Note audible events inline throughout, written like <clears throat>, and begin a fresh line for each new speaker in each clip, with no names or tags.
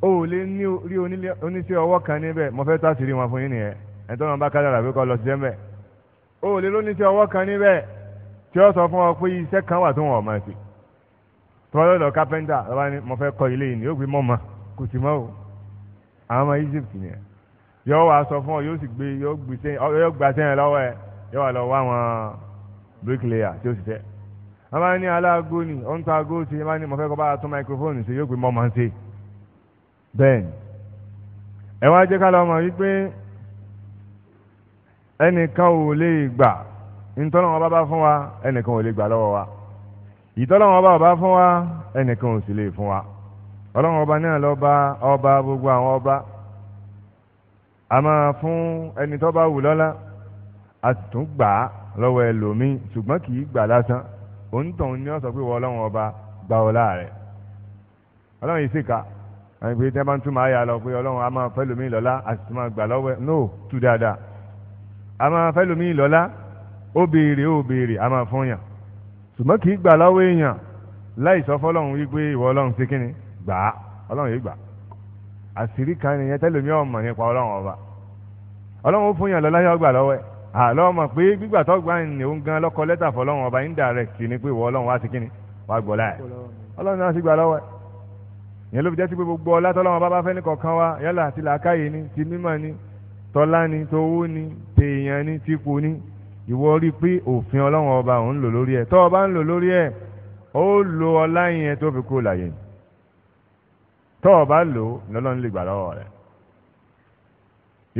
o ò lè ní rí oníṣẹ́ ọwọ́ kan níbẹ̀ mo fẹ́ tàṣírí wọn fún yín nìyẹn ẹ̀ tọ́nà bá kádàrà pé kọ́ lọ sí jẹ́mbẹ̀ o ò lè lóníṣẹ́ ọwọ́ kan níbẹ̀ tí ó sọ fún ọ pé iṣẹ́ kan wà tó wọn ọ̀mọ̀ sí tọ́lọ́dọ̀ kápẹ́ńtà lọ́wọ́ ni mo fẹ́ kọ́ ilé yìí ni ó gbé mọ́ ma kò sì mọ́ o àwọn ọmọ Egypt nìyẹn yóò wá sọ fún ọ yóò sì gbé yóò gbé sẹ́yìn lọ́wọ́ ẹ yóò wá lọ wá àwọn bricklayer tí ó sì tẹ́ wọ́n bá ní aláàgó ni ó ń ta agó mo fẹ́ kọ́ bá a tún microphone ṣe yóò gbé mọ́ ṣe bẹ́ẹ̀ ni ẹ wá jẹ́ ká lọ mọ̀ wípé ẹnìkan ò lè gbà ntọ́nà wọn bá bá fún wa ẹnìkan ò lè gbà lọ́wọ́ wa ìtọ́lọ́wọ́n ọba ọba fún wa ẹnìkan ò sì lè fún wa ọlọ́wọ́n ọba náà lọ́ba ọba gbogbo àwọn ọba a máa fún ẹni tó bá wù lọ́lá a sì tún gbà á lọ́wọ́ ẹlòmíì ṣùgbọ́n kì í gbà lásán òǹtọ̀hún ni ó sọ pé wọ́n ọlọ́wọ́n ọba gba ọlá rẹ̀ ọlọ́wọ́n yìí sì ká àwọn ìpè tẹ́ bá ń túmọ̀ àyà lọ pé ọlọ́run a máa fẹ́ lómi lọ́lá a sì máa gbà lọ́wọ́ no tú dáadáa a máa fẹ́ lómi lọ́lá ó béèrè ó béèrè a máa fún yàn ṣùgbọ́n kì í gbà lọ́wọ́ èèyàn láì sọ fọlọ́run wípé ìwọ ọlọ́run ṣe kíni gbà á ọlọ́run yìí gbà àṣírí kan nìyẹn tẹ́lómi ọmọ nípa ọlọ́run ọba ọlọ́run ó fún yàn lọ́lá yọ gbà lọ́wọ́ ẹ̀ àlọ́ mọ̀ pé gbígbà tó gbà ní òun gan lọ́kọ lẹ́tà fọlọ́run ọba indirect ni pé ìwọ ọlọ́run wá sí kíni wá gbọ́ láyẹ̀ ọlọ́run náà sì gbà lọ́wọ́ ẹ̀ ìyẹn ló fi jẹ́ sí pé gbogbo ọlá tọ́lọ́mọ bá bá fẹ́ ní kọ̀ọ̀kan wa yálà ti làákàyè ni ti mímọ̀ ni tọ́lá ni towó ni tèèyàn ni tipò ni ìwọ rí i pé òfin ọlọ́run ọba òun lò lórí ẹ̀ tọ́ ọba ń lò lórí ẹ̀ ó lo ọlá yẹn tó fi kú láyé tọ́ ọba lò lọ́lọ́run lè gbà lọ́wọ́ rẹ̀.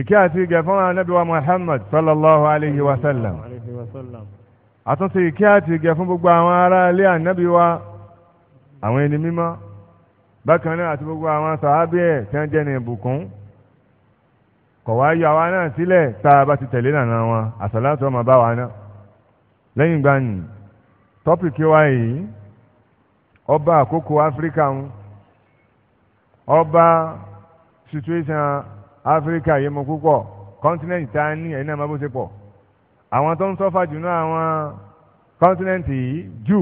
ìkẹ́ àti ìgẹ̀ anábì wa Muhammad sallallahu alayhi wa sallam àtúnṣe ìkẹ́ àti ìgẹ̀ fún gbogbo àwọn ará ilé anábì wa àwọn ẹni mímọ́ bákan náà àti gbogbo àwọn sàábì ẹ̀ tí wọ́n jẹ́ ní ìbùkún kọ̀ wá yọ àwa náà sílẹ̀ tá a bá ti tẹ̀lé nànà wọn àsàlátù ọmọ bá wa náà lẹ́yìn gbani tọ́pìkì wa yìí ọba àkókò áfíríkà ń ọba situation áfíríkà yìí mọ púpọ̀ kọ́ńtínẹ̀ntì tá a ní ẹ̀ náà má bó ṣe pọ̀ àwọn tó ń sọ́fà jù náà àwọn kọ́ńtínẹ̀ntì yìí jù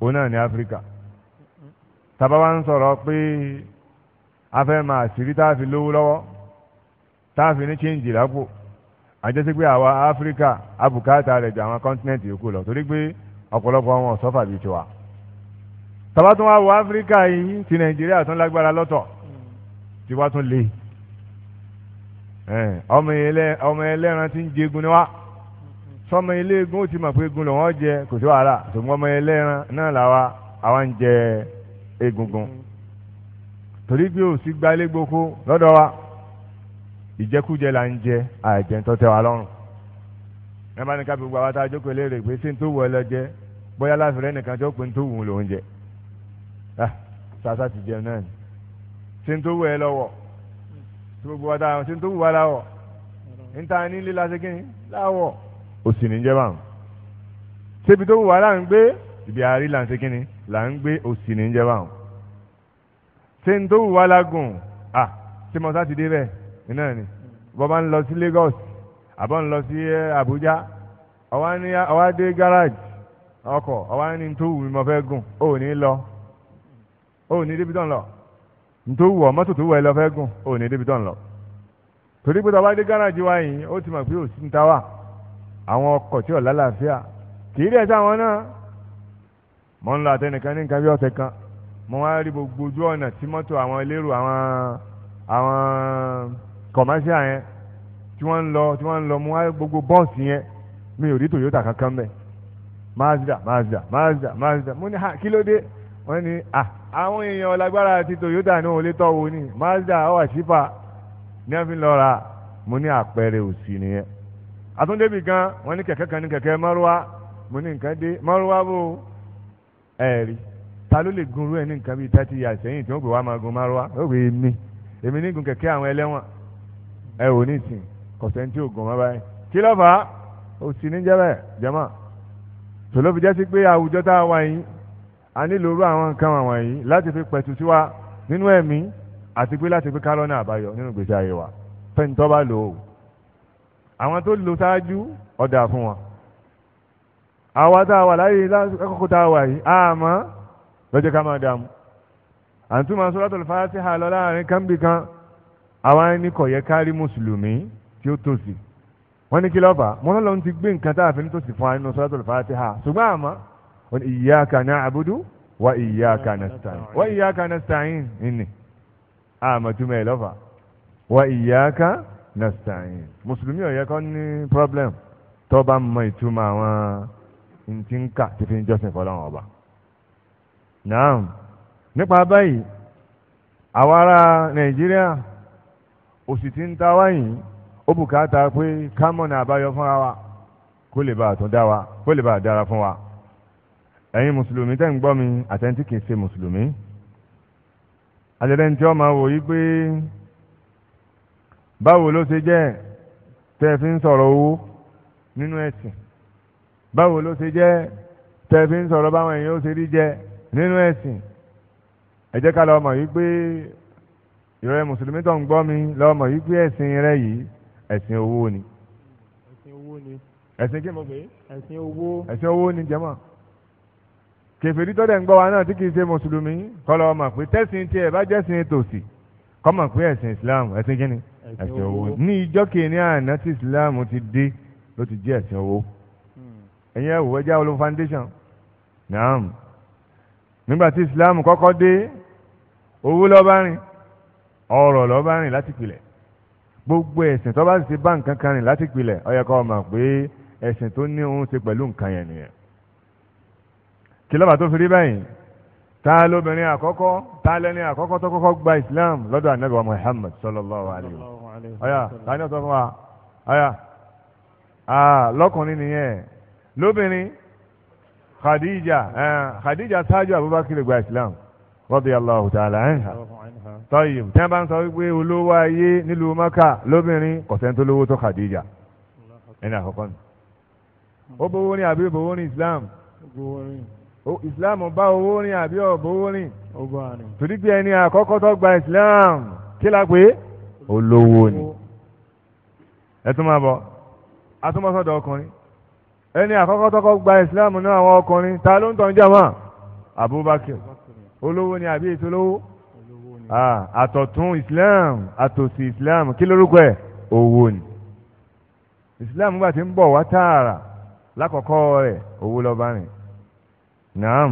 òun náà ní áfíríkà. tàbá wa ń sọ̀rọ̀ pé a máa sírí tá a fi lówó lọ́wọ́ tá a fi ní awa lápò àjẹsí pé àwa áfíríkà abùkátà rẹ̀ ju àwọn kọ́ńtínẹ̀tì yòókù lọ torí pé ọ̀pọ̀lọpọ̀ wọn sọ́fà bíi tiwa tàbá tún wá wo áfíríkà yìí ti nàìjíríà tún lágbára lọ́tọ̀ mm. tiwa tún ọmọ ẹlẹ́ran ti ń jẹgun ni wá mm-hmm. sọmọ ilé egun ó ti mọ̀ pé egun lòun ọ jẹ kò sí wàhálà ọmọ ẹlẹ́ran náà làwa àwa ń jẹ egungun torí pé òsì gbalé gboko lọ́dọ̀ wa ìjẹkújẹ là ń jẹ àìjẹntọ́tẹ wa lọ́rùn ẹ bá ní ká gbogbo àwọn àtàjọ kò léèrè pé sí ní tó wù ẹ lọ jẹ bóyá láfẹrẹ nìkan tó pin tó wù ú lòún jẹ ah, sàṣà ti jẹun náà ni sí ní tó wù ẹ lọ́wọ́ tí gbogbo wa táwọn sí ní tó wù wá láwọ̀ níta ní líla ṣe kíni láwọ̀ òsì ní jẹ́ báwọn ṣébi tó wù wá là ń gbé ibi àárí là ń ṣe kíni là ń gbé òsì ní jẹ́ báwọn ṣe ń tó ah, wá lágùn à ṣe mọ sáti dé ni bọ́ bá ń lọ sí Lagos àbọ̀ ń lọ sí Abuja ọwá ní ọwá dé garage ọkọ̀ ọwá ní tó wù mí mo fẹ́ gùn ó ní lọ ó ní débi tán lọ tó wù ọ mọ́tò tó wù ẹ lọ fẹ́ gùn ó ní débi tán lọ torí pé tọ́wá dé garage wa yìí ó ti mọ̀ pé òsì ń ta wà àwọn ọkọ̀ tí ò lálàáfíà kì í dẹ̀ sáwọn náà mọ̀ ń lọ àtẹnìkan ní nǹkan bí ọ̀sẹ̀ kan mo wá rí gbogbo ojú ọ̀nà tí mọ́tò àwọn elérò àwọn àwọn kọ̀máṣíà yẹn tí wọ́n ń lọ tí wọ́n ń lọ mo wá rí gbogbo bọ́ọ̀sì yẹn mi ò rí Toyota kankan bẹ́ẹ̀ Mazda Mazda Mazda Mazda mo ní ha kí ló dé wọ́n ní ah àwọn èèyàn lágbára ti Toyota ní òun lè tọ́ wo ni Mazda ọ̀wà sífà ní wọ́n fi ra mo ní àpẹẹrẹ òsì nìyẹn àtúndébì gan wọ́n ní kẹ̀kẹ́ kan ní kẹ̀kẹ́ mọ́rúwá mo ní nǹkan dé mọ́rúwá bò ẹ̀rí. Eh, ta ló lè gun irú ẹ̀ ní nǹkan bíi thirty years sẹ́yìn tí wọ́n gbé wá máa gun márùá ó gbé mi èmi ní gun kẹ̀kẹ́ àwọn ẹlẹ́wọ̀n ẹ ò ní sìn kọ̀sẹ̀ tí ò gun mọ́ báyìí kí ló fà á ò sì ní jẹ́ bẹ́ẹ̀ jẹ́mọ́ tòló fi jẹ́ sí pé àwùjọ tá a wà yìí a nílò irú àwọn nǹkan àwọn yìí láti fi pẹ̀tù sí wa nínú ẹ̀mí àti pé láti fi kálọ́nà àbáyọ nínú ìgbésí ayé wa fẹ́ǹtọ́ lọ́jọ́ ká máa dààmú àtúmọ̀ suratul Fatiha lọ láàrin kánbì kan àwọn ẹni kò yẹ kárí mùsùlùmí tí ó tòsí wọ́n ní kí ló fà mọ́ lọ́n ti gbé nǹkan tá a fi ń tòsí fún àánú suratul Fatiha ṣùgbọ́n àmọ́ iyyaka na'budu wa iyyaka nasta'in wa iyyaka nasta'in ìní àmọ̀túmọ̀ ẹ̀ lọ́fà wa iyyaka nasta'in mùsùlùmí ò yẹ kó ní problem tó bá mọ ìtumọ̀ àwọn ntí ń kà tí fi ń jọ́sìn fọlọ́run ọba naam nípa báyìí àwọn ará nàìjíríà òsì tí ń ta wáyìn ó bùkátà pé kámọ̀nà àbáyọ fúnra wa kó wa kó lè bá àdára fún wa ẹ̀yin mùsùlùmí tẹ́ ń gbọ́ mi àtẹ́ntí kìí ṣe mùsùlùmí àtẹ́lẹ́ni tí wọ́n máa wò yí pé báwo ló ṣe jẹ́ tẹ́ fi ń sọ̀rọ̀ owó nínú ẹ̀sìn báwo ló ṣe jẹ́ fi ń nínú ẹ̀sìn ẹ jẹ́ ká lọ mọ̀ yí pé ìrọ̀lẹ́ mùsùlùmí tó ń gbọ́ mi lọ mọ̀ yí pé ẹ̀sìn rẹ yìí ẹ̀sìn owó ni. ẹ̀sìn kí mo pè ẹ̀sìn owó. ẹ̀sìn owó ni jẹ́mọ̀. kèfèrí tó dẹ̀ ń gbọ́ wa náà tí kì í ṣe mùsùlùmí kọ́ lọ mọ̀ pé tẹ́sìn tiẹ̀ bá jẹ́sìn tòsí kọ́ mọ̀ pé ẹ̀sìn Islam ẹ̀sìn kí ni ẹ̀sìn owó ní ìjọ nígbà tí islam kọ́kọ́ dé owó lọ́ba rìn ọ̀rọ̀ lọ́ba rìn láti pilẹ̀ gbogbo ẹ̀sìn tó bá sì ti bá nǹkan kan rìn láti pilẹ̀ ó yẹ kó mọ̀ pé ẹ̀sìn tó ní òun ṣe pẹ̀lú nǹkan yẹn nìyẹn kí lọ́ba tó fi rí báyìí ta lóbìnrin àkọ́kọ́ ta lẹ́ni àkọ́kọ́ tó kọ́kọ́ gba islam lọ́dọ̀ anabi wa muhammad sallallahu alayhi wa ọ̀yà ta ni ọ̀tọ̀ fún wa ọ̀yà lọ́kùnrin nìyẹn lóbìnrin khadija eh, khadija ṣáájú abubakar gba islam radiyallahu ta'ala anha tọ́yìm tí wọ́n bá ń sọ wípé olówó ayé nílùú maka lóbìnrin kọ̀sẹ́ntó lówó tó khadija ẹni àkọ́kọ́ ni ó bówó ní àbí bówó ní islam islam bá owó ní àbí ọ̀bówó ní torí pé ẹni tó gba islam kí la pé olówó ni ẹ tún máa bọ̀ a ẹni àkọ́kọ́ tọ́kọ́ gba ìsìláàmù náà àwọn ọkùnrin ta ló ń tọ́ jàmá Abubakar olówó ni àbí ètò olówó àtọ̀tún islam àtòsí islam kí lórúkọ ẹ̀ owó ni islam gbà tí ń bọ̀ wá tààrà lákọ̀ọ́kọ́ rẹ̀ owó lọ́ba rìn naam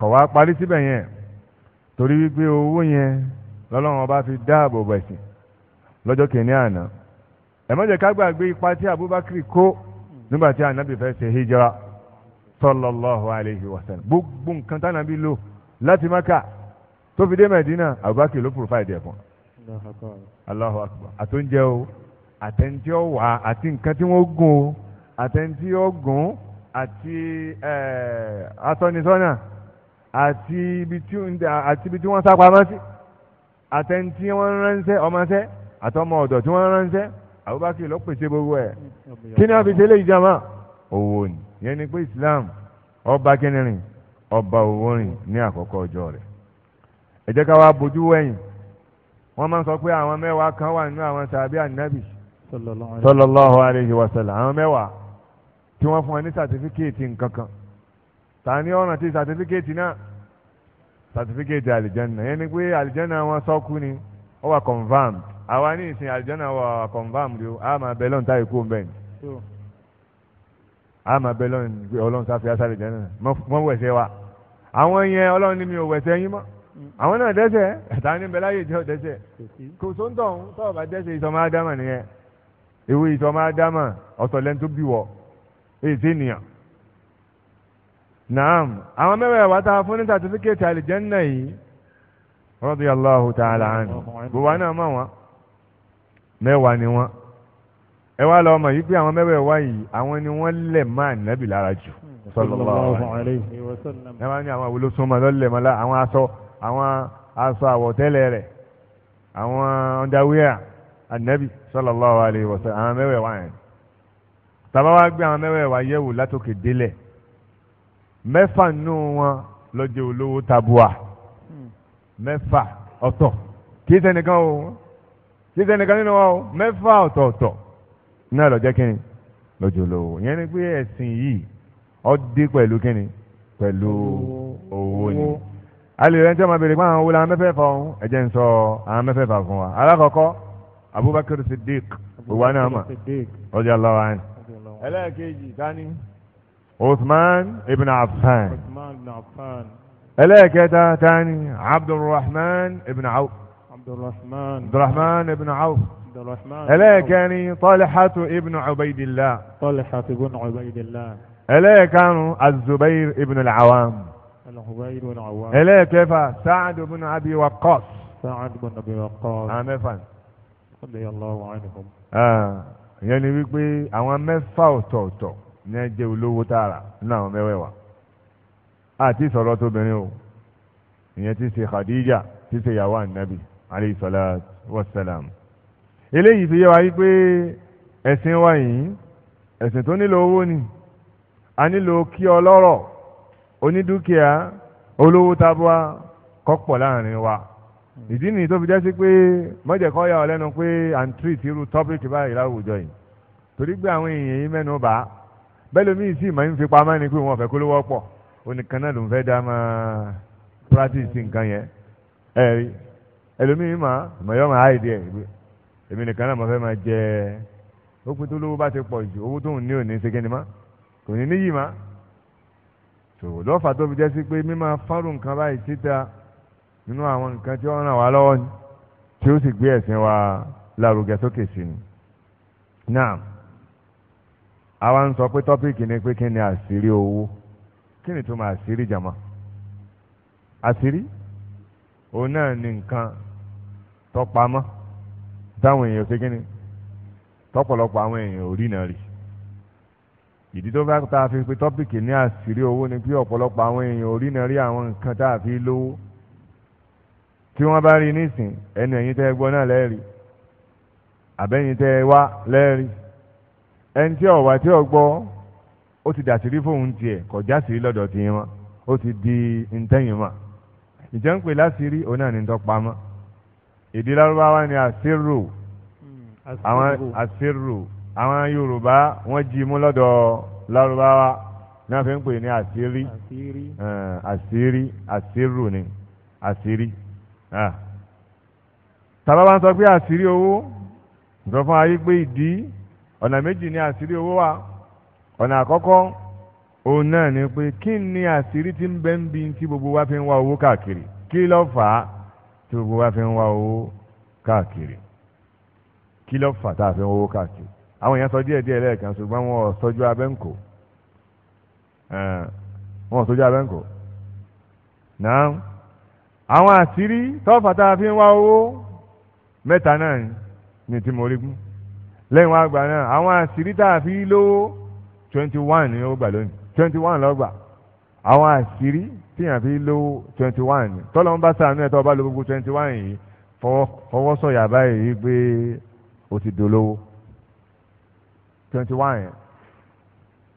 kọ̀ wá parí síbẹ̀ yẹn torí wípé owó yẹn lọ́lọ́run ọba fi dáàbò bẹ̀sìn lọ́jọ́ kìíní àná ẹ gbàgbé ipa tí Abubakar kó nígbà tí anabi fẹ́ ṣe hijira sallallahu alayhi wa sallam gbogbo nǹkan tí anabi lò láti maka tó fi dé Medina Abubakar ló provide ẹ̀ fún Allahu akbar àtúnjẹ o àtẹ̀ntí ó wà àti nǹkan tí wọ́n gùn o àtẹ̀ntí ó gùn àti atọ́nisọ́nà àti ibi tí wọ́n sá pamọ́ sí àtẹ̀ntí wọ́n ránṣẹ́ ọmọṣẹ́ àtọmọ ọ̀dọ̀ tí wọ́n ránṣẹ́. Abubakar ló pèsè gbogbo ẹ mm, mm, kí ni a fi ṣe lè jama owó ni yẹn ni pé Islam ọba kẹnìrìn ọba owó rìn ní àkọ́kọ́ ọjọ́ rẹ̀ ẹ jẹ́ ká wá bójú wẹ̀yìn wọ́n máa ń sọ pé àwọn mẹ́wàá kan wà nínú àwọn sàbí ànábì wa àwọn mẹ́wàá tí wọ́n fún ẹ ní sàtífíkèètì nǹkan kan ni ọ̀ràn ti sàtífíkèètì náà sàtífíkèètì àlìjẹ́nà yẹn ni pé àlìjẹ́nà wọn sọ́kù ni ó wà àwa ní ìsìn àlìjánà wà confam di o a máa bẹ lọ́nù táyì kú bẹ́ẹ̀ ni a máa bẹ lọ́nù pé ọlọ́run sáfì àṣàlẹ̀ jẹ́nà mọ́ wẹ̀sẹ̀ wa àwọn yẹn ọlọ́run ní mi ò wẹ̀sẹ̀ yín mọ́ mm. àwọn náà dẹ́sẹ̀ ẹ̀ta ní bẹ láyé jẹ́ dẹ́sẹ̀ kò tó ń tọ̀hún tọ́ọ̀ bá dẹ́sẹ̀ ìtọ́mọ ádámà nìyẹn ìwé ìtọ́mọ ádámà ọ̀tọ̀ lẹ́nu tó èyí tí nìyàn ta'ala anhu gbogbo wa náà mẹ́wàá ni wọ́n ẹ wá lọ mọ̀ yìí pé àwọn mẹ́wàá wá yìí àwọn ni wọ́n lẹ̀ máa nẹ́bì lára jù hmm. sallallahu alaihi wasallam ẹ máa ní àwọn àwòlò súnmọ́ lọ́lẹ̀ mọ́lá àwọn aṣọ àwọn aṣọ àwọ̀tẹ́lẹ̀ rẹ̀ àwọn ọ̀ndàwíà ànẹ́bì sallallahu alaihi wasallam àwọn mẹ́wàá wá yẹn tàbá wá gbé àwọn mẹ́wàá wá yẹ̀wò látòkè délẹ̀ mẹ́fà nù wọn lọ́jọ́ olówó tabua hmm. mẹ́fà ọ̀tọ̀ kì í ṣẹ́nìkan o títí ẹnìkan nínú wa o mẹ́fà ọ̀tọ̀ọ̀tọ̀ náà lọ jẹ́ kínní lọ́jọ́ lówó ìyẹn ni pé ẹ̀sìn yìí ó dé pẹ̀lú kínní pẹ̀lú owó ni alèrè ń tẹ́ ma bèrè pé àwọn wúlò àwọn mẹ́fẹ̀ẹ̀fà ọ̀hún ẹ̀jẹ̀ ń sọ àwọn mẹ́fẹ̀ẹ̀fà fún wa alákọ̀ọ́kọ́ Abubakar Siddiq gbogbo àná àmà radiyallahu anhu ẹlẹ́ẹ̀kejì tani Uthman ibn Affan ẹlẹ́ẹ̀kẹta tani Abdulrahman ibn Awf
abdulrahman abdulrahman ibn awf abdulrahman
ẹlẹ́ẹ̀kẹrin tọ́lẹ̀hàtù ibn ubaydillah tọ́lẹ̀hàtù ibn ubaydillah ẹlẹ́ẹ̀karùn-ún azubair ibn al-awam ẹlẹ́ẹ̀kẹfà saad ibn abi waqqas saad ibn abi waqqas amẹ́fà ìyẹn ni wípé àwọn mẹ́fà ọ̀tọ̀ọ̀tọ̀ ní ẹ jẹ́ olówó tààrà ní àwọn mẹ́wẹ̀ẹ̀wá àti ìsọ̀rọ̀ tóbìnrin o ìyẹn ti ṣe Khadija ti ṣe ìyàwó ànábì alayhi salatu wassalam eléyìí fi yé wa wípé ẹ̀sìn wa yìí ẹ̀sìn tó nílò owó ni a nílò kí ọlọ́rọ̀ onídúkìá olówó tabua kọ́pọ̀ láàrin wa ìdí nìyí tó fi jẹ́ sí pé mọ́jẹ̀kọ́ yà ọ́ lẹ́nu pé à ń tírìtì irú tọ́pìkì báyìí láwùjọ yìí torí pé àwọn èèyàn yìí mẹ́nu bá bẹ́ẹ̀ lómi sì máa ń fi pamọ́ ni pé wọ́n fẹ́ kó lówó pọ̀ onìkan náà ló ń fẹ́ dá máa practice nǹkan yẹn ẹ̀rí ẹlòmíín mà mọ̀yọ́ mà áìdí ẹ̀ gbé èmi nìkan náà mo fẹ́ máa jẹ ẹ́ ó pin tó lówó bá ti pọ̀ jù owó tó ń ní òní ṣe kíni má kò ní níyì má tó lọ́fà tó fi jẹ́ sí pé mímọ fárùn nǹkan báyìí títa nínú àwọn nǹkan tí ó ràn wá lọ́wọ́ ni tí ó sì gbé ẹ̀sìn wa lárugẹ sókè sí ni náà àwa ń sọ pé tọ́pìkì ni pé kí ni àṣírí owó kí ni tó máa àṣírí jàmọ́ àṣírí òun náà ní nǹkan tọpamọ́ táwọn èèyàn ṣe kíni tọ̀pọ̀lọpọ̀ àwọn èèyàn ò rí náà rí ìdí tó bá ta fi pe tọ́pìkì ní àṣírí owó ni pé ọ̀pọ̀lọpọ̀ àwọn èèyàn ò rí náà rí àwọn nǹkan tá a fi lówó tí wọ́n bá rí nísìn ẹnu ẹ̀yin tẹ́ gbọ́ náà lẹ́ẹ̀rí àbẹ́yìn tẹ́ wá lẹ́ẹ̀rí ẹni tí ọ̀wà tí ò gbọ́ ó ti dàṣírí fóun tiẹ̀ kọjá sí lọ́dọ̀ tiẹ̀ wọn ó ti di ntẹ́yìn wọn ìjẹ́ ń òun náà ní tọpamọ́ èdè lárúbáwá ni àṣírù hmm, àwọn àṣírù àwọn yorùbá wọ́n jí mú lọ́dọ̀ lárúbáwá náà fi ń pè ní àṣírí àṣírí eh, àṣírù ni àṣírí ah. tàbá bá ń sọ pé àṣírí owó sọ fún ayé pé ìdí ọ̀nà méjì ni àṣírí owó wa, ọ̀nà àkọ́kọ́ òun náà ni pé kí ni àṣírí tí ń bẹ ń bi tí gbogbo wa fi ń wá owó káàkiri kí ló fà á tí gbogbo wa fi ń wá owó káàkiri kí ló fà tá a fi ń wá owó káàkiri àwọn èèyàn sọ díẹ̀ díẹ̀ lẹ́ẹ̀kan ṣùgbọ́n wọn ò sọjú abẹ́ǹkò wọn ò sọjú abẹ́ǹkò náà àwọn àṣírí tọ́fà tá a fi ń wá owó mẹ́ta náà ni tí mo rí mú lẹ́yìn wá gbà náà àwọn àṣírí tá a fi lówó twenty one ni ó gbà lónìí twenty one lọ́gbà àwọn àṣírí tíyàn fi lówó twenty one ni tọ́lọ́ ń bá sàánú ẹ̀ tó bá lo gbogbo twenty one yìí fọwọ́ sọ̀yà báyìí pé o ti dolówó twenty one yẹn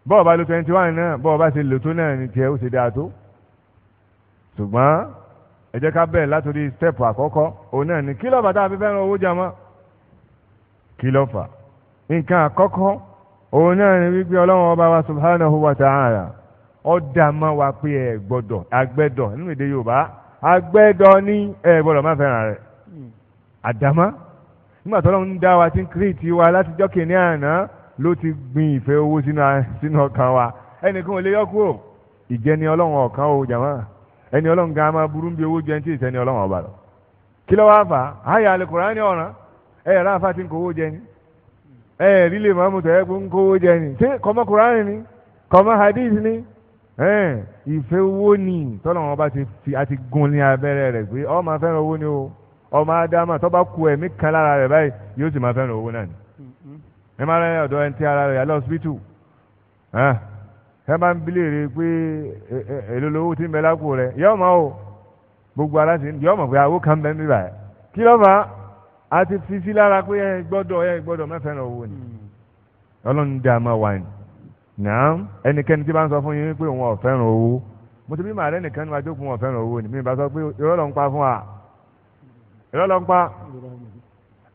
bọ́ọ̀ bá lo twenty one náà bọ́ọ̀ bá ṣe lò tó náà ni tiẹ̀ ó ṣe dáa tó ṣùgbọ́n ẹ ká bẹ̀rẹ̀ látòrí step àkọ́kọ́ òun náà ni kí ló fà tá a fi fẹ́ràn owó jàmọ́ kí ló nǹkan àkọ́kọ́ òun náà ni wípé ọlọ́run ọba wa subhanahu wa ta'ala ọ̀dà máa wá pé ẹ gbọ́dọ̀ agbẹ́dọ̀ nínú èdè yorùbá agbẹ́dọ̀ ní ẹ gbọ́dọ̀ má fẹ́ràn rẹ̀ àdámá nígbà tó lọ́run ń dá wa ti ń kírètì wa látijọ́ kìíní àná ló ti gbin ìfẹ́ owó sínú ọkàn wa ò lè ìjẹni ọlọ́run ọ̀kan o jàmá ẹni ọlọ́run gan máa ẹ rí lè máa mú tọ́ ẹ kó jẹ ni ṣé ni hadith ni ìfẹ́ owó ni tọ́lọ̀ wọn bá ti fi àti gun ní abẹ́rẹ́ rẹ̀ ọ máa fẹ́ràn owó ni o ọmọ adama tó bá ku ẹ̀mí kan lára rẹ̀ báyìí yóò sì máa fẹ́ràn owó náà ni ẹ máa o gbogbo a ti fi sí lára pé ẹ gbọ́dọ̀ ẹ gbọ́dọ̀ mẹ́fẹ́ràn owó ni hmm. ọlọ́run dá a máa wà ní. náà ẹnikẹ́ni tí bá ń sọ fún yín pé òun ọ̀fẹ́ràn owó mo ti bí màá rẹ́ nìkan ní wàá jókòó ọ̀fẹ́ràn owó ni mi bá sọ pé irọ́ ló ń pa fún wa irọ́ ló ń pa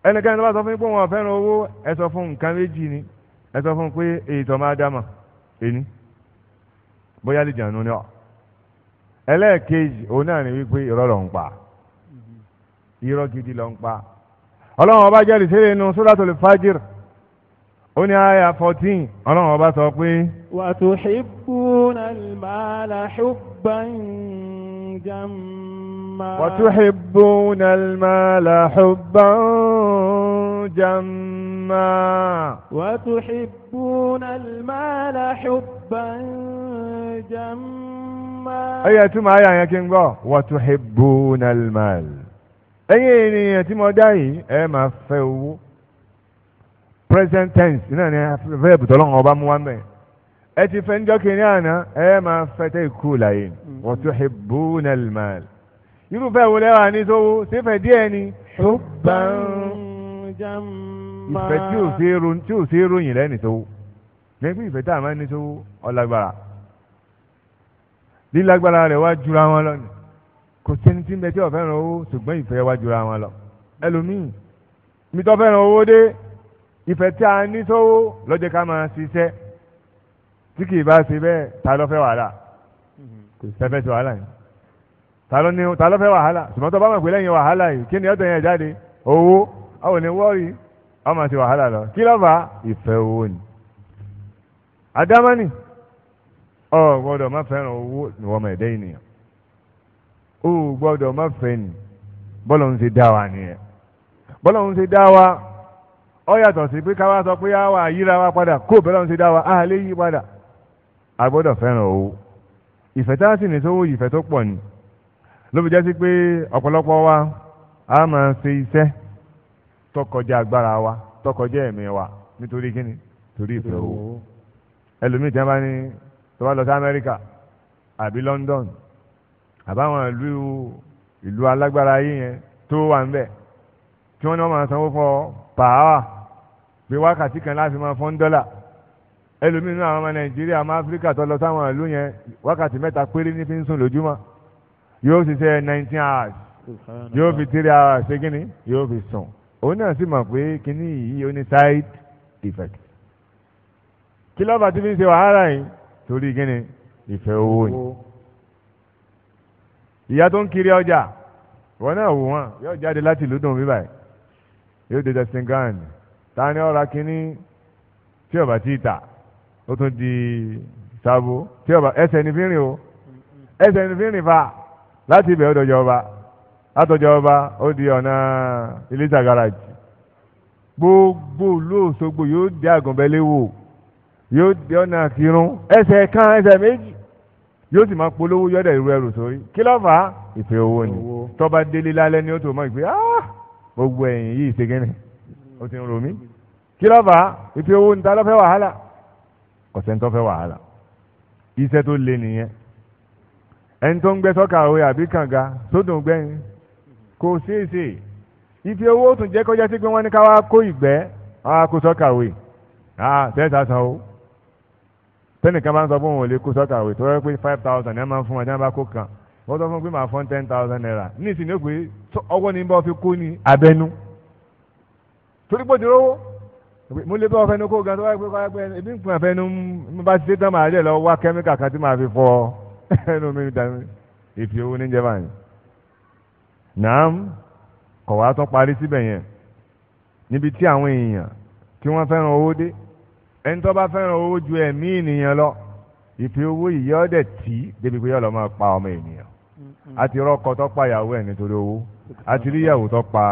ẹnikẹ́ni tó bá sọ fún yín pé òun ọ̀fẹ́ràn owó ẹ sọ fún nǹkan méjì ni ẹ sọ fún pé èyí máa dá mà ẹni bóyá lè jànú ni ọ ẹlẹ́ẹ̀kejì òun náà ní wípé irọ́ ló ń pa hmm. irọ́ gidi ló ń pa ọlọ́run ọba jẹ́rìí sílẹ̀ inú suratul fajr ó ní àyà fourteen ọlọ́run ọba sọ pé. wa tuhibbuna
al-mala hubban jamma. wa
tuhibbuna al-mala hubban
jamma. wa tuhibbuna al-mala hubban jamma.
ẹ̀yà túmọ̀ àyà yẹn kí n gbọ́ wa tuhibbuna al-mala ẹ̀yin ènìyàn tí mo dá yìí ẹ máa fẹ́ owó present tense náà ni verb tọ́lọ́run ọba mú wá mẹ́ ẹ ti fẹ́ níjọ́ kìíní àná ẹ máa fẹ́ tẹ́ ikú láyé mm-hmm. wa tuhibbuna al-mal irúfẹ́ wo lẹ́wà ní sówó sífẹ̀ díẹ̀ ni tó bá ń ìfẹ́ tí ò sí ro tí ò sí ròyìn lẹ́ni sówó nígbà ìfẹ́ tá a máa ní sówó ọlágbára lílágbára rẹ̀ wá jura wọn lọ́nìí kò sẹ́ni tí ń bẹ tí ó fẹ́ràn owó ṣùgbọ́n ìfẹ́ wa jura wọn lọ ẹlòmíì mi tó fẹ́ràn owó dé ìfẹ́ tí a ní sówó ló jẹ́ ká máa ṣiṣẹ́ tí kì í bá ṣe bẹ́ẹ̀ ta ló fẹ́ wàhálà kò sí ẹfẹ́ ṣe wàhálà yìí ta ló ní ta ló wàhálà ṣùgbọ́n tó bá mọ̀ pé lẹ́yìn wàhálà yìí kí ni ọ̀tọ̀ yẹn jáde owó àwọn ò ní wọ́ọ̀rì àwọn máa ṣe wàhálà lọ kí ló bá ìfẹ́ owó ni adámánì ọ̀ gbọ́dọ̀ má fẹ́ràn owó ìwọ́mọ̀ ẹ̀dẹ́ ènìyàn o gbọ́dọ̀ má fẹ́ ni ń ṣe dá wa nìyẹn bọ́lọ̀ ń ṣe dá wa ọ yàtọ̀ sí pé káwá sọ pé àwa yíra wa padà kó bọ́lọ̀ ń ṣe dá wa á lè yí padà a gbọ́dọ̀ fẹ́ràn owó ìfẹ́ tá a sì ní sówó ìfẹ́ ni ló fi pé ọ̀pọ̀lọpọ̀ wa a máa ṣe iṣẹ́ tó wa wa nítorí torí ìfẹ́ ẹlòmíì tí wọ́n bá ní lọ sí London àbáwọn ìlú ìlú alágbára yìí yẹn tó wà ń bẹ̀ tí wọ́n ní wọ́n máa sanwó fún ọ pàáwà pé wákàtí kan láti máa fún dọ́là ẹlòmínú àwọn ọmọ nàìjíríà ọmọ áfíríkà tó lọ sáwọn ìlú yẹn wákàtí mẹ́ta péré ní fi ń sùn lójúmọ́ yóò ṣiṣẹ́ nineteen hours yóò fi three hours ṣe kíni yóò fi sùn òun náà sì mọ̀ pé kíní yìí ó ní side effect kí lọ́ba ti fi ṣe wàhálà yìí torí kíni ìfẹ́ owó yìí ìyá tó ń kiri ọjà wọn náà wò wọn yóò jáde láti ìlú dùn mí báyìí yóò dé dustin grand ta ni ọ̀ra kínní tí ọba ti ta ó tún di sábò tí ọba ẹsẹ̀ ní fi o ẹsẹ̀ ní fi fa láti ibẹ̀ ọdọ̀jọ ọba látọjọ ọba ó di ọ̀nà Elisa garage gbogbo lóòsogbo yóò dé àgùnbẹ́lẹ́wò yóò dé ọ̀nà kírun ẹsẹ̀ kan ẹsẹ̀ méjì yóò sì máa polówó yọ́dẹ̀ irú ẹrù sórí kí ló fà á ìfẹ́ owó ni tọ́ba délé lálẹ́ ni ó tó mọ̀ ìpè áá ah, gbogbo ẹ̀yìn yìí ṣe gẹ́nẹ̀ ó ti ń ro mí kí ló fà á ìfẹ́ owó níta ló fẹ́ wàhálà kọ̀sẹ̀ tó fẹ́ wàhálà iṣẹ́ tó le nìyẹn ẹni tó ń gbẹ́ sọ́kà òwe àbí kànga sódò gbẹ́yìn kò ṣeé ìfẹ́ owó tún jẹ́ kọjá sí pé wọ́n ní ká wá kó ìgbẹ́ wá kó sọ́kà òwe ah tẹ́sà o tẹ́nìkan bá ń sọ pé òun ò lè kó sọ́kàwé tó rẹ́ pé five thousand ẹ̀ máa ń fún wọn tí wọ́n bá kó kàn wọ́n sọ fún pé màá fún ten thousand naira níìsín ní òpè ọwọ́ ni bá fi kó ní abẹ́nú torí pé òdìrówó mo lè bá ọ fẹnu kó gan tó wáyé pé wáyé pé ebi ń pin àfẹnu mo bá ti ṣe tán màá dẹ̀ lọ wá kẹ́míkà kan tí màá fi fọ ẹnu mi dání èfi owó ní jẹba yẹn nàám kọ̀wá tún parí síbẹ̀ yẹn níbi tí àwọn èèyàn tí wọ́n fẹ́ràn owó dé ẹni tó bá fẹ́ràn owó ju ẹ̀mí ènìyàn lọ ìfẹ́ owó ìyá ọ̀dẹ̀ tí débi pé yóò lọ máa pa ọmọ ènìyàn àti rọ́kọ tó pa ìyàwó ẹ̀ nítorí owó àti rí ìyàwó tó pa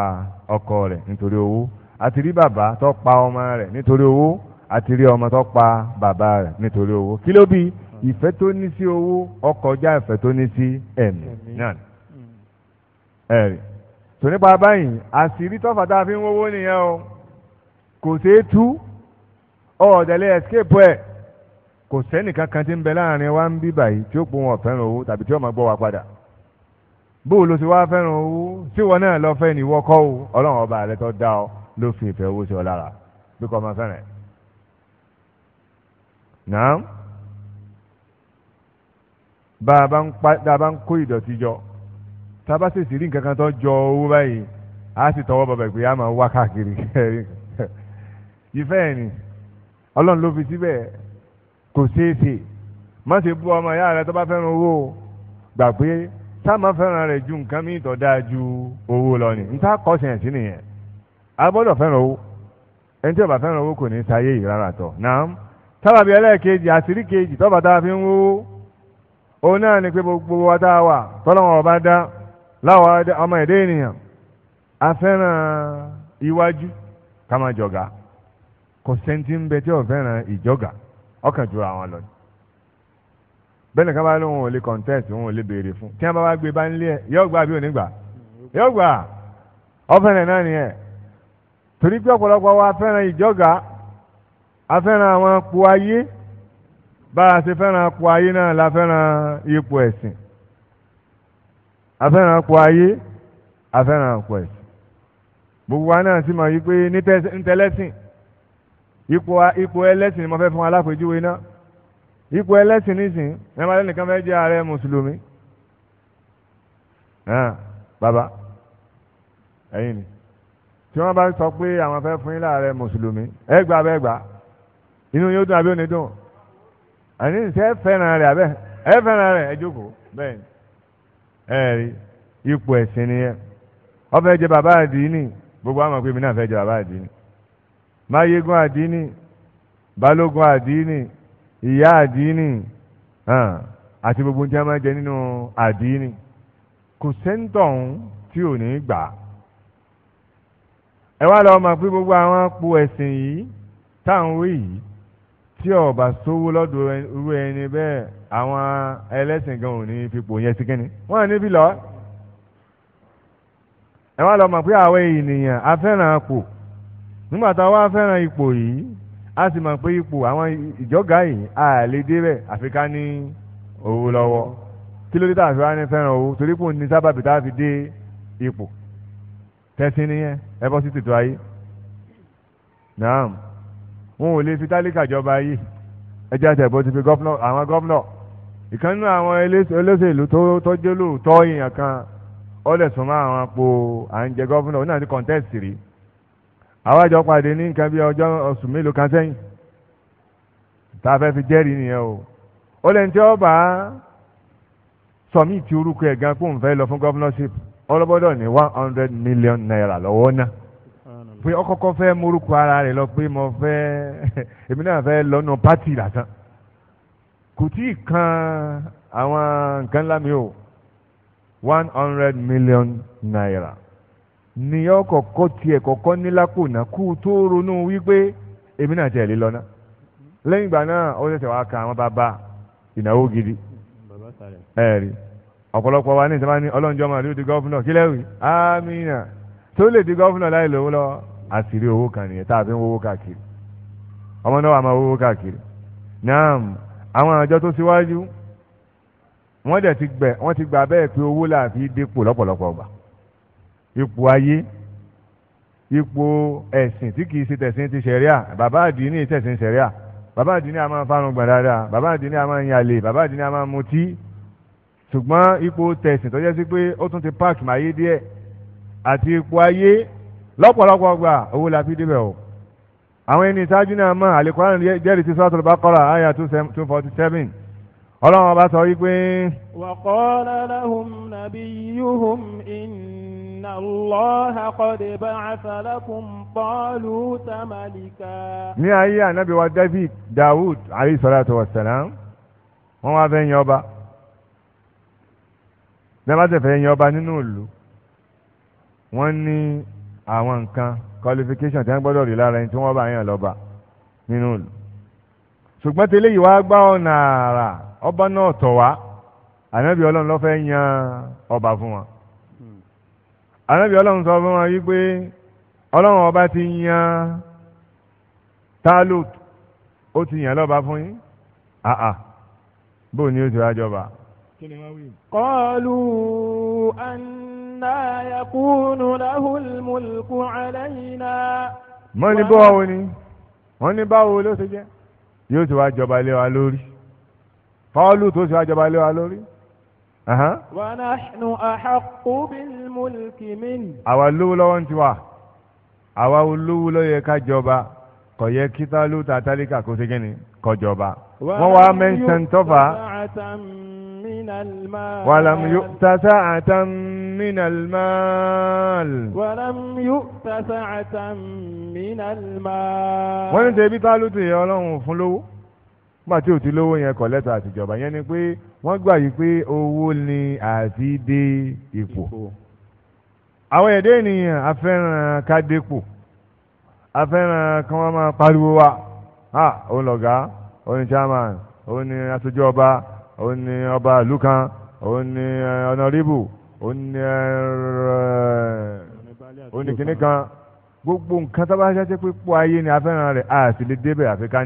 ọkọ rẹ̀ nítorí owó àti rí bàbá tó pa ọmọ rẹ̀ nítorí owó àti rí ọmọ tó pa bàbá rẹ̀ nítorí owó kí ló bí ìfẹ́ tó ní sí owó ọkọjá ìfẹ́ tó ní sí ẹ̀mí náà mm. ẹ̀rì tò nípa báyìí àṣírí tọ́fà tá fi ń wówó nìyẹn o kò ṣeé tú ọ̀ọ́dẹ̀lẹ̀ escape ẹ̀ kò sẹ́nìkan kan tí ń bẹ láàrin wa ń bí báyìí tí ó pọ̀ wọn fẹ́ràn owó tàbí tí ó máa gbọ́ wa padà bóò ló ti wá fẹ́ràn owó tí wọn náà lọ fẹ́ ni wọ́n kọ́ o ọlọ́run ọba rẹ tó dá ọ ló fi ìfẹ́ owó sí ọ lára bí kò máa fẹ́ràn ẹ̀. náà bá a bá ń kó ìdọ̀tí jọ tá a bá sì sì nǹkan kan tó jọ owó báyìí a sì tọwọ́ bọ̀bẹ̀ pé a máa wá káàkiri <laughs> ìfẹ́ ẹ̀ ni ọlọ́run ló fi síbẹ̀ kò ṣeé ṣe má ṣe bú ọmọ ìyá rẹ tó bá fẹ́ràn owó gbà pé fẹ́ràn rẹ̀ ju nǹkan míì tó dáa ju owó lọ ni níta kọ́ ṣẹ̀ sí nìyẹn a gbọ́dọ̀ fẹ́ràn owó ẹni tí ó bá fẹ́ràn owó kò ní sáyé yìí rárá tọ̀ náà sábàbí ẹlẹ́ẹ̀kejì àṣírí kejì tọ́ba tá a fi ń wó òun náà ni pé gbogbo wa tá a wà tọ́lọ́wọ́n ọba dá láwọn ọmọ ẹ̀dá ènìyàn a iwájú ká máa jọ̀gá kò sẹ́ńtì ń bẹ tí ò fẹ́ràn ìjọga ọkàn ju àwọn lọ bẹ́ẹ̀ni ká bá lóun ò lè contest òun ò lè béèrè fún tí wọ́n bá wá gbé bá ń lé yóò gbà bí ò ní gbà yóò gbà náà ni torí pé ọ̀pọ̀lọpọ̀ wa ìjọga àwọn apò ayé bá a ṣe apò ayé náà la ipò ẹ̀sìn a apò ayé apò ẹ̀sìn gbogbo wa náà sì mọ̀ yí pé nítẹ̀lẹ́sìn ipò ipò ẹlẹ́sìn ni mo fẹ́ fún alápèjúwe náà ipò ẹlẹ́sìn nísìn ẹ máa lẹ́nìkan fẹ́ jẹ́ ààrẹ mùsùlùmí bàbá ẹ̀yin ni tí wọ́n bá sọ pé àwọn fẹ́ fún yín láàrẹ mùsùlùmí ẹ gbà bẹ́ẹ̀ gbà inú yóò dùn àbí òní dùn àní ìṣe fẹ́ràn rẹ̀ abẹ́ ẹ fẹ́ràn rẹ̀ ẹ jókòó bẹ́ẹ̀ ni ẹ rí ipò ẹ̀sìn nìyẹn ó fẹ́ jẹ́ bàbá àdìní gbogbo àwọn ọmọ pé mi náà fẹ́ jẹ́ bàbá àdìní máyégún àdínì balógun àdínì ìyá àdínì àti gbogbo tí a máa jẹ nínú àdínì kò sẹ́ńtọ̀hún tí ò ní gbà á ẹ wá lọ́ọ́ máa pé gbogbo àwọn àpò ẹ̀sìn yìí táwọn wí yìí tí ọba sówó lọ́dọ̀ irú ẹni bẹ́ẹ̀ àwọn ẹlẹ́sìn gan ò ní fipò yẹn sí kínní wọ́n ní bí lọ́ọ́ ẹ wá lọ́ọ́ máa pé àwọn ènìyàn afẹ́ràn àpò nígbà tá a wá fẹ́ràn ipò yìí a sì mọ̀ pé ipò àwọn ìjọ́gà yìí a lè débẹ̀ àfi ká ní owó lọ́wọ́ kí ló dé tá a fi wá ní fẹ́ràn owó torí pò ní sábàbí tá a fi dé ipò tẹ́sí nìyẹn ẹ bọ́ sí tètò ayé náà wọn ò lè fi tálíkà jọba ayé ẹ jẹ́ àtẹ̀bọ́ ti fi gọ́fúnọ̀ àwọn gọ́fúnọ̀ ìkan nínú àwọn olóṣèlú tó tọ́jú lóòótọ́ èèyàn kan ó lè sùn mọ́ àwọn àpò à ń jẹ gọ́fúnọ̀ ó náà ti kọ̀ǹtẹ́sì rí àwa jọ pàdé ní nǹkan bí ọjọ́ oṣù mélòó kan sẹ́yìn tá a fẹ́ fi jẹ́rìí nìyẹn o ó lẹ́ni tí ó bá sọmí ti orúkọ ẹ̀ gan kóun fẹ́ lọ fún governorship ọlọ́bọ́dọ̀ ní one hundred million naira lọ́wọ́ náà pé ọkọ̀kọ́ fẹ́ morúkọ ara rẹ̀ lọ pé mo fẹ́ <laughs> èmi náà fẹ́ lọ́nu pátì lásán kò tí ì kan àwọn nǹkan ńlá mi o one hundred million naira ni koko kọ̀kọ́ tiẹ̀ kọ̀kọ́ na kú tó ronú wípé èmi náà tẹ̀lé lọ́nà lẹ́yìn ìgbà náà ó ṣẹ̀ṣẹ̀ ka àwọn bàbá ìnáwó gidi ẹ̀rí ọ̀pọ̀lọpọ̀ wa ní ìsẹ́fà ní ọlọ́njọ́ máa di gọ́fúnà kí lẹ́wì ámìnà tó lè di gọ́fúnà láì lówó lọ àṣírí owó kan nìyẹn tá a fi ń wówó káàkiri ọmọ náà wà máa wówó káàkiri naam àwọn àjọ tó síwájú wọ́n dẹ̀ ti gbà bẹ́ẹ̀ pé owó lọ́pọ̀lọpọ̀ ipò ayé ipò ẹ̀sìn tí kìí ṣe tẹ̀sìn ti ṣẹ̀ríà bàbá àdìní tẹ̀sìn ṣẹ̀ríà bàbá àdìní a máa fanu gbà dáadáa bàbá àdìní a máa yàlè bàbá àdìní a máa mutí ṣùgbọ́n ipò tẹ̀sìn tó jẹ́ sí pé ó tún ti páàkì máa yé díẹ̀ àti ipò ayé lọ́pọ̀lọpọ̀ gbà owó la fi débẹ̀ o àwọn ẹni ìṣáájú náà mọ̀ àlékọ́rán jẹ́rìí ti sọ́tò bákọ́rà àyà two forty seven ọlọ́run ọba sọ wípé. wàkọ́
الله قد بعث لكم طالوت ملكا
ní ayé ànábì wa David Dawud alayhi salatu wa salam wọ́n wá fẹ́ yan ọba lẹ́bàtẹ̀ fẹ́ yan ọba nínú ìlú wọ́n ní àwọn nǹkan qualification tí wọ́n gbọ́dọ̀ rí lára ẹni tí wọ́n bá yàn lọ́ba nínú ìlú ṣùgbọ́n tí eléyìí wá gbá ọ̀nà àrà ọba náà tọ̀ wá ànábì ọlọ́run ló fẹ́ yan ọba fún wọn anábì ọlọ́run sọ fún wọn wípé ọlọ́run ọba ti yan Talut ó ti yàn lọ́ba fún yín àà bó ni ó ti wá jọba. kọ́ọ̀lù anna yakunu lahul
mulku alayna.
mọ́ ní báwo ni wọ́n ní báwo ló ṣe jẹ́ yóò ti wá jọba lé wa lórí kọ́ọ̀lù tó ti wá jọba lé wa lórí
wa nahnu ahaqqu bil mulki min.
àwa lówó lọ́wọ́ ń tiwa àwa olówó ló yẹ ká jọba kò yẹ kí Tálútà àtàlíkà kó ṣe kíni kó jọba. wọ́n wá mẹ́ńtẹ́n tọ́fà. ولم يؤت سعة من المال
ولم يؤت سعة من المال. wọ́n ní
tẹ̀bí Tálútà yẹ ọlọ́run fún lówó nígbà tí ò ti lówó yẹn kọ lẹ́tà àtijọba yẹn ni pé wọ́n gbà yìí pé owó ni àti dé ipò àwọn ẹ̀dẹ́ ènìyàn afẹ́ràn kádépò afẹ́ràn kan wọ́n máa pariwo wa ha òun lọ̀gá òun chairman òun ni aṣojú ọba òun ni ọba ìlú kan òun ni eh, honorable òun ni eh, òun ni kìnnìkan gbogbo nǹkan tó ṣe pé pọ̀ ayé ni afẹ́ràn rẹ̀ a lè débẹ̀ àfi ká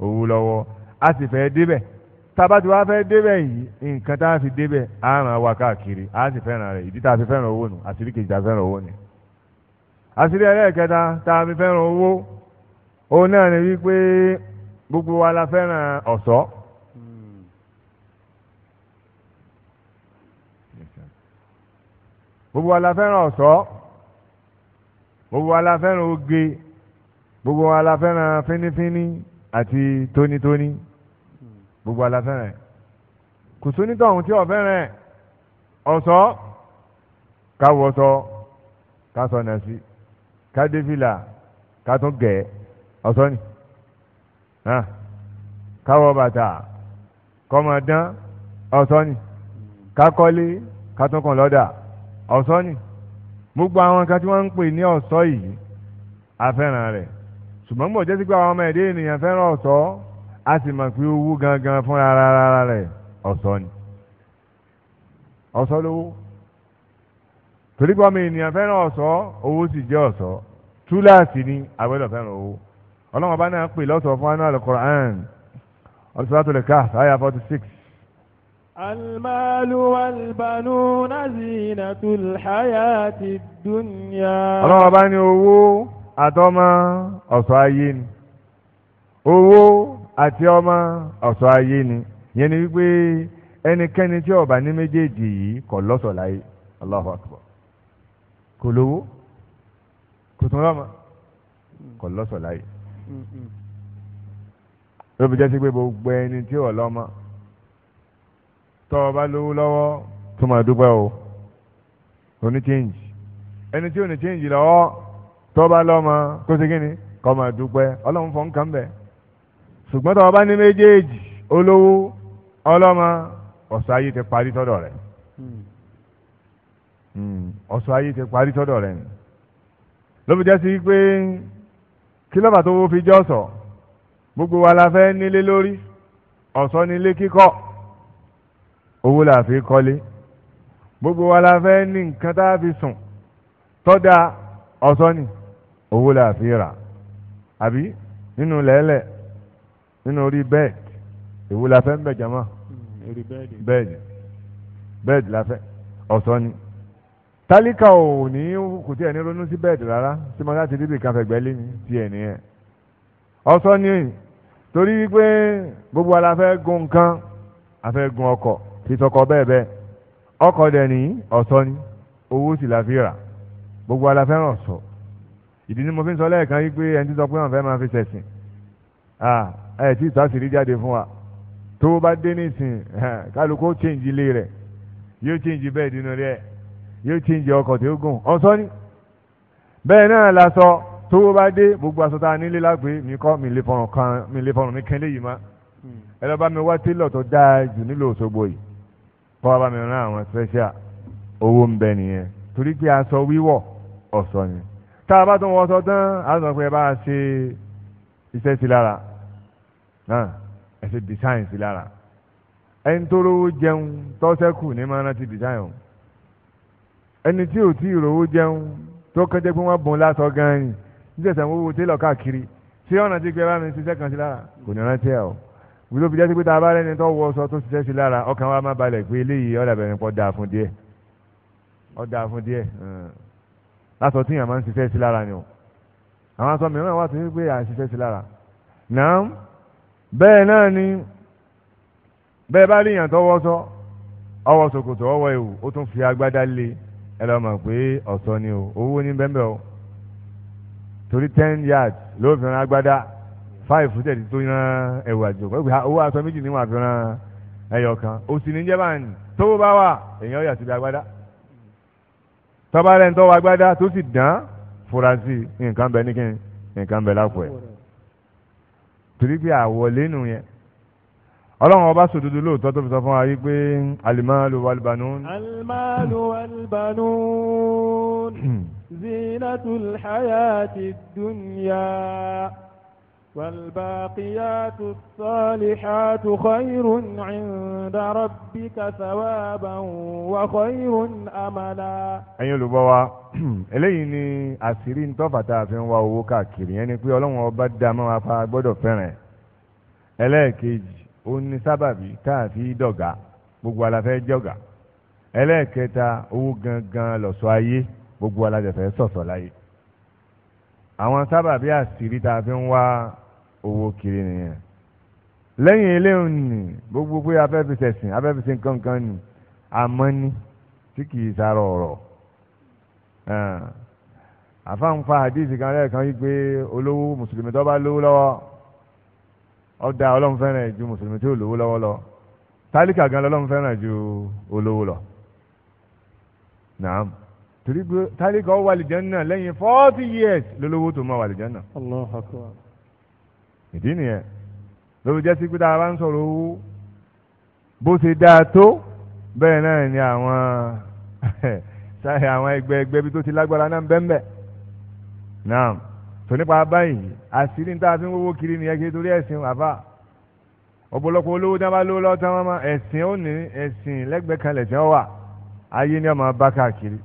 owó lọ́wọ́ a sì fẹ́ débẹ̀ tába tí fẹ́ débẹ̀ yìí nǹkan tá a fi débẹ̀ a ràn wá káàkiri a sì fẹ́ràn rẹ̀ ìdí a fi fẹ́ràn owó nù àṣírí kejì tá a fẹ́ràn owó a fi fẹ́ràn owó òun náà ni wípé gbogbo wa la fẹ́ràn gbogbo wa la gbogbo wa oge gbogbo wa la àti tónítóní gbogbo alásán rẹ̀ kò sónítọ̀ ohun tí ọ̀fẹ́ rẹ̀ ọ̀sọ́ káwọ́sọ kásọ̀nà sí kádéfìlà kátún gẹ̀ ọ̀sọ́ ni káwọ́ bàtà kọ́mọdán ọ̀sọ́ ni kákọ́lé kátúnkàn lọ́dà ọ̀sọ́ ni gbogbo àwọn kan tí wọ́n ń pè ní ọ̀sọ́ yìí afẹ́ràn rẹ̀ ṣùgbọ́n gbọ́dọ̀ jẹ́ sí pé àwọn ọmọ ẹ̀dẹ́ ènìyàn fẹ́ràn ọ̀ṣọ́ a sì mọ̀ pé owó gangan fún ara ara rẹ̀ ọ̀ṣọ́ ni ọ̀ṣọ́ lówó torí pé ọmọ ènìyàn fẹ́ràn ọ̀ṣọ́ owó sì jẹ́ ọ̀ṣọ́ túláàsì ni àgbẹ̀dọ̀ fẹ́ràn owó ọlọ́run ọba náà pè lọ́sọ̀ fún anú al-Qur'an Suratul Kahf àyà forty six.
المال والبنون زينة الحياة الدنيا. ọlọ́run
ọba ní àtọmọ ọsọ ayé ni owó àti ọmọ ayé ni yẹn ni wípé ẹnikẹ́ni tí ọba ní méjèèjì yìí kò láyé Akbar kò lówó kò tún lọ́mọ kò lọ́ṣọ̀ọ́ láyé lóbi jẹ́ sí pé gbogbo ẹni tí lọ́mọ tọ́ lówó lọ́wọ́ tó tọ́ba lọ́mọ kó ṣe kíni kọ́ máa dúpẹ́ ọlọ́run fọ́n kàn bẹ̀ ṣùgbọ́n tọ́ba bá ní méjèèjì olówó ọlọ́mọ ọ̀sọ̀ ayé ti parí tọ́dọ̀ rẹ̀ hmm. hmm. ọ̀sọ̀ ayé ti parí tọ́dọ̀ rẹ̀ ló fi jẹ́ sí pé kí lọ́ba tó fi jọ́ sọ gbogbo wa la fẹ́ nílé lórí ọ̀sọ́ nílé kíkọ́ owó la fi kọ́lé gbogbo wa la fẹ́ ní nǹkan tá a fi sùn tọ́da ọ̀sọ́ ni owó la fi rà àbí nínú lẹ́lẹ̀ nínú orí bẹ́ẹ̀dì èwo la fẹ́ ń bẹ̀ jama bẹ́ẹ̀dì hmm, bẹ́ẹ̀dì la fẹ́ ọ̀sọ́ ni tálíkà ò ní kò tí ẹ̀ ní ronú sí bẹ́ẹ̀dì rárá tí mo láti rí ibìkan fẹ̀gbẹ́ lé ní tiẹ̀ nìyẹn ọ̀sọ́ ni torí wípé gbogbo wa la fẹ́ gun nǹkan a fẹ́ gun ọkọ̀ fi sọkọ bẹ́ẹ̀ bẹ́ẹ̀ ọkọ̀ dẹ̀ ní ọ̀sọ́ ni owó sì la fi rà gbogbo wa fẹ́ràn ọ̀sọ́ ìdí ni mo fi ń sọ lẹ́ẹ̀kan yí pé ẹni tí sọ pé wọ́n fẹ́ máa fi ṣẹ̀sìn ẹ tí ìsásìrí jáde fún wa tó bá dé nísìn kálukú change ilé rẹ̀ yóò change bẹ́ẹ̀ dínú rẹ̀ yóò change ọkọ̀ tó gùn ọ̀sọ́ ni bẹ́ẹ̀ náà la sọ tó bá dé gbogbo aṣọ tá a nílé lágbé mi kọ́ mi lè fọrùn kan mi lè fọrùn mi kan léyìí má ẹ lọ bá mi wá télọ̀ tó dáa jù nílò Òṣogbo yìí kọ́ bá mi rán àwọn special owó ń bẹ nìyẹn torí pé aṣọ wíwọ̀ ọ̀sọ́ ni tá a bá tún wọ́sọ tán a sọ pé ẹ bá ṣe iṣẹ́ sí lára náà ẹ ṣe design sí lára ẹni tó rówó jẹun tọ́sẹ́kù ní máa rántí design o ẹni tí ò tí ì rówó jẹun tó kẹjẹ pé wọ́n bùn lásọ gan ni níṣẹ̀ṣẹ̀ wọ́n wo télọ̀ káàkiri ṣé ọ̀nà tí gbẹ́rẹ́ mi ṣiṣẹ́ kan sí lára kò ní rántí ẹ̀ o wúlò fi jẹ́ pé tá a bá rẹ́ni tó wọ́sọ tó ṣiṣẹ́ sí lára ọkàn wa má balẹ̀ pé eléyìí ọ̀dà pọ̀ dáa fún díẹ̀ ọ̀dà fún díẹ̀ aṣọ tí ma máa ń ṣiṣẹ́ sí lára ni o àwọn aṣọ mìíràn wà tó ń gbé ṣiṣẹ́ sí lára náà bẹ́ẹ̀ náà ni bẹ́ẹ̀ bá rí yàn tó wọ́sọ ọwọ́ ọwọ́ ewu ó tún fi agbádá lé ẹ lọ́ọ́ pé ọ̀sọ́ ni o owó ní bẹ́ẹ̀ o torí ten yards ló fi ran agbádá five fún tó yan ẹ̀wù àjò pé owó aṣọ méjì ni wọ́n fi ran kan òsì ní jẹ́ ni tówó bá wà èèyàn yà síbi agbádá. tọ́ba rẹ̀ ń tọ́ wa gbádá tó sì dán fura sí nǹkan bẹ ní kíni nǹkan bẹ lápò ẹ̀ torí pé àwọlé nù yẹn ọlọ́run ọba sòdodo lóòótọ́ tó fi sọ fún wa yí pé alimalu walbanun.
alimalu walbanun hmm. zinatul hayati dunya. والباقيات الصالحات خير عند ربك ثوابا وخير أملا
ẹ̀yin olùgbọ́ wa eléyìí ni àṣírí ń tọ́fà tá a fi ń wá owó káàkiri yẹn ni pé ọlọ́run ọba dá mọ́ wa pa gbọ́dọ̀ fẹ́ràn ẹ̀ ẹlẹ́ẹ̀kejì ó ní sábàbí tá a fi dọ̀gá gbogbo aláfẹ́ jọ̀gá ẹlẹ́ẹ̀kẹta owó gangan lọ̀ṣọ́ ayé gbogbo aláfẹ́ sọ̀sọ̀ láyé àwọn sábàbí àṣírí tá fi ń owó kiri nìyẹn lẹ́yìn eléyìí ni gbogbo pé afẹ́fẹsẹ̀ sìn afẹ́fẹsẹ̀ kankan ni àmọ́ ni tí kì í sára ọ̀rọ̀ àfáǹfà àdìsí kan lẹ́ẹ̀kan yí pé olówó mùsùlùmí tó bá lówó lọ́wọ́ ọ̀dà ọlọ́run fẹ́ràn ju mùsùlùmí tí ò lówó lọ́wọ́ lọ tálíkà gan lọ́lọ́run fẹ́ràn ju olówó lọ naam tálíkà ó wà lìjẹ́ náà lẹ́yìn forty years lólówó tó máa wà lìjẹ́ náà ìdí nìyẹn ló fi jẹ́ sí pé tá a bá ń sọ̀rọ̀ owó bó ṣe dáa tó bẹ́ẹ̀ náà ni àwọn ṣáà <laughs> àwọn ẹgbẹ́ ẹgbẹ́ bí tó ti lágbára náà ń náà tó nípa báyìí àṣírí tá a fi kiri nìyẹn kí torí ẹ̀sìn àbá ọ̀pọ̀lọpọ̀ olówó tí wọ́n bá lówó lọ́wọ́ tí wọ́n máa ẹ̀sìn ó ní ẹ̀sìn lẹ́gbẹ̀ẹ́ kan lẹ̀sìn ó ayé ni ó máa bá káàkiri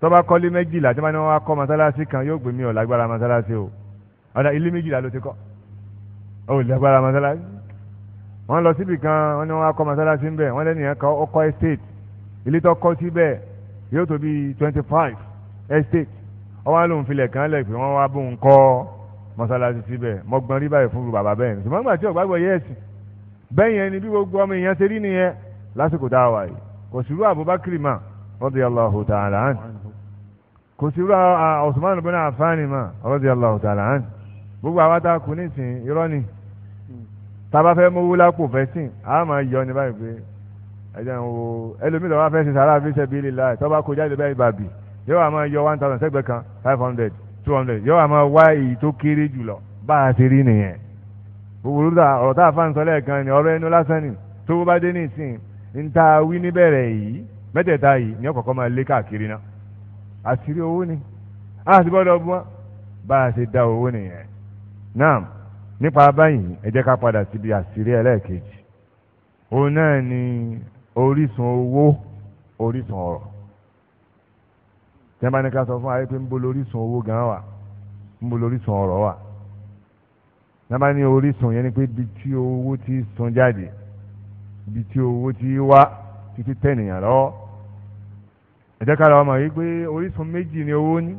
tó bá kọ́lé méjìlá tí wọ́n bá kọ́ mọ́sálásí kan yóò gbé mi ò lágbára mọ́sálásí o ọ̀dà ilé méjìlá ló ti kọ́ ó lágbára masalasi wọ́n lọ síbi kan wọ́n ní wọ́n akọ masalasi ń bẹ wọ́n lẹ́nu yẹn kọ́ ọkọ estate ilé tó kọ́ síbẹ̀ yóò tó bíi twenty five estate ọwọ́ àlòun filẹ̀ kan lẹ̀ pé wọ́n wá bóun kọ́ masalasi síbẹ̀ mọ́gbọ́n rí báyìí fún bàbá bẹ́ẹ̀ ni ṣùgbọ́n gbà tí ọ̀gbàgbọ́ yẹ́sì bẹ́ẹ̀ yẹn ni bí gbogbo ọmọ èèyàn ṣe rí nìyẹn lásìkò tá a wà yìí kò sírú Abubakar mà radiyallahu ta'ala kò sírú ah, Usman bin Affan mà radiyallahu ta'ala gbogbo àwa tá a kù nísìnyí irọ́ ni tá a bá fẹ́ mówó lápò fẹ́ sìn á máa yọ ni báyìí pé ẹ̀jẹ̀ ń wo ẹlòmíì tó bá fẹ́ ṣe sàrà fi bíi lílá tó bá kó jáde báyìí bàbí yóò wá yọ one thousand sẹ́gbẹ̀ẹ́ kan five hundred two hundred yóò wá máa wá èyí tó kéré jù lọ bá a ti rí nìyẹn gbogbo olùdá ọ̀rọ̀ tá a fà ń sọ lẹ́ẹ̀kan ni ọ̀rọ̀ ẹnu lásán ni tó bá dé nísìn ń ta wí níbẹ̀rẹ̀ yìí mẹ́tẹ̀ẹ̀ta yìí ni ọkọ̀ọ̀kan bá a ṣe da owó nìyẹn naam nípa báyìí ẹ jẹ́ ká padà síbi àṣírí ẹlẹ́ẹ̀kejì òun náà ni orísun owó orísun ọ̀rọ̀ tẹ́nba ní ká sọ fún ayé pé ń bo lórísun owó gan wà ń bo lórísun ọ̀rọ̀ wà tẹ́nba ní orísun yẹn ni pé bí tí owó ti sun jáde bí tí owó ti wá títí tẹ̀nìyàn lọ́wọ́ ẹ jẹ́ ká lọ́wọ́ mọ̀ wípé orísun méjì ni owó ní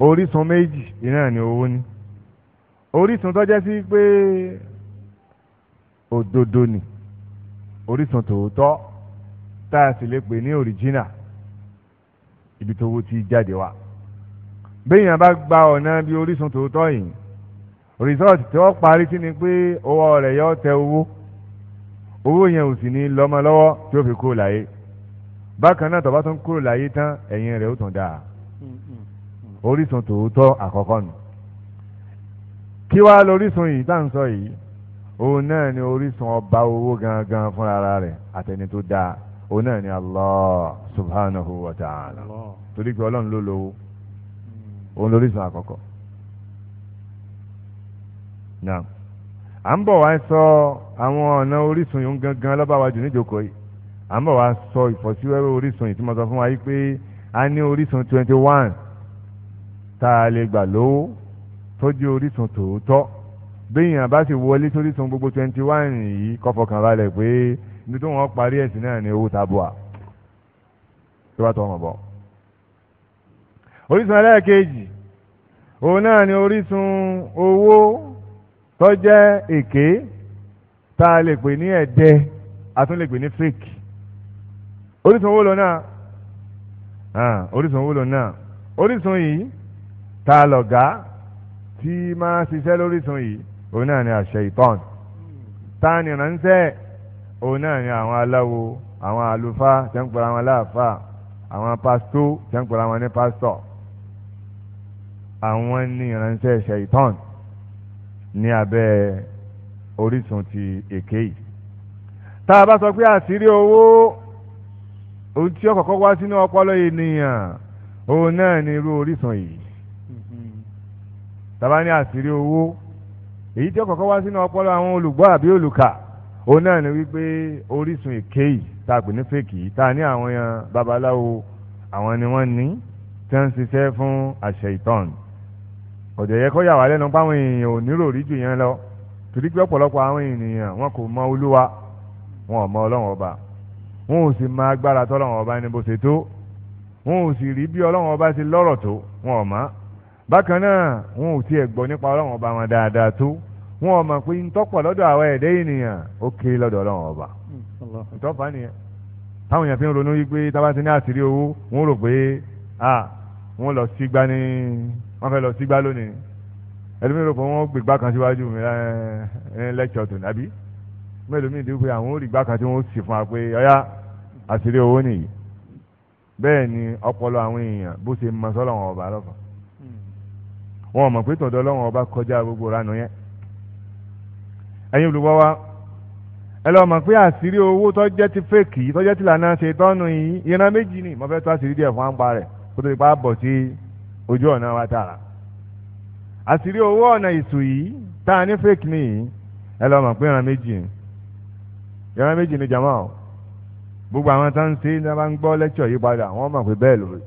orísun méjì iná ni owó ní orísun tó jẹ́ sí pé òdodo ni orísun tòótọ́ tá a sì lè pè ní òrìjínà ibi tó wó ti jáde wá béèyàn bá gba ọ̀nà bí orísun tòótọ́ yìí rìsọ́ọ̀tì tí parí sí ni pé owó rẹ̀ yọ tẹ owó owó yẹn ò sì ní lọ́mọ lọ́wọ́ tí ó fi kúrò láyé bákan náà tó bá tún kúrò láyé tán ẹ̀yìn rẹ̀ ó tún dáa mm-hmm. orísun tòótọ́ àkọ́kọ́ nù kí wàá lórísun yìí tá à ń sọ yìí òun náà ni orísun ọba owó gangan fúnra rẹ̀ àtẹni tó dáa òun náà ni Allah subhanahu wa ta'ala torí pé ọlọ́run ló lówó òun lórísun àkọ́kọ́ náà à ń bọ̀ wá sọ àwọn ọ̀nà orísun yìí gangan lọ́ba wa jù níjókòó yìí à ń bọ̀ wá sọ ìfọ̀síwẹ́wẹ́ orísun yìí tí mo sọ fún wa yìí pé a ní orísun twenty one tá a lè gbà lówó tó jẹ́ orísun tòótọ́ béèyàn bá sì wọlé sórísun gbogbo twenty one yìí kọ́fọ̀kàn balẹ̀ pé ibi tó wọ́n parí ẹ̀sìn náà ni owó tabua tó bá tọ́ ọmọ bọ̀. orísun ẹlẹ́ẹ̀kejì òun náà ni orísun owó tó jẹ́ èké tá a lè pè ní ẹ̀dẹ́ a tún lè pè ní fake orísun owó lọ náà orísun owó lọ náà orísun yìí tá a lọ̀gá tí máa ṣiṣẹ́ lórísun yìí òun náà ni àṣeyìtọ́n ta ni ránṣẹ́ òun náà ni àwọn aláwo àwọn àlùfáà tẹ́ ń pera wọn láàfáà àwọn pásítọ̀ tẹ́ ń pera wọn ní pásítọ̀ àwọn ni ránṣẹ́ ṣeyìtọ́n ní abẹ́ orísun ti èké yìí tá a bá sọ pé àṣírí owó ohun tí ó kọ́kọ́ wá sínú ọpọlọ ènìyàn òun náà ni irú orísun yìí tàbá ní àṣírí owó èyí tí ó kọ́kọ́ wá sínú ọpọlọ àwọn olùgbọ́ àbí olùkà òun náà ni wípé orísun èké yìí tá a pè ní fèkì yìí tá a ní àwọn yan babaláwo àwọn ni wọ́n ní tí wọ́n ń ṣiṣẹ́ fún àṣẹ ìtọ́n ọ̀dẹ̀ yẹ kó yà wá lẹ́nu páwọn èèyàn ò nírò rí jù yẹn lọ torí pé ọ̀pọ̀lọpọ̀ àwọn ènìyàn wọn kò mọ olúwa wọn ò mọ ọlọ́run ọba wọn ò sì mọ agbára tọ́lọ́run ọba ní bó ṣe tó wọn ò sì rí bí ọlọ́run ọba ṣe lọ́rọ̀ tó wọn ò mọ̀ bákan náà wọn ò tiẹ̀ gbọ́ nípa ọlọ́run ọba wọn dáadáa tó wọn ò mọ̀ pé ntọ́pọ̀ lọ́dọ̀ àwọn ẹ̀dẹ́ ènìyàn ó kéré lọ́dọ̀ ọlọ́run ọba ntọ́pọ̀ nìyẹn táwọn èèyàn fi ń ronú wípé tábà ti ní àṣírí owó wọn rò pé wọn lọ sígbá ní wọn fẹ́ lọ sígbá lónìí ẹlòmíì rò pé wọn gbé gbá kan síwájú mi lẹ́kṣọ̀ tó nàbí mẹ́lòmíì dé àwọn ò gbá kan tí wọ́n sì fún wa pé ọ̀yá àṣírí owó nìyí bẹ́ẹ̀ ni ọpọlọ àwọn èèyàn bó ṣe mọ sọ́lọ́wọ́n ọba lọ́fọ̀ọ́ wọn mọ̀ pé tọ̀dọ̀ ọlọ́run ọba kọjá gbogbo ranù yẹn ẹ̀yin olùgbọ́ wa ẹ lọ mọ̀ pé àṣírí owó tọ́jẹ́ ti fèkì tọ́jẹ́ ti lànà ṣe tọ́nu yìí ìran méjì ni mo fẹ́ tó àṣírí díẹ̀ fún àǹpa rẹ̀ kó tó di pa bọ̀ sí ojú ọ̀nà wa tààrà àṣírí owó ọ̀nà ìṣù yìí tá a ní fèkì nìyí ẹ lọ mọ̀ pé ìran méjì ni ìran méjì ni jama o gbogbo àwọn tó ń ṣe ní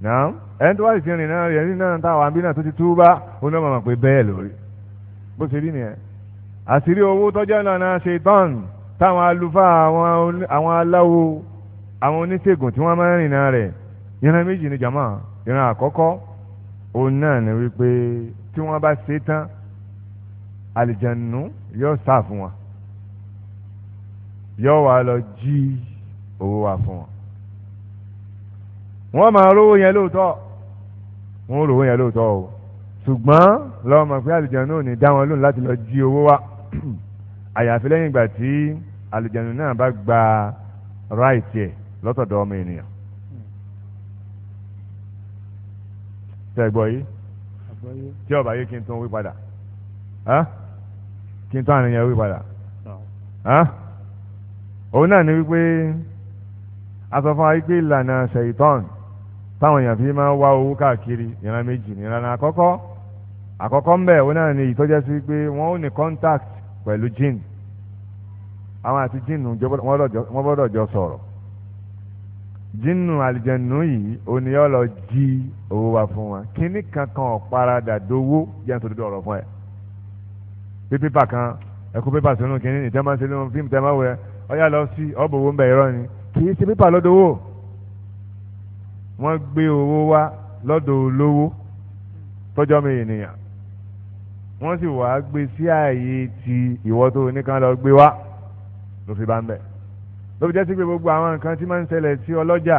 náà ẹni tó wá sì ti rìn náà rẹ̀ nínú náà táwọn àbí náà tó ti túbá ó náà mọ̀ pé bẹ́ẹ̀ lórí bó ṣe rí nìyẹn àṣírí owó tọ́jọ́ ìlànà ṣetán táwọn àlùfáà àwọn aláwo àwọn oníṣègùn tí wọ́n máa ń rìn náà rẹ̀ ìran méjì ni jàmá ìran àkọ́kọ́ òun náà ni wípé tí wọ́n bá ṣe tán àlìjànú yóò sá fún wọn yóò wá lọ jí owó wa fún wọn wọ́n máa rówó yẹn lóòótọ́ wọ́n rówó yẹn lóòótọ́ o ṣùgbọ́n lọ́mọ pé àlùjànnú náà ní dá wọn lóhùn láti lọ jí owó wá <clears throat> àyàfi lẹ́yìn ìgbà tí àlùjànnú náà bá gba ráìtì ẹ̀ lọ́tọ̀dọ̀ ọmọ ènìyàn. tẹ̀gbọ́ yìí tí ọba yìí kí n tún wí padà kí n tún àníyàn wí padà òun náà ni wípé a sọ fún wa wípé ìlànà ṣèyítọ́nù táwọn èèyàn fi máa ń wá owó káàkiri ìran méjì ìran àkọ́kọ́ àkọ́kọ́ ń bẹ̀ wọ́n náà ní ìtọ́jẹ́ sí pé wọ́n ó ní contact pẹ̀lú jinn àwọn àti jinnu wọ́n gbọ́dọ̀ jọ sọ̀rọ̀ jinnu àlìjẹnu yìí òní yóò lọ jí owó wa fún wa kínní kankan ọ̀paradà dowó jẹ́ nítorí ọ̀rọ̀ fún ẹ bí pépà kan ẹkú pépà sínú kínní ìtẹ́ fíìmù tẹ́ ọ́ yà lọ sí ọ́ bòwó ń bẹ̀ irọ́ ni kì í ṣe pépà lọ́dọ̀wọ́ wọ́n gbé owó wá lọ́dọ̀ olówó tọ́jọ́ mi ènìyàn wọ́n sì wàá gbé sí ààyè ti ìwọ tó oníkan lọ gbé wá ló fi bá ń bẹ̀ ló fi jẹ́ sí pé gbogbo àwọn nǹkan tí máa ń ṣẹlẹ̀ sí ọlọ́jà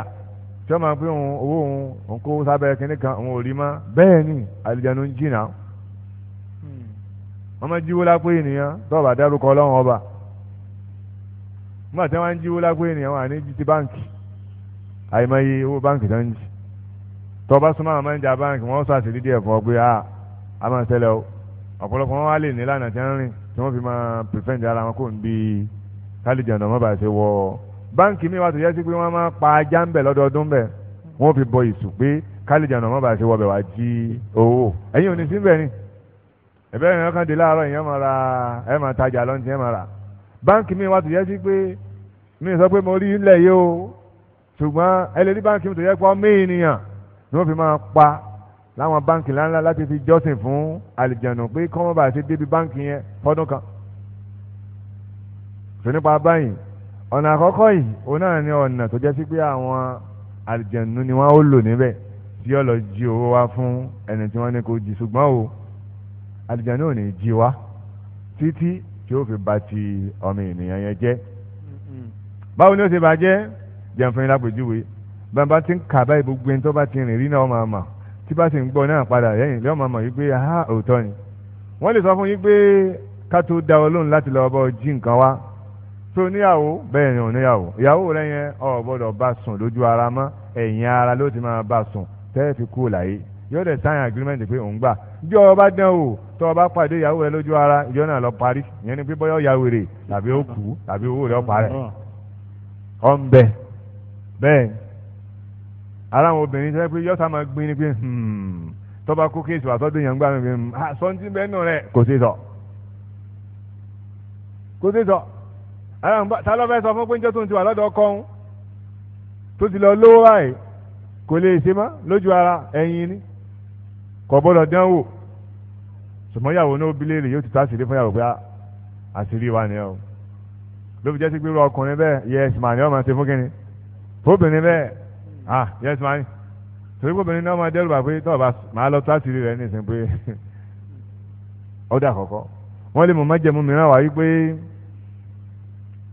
tí wọ́n máa pé òun owó òun òun kó sábẹ́ kínní kan òun ò rí mọ́ bẹ́ẹ̀ ni àlìjánu ń jìnnà hmm. wọ́n máa jíwó lápé ènìyàn tọ́ọ̀bà dárúkọ ọlọ́run ọba nígbà tí wọ́n máa ń jíwó lápé ènìyàn wà ní ti báǹkì àyèmáyé owó báǹkì tó ń jì tó bá súnmọ́ àwọn mẹ́njà báǹkì wọ́n sọ àṣírí díẹ̀ fún ọ pé ah, a máa ṣẹlẹ̀ o ọ̀pọ̀lọpọ̀ wọn wá lè ní lánàá tí wọ́n rìn tí wọ́n fi máa pèfẹ́ǹdì ara wọn kò ń bí kálíjàndà mọ́ bá ṣe wọ báǹkì mi wá tó yẹ sí pé wọ́n máa pa ajá ń bẹ̀ lọ́dọọdún bẹ̀ wọ́n fi bọ ìsù pé kálíjàndà mọ́ bá ṣe wọ bẹ̀ wá jí owó ẹ̀yin ò ní síbẹ̀ ni ẹ̀bẹ̀ ìrìn kan dé láàárọ̀ ìyẹn máa ra ẹ̀ máa tajà lọ́ntì ẹ̀ máa ra báǹkì mi wá tó yẹ ṣùgbọ́n ẹlẹ́rìí báńkì tó yẹ pé ọmọ ènìyàn ni wọ́n fi máa pa láwọn báńkì ńláńlá láti fi jọ́sìn fún àlìjànù pé kọ́mọ́ bá ti débi báńkì yẹn fọdún kan. sọ nípa báyìí ọ̀nà àkọ́kọ́ yìí òun náà ni ọ̀nà tó jẹ́ sí pé àwọn àlìjànù ni wọ́n ó lò níbẹ̀ tí yóò lọ jí owó wá fún ẹni tí wọ́n ní kó jí ṣùgbọ́n o àlìjànù ò ní jí wá títí tí ó fi ba ti ọmọ ènìyàn yẹn jẹ́
mm-hmm.
báwo ni ó ṣe bàjẹ́ jẹun fún yín lápèjúwe bàbá ti ń kà báyìí gbogbo ẹni tó bá ti rìn rí náà máa mà tí bá ti ń gbọ́ náà padà lẹ́yìn lẹ́yìn máa mà yí pé aha òótọ́ ni wọ́n lè sọ fún yín pé ká tó da ọlọ́run láti lọ bọ́ jí nǹkan wá tó níyàwó bẹ́ẹ̀ ni ò níyàwó ìyàwó rẹ yẹn ò gbọ́dọ̀ bá sùn lójú ara mọ́ ẹ̀yìn ara ló ti máa bá sùn tẹ́ẹ̀ fi kú láyé yóò dẹ̀ sign agreement pé òun gbà jọ ọba dán o tọ́ ọba pàdé ìyàwó rẹ lójú ara ìjọ náà lọ parí ìyẹn ni pé bọ́yọ̀ yàwèrè tàbí ó kú tàbí owó rẹ ó parẹ́ ọ̀ ń bẹ́ẹ̀ bẹ́ẹ̀ ara àwọn obìnrin tó yẹ pé yọ́sà máa gbin ni pé hmm, tọ́ba kó kéésì wà sọ́dún yẹn ń gbà mí pé sọ́ńtì bẹ́ẹ̀ nù rẹ̀ kò sí sọ kò sí sọ ara àwọn ta ló fẹ́ sọ fún pé njẹ́ tó ń ti wà lọ́dọ̀ ọkọ òun tó ti lọ lówó báyìí kò lè ṣe mọ́ lójú ara ẹ̀yìn ni kò gbọ́dọ̀ dán wò sùmọ́ ìyàwó ní obìnrin rẹ̀ yóò ti ta àṣírí fún ìyàwó pé ah, àṣírí wa nìyẹn o ló fi jẹ́ sí pé irú ọkùnrin bẹ́ẹ̀ yẹ ẹ̀sìn màá ní ọmọ ṣe fún kínní fóbìnrin bẹ́ẹ̀ ah yes maa ní torí fóbìnrin náà máa dẹ́rù bà pé tọ́ọ̀ bá máa lọ tó àṣírí rẹ̀ nísìnyí pé ọ̀dà <laughs> àkọ́kọ́ wọ́n lè mọ̀ májẹ̀mú mìíràn wá yí pé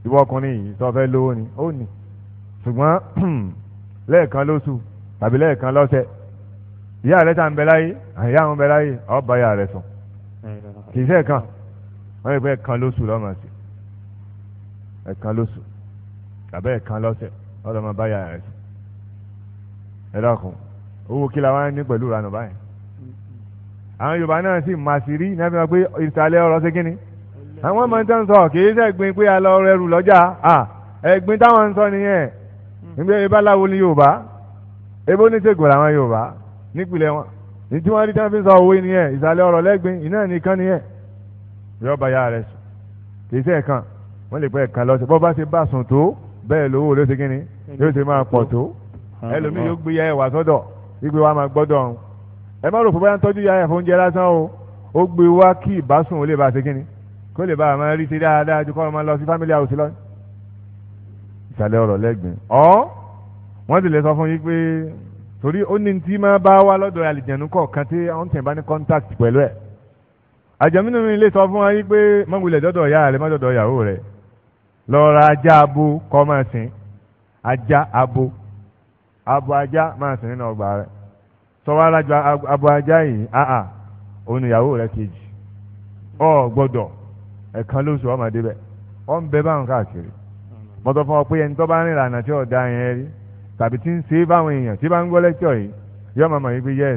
ìwọ ọkùnrin yìí tó fẹ́ lówó ni ó ní ṣùgbọ́n <clears throat> lẹ́ẹ̀kan lóṣù tàbí lẹ́ẹ̀kan lọ́sẹ̀ ìyá rẹ̀ tà ń bẹ láyé àyà ń bẹ láyé ọba ìyá rẹ̀ sùn kì í sẹ́ẹ̀kan wọ́n lè pẹ́ ẹ̀kan lóṣù lọ́mọ ẹ̀kan lóṣù tàbí ẹ̀kan lọ́sẹ̀ ọlọ́mọ báyà rẹ̀ sí ẹ dákun owó kí la wá ní pẹ̀lú ìranù báyìí àwọn yorùbá náà sì máa sì rí náà fi hàn pé ìsàlẹ̀ ọ̀rọ̀ ṣe kínni àwọn ọmọ nǹkan sọ kì í ṣẹ̀gbin pé a lọ rẹrù lọ́jà ẹ̀gbin táwọn ń sọ nìyẹn nígbà ìbáláwo ni yorùbá ebó ní ṣègùn làwọn yorùbá nípìnlẹ̀ wọn ní tí wọ́n rí tán fi sọ òwe nìyẹn ìsàlẹ̀ ọ̀rọ̀ lẹ́gbin iná nìkan nìyẹn yọ̀ọ́ bàyà rẹ̀ sùn kì í ṣe ẹ̀kan wọ́n lè pẹ́ ẹ̀kan lọ́sẹ̀ bọ́ bá ṣe bá sùn tó bẹ́ẹ̀ lówó ló ṣe kí ni yóò ṣe máa pọ̀ tó ẹlòmíì yóò gbé yáyà wá sọ́dọ̀ wípé wàá máa gbọ́dọ̀ ọ̀hún ẹ má rò pé báyà ń tọ́jú yáyà fún oúnjẹ lásán o ó gbé wá kí ìbásùn ó lè bá ṣe kí ni kó lè bá a máa rí ṣe dáadáa ju kọ́ ọ máa lọ sí family house lọ. ìsàlẹ̀ ọ̀rọ̀ lẹ́gbìn ọ́ wọ́n ti lè sọ fún yín pé torí ó ní tí máa bá wá lọ́dọ̀ àlìjẹ̀nu kọ̀ọ̀kan tí wọ́n tẹ̀ bá ní contact pẹ̀lú ẹ̀ àjẹmínú mi lè sọ fún wa yín pé mọ̀wulẹ̀ dọ́dọ̀ ìyá rẹ̀ mọ́dọ̀dọ̀ ìyàwó rẹ̀ lọ ajá abo kọ́ máa sìn ajá abo abo ajá máa sìn nínú ọgbà rẹ sọ́wọ́ alájọ abo ajá yìí áà òun ìyàwó rẹ kejì ọ gbọdọ ẹ̀kan lóṣù ọmọdé bẹ ọ ń bẹ báwọn káàkiri mọ́tò fún ọ pé ẹni tó bá rìn ìlànà tí ọ̀dà yẹn rí tàbí tí ń ṣe báwọn èèyàn tí bá ń gbọ́ yìí pé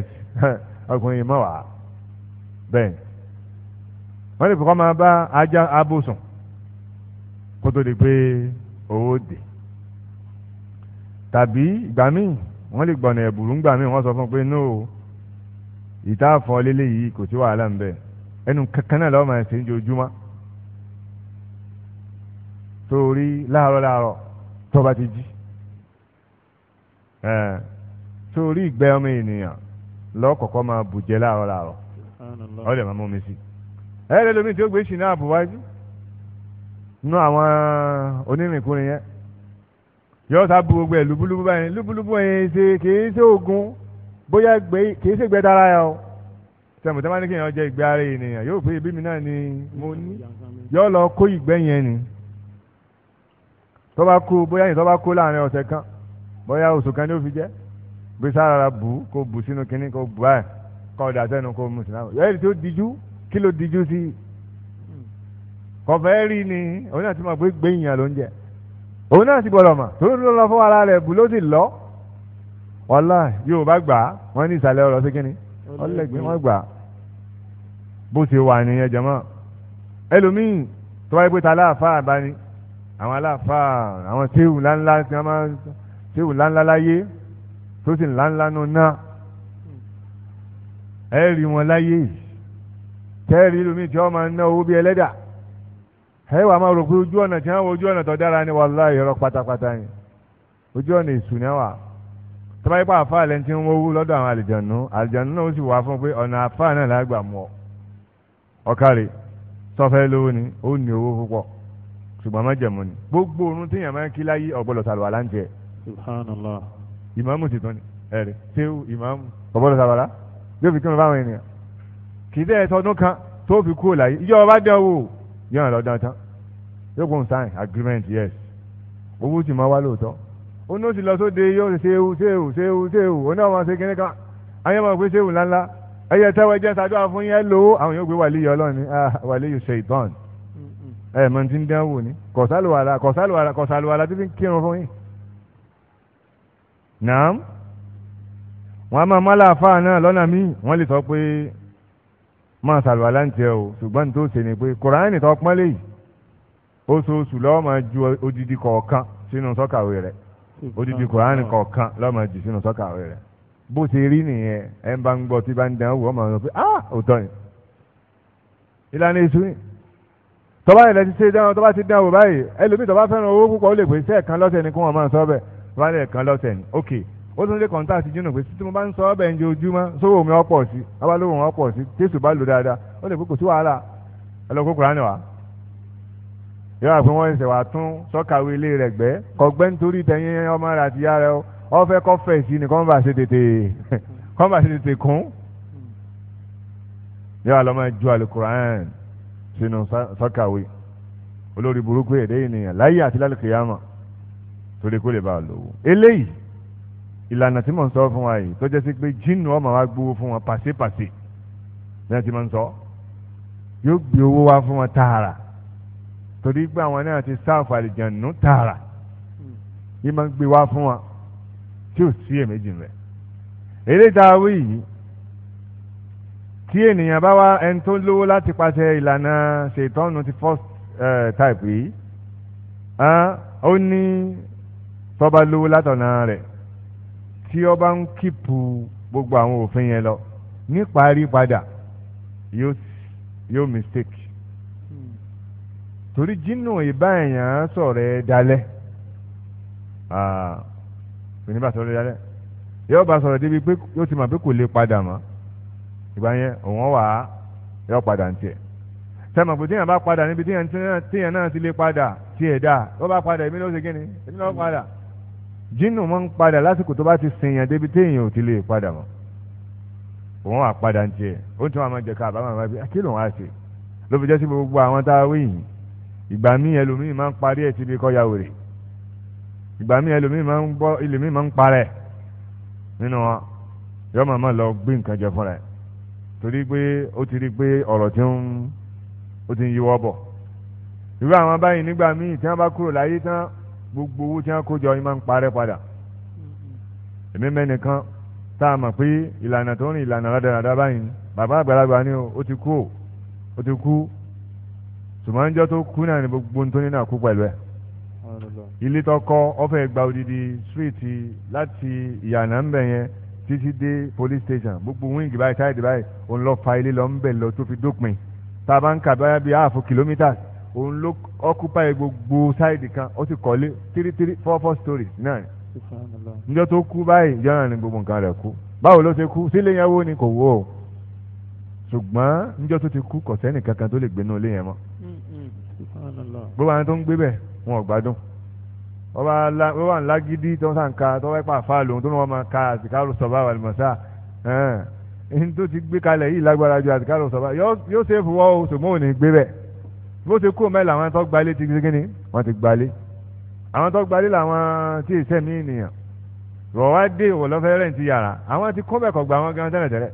<laughs> ọkùnrin yìí mọ̀ wá bẹ́ẹ̀ wọ́n lè máa bá ajá abo sùn kó tó di pé owó dé tàbí ìgbà míì wọ́n lè gbọ̀nà ẹ̀bùrú ńgbà míì wọ́n sọ fún pé no ìtaàfọ́ lélẹ́yìí kò sí wàhálà ń bẹ ẹnu kankan náà lọ́wọ́ máa ṣe ń jojúmọ́ torí láàárọ̀ láàárọ̀ tó bá ti jí torí ìgbẹ́ ọmọ ènìyàn lọ́kọ̀ọ̀kọ́ máa bùjẹ́ láàárọ̀ láàárọ̀ ọ̀dẹ̀ máa mú mi sí ẹ̀ẹ́dẹ́gbẹ̀mí tí ó gbé ṣìnà àbúwájú nú àwọn onírìnkùnrin yẹn yọ sá bu gbogbo ẹ lúbúlúbú báyìí lúbúlúbú yẹn ṣe kìí ṣe oògùn bóyá kìí ṣe gbẹ dára yà o sẹmu tẹ́lẹ̀ kí èèyàn jẹ ìgbẹ́ ara ènìyàn yóò pé ibi mi náà ni mo ní yọ lọ kó ìgbẹ́ yẹn ni tọ́ba kó bóyá yìí tọ́ba kó láàrin ọ̀sẹ̀ kan bóyá oṣù kan ni ó fi jẹ́ gbé sára bù kó bù sínú kínní kó bù báyìí kọ́ ọ̀dà sẹ́nu kó mu sí náà yọ èyí tó díjú kí ló díjú sí i kọfẹ́ rí ni òun náà ti mọ̀ pé gbẹ̀yìn ló ń jẹ òun náà ti gbọ́dọ̀ mọ̀ tòun ló lọ fún ara rẹ̀ bù ló sì lọ wàlá yóò bá gbà á wọ́n ní ìsàlẹ̀ ọ̀rọ̀ sí kínní ọlẹ́gbẹ́ wọ́n gbà á bó ti wà nìyẹn jẹ̀mọ́ ẹlòmíì tó wáyé pé ta aláàfáà bá ní àwọn aláàfáà àwọn téwù ńláńlá tí wọ́n máa téwù ńláńlá láyé tó sì ńláńlá nù náà ẹ rí wọn láyé tẹ́ẹ̀rí lómi tí wọ́n máa ná owó bí ẹlẹ́dàá ẹ wà máa rò pé ojú ọ̀nà tí wọ́n wọ ojú ọ̀nà tó dára ni wàláhì irọ́ pátápátá yẹn ojú ọ̀nà èṣù ni wà tọ́ba yípa àfa àlẹ́ tí ń wọ́wú lọ́dọ̀ àwọn àlìjànú àlìjànú náà ó sì wá fún pé ọ̀nà àfa náà lágbà mọ́ ọ̀kàrẹ̀ tọ́fẹ́ lówó ni ó ní owó púpọ̀ ṣùgbọ́n má jẹ̀mú ni gbogbo orun téèyàn máa ń kí láyé ọ̀gbọ́dọ̀ tàlùwà láǹjẹ́ subhanallah ìmáàmù sì tán ni ẹ̀rẹ̀ tẹ́wù ìmáàmù ọ̀gbọ́dọ̀ tàlùwà lá yóò fi kí wọn báwọn ènìyàn yóò hàn lọ́dọ̀ yóò kún sign agreement yes owó sì máa wá lóòótọ́ ó ní ó sì lọ sóde yóò ṣéwù ṣéwù ṣéwù ṣéwù ó ní àwọn ṣe kínní kan ayé máa gbé ṣéwù ńláńlá ẹyẹ tẹ́wọ́ ẹjẹ́ ṣàdúrà fún yẹn lò ó àwọn yóò gbé wàlíyé ọlọ́run ah, wàlíyé ṣèitán ẹ mọ̀ tí ń dán wò ní kọ̀sálùwàlà kọ̀sálùwàlà kọ̀sálùwàlà tí fi kírun fún yín. nàám wọn a máa mọ́lá àfáà náà lọ́nà míì wọ́n lè sọ pé máa ṣàlùwàlá ń tiẹ̀ o ṣùgbọ́n tó ṣe ni pé kòránì tó pọ́n léyìí oṣooṣù lọ́wọ́ máa ju odidi kọ̀ọ̀kan sínú sọ́kàwé rẹ̀ odidi kòránì kọ̀ọ̀kan lọ́wọ́ máa jù sínú sọ́kàwé rẹ̀ bó ṣe rí nìyẹn ẹ̀ ń bá ń gbọ́ tí bá ń dán wò ó máa sọ pé ah òótọ́ ni ìlànà èṣù ni tọ́ba ilẹ̀ ti ṣe dáhùn tọ́ba ti dán wò báyìí ẹlòmíì tọ́ba fẹ́ràn owó púpọ̀ ó lè pèsè ẹ̀kan ó tún lé kọ̀ǹtà sí júnà pé tí mo bá ń sọ ọ́ bẹ́ẹ̀ ń jẹ ojúmọ́ sówó mi ọ̀pọ̀ sí abálówó wọn ọ̀pọ̀ sí jésù bá lò dáadáa ó lè pé kò sí wàhálà ẹ lọ kó kúránì wá. yọ̀wá pé wọ́n ṣẹ̀ wá tún sọ́kàwé ilé rẹ̀ gbẹ́ kọ̀gbẹ́ nítorí tẹ̀yìn ọmọ rẹ̀ àti ìyá rẹ̀ ọ fẹ́ kọ́ fẹ̀ sí ni kọ́n bá ṣe tètè <laughs> kọ́n bá ṣe tètè kún. yọ̀wá lọ́ máa ju àlùkùránì sínú sọ́kàwé olórí burúkú èdè ènìyàn láyé àti lálùkìyàmọ̀ torí kó lè bá a lò wò eléyìí ìlànà tí mò ń sọ fún wa yìí tó jẹ́ sí pé jíìnù ọmọ wa gbowó fún wọn pàṣípàṣì náà ti máa ń sọ yóò gbé owó wá fún wọn tààrà torí pé àwọn náà ti sáàfù àlìjànú tààrà yìí máa ń gbé wá fún wọn tí ò sí èméjì rẹ̀ eré tá a wí yìí tí ènìyàn bá wá ẹni tó lówó láti pàṣẹ ìlànà ṣètọ́nù ti first eh, type yìí ah, ó ní tọ́ba lówó látọ̀nà rẹ̀ tí ó bá ń kíìpù gbogbo àwọn òfin yẹn lọ níparí padà yóò mistake torí jínú ìbá èèyàn sọ̀rọ̀ ẹ dalẹ̀ oníbà sọ̀rọ̀ ẹ dalẹ̀ yóò bá sọ̀rọ̀ débi pé yóò ti mọ̀ pé kò lè padà mọ́ ìgbà yẹn òun wà á yóò padà ń tiẹ̀ sẹ́mi àpò téèyàn bá padà níbi téèyàn náà ti lè padà tiẹ̀ dáa ó bá padà èmi ló ṣe kí ni èmi ló padà. Hmm jínù máa ń padà lásìkò tó bá ti sèèyàn débi téèyàn ò ti lè padà mọ́ òun wà padà ń tiẹ̀ ó tún àwọn jẹ̀ka àbámọ̀ máa fi ah, kí lòun á ṣe ló fi jẹ́ sí gbogbo àwọn tá a wí yìí ìgbà míì ẹlòmíì máa ń parí ẹ̀ síbi kọ́ya wèrè ìgbà míì ẹlòmíì máa ń bọ́ ẹlòmíì máa ń parẹ́ nínú wọn yọ màmá lọ gbé nǹkan jẹ fúnra ẹ̀ torí pé ó ti rí i pé ọ̀rọ̀ tí ń ó ti ń yíwọ́ bọ̀ irú àwọn báyìí nígbà míì tí wọ́n bá kúrò láyé tán gbogbo owó tí wọ́n kó jọ ìmọ̀ ń parẹ́ padà èmi mẹ́nìkan tá a mọ̀ pé ìlànà tó ń rìn ìlànà rádaràdá báyìí bàbá àgbàlagbà ni ó ti kú ó ti kú tùmọ̀njọ́ tó kú náà ni gbogbo tó ní náà kú pẹ̀lú ẹ̀ ilé tó kọ́ gba odidi síríìtì láti ìyànà ń yẹn títí dé police station gbogbo wíńgì báyìí táyìdì báyìí òun lọ fa ilé lọ ń bẹ̀ lọ tó fi dópin tá a bá ń kà báyà bíi ààfo kìlómítà òun ló occupy gbogbo side kan ó sì kọ́lé three three four four stories náà níjọ́ tó kú báyìí ìjọ náà ni gbogbo nǹkan rẹ̀ kú báwo ló ṣe kú sílé yẹn wó ni kò wó o ṣùgbọ́n níjọ́ tó ti kú kò sẹ́nì kankan tó lè gbénú ilé yẹn mọ́ gbogbo àwọn tó ń gbé bẹ̀ wọn ò gbádùn wọ́n wà ń lágídí tó ń sàn ka tó wáyé pàfà lòun tó ń wọ́n máa ka àsìkárò sọ̀bá wàlùmọ̀sá ẹ̀ẹ́n tó ti gbé kalẹ̀ yìí lágbára ju àsìkárò sọ̀bá yóò ṣèfowó ṣùgbọ́n ò ní gbé bẹ́ẹ̀ bó ṣe kó mẹ́lẹ̀ àwọn tó gbalé ti ṣe kíni wọ́n ti gbalé àwọn tó gbalé làwọn tí ì sẹ́mi ènìyàn wọ́n wá dé ìwọ̀ lọ́fẹ́ rẹ̀ ti yàrá àwọn ti kó bẹ̀kọ̀ gba wọn gan tẹ́lẹ̀ tẹ́lẹ̀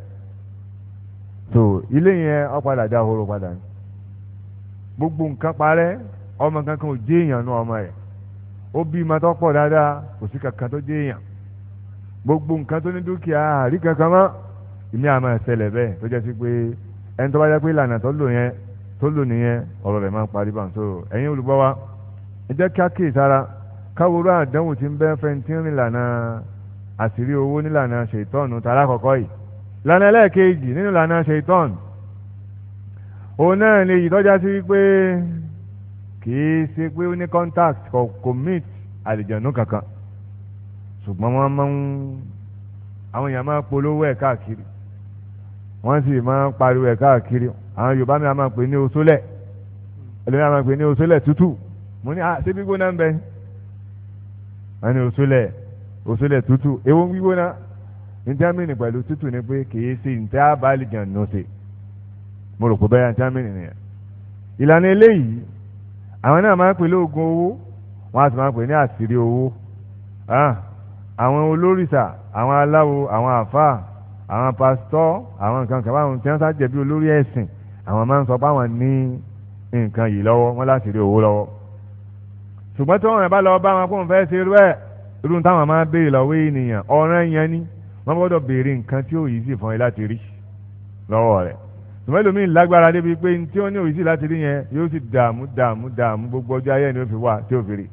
so ilé yẹn ó padà dá horo padà ní gbogbo nǹkan parẹ́ ọmọ kankan ò jẹ́ èèyàn nú ọmọ rẹ̀ ó bí ma tó pọ̀ dáadáa kò sí kankan tó jẹ́ èèyàn gbogbo nǹkan tó ní dúkìá àrí kankan mọ́ ìmí àmọ́ ẹ̀sẹ̀ lẹ̀ bẹ́ẹ̀ tó jẹ́ sí pé ẹni tó bá jẹ́ pé ìlànà tó lò yẹn tó lò nìyẹn ọ̀rọ̀ rẹ̀ máa ń parí báyìí sọ̀rọ̀ ẹ̀yin olùgbọ́ wa ẹ jẹ́ kí á kì í sára káwòrò àdánwò tí ń bẹ́ fẹ́ tí ń rìn lànà àṣírí owó nílànà ṣètọ́ọ̀nù tààrà kọ̀kọ́ yìí lànà ẹlẹ́ẹ̀kejì nínú lànà ṣètọ́ọ̀nù òun náà lè yìí tọ́já sí wípé kì í ṣe pé ó ní contact kò commit àlìjànú kankan ṣùgbọ́n wọ́n máa ń àwọn èèyàn máa polówó ẹ̀ káàkiri wọ́n sì máa ń pariwo ẹ̀ káàkiri àwọn yorùbá mi àmà pè ní osólẹ̀ ẹlẹ́mi àmà pè ní osólẹ̀ tútù mo ní ah ṣé gbígbóná ń bẹ wọ́n ní osólẹ̀ osólẹ̀ tútù èwo ń gbígbóná ntamini pẹ̀lú tútù ni pé kìí ṣe ntẹ́ abali jàǹdùn ṣe mo rò pé bẹ́ẹ̀ ntamini nìyẹn ìlànà eléyìí àwọn náà máa ń pè lóògùn owó wọn a sì máa ń pè ní àṣírí owó ah, àwọn olórìṣà àwọn aláwo àwọn àfáà àwọn pásítọ̀ àwọn nǹkan kan báwọn tí wọ́n sá jẹ̀bi olórí ẹ̀sìn àwọn máa ń sọ pé àwọn ní nǹkan yìí lọ́wọ́ wọ́n láti rí owó lọ́wọ́ ṣùgbọ́n tí wọ́n bá lọ bá wọn kó n fẹ́ ṣe irú ẹ̀ irú táwọn máa ń béèrè lọ́wọ́ ènìyàn ọ̀ràn yẹn ni wọ́n gbọ́dọ̀ béèrè nǹkan tí òyìn sì fún ẹ láti rí lọ́wọ́ rẹ̀ ṣùgbọ́n ẹlòmíì lágbára débi pé tí ó ní òyìn sì láti rí yẹn yóò sì dààmú dààmú dààmú gbogbo ọjọ́ ayé ni ó fi wà tí ó fi rí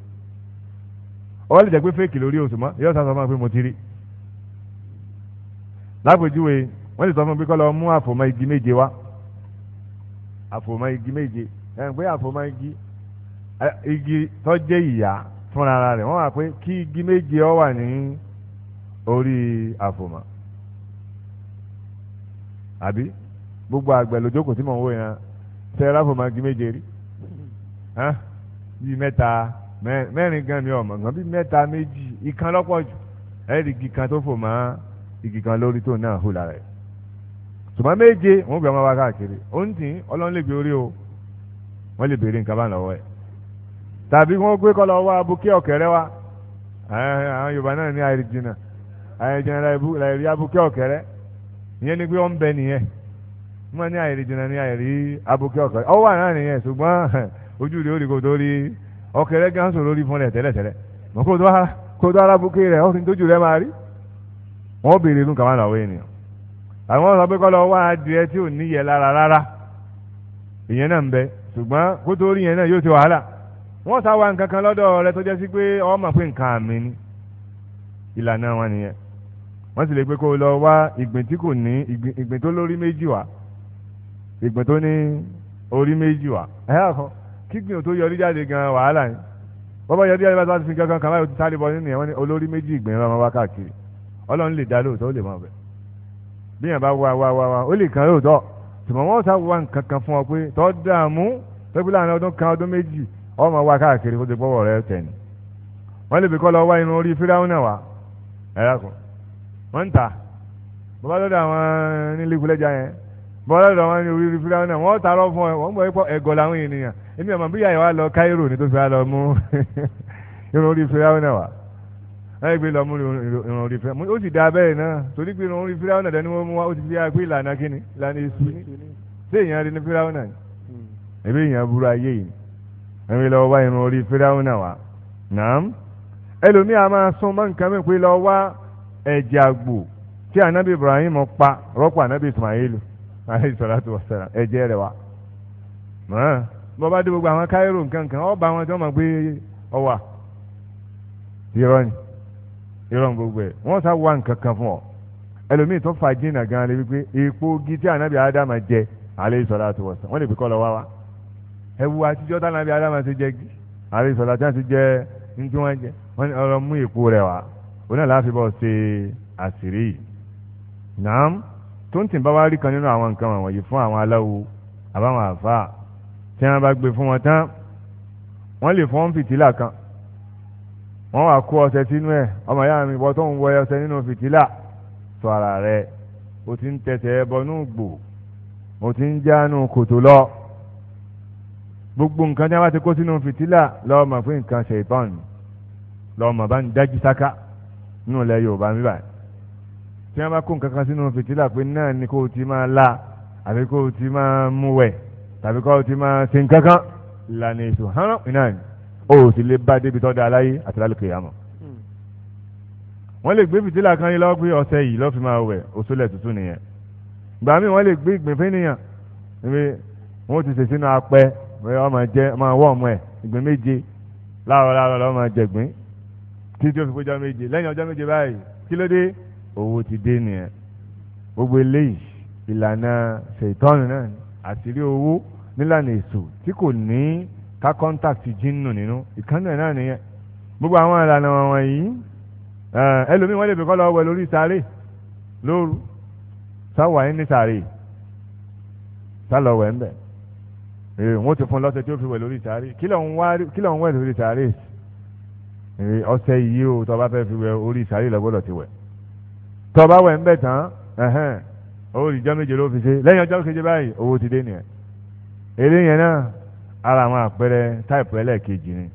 ọwọ́ lè jẹ́ pé fèkì lórí oṣù mọ́ yóò sá sọ fún mi pé mo ti rí lápèjúwe wọ́n lè sọ fún mi pé kọ́ lọ mú àfòmọ́ igi méje wá àfòmọ́ igi méje ẹ̀ pé àfòmọ́ igi igi tọ́jẹ́ ìyá fúnra rẹ̀ wọ́n wà pé kí igi méje ọ wà ní orí àfòmọ́ àbí gbogbo àgbẹ̀ lójókòó tí mò ń wò yẹn tẹ́ ráfòmọ́ igi méje rí bíi mẹ́ta mẹ́rin gan mi ọ̀mọ̀ gan bíi mẹ́ta méjì ìkan lọ́pọ̀ jù ẹ̀ẹ́dì igi kan tó fò mọ́ igi kan lórí tó náà hù lára ẹ̀. ṣùgbọ́n méje wọ́n gbé ọmọ wa káàkiri ó ọlọ́run lè gbé orí o wọ́n lè béèrè nǹkan bá lọ́wọ́ ẹ̀ tàbí wọ́n gbé kọ́ lọ wá abuké ọ̀kẹ́rẹ́ wa àwọn yorùbá náà ní àìrìjìnà àìrìjìnà làìrí abuké ọ̀kẹ́rẹ́ ìyẹn ni pé wọ́n ń bẹ nìyẹn wọ́n ní àìrìjìnà ní àìrí abuké ọ̀kẹ́rẹ́ ọwọ́ àná nìyẹn ṣùgbọ́n ojú tó rí ọ̀kẹ́rẹ́ gánṣó lórí fún àwọn sọ pé kọ́ lọ wá adìẹ tí ò níyẹ lára rárá ìyẹn náà ń bẹ ṣùgbọ́n kó tó rí yẹn náà yóò ti wàhálà wọ́n sá wa nǹkan kan lọ́dọ̀ rẹ tó jẹ́ sí pé o mọ̀ pé nǹkan àmì ni ìlànà wọn nìyẹn wọ́n sì lè pé kó lọ wá ìgbìn tí kò ní ìgbìn tó lórí méjì wá ìgbìn tó ní orí méjì wá ẹ̀yà kan kígbìn ò tó yọrí jáde gan wàhálà ni bọ́bá yọrí jáde bá tó fi kankan kan báyìí ó ti sáré bọ́ nínú yẹn wọ́n ní olórí méjì ìgbìn rán wọn wá káàkiri ọlọ́run lè dá lóòótọ́ ó lè mọ̀ bẹ́ẹ̀ bí yàn bá wá wá wá wá ó lè kàn lóòótọ́ tùmọ̀ wọ́n sá wá nǹkan kan fún ọ pé tọ́ dààmú tẹ́bí láàrin ọdún kan ọdún méjì ọmọ wa káàkiri kó ti gbọ́wọ́ rẹ tẹ̀ni wọ́n lè fi kọ́ lọ wá irun orí fíráúnà wa ẹ̀rọ kan wọ́n ń tà bọ́bá lọ́dọ̀ àwọn nílé ìkúlẹ́jà yẹn bọ́bá lọ́dọ̀ àwọn orí fíráúnà wọ́n ta lọ fún ẹ wọ́n gbọ́ pọ̀ ẹ̀gọ́ làwọn ènìyàn èmi àmọ́ bí yàrá wa lọ Cairo ní tó fi wá lọ mú <laughs> irun orí fíráúnà wa ẹ gbé lọ mú irun orí fẹ ó sì dá bẹ́ẹ̀ náà torí pé irun orí fíráwọn dání wọn mú wa ó ti fi àgbé ìlànà kíni ìlànà èsì ní sí èèyàn rí ní fíráwọn náà ebi hmm. èèyàn burú ayé yìí ẹ gbé lọ wá irun orí fíráwọn náà wá nàám ẹlòmíà máa sún mọ́ nǹkan mi pé lọ wá ẹ̀jẹ̀ àgbò tí Ibrahim pa rọ́pò anabi Ismail ẹ̀jẹ̀ rẹ̀ bọ́ bá dé gbogbo àwọn nǹkan kan ìrọ̀rùn gbogbo ẹ̀ wọ́n sá wà nǹkan kan fún ọ ẹlòmíì tó fà jìnnà gan-an lè wípé èèpo igi tí ànábì ádámà jẹ alayhi salatu wassalam wọ́n lè pè kọ́ lọ wá wa ẹ̀wù àtijọ́ tí ànábì ádámà ti jẹ igi alayhi salatu wassalam ti jẹ ní tí wọ́n jẹ wọ́n ní ọ̀rọ̀ mú èèpo rẹ̀ wá òun náà láàfin bọ́ ṣe àṣírí yìí nàám tó ń tì bá wá rí kan nínú àwọn nǹkan wọ̀nyí fún àwọn aláwo àbáwọn àfáà tí wọ́n bá gbé fún wọn tán wọ́n lè fọ́n fìtílà kan wọ́n wá kó ọṣẹ sínú ẹ̀ ọmọ ìyá mi bọ́ tó ń wọ ọṣẹ nínú fìtílà sọ ara rẹ̀ o ti ń tẹ̀sẹ̀ bọnú gbò o ti ń jánu kòtò lọ gbogbo nǹkan tí wọ́n bá ti kó sínú fìtílà lọ́ọ́ mọ̀ nǹkan ṣe ìtàn ni lọ́ọ́ mọ̀ bá ń dájú sáká nínú ilẹ̀ Yorùbá mi báyìí tí wọ́n bá kó nǹkan kan sínú fìtílà pé náà ni kó o ti máa la àbí kó o ti máa mú wẹ̀ tàbí kó o ti máa ṣe nǹkan kan ìlànà ètò hánà ìnáà ni o ò sì lè bá débi tó da aláyé àti lálùkè yàmọ. Hmm. wọ́n lè gbé fìtílà kan yín lọ́wọ́ pé ọ̀sẹ̀ yìí lọ́ọ́ fi máa wẹ̀ òṣòlẹ̀ tuntun nìyẹn. gbà mí wọ́n lè gbé ìgbìnfín nìyàn níbi wọ́n ti ṣe sínú apẹ́ wọ́n máa jẹ́ máa wọ́ ọmọ ẹ̀ ìgbín méje láàárọ̀ láàárọ̀ lọ́wọ́ máa jẹ gbín títí ó fi kọjá méje lẹ́yìn ọjọ́ méje báyìí kí ló dé owó ti dé nìyẹn gbogbo eléyìí ìlànà ṣètọ́nù náà àṣírí owó nílànà èso tí kò ní ká contact jinnu nínú ìkànnì ẹ̀ náà nìyẹn gbogbo àwọn ìlànà wọn yìí ẹlòmíì wọn lè fi kọ́ lọ wẹ̀ lórí sáré lóru sáwà yín ní sáré sálọ wẹ̀ ń bẹ̀ ee wọn ti fún lọ́sẹ̀ tí ó fi wẹ̀ lórí sáré kí lọ́n wẹ̀ lórí sáré ee ọ̀sẹ̀ yìí o tọ́ bá fẹ́ fi wẹ̀ orí sáré lọ́gbọ́dọ̀ ti wẹ̀ tọ́ bá wẹ̀ tán ẹ̀hẹ́n ìjọ méje ló fi ṣe lẹ́yìn ọjọ́ keje báyìí owó ti dé nìyẹn eléyẹn náà. ara àwọn àpẹrẹ táìpù ẹlẹ́ẹ̀kejì ni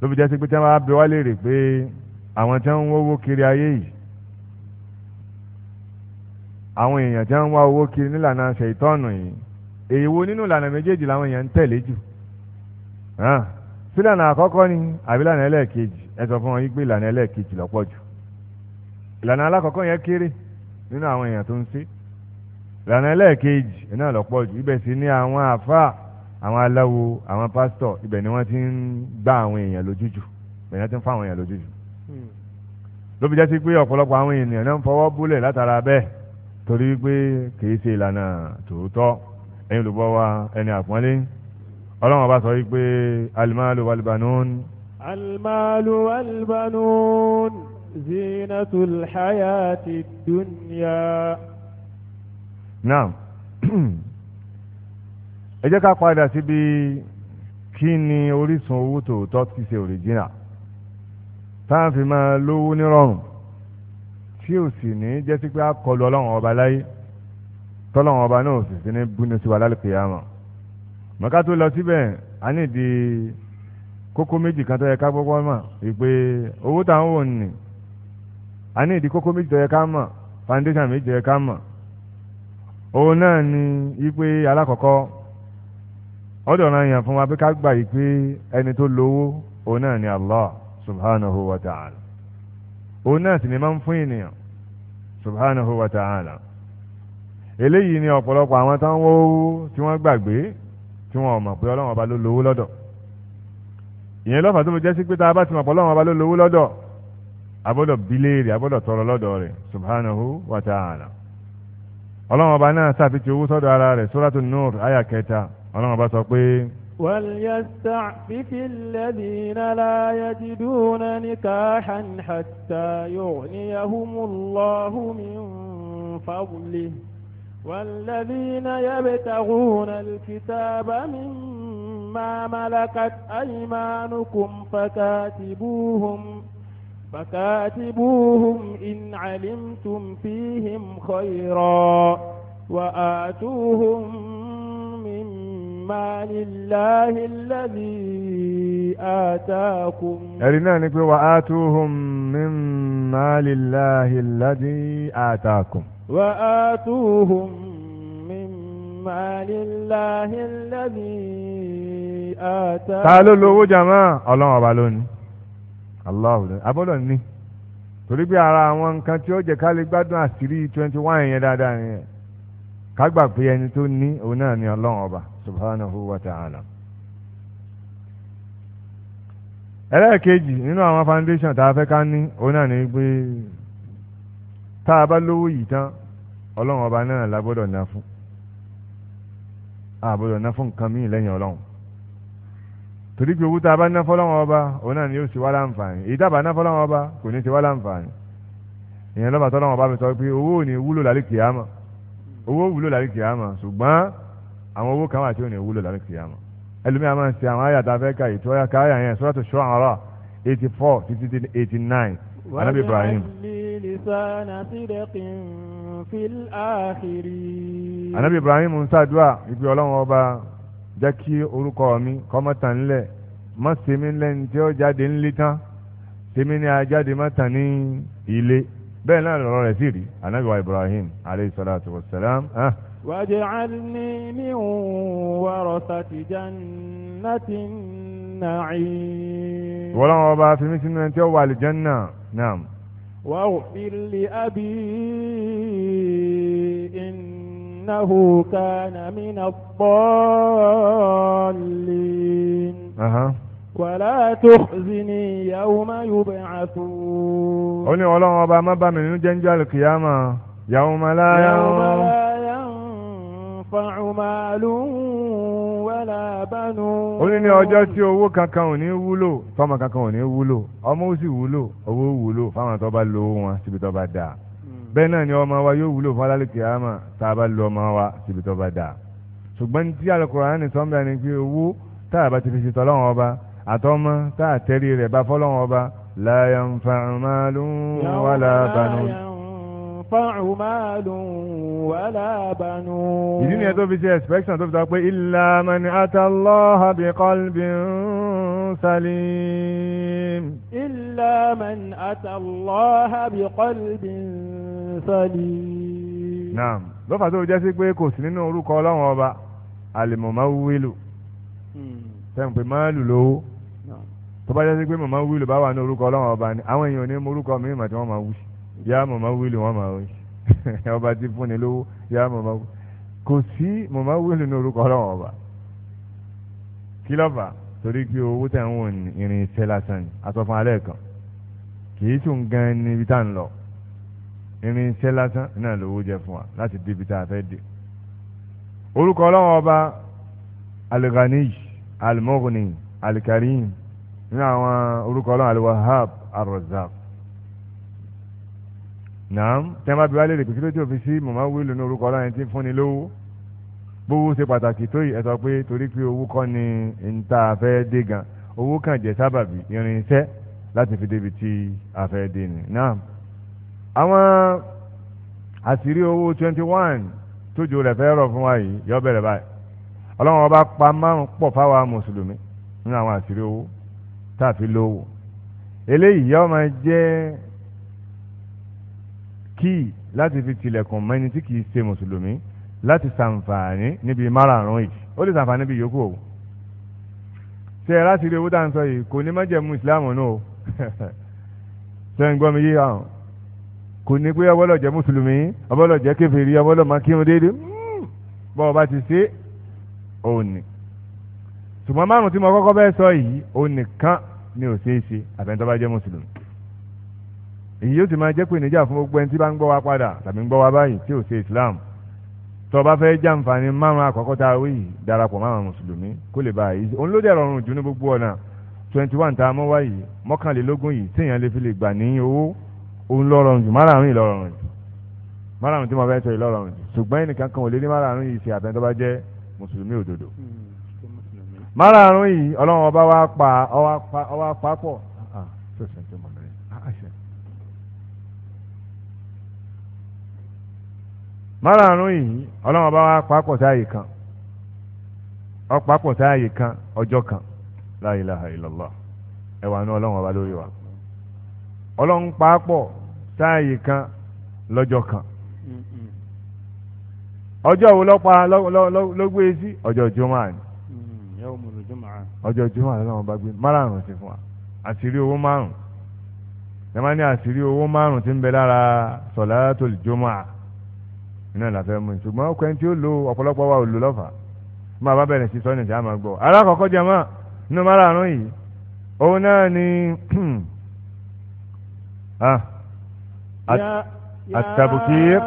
ló fi jẹ́ sí pé tí wọ́n bá bẹ wá léèrè pé àwọn tí wọ́n ń kiri ayé yìí àwọn èèyàn tí wọ́n ń wá owó kiri nílànà ṣètọ́nù yìí èèwo nínú ìlànà méjèèjì làwọn èèyàn ń tẹ̀lé jù àkọ́kọ́ ni àbí ìlànà ẹlẹ́ẹ̀kejì ẹ sọ fún wọn yìí pé ìlànà ẹlẹ́ẹ̀kejì lọ́pọ̀ jù ìlànà alákọ̀ọ́kọ́ yẹn kéré nínú àwọn èèyàn ni àwọn àfáà àwọn aláwo àwọn pásítọ̀ ibẹ̀ ni wọ́n ti ń gbá àwọn èèyàn lójújù ibẹ̀ ni wọ́n ti ń fa àwọn èèyàn lójújù hmm. ló fi jásí pé ọ̀pọ̀lọpọ̀ àwọn ènìyàn náà ń fọwọ́ búlẹ̀ látara bẹ́ẹ̀ torí pé kìí ṣe ìlànà tòótọ́ ẹ̀yin olùbọ̀ wa ẹni àpọ́nlé ọlọ́run ọba sọ wípé alimalu walibanun. alimalu
walibanun zinatul hayati dunya.
naam. <clears throat> ẹ jẹ́ ká padà síbi kí ni orísun owó tòótọ́ ti ṣe òrìjìnà tá a fi máa lówó nírọ̀rùn tí ò sì ní jẹ́ sí pé a kọlu ọlọ́run ọba láyé tọ́lọ́run ọba náà sì sí ní búni sí wa lálùkè àmọ́ mọ̀ká tó lọ síbẹ̀ a ní di kókó méjì kan tó yẹ ká gbọ́gbọ́ mọ̀ ìpè owó tá ń wò ní a ní di kókó méjì tó yẹ ká mọ̀ foundation méjì tó yẹ ká mọ̀ òun náà ni ìpè alákọ̀ọ́kọ́ ọdọ̀ náà yàn fún wa pé ká gbà yìí pé ẹni tó lówó òun náà ni Allah subhanahu wa ta'ala òun náà sì ni máa ń fún ènìyàn subhanahu wa ta'ala eléyìí ni ọ̀pọ̀lọpọ̀ àwọn tó ń wọ́wọ́ tí wọ́n gbàgbé tí wọ́n mọ̀ pé ọlọ́run ọba ló lówó lọ́dọ̀ ìyẹn lọ́fà tó fi jẹ́ sí pé tá a bá ti mọ̀ pé ọlọ́run ọba ló lówó lọ́dọ̀ abọ́dọ̀ bíléèrè abọ́dọ̀ tọrọ lọ́dọ̀ rẹ̀ subhanahu wa ta'ala ọlọ́run ọba náà sàfihàn owó sọ́dọ̀ ara rẹ̀ Suratu Nur àyà kẹta أنا ما بتقيم
وليستعفف الذين لا يجدون نكاحا حتى يغنيهم الله من فضله والذين يبتغون الكتاب مما ملكت أيمانكم فكاتبوهم فكاتبوهم إن علمتم فيهم خيرا وآتوهم مال الله الذي آتاكم
ẹ̀rí náà ni pé وآتوهم من مال الله الذي آتاكم وآتوهم
من مال الله الذي آتاكم ta ló lówó
jàmá ọlọ́run ọba ló ní Allahu abọ́dọ̀ ní torí pé ara àwọn nǹkan tí ó jẹ́ ká lè gbádùn àṣírí twenty one yẹn dáadáa nìyẹn ká gbà pé ẹni tó ní òun náà ni ọlọ́run ọba subhanahu wa ta'ala. ẹlẹ́ẹ̀kejì nínú àwọn foundation tá a fẹ́ ká ní òun náà ni pé tá a bá lówó yìí tán ọlọ́run ọba náà la gbọ́dọ̀ ná fún a gbọ́dọ̀ ná fún nǹkan míì lẹ́yìn ọlọ́run torí pé owó tá a bá ná fọlọ́run ọba òun náà ni yóò ṣe wá láǹfààní èyí tá a bá ná fọlọ́run ọba kò ní ṣe wá láǹfààní ìyẹn lọ́ba tọ́lọ́run ọba mi sọ pé owó ò ní wúlò lálẹ́ kìámà owó wúlò lálẹ́ kìámà ṣùgbọ́n àwọn owó kan wà tí ò ní wúlò lálẹ́ kìyàmà ẹlòmíà máa ń àwọn àyà tá a ètò ọ̀yà káyà yẹn Suratu Shu'ara eighty four títí dé eighty nine anabi Ibrahim. anabi Ibrahim ń ṣàdúrà ìpè ọlọ́run ọba jẹ́ kí orúkọ mi kọ́mọ́tà ńlẹ̀ mọ́ sèmi lẹ́ni tí ó jáde ńlẹ̀ tán sèmi ni ajáde mọ́tà ní ilé bẹ́ẹ̀ náà lọ́rọ̀ rẹ̀ sì rí anabi wa Ibrahim aleyhi salatu wa salam. Ah.
واجعلني من ورثة جنة النعيم
ولا أبا في مثل أن توى الجنة نعم
واغفر لأبي إنه كان من الضالين أها wàlá tukhzini yawma yub'athun.
ó ní ọlọ́run ọba má bà mí nínú jẹ́njọ́ àlùkìyàmọ̀ yawma la yawma.
ينفع مال ولا بنون. ó ọjọ́
tí owó kankan ò ní wúlò fọ́mọ kankan ò ní wúlò ọmọ ó sì wúlò owó wúlò fáwọn tó bá lo wọn síbi tó bá dáa hmm. bẹ́ẹ̀ náà ni ọmọ wa yóò wúlò fún alálùkè àmà tá a bá lo ọmọ wa síbi tó bá dáa ṣùgbọ́n tí Al-Kùránì sọ́nbà ni pé owó tá a bá ti fi ṣe tọ́lọ́wọ́n ọba àtọ́mọ́ tá a tẹ́rí rẹ̀ bá fọ́lọ́wọ́n ọba la yanfa'u malun wala banun
yanfa'u malun wala
banun. ìdí nìyẹn tó fi ṣe expectation tó fi sọ pé illa man ata Allaha bi qalbin salim.
illa man ata Allaha bi qalbin
salim. naam lọ́fà tó jẹ́ sí pé kò sí nínú orúkọ ọlọ́run ọba alimọ̀máwílù hmm. tẹ́ǹ pé máàlù lówó tó bá jẹ́ sí pé mọ̀máwílù bá wà ní orúkọ ọlọ́run ọba ni àwọn èèyàn ní orúkọ mi mà tí wọ́n máa wù sí yá màmá wíìlì wọn máa wí ọba ti fúnni lówó yá màmá wíìlì kò sí màmá wíìlì ní orúkọ ọlọ́wọ́n ọba kí ló fà torí pé owó tẹ̀ ń wò ní irin iṣẹ́ lásán ni asọ̀fún alẹ́ kan kì í tún gan ni ibi tá ń lọ irin iṣẹ́ lásán náà lówó jẹ fún wa láti dé ibi tá a fẹ́ dé orúkọ ọlọ́wọ́n ọba alghani almughni alkarim ní àwọn orúkọ ọlọ́wọ́n alwahab arrazaq nàám tẹ́nba bí wàá lè pèsè lójú òfin sí mọ̀mọ́ wíìlù ní orúkọ ọlọ́run tí ń fúnni lówó bówó ṣe pàtàkì tó yìí ẹ sọ pé torí pé owó kọ́ ni ń ta afẹ́ dé gan owó kàn jẹ́ sábàbí irinṣẹ́ láti fi débi tí afẹ́ dé ni nàám. àwọn àṣírí owó twenty one tójú rẹ̀ fẹ́ rọ̀ fún wa yìí yọ bẹ̀rẹ̀ báyìí ọlọ́run ọba pa márùn pọ̀ fáwa mùsùlùmí nínú àwọn àṣírí owó tá a fi lówó eléyìí yọ máa jẹ́ kíì láti fi tilẹ̀kùn mọ́ ẹni tí kìí ṣe mùsùlùmí láti ṣàǹfààní níbi márààrún yìí ó lè ṣàǹfààní bí yòókù o ṣe ẹ láti rí owó tá à ń sọ yìí kò ní má jẹ̀mú ìsìláàmù náà o <laughs> ṣe ń gbọ́ mi yé àwọn kò ní pé ọbọ̀lọ̀ jẹ́ mùsùlùmí ọbọ̀lọ̀ jẹ́ kèfèrí ọbọ̀lọ̀ máa kírun déédéé hmm. bọ́ ọba ti ṣe òní ṣùgbọ́n márùn tí mo kọ́kọ́ fẹ́ sọ yìí òní kan ni ò ṣeé ṣe àbẹ̀ntọ́ bá jẹ́ mùsùlùmí èyí yóò ti máa jẹ́ ìpèníjà fún gbogbo ẹni tí bá ń gbọ́ wa padà tàbí ń gbọ́ wa báyìí tí ò ṣe Islam tó bá fẹ́ jàǹfààní márùn àkọ́kọ́ tá a wí yìí darapọ̀ márùn mùsùlùmí kó lè báyìí òun ló dẹ̀ jù ní gbogbo ọ̀nà twenty one tá a mọ́ wáyìí mọ́kànlélógún yìí téèyàn lè fi lè gbà ní owó òun lọ́rọ̀rùn jù márùn yìí lọ́rọ̀rùn jù márùn tí mo fẹ́ sọ yìí lọ́rọ̀rùn jù ṣùgbọ́n ẹnìkan kan ò lè ní márùn ọlọ́run ọba wa pa ọwa pa ọwa pa pọ̀ ah, ah, márààrún yìí ọlọ́run bá wa pàápọ̀ sáàyè kan ọ̀pàápọ̀ kan ọjọ́ kan la ẹ̀wà ní ọlọ́run ọba lórí kan ọjọ́ wo ọjọ́ jùmọ̀ ni ọjọ́ jùmọ̀ ọlọ́run iná làfẹ́ mú ṣùgbọ́n ọkọ̀ ẹni tí ó lo ọ̀pọ̀lọpọ̀ wa ò lò lọ́fà máa bá bẹ̀rẹ̀ sí sọ́nà tí a máa gbọ́ alákọ̀ọ́kọ́ jẹ́mọ́ inú márààrún yìí òun náà ni
àtàbùkí <clears throat> ah,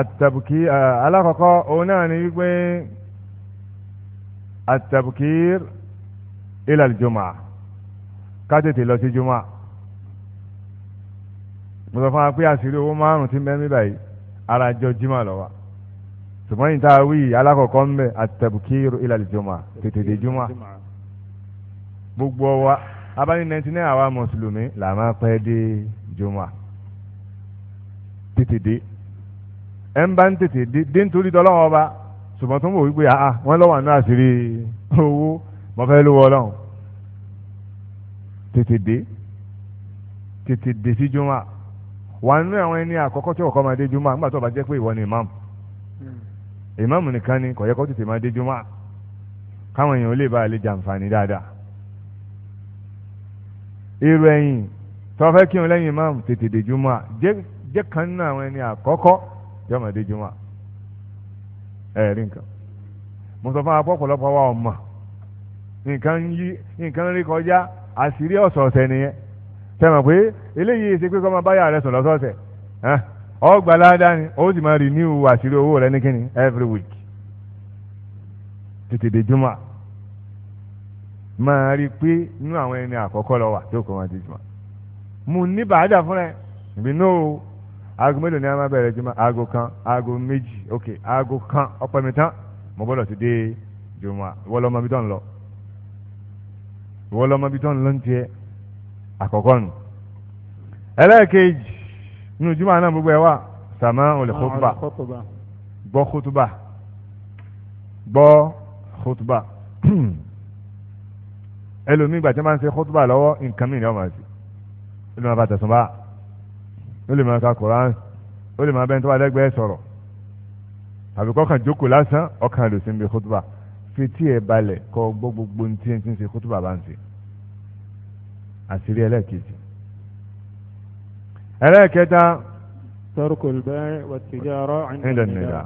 àtàbùkí ah, alákọ̀ọ́kọ́ òun náà ni wípé àtàbùkí ìlàlùjọmọ̀ ká tètè lọ sí jọmọ̀ mo sọ fún wa pé àṣírí owó márùn-ún ti mẹ́rin báyìí ara jọ jimá lọ wa ṣùgbọ́n yìí tá a wí alákọ̀ọ́kọ́ ń bẹ̀ àtẹ̀bùkírù ìlàlẹ̀ jọmọ́ tètè dé jumá gbogbo wa abáni ninety nine àwa mùsùlùmí là máa pẹ́ dé jumá tètè dé ẹ̀ ba bá ń tètè dé dé nítorí tọ́lọ́wọ́n ọba ṣùgbọ́n tó ń wò wípé àá wọ́n lọ́wọ́ àná owó mo fẹ́ tètè dé tètè dé sí jumá wà nínú àwọn ẹni àkọ́kọ́ tí ọkọ máa dé jùmọ̀ àgbà tó bá jẹ́ pé ìwọ ni ìmáàmù hmm. ìmáàmù nìkan ni kò yẹ kó tètè máa dé jùmọ̀ káwọn èèyàn lè bá a lè jàǹfààní dáadáa irú ẹ̀yìn tó fẹ́ kí wọn lẹ́yìn ìmáàmù tètè dé jùmọ̀ jẹ́ kan nínú àwọn ẹni àkọ́kọ́ tí ọmọ dé jùmọ̀ ẹ̀rí nǹkan mo sọ fún apọ́ ọ̀pọ̀lọpọ̀ wa ọ̀mọ̀ nǹkan rí kọjá àṣírí ọ̀sọ̀ọ̀sẹ̀ nìyẹn tẹ̀mọ̀ pé eléyìí ṣe pé kọ́ máa báyà rẹ sọ̀rọ̀ sọ̀sẹ̀ ọgbà ládàá ni ó sì máa renew àṣírí owó rẹ ní every week tètè dé jùmọ̀ máa rí i pé inú àwọn ẹni àkọ́kọ́ lọ wà tó kọ́ máa di jùmọ̀ mo ní bàádà fún ẹ ìbí náà aago mélòó ni a máa bẹ̀rẹ̀ jùmọ̀ aago kan aago méjì ok aago kan ọ̀pọ̀ mi tán mo gbọ́dọ̀ ti dé jùmọ̀ ìwọ lọ́mọ lọ ìwọ lọ́mọ bí ń tiẹ̀ àkọ́kọ́ nù ẹlẹ́ẹ̀kejì nínú jùmọ̀ náà gbogbo ẹ̀ wà sàmà kutuba, kótóbà kutuba, kótóbà kutuba. kótóbà ẹlòmíì gbà tí wọ́n máa ń ṣe kótóbà lọ́wọ́ nǹkan mìíràn ọmọ àti ẹlòmíì máa bá tẹ̀sán bá ó lè máa ka koran ó lè máa bẹ́ẹ̀ tó wà àbí kọ́kàn jókòó lásán ọkàn lòsìn bí kótóbà fi tí ẹ balẹ̀ kọ́ gbogbo ní tí ẹ ti bá ń ṣe àṣírí ẹlẹ́ẹ̀kejì ẹlẹ́ẹ̀kẹta. tọ́rùkù bẹ́ẹ̀ wà tìjára ẹ̀ńdẹ̀ nìyà.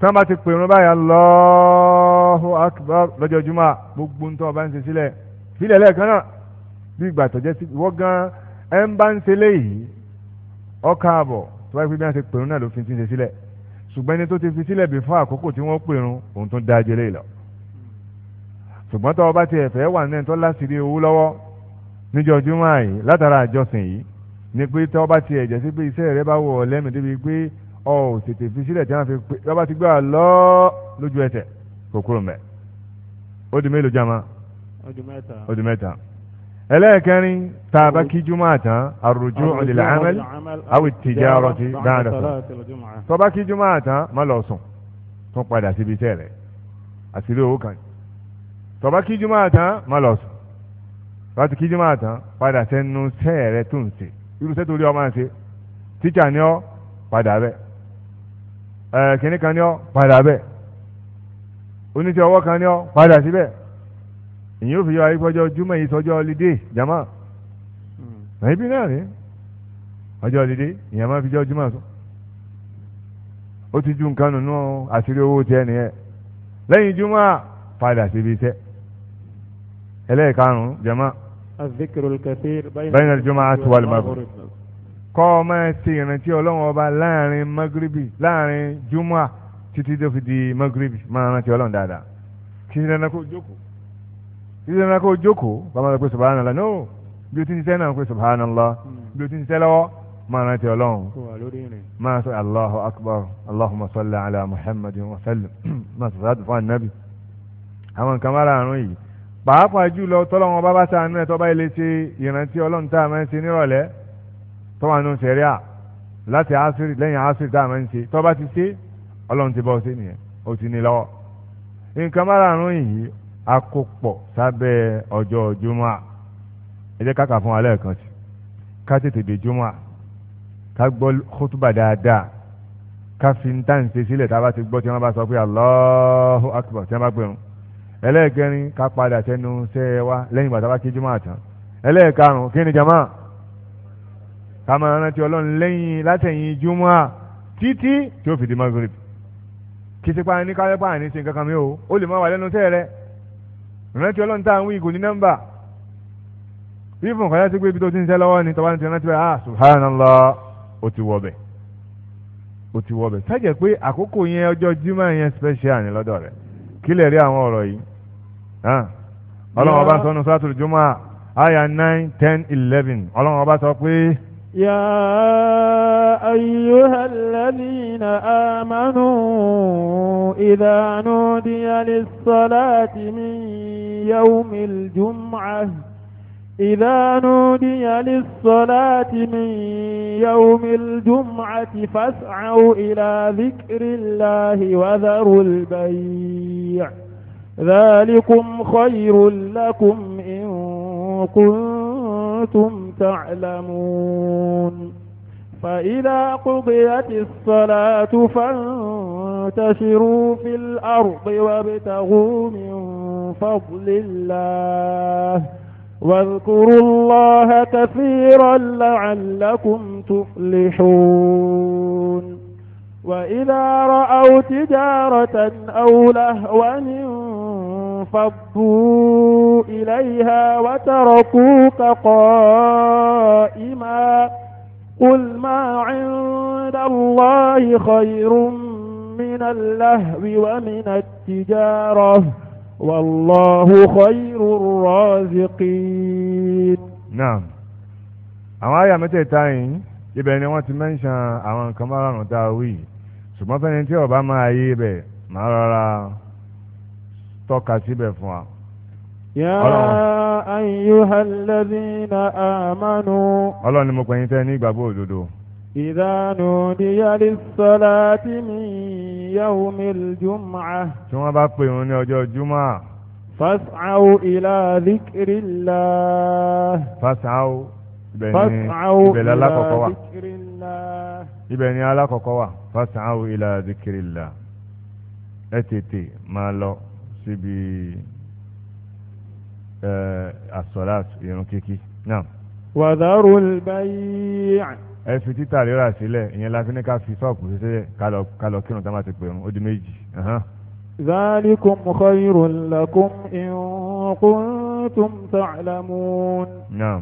tọ́ bá ti pè wọn báyà Allahu akbar lọ́jọ́ jùmọ̀ gbogbo ntọ́ bá ń ṣe sílẹ̀ sílẹ̀ lẹ́ẹ̀kan náà bí ìgbà tọ́jẹ́ sí wọ́n gan ẹ̀ ń bá ń ṣe léyìí ọkà àbọ̀ tó bá yẹ pé bí wọ́n ṣe pè náà ló fi ti ń ṣe sílẹ̀ ṣùgbọ́n ẹni tó ti fi sílẹ̀ bí fún àkókò tí wọ́n pè òun tó dáa jẹ́ léyìí lọ ṣùgbọ́n tọ́ ọba tiẹ̀ fẹ́ wà nínú tó láṣìírí owó lọ́wọ́ níjọ́ júmọ́ àyè látara àjọsìn yìí ni pé tọ́ ọba tiẹ̀ jẹ́ sí pé iṣẹ́ rẹ bá wọ̀ ọ́ lẹ́mìí débi pé ọ ò tètè fi sílẹ̀ tí wọ́n fi pé ọba ti gbé wa lọ́ lójú ẹsẹ̀ kò kúrò mẹ́. ó di mélòó jama. ó di mẹ́ta. ó tá a bá kí júmọ́ àtàn àròjù lil amal aw tijarati ba'da salat. tọ́ bá kí tọba kí jùmọ̀ àtàn má lọ sùn láti kí jùmọ̀ àtàn padà sẹ́nu sẹ́ rẹ tó ń ṣe irú sẹ́ torí ọmọ ṣe tíjà ni ọ padà bẹ ẹ kìnní kan ni ọ padà bẹ oníṣẹ́ ọwọ́ kan ni ọ padà síbẹ̀ ìyẹn ò yọ ayífọ́jọ́ jùmọ̀ yìí sọjọ́ lídé jama ẹbí náà ni ọjọ́ lídé ìyẹn máa fi jọ jùmọ̀ sùn ó ti ju nǹkan nù nù àṣírí owó tiẹ̀ nìyẹn lẹ́yìn jùmọ̀ padà síbi iṣẹ́ إليه كانوا جماعة الذكر الكثير
بين, بين الجمعة والمغرب
كما تينا تيو لون وبا لاني مغربي لاني جمعة تتي في دي مغربي ما أنا تيو لون دادا كيسي نكو جوكو كيسي نكو جوكو فما تقول سبحان الله نو بيوتين سينا نكو سبحان الله بيوتين سيلو ما أنا تيو لون ما سأل الله أكبر اللهم صل على محمد وسلم <clears throat> ما سأل النبي هم كمالا نويه pàápàá jùlọ tọ́lọ́wọ́n bá bá sànú ẹ̀ tọ́ba ilé ṣe ìrántí ọlọ́run tá a máa ń ṣe nírọ̀lẹ́ tọ́wọ́n nù sẹ́ríà láti àásìrì lẹ́yìn àásìrì tá a máa ń ṣe tọ́ba ti ṣe ọlọ́run ti bọ́ sí nìyẹn ó ti ní lọ́wọ́ nǹkan márààrún yìí akópọ̀ sábẹ́ ọjọ́ jùmọ̀ ẹ jẹ́ káka fún alẹ́ kan sí ká tètè dé jùmọ̀ ká gbọ́ kótóbà dáadáa ká fi ń tàǹsẹ̀ sílẹ̀ tá a bá ti gbọ́ tí wọ́n bá sọ pé Allahu Akbar tí wọ́n bá gbẹ̀rún ẹlẹ́ẹ̀kẹrin ká padà sẹ́nu sẹ́ ẹ wá lẹ́yìn bàtà bá kéjú máa tán ẹlẹ́ẹ̀karùn kí ni jama ká máa rántí ọlọ́run lẹ́yìn látẹ̀yìn júmọ́à títí tí ó fi di magrib kì í ti pa ní kálẹ́pà ní sin kankan mi o ó lè má wà lẹ́nu sẹ́ rẹ rántí ọlọ́run tá à ń wí ìgò ní nọ́mbà bí fún ọ̀kadà ti pé ibi tó ti ń sẹ́ lọ́wọ́ ni tọ́wá ti rántí bẹ́ẹ̀ ah subhanallah ó ti wọ bẹ̀ ó ti wọ bẹ̀ sájẹ̀ pé àkókò yẹn ọjọ́ jimá yẹn special ni lọ́dọ̀ rẹ̀ kílẹ̀ rí àwọn ọ̀rọ̀ yìí ọlọ́run ọba sọ nù suratul Jumu'ah àyà nine ten eleven ọlọ́run ọba sọ pé.
يا أيها الذين آمنوا إذا نودي للصلاة من يوم الجمعة إذا نودي للصلاة من يوم الجمعة فاسعوا إلى ذكر الله وذروا البيع ذلكم خير لكم إن كنتم تعلمون فإذا قضيت الصلاة فانتشروا في الأرض وابتغوا من فضل الله واذكروا الله كثيرا لعلكم تفلحون وإذا رأوا تجارة أو لهوا فضوا إليها وتركوك قائما قل ما عند الله خير من اللهو ومن التجارة والله خير
الرازقين نعم àwọn àyà mẹ́tẹ̀ẹ̀ta yìí ibẹ̀ ni wọ́n ti mẹ́ńṣán àwọn nǹkan márùn-ún tá a wí ṣùgbọ́n fẹ́ni tí ọba máa yé ibẹ̀ máa rọra tọ́ka síbẹ̀ fún wa. Ya
ayyuhal ladhina amanu.
Ọlọ́run ni mo pẹ̀yìn tẹ́ ní ìgbàgbọ́ òdodo.
Idha nudiya lissalati min yawmil jum'ah.
Tí wọ́n bá pè wọ́n ní ọjọ́ Júmọ́. Fas'aw ila dhikrillah. Fas'aw. Ibẹ̀ ni alákọ̀ọ́kọ́ wà. Ibẹ̀ ni alákọ̀ọ́kọ́ wà. Fas'aw ila dhikrillah. Ẹ tètè máa lọ síbi asọ́láàt irun kíkí náà. wàdàrú
báyìí.
ẹ fi títà rírà sílẹ̀ ìyẹn la fi ní ká fi sọ́ọ̀pù sílẹ̀ ká kírun tá a máa ti pè ó di méjì.
ذلكم خير
لكم إن كنتم تعلمون نعم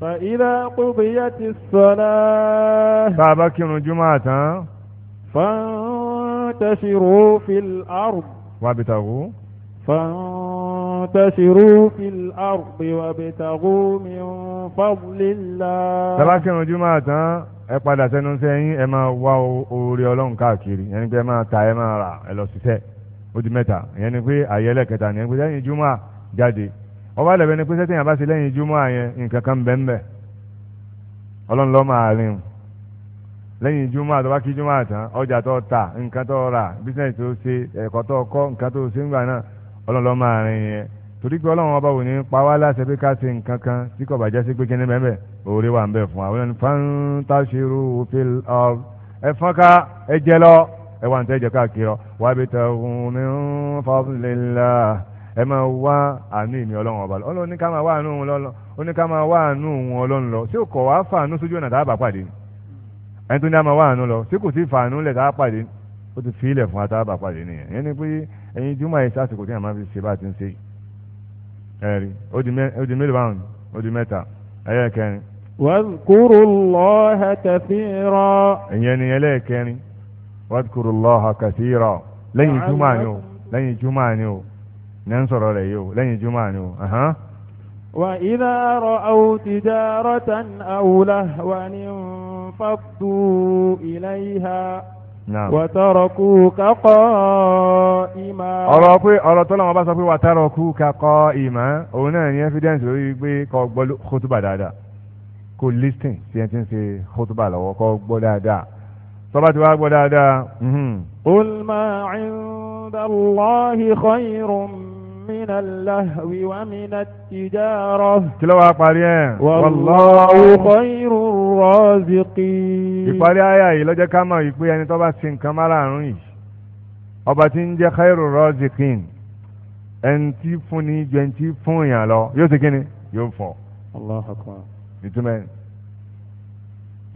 فإذا قضيت الصلاة بابا كنو جمعة فانتشروا في الأرض وابتغوا فانتشروا في
الأرض وابتغوا من فضل الله tẹ́bákì
irun júmọ̀ tán ẹ padà sẹ́nu sẹ́yìn ẹ máa wá oore ọlọ́run káàkiri ẹni pé ẹ máa ta ẹ máa rà ẹ lọ ṣiṣẹ́ ó di mẹ́ta ìyẹn ni pé àyè ẹlẹ́kẹta ni pé lẹ́yìn júmọ̀ jáde ọba lẹ́bẹ̀ẹ́ ni pé sẹ́tẹ̀yìn abá ṣe lẹ́yìn júmọ̀ yẹn nǹkan kan bẹ́ẹ̀ bẹ́ẹ̀ ọlọ́run lọ́ọ́ máa rìn lẹ́yìn júmọ́ àtọ́wá kí júmọ́ àtàn ọjà tó ta nǹkan tó rà bísíǹsì tó ṣe ẹ̀kọ́ tó kọ́ nǹkan tó ṣe ń gbà náà ọlọ́lọ́ máa rìn yẹn torí pé ọlọ́run ọba òní pa wá láṣẹ pé ká ṣe nǹkan kan tí kò bàjẹ́ sí pé kíní bẹ́ẹ̀ bẹ́ẹ̀ òòrè wà ń bẹ̀ fún wa wọ́n ní òfin ọ̀r ẹ fọ́nká ẹ lọ ẹ wà ní tẹ́jọ káàkiri wà á bẹ tẹ mi ń fọ́nlélá ẹ máa wá àánú ìmí ẹni tó ní àmọ́ wà àánú lọ tí kò sí fàánú lẹ̀ tá a pàdé ó ti fi ilẹ̀ fún wa bá pàdé nìyẹn yẹn ni pé ẹyin júmọ̀ ẹ̀ sásìkò tí a máa fi ṣe bá a ti ń ṣe ẹ̀rí ó di mélòó báwọn ó di mẹ́ta ẹ̀yẹ kẹrin. wadhkurullaha kathira. ìyẹn ni ẹlẹ́ẹ̀kẹrin wadhkurullaha kathira lẹ́yìn júmọ̀ àní o lẹ́yìn júmọ̀ àní o ní ń sọ̀rọ̀ rẹ̀ yìí o lẹ́yìn júmọ̀ àní o. وإذا رأوا
تجارة أو لهوا فاضوا إليها
wàtàrọ̀kúkà kọ́
ìmá. ọ̀rọ̀ pé
ọ̀rọ̀ tó lọ́wọ́ bá sọ pé wàtàrọ̀kúkà kọ́ ìmá òun náà ní evidence lórí pé kó gbọ́ kótóbà dáadáa kó listen sí ẹni tí ń ṣe kótóbà lọ́wọ́ kó gbọ́ dáadáa tó bá ti wá gbọ́ dáadáa. ulma
inda
Allahi khayrun.
من اللهو ومن التجارة
كلا وقال والله خير الرازقين ìparí àyà yìí ló jẹ́ ká mọ̀ ìpè ẹni tó bá sin nǹkan márààrún yìí ọba tí ń jẹ́ khairu raziqin ẹni tí fún ni jẹ́ ẹni tí fún èèyàn lọ yóò ṣe kíni yóò fọ. Allahu akbar. ìtumẹ̀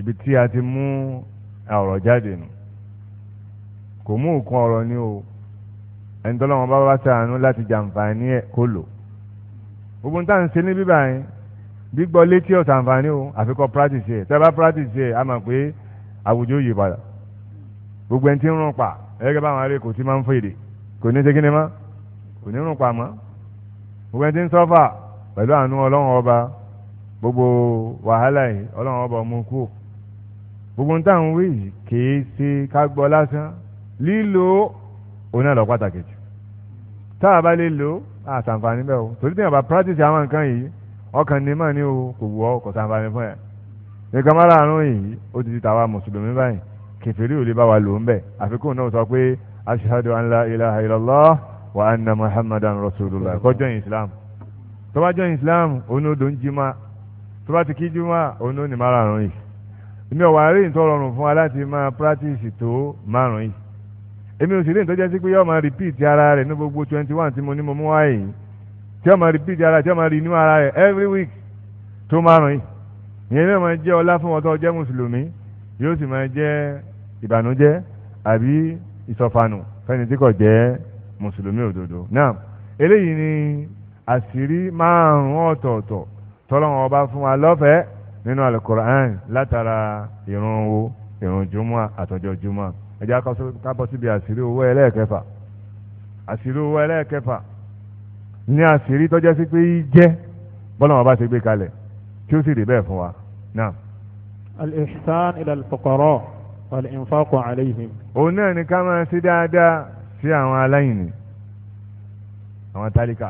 ibi tí a ti mú ọ̀rọ̀ jáde nù kò mú nǹkan ọ̀rọ̀ ni o ẹni tọ́lọ́wọ́n bá bá sàánú láti jàǹfààní ẹ̀ kó lò gbogbo nta ń ṣe ní bíbá yẹn gbígbọ́ létí ó ṣàǹfààní o àfikọ́ practice ẹ̀ tẹ́ bá practice ẹ̀ a mọ̀ pé àwùjọ yìí padà gbogbo ẹni tí ń rún pa ẹ̀ẹ́dẹ́gbẹ́ báwọn aré kò tí máa ń fèrè kò ní ṣe kí ni kò ní rún pa mọ́ gbogbo ẹni tí ń sọ́fà pẹ̀lú àánú ọlọ́run ọba gbogbo wàhálà yìí ọlọ́run ọba mú kú gbogbo nta ń kì í ṣe ká gbọ́ lásán lílo òun náà tá a bá lè lò á sàǹfààní bẹ́ẹ̀ o torí tí yàrá practice àwọn nǹkan yìí ọkàn ní o kò wù ọ kò fún ẹ nǹkan má láàánú yìí ó ti di tàwa mùsùlùmí báyìí kẹfìrí ò lè bá wa lò ń bẹ àfikún náà sọ pé ashhadu an ilaha wa anna muhammadan islam tó islam ń jí ma tó bá ti kí jí ma yìí èmi ò sì rí ìtọ́jà sí pé yóò máa repeat ara rẹ̀ ní gbogbo twenty one tí mo ní mo mú wáyé yìí tí yóò máa repeat ara tí yóò máa renew ara rẹ̀ every week tó márùn yìí ìyẹn náà máa jẹ́ ọlá fún wọn tó jẹ́ mùsùlùmí yóò sì máa jẹ́ ìbànújẹ́ àbí ìsọfanù fẹ́ni tí kò jẹ́ mùsùlùmí òdodo náà eléyìí ni àṣírí márùn-ún ọ̀tọ̀ọ̀tọ̀ tọ́lọ́wọ́n ọba fún wa lọ́fẹ̀ẹ́ nínú alukur'an ẹ̀jẹ̀ kábọ̀ síbi àṣírí owó ẹlẹ́ẹ̀kẹfà àṣírí owó ẹlẹ́ẹ̀kẹfà ní àṣírí tọ́já sí pé jẹ́ bọ́lá wọn bá ṣe gbé kalẹ̀ tí ó sì rí bẹ́ẹ̀ fún wa náà. al-ihsan ila al-fuqara wal òun náà ni ká máa ṣe dáadáa sí àwọn aláìní àwọn tálíkà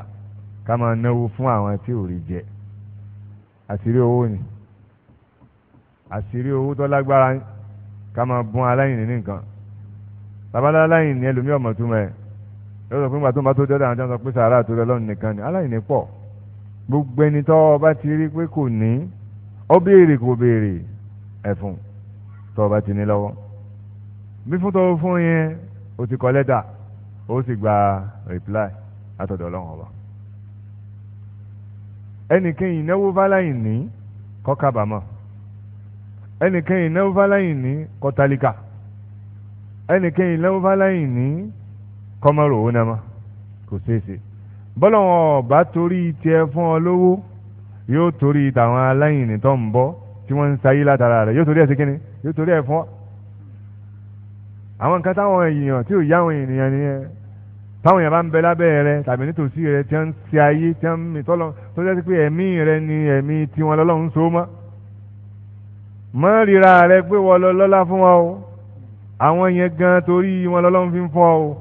ká máa náwó fún àwọn tí ò rí jẹ àṣírí owó ni àṣírí owó tó lágbára ká máa bùn aláìní nìkan babalá aláìní ẹlòmí ọmọ tó mẹ lọ́sọ̀ pé ńgbà tó ń bá tó dọ́dọ̀ àwọn tí wọ́n sọ pé sàárà tó lọ́lọ́run nìkan ni aláìní pọ̀ gbogbo ẹni tọ́ ọba ti rí pé kò ní ó béèrè kò béèrè ẹ̀fún tọ́ ọba ti ní lọ́wọ́ bí fún tọ́ fún yẹn o ti kọ lẹ́tà o sì gba reply látọ̀dọ̀ ọlọ́run ọba ẹnìkẹ́yìn náwó fáláyìn ní kọ́ kábàámọ̀ ẹnìkẹ́yìn náwó fáláyìn ní kọ́ tálíkà ẹnìkẹyìn lọ́wọ́ bá láyìn ní kọ́mọ́rò owó náà mọ́ kò ṣeéṣe bọ́lá wọn ọ̀bá torí tiẹ̀ fún ọ lówó yóò torí tàwọn aláìní tó ń bọ́ tí wọ́n ń sayé látara rẹ̀ yóò torí ẹ̀ sí kínní yóò torí ẹ̀ fún ọ. àwọn nǹkan táwọn èèyàn tí ò yá àwọn ènìyàn nìyẹn táwọn èèyàn bá ń bẹ lábẹ́ rẹ tàbí nítòsí rẹ tí wọ́n ń ayé tí wọ́n mi tọ́lọ tó jẹ́ pé ẹ̀mí rẹ ni ẹ̀mí tiwọn lọ́lọ́run so mọ́ mọ́ ríra rẹ pé wọ́n lọ lọ́lá fún wa o àwọn yẹn gan torí wọn lọ́lọ́run fi ń fọ́ o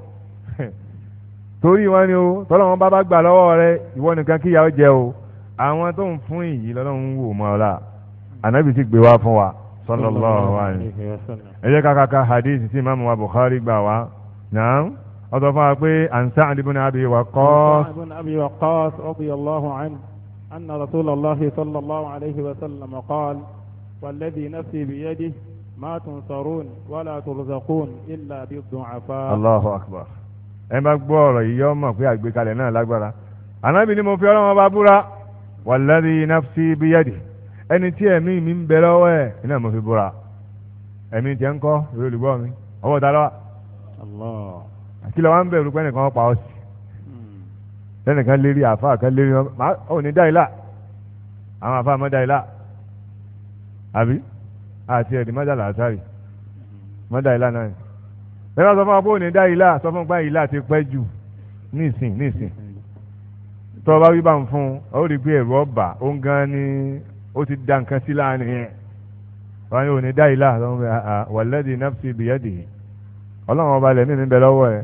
<laughs> torí wọn ni o tọ́lọ́run bá bá gbà lọ́wọ́ rẹ ìwọ nìkan kíyàwó jẹ o àwọn tó ń fún yìí lọ́lọ́run wò mọ́ ọ la ànábì ti gbé wá fún wa sallallahu alaihi wasallam ẹ jẹ́ kàkàkà hadith tí imaamu wa Bukhari gbà wá náà ọ̀dọ̀ fún wa pé an Sa'd ibn Abi Waqqas. Sa'd
ibn Abi Waqqas radiyallahu anhu anna rasulallah sallallahu alaihi wasallam qala walladhi nafsi biyadihi. ما تنصرون ولا ترزقون
إلا بالضعفاء الله أكبر ẹ bá gbọ́ ọ̀rọ̀ yìí yọ mọ̀ pé àgbékalẹ̀ náà lágbára anábì ni mo fi ọlọ́run ọba búra wàlẹ́rì nafsi bíyàdì ẹni tí ẹ̀mí mi ń bẹ lọ́wọ́ ẹ̀ iná mo fi búra ẹ̀mí tiẹ̀ ń kọ́ ìwé olùgbọ́ mi ọwọ́ ta lọ́wọ́ kí lọ́wọ́ ń bẹ̀rù pé ẹnìkan pa ọ́ lẹ́nìkan hmm. lérí àfa kan lérí ọ́ ní dáìlà àwọn àfa mọ́ dáìlà àbí àti ẹ̀dì mọ́dà làásàrì mọ́dà ìlà náà ẹ bá sọ fún wa pé òní dá ìlà sọ fún pa ìlà ti pẹ́ jù nísìn nísìn tó o bá wí bá ń fún ọ rí pé ẹ̀rù ọba ó ń gan ni ó ti da nǹkan sí láàrin yẹn wọn ni òní dá ìlà sọ fún mi wàlẹ́dì nafsi bìyẹ́dì ọlọ́run ọba lẹ́mí mi bẹ lọ́wọ́ ẹ̀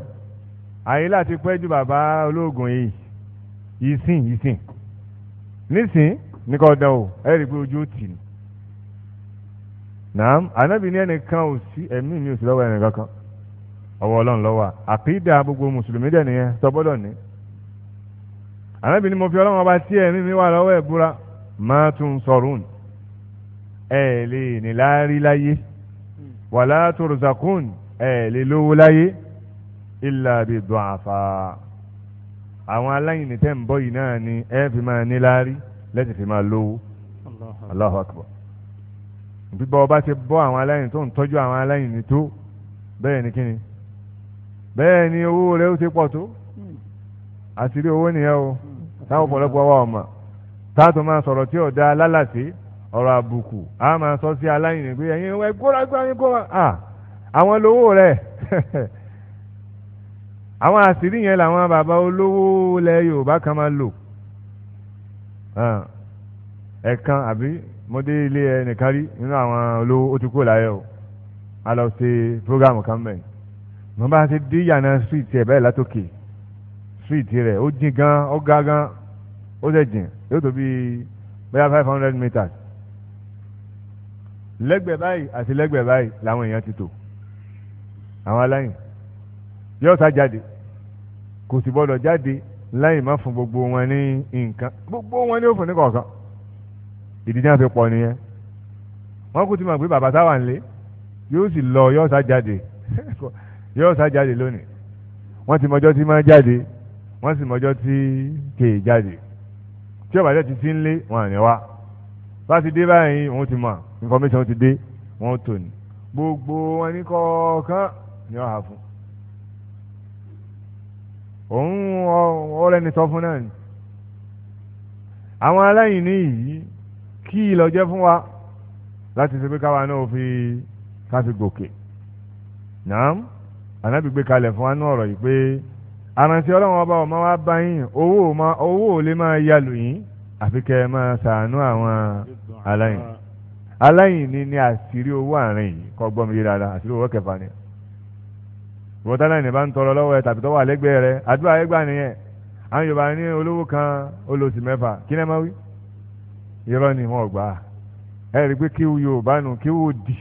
àyílà ti pẹ́ jù bàbá olóògùn yìí yìí sìn yìí sìn nísìn ní kò dán o ẹ rí pé ojú ó tì ní naam anabi ní ẹnìkan ò sí ẹ̀mí mi ò sí lọ́wọ́ ẹnìkan kan ọwọ́ ọlọ́run lọ́wọ́ àkídà gbogbo mùsùlùmí dẹ̀ nìyẹn tọ́gbọ́dọ̀ ní. anabi ní mo fi ọlọ́run ọba tí ẹ̀mí mi wà lọ́wọ́ ẹ̀ búra má tún sọ̀rùn ẹ̀ lè ní láárí láyé wàlá tòrùsàkùn ẹ̀ lè lówó láyé ìlà bí dùn àfà. àwọn aláìní tẹ́ ń bọ́ yìí náà ni ẹ fi máa ní láárí lẹ́sìn fi máa lówó Allahu akbar bíbọ́ ọba ti bọ́ àwọn aláìní tó ń tọ́jú àwọn aláìní tó bẹ́ẹ̀ ni kíni bẹ́ẹ̀ ni owó rẹ ó ti pọ̀ tó àti rí owó nìyẹn o táwọn ọ̀pọ̀lọpọ̀ wa ọ̀mà táàtò máa sọ̀rọ̀ tí ọ̀dà lálàsí ọ̀rọ̀ àbùkù a máa sọ sí aláìní pé ẹ̀yin ẹ̀ kóra gbá yín kóra à àwọn lówó rẹ̀ <laughs> àwọn àṣírí yẹn làwọn bàbá olówó lẹ Yorùbá kan máa lò ẹ̀kan àbí mo dé ilé ẹnìkan rí nínú àwọn olówó ó ti kúrò láyé o a lọ ṣe program kan bẹ́ẹ̀ mo bá ti dé yànnà street ẹ̀ bẹ́ẹ̀ látòkè street rẹ̀ ó jìn gan ó ga gan ó sì jìn yóò tó bí bóyá five hundred meters lẹ́gbẹ̀ẹ́ báyìí àti lẹ́gbẹ̀ẹ́ báyìí làwọn èèyàn ti tò àwọn aláìn yóò sá jáde kò sì gbọdọ̀ jáde láì má fún gbogbo wọn ní nǹkan gbogbo wọn ní ó fún ní ìdí náà fi pọ̀ nìyẹn wọ́n kú ti mọ̀ pé bàbá táwa ń lé yóò sì lọ yóò sá jáde <laughs> yóò sá jáde lónìí wọ́n ti mọjọ́ tí máa jáde wọ́n sì mọjọ́ tí kèé jáde tí ọ̀bàjẹ́ ti ti ń lé wọn àní wá bá ti dé báyìí wọ́n ti mọ̀ information ti dé wọ́n tò ní gbogbo wọn ní kọ̀ọ̀kan ni wọ́n hà fún òun ọ̀rẹ́ni sọ fún náà ni àwọn aláìní yìí kíì lọ jẹ́ fún wa láti ṣe pé káwa náà fi káfi gòkè nàám ànábì gbé kalẹ̀ fún wa ní ọ̀rọ̀ yìí pé àrántí ọlọ́run ọba ọ̀ma wa bá yín owó owó lè máa yalù yín àfi kẹ́ ẹ máa ṣàánú àwọn aláìní aláìní ni ni àṣírí owó àárín yìí kọ́ gbọ́ mi yé dáadáa àṣírí owó kẹfà nìyẹn ìwọ́tá náà ní bá ń tọrọ lọ́wọ́ ẹ tàbí tọ́wọ́ àlẹ́gbẹ̀ẹ́ rẹ àdúrà ẹgbà nìyẹn àwọn Yorùbá ní olówó kan olóòsì mẹ́fà kí lẹ́ máa wí irọ́ ni wọ́n gbà ẹ rí i pé kíwù yorùbá nù kíwù dì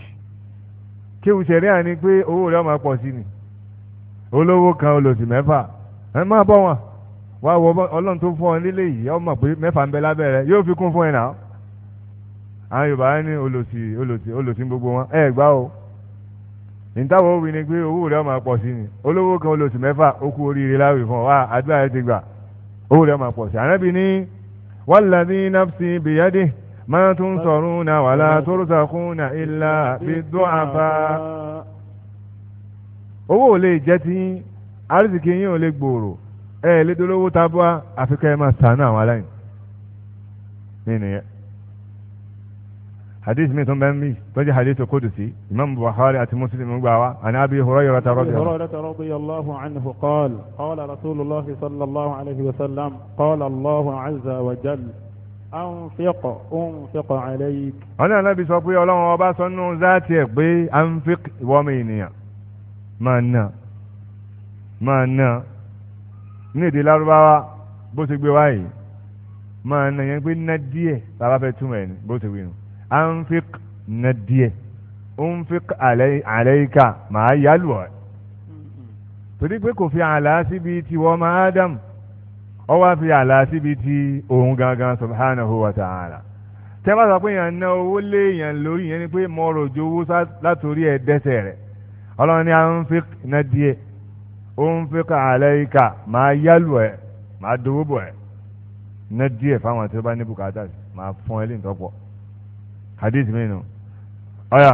kíwù sẹ̀ríà ni pé owó rẹ̀ máa pọ̀ sí ni olówó kan olòṣì mẹ́fà ẹ má bọ̀ wọn wá wọ ọlọ́run tó fún ọ nílé yìí ọmọ pé mẹ́fà ń bẹ lábẹ́ rẹ yóò fi kún fún ẹ náà àwọn yorùbá ní olòṣì olòṣì olòṣì gbogbo wọn ẹ gbá o nítawọ̀ wí ni pé owó rẹ̀ máa pọ̀ sí ni olówó kan olòṣì mẹ́fà ó kú oríire láwùjọ fún ọ wá àdúrà ẹ ti gbà owó rẹ̀ máa pọ̀ sí ànábì ní. والذي نفسي بيده ما تنصرون ولا ترزقون إلا بالضعفاء owó ò lè jẹ́ tí àrísìkí yín ò lè gbòòrò ẹ̀ lédolówó tabua àfikẹ́ máa sànú àwọn aláìní nínú yẹn hadith mi tún bẹ́ẹ̀ mi tọ́jú hadith kudusi imam bukhari àti muslim gbà wá àni abi hurayra ta rọ́bì
radiyallahu anhu qala qala rasulullah sallallahu alayhi wa sallam qala allahu azza wa jalla anfiq unfiq alayk.
wọn ní alábi sọ pé ọlọ́run ọba sọ nù záàtì ẹ̀ pé anfiq ìwọ́mi ènìyàn máa ná máa ná ní èdè lárúbáwá bó ti gbé wáyé máa ná yẹn pé ná díẹ̀ tá a bá fẹ́ túmọ̀ ẹ̀ ní bó ti wí nù anfik na díẹ̀ anfik àlẹ́yìká màá yálù ọ́ torí pé kò fi àlá síbi ti wọ́n máa Ádámù ó wá fi àlá síbi ti òun gangan subhanahu wa ta'ala tẹ́ bá sọ pé èèyàn ná owó lé èèyàn lórí yẹn ni pé mo rò ju owó látòrí ẹ̀ dẹ́sẹ̀ rẹ̀ ọlọ́run ní anfik na díẹ̀ anfik àlẹ́yìká màá yálù ẹ̀ dowó bọ̀ ẹ̀ na díẹ̀ fáwọn tí ó bá ní bùkátà máa fún ẹ lè tọ́pọ̀ hadith mẹ́nu ọ̀yà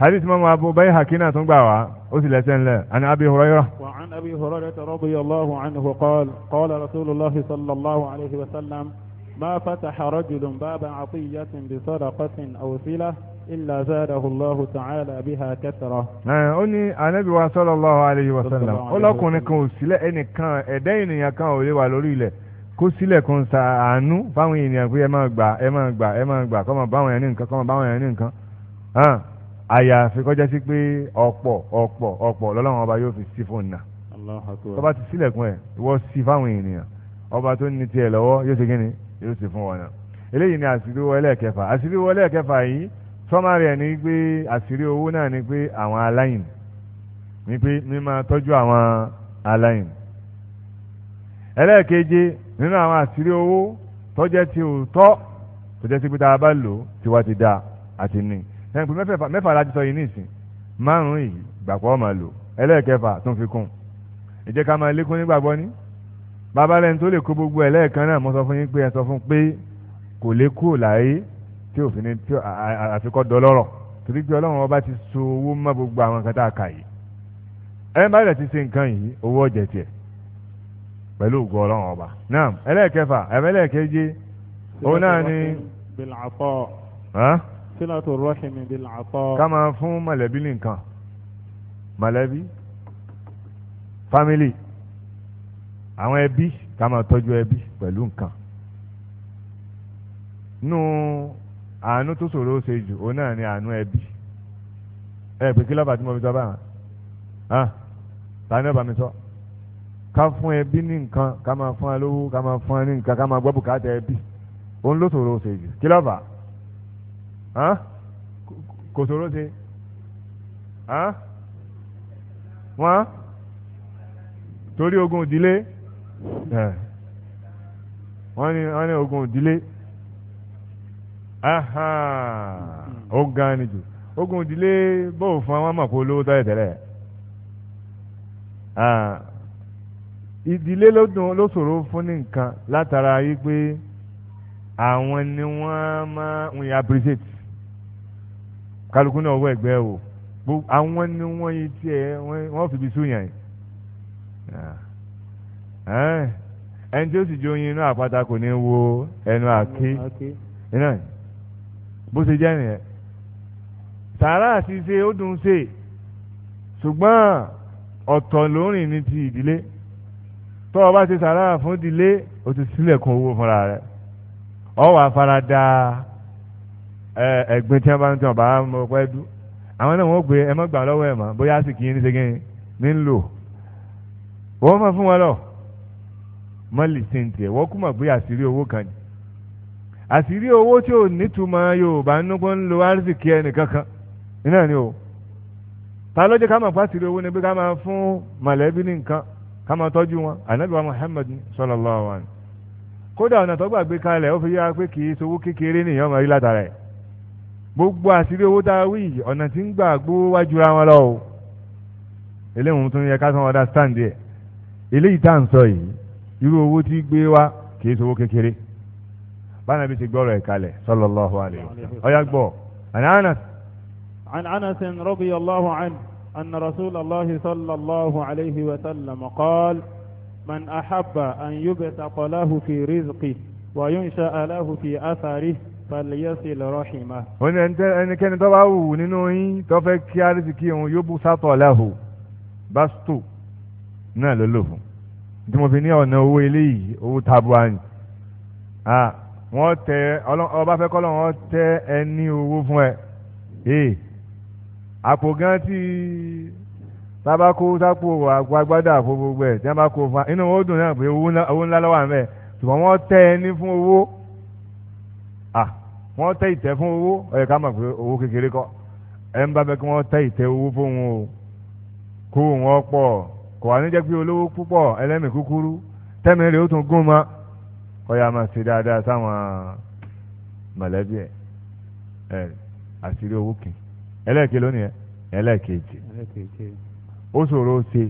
hadith mọ́mọ́ abu bayi hakina tún gbà wá ó sì lẹ́sẹ̀ ńlẹ̀ ani abi hurayra.
wa an abi hurayra radiyallahu anhu qaal qaala rasulillahi sallallahu alayhi wa sallam ma fataha rajulun baba atiyatin bi sadaqatin aw silah illa zaadahu allahu ta'ala biha kathra.
ó ní anabi wa sallallahu alayhi wa sallam ó lọ́kùnrin kan ò sílẹ̀ ẹnìkan ẹ̀dá ènìyàn kan ò lè wà lórí ilẹ̀ kó sílẹ̀kùn sa àánú fáwọn ènìyàn pé ẹ máa gbà ẹ máa gbà ẹ máa gbà kọ́ máa báwọn èèyàn ní nǹkan kọ́ máa báwọn èèyàn ní nǹkan hàn àyàfi kọjá sí pé ọ̀pọ̀ ọ̀pọ̀ ọ̀pọ̀ lọ́lọ́run ọba yóò fi sí fún nà tọ́ba ti sílẹ̀kùn ẹ̀ wọ́n sí fáwọn ènìyàn ọba tó ní tiẹ̀ lọ́wọ́ yóò ṣe kíni yóò ṣe fún wọn náà eléyìí ni àṣírí owó ẹlẹ́ẹ̀kẹfà àṣírí owó ẹlẹ́ẹ̀kẹfà yìí sọ́márì ẹ̀ ni pé àṣírí owó náà ni pé àwọn aláìní ni pé mímọ tọ́jú àwọn aláìní ẹlẹ́ẹ̀keje nínú àwọn àṣírí owó tọ́jẹ́ ti ò tọ́ tọ́jẹ́ ti pé tá a bá lò ó tiwa ti da àti ní ẹnì pé mẹ́fà láti sọ yìí ní ìsìn márùn-ún yìí gbàgbọ́ máa lò ẹlẹ́ẹ̀kẹfà tó ń fi kún ìjẹ́ ká máa lékún nígbàgbọ́ ní bàbá rẹ̀ tó lè kó gbogbo ẹ̀ náà mo sọ fún yín pé ẹ sọ fún pé kò lè kú láyé tí òfin ní tí àfikọ́ dọlọ́rọ̀ torí pé ọlọ́run ọba ti so owó mọ́ gbogbo àwọn kan tá a kà yìí ẹ pẹ̀lú ògo ọlọ́run ọba náà ẹlẹ́ẹ̀kẹfà ẹ̀mẹ́lẹ́ẹ̀keje òun náà ni.
sílátù rọ́ṣìmì bil àtọ́. ká
máa fún mọ̀lẹ́bí ní nǹkan mọ̀lẹ́bí fámìlì àwọn ẹbí ká máa tọ́jú ẹbí pẹ̀lú nǹkan nù àánú tó ṣòro ṣe jù òun náà ni àánú ẹbí ẹ pé kí lọ́ba tí mo fi sọ báyìí tani ọba mi sọ. So ká fún ẹbí ní nǹkan ká máa fún ẹ lówó ká máa fún ẹ ní nǹkan ká máa gbọ́ bùkátà ẹbí òun ló ṣòro ṣe jù kí lọ́ọ̀fà kò ṣòro ṣe wọ́n torí ogun ìdílé wọ́n ní wọ́n ní ogun ìdílé ó gan ni jù ogun ìdílé bó fún àwọn mọ̀ pé olówó tẹ́lẹ̀ tẹ́lẹ̀ ìdílé ló dùn ló ṣòro fún ní nǹkan látara yìí pé àwọn ni wọ́n máa ń yà appreciate kálukú náà wọ ẹgbẹ́ o àwọn ni wọ́n yìí tiẹ̀ wọ́n fi bí súnyàn yìí ah. ẹni tí ó sì jó yin inú àpáta kò ní wo ẹnu àké bó ṣe jẹ́ nìyẹn sàárà àti ṣe ó dùn ṣe ṣùgbọ́n ọ̀tọ̀ lórin ní ti ìdílé tó o bá ti sàrà fún ìdílé o ti sílẹ̀kùn owó fúnra rẹ̀ ọ wà fara da ẹ̀gbin tí wọ́n bá ń tàn bá mọ pẹ́ dú àwọn náà wọ́n gbé ẹ mọ́ gbà lọ́wọ́ ẹ̀ mọ́ bóyá sì kí ní segin ní ń lò wọ́n mọ̀ fún wọn lọ mọ́lì sí tiẹ̀ wọ́n kú mọ̀ pé àṣírí owó kan ni àṣírí owó tí ò nítumọ̀ Yorùbá ń nùgbọ́n ń lo arzikí ẹnìkankan iná ni o ta ló jẹ́ ká mọ̀ pàṣírí owó ni pé ká máa fún mọ̀lẹ́bí ní nǹkan ká máa tọ́jú wọn ànábì wa Muhammad sallallahu alaihi kódà ọ̀nà tó gbàgbé kalẹ̀ ó fi yára pé kì í sowó kékeré nìyẹn ọmọ rí látara ẹ̀ gbogbo àṣírí owó tá a wí ọ̀nà tí ń gbà gbówó wájú ra wọn lọ o eléyìí tún yẹ ká tún understand ẹ̀ eléyìí tá à ń sọ yìí irú owó tí gbé wá kì í sowó kékeré báyìí ti gbọ́rọ̀ ẹ̀ kalẹ̀ sallallahu alaihi ọ̀yà gbọ́
عن أنس رضي الله عنه أن رسول الله صلى الله عليه وسلم قال من أحب أن يبتق له
في رزقه
وينشأ له في أثره fàlẹ́yẹsì lọ́rọ̀hìnmá.
ó ní ẹnikẹ́ni tó bá wù nínú yín tó fẹ́ kí arísìkí òun yóò bú sátọ̀ lẹ́hù bástò náà ló lò fún. tí mo fi ní ọ̀nà owó eléyìí owó tabua ni. wọ́n tẹ ọba fẹ́ kọ́ lọ́wọ́ tẹ ẹni owó fún ẹ àpò gan tí bàbá kó sápò àpò agbádá àpò gbogbo ẹ̀ tí wọ́n bá kó fa inú wọn ó dùn náà pé owó ńlá lọ́wọ́ àmì ẹ̀ ṣùgbọ́n wọ́n tẹ́ ẹ ní fún owó wọ́n tẹ́ ìtẹ́ fún owó ó yẹ ká mọ̀ pé owó kékeré kọ́ ẹ̀ ń bá bẹ́ẹ̀ kí wọ́n tẹ́ ìtẹ́ owó fún wọn o kó wọn pọ̀ kò wá ní jẹ́ pé olówó púpọ̀ ẹlẹ́mìí kúkúrú tẹ́mi rẹ̀ ó tún gún mọ́ ó yá ṣe dáadáa sáwọn mọ̀lẹ́bí ẹ̀ àṣírí owó kìí ẹlẹ́ẹ̀kẹ́ lónìí
ẹlẹ́ẹ̀kejì
ó ṣòro ṣe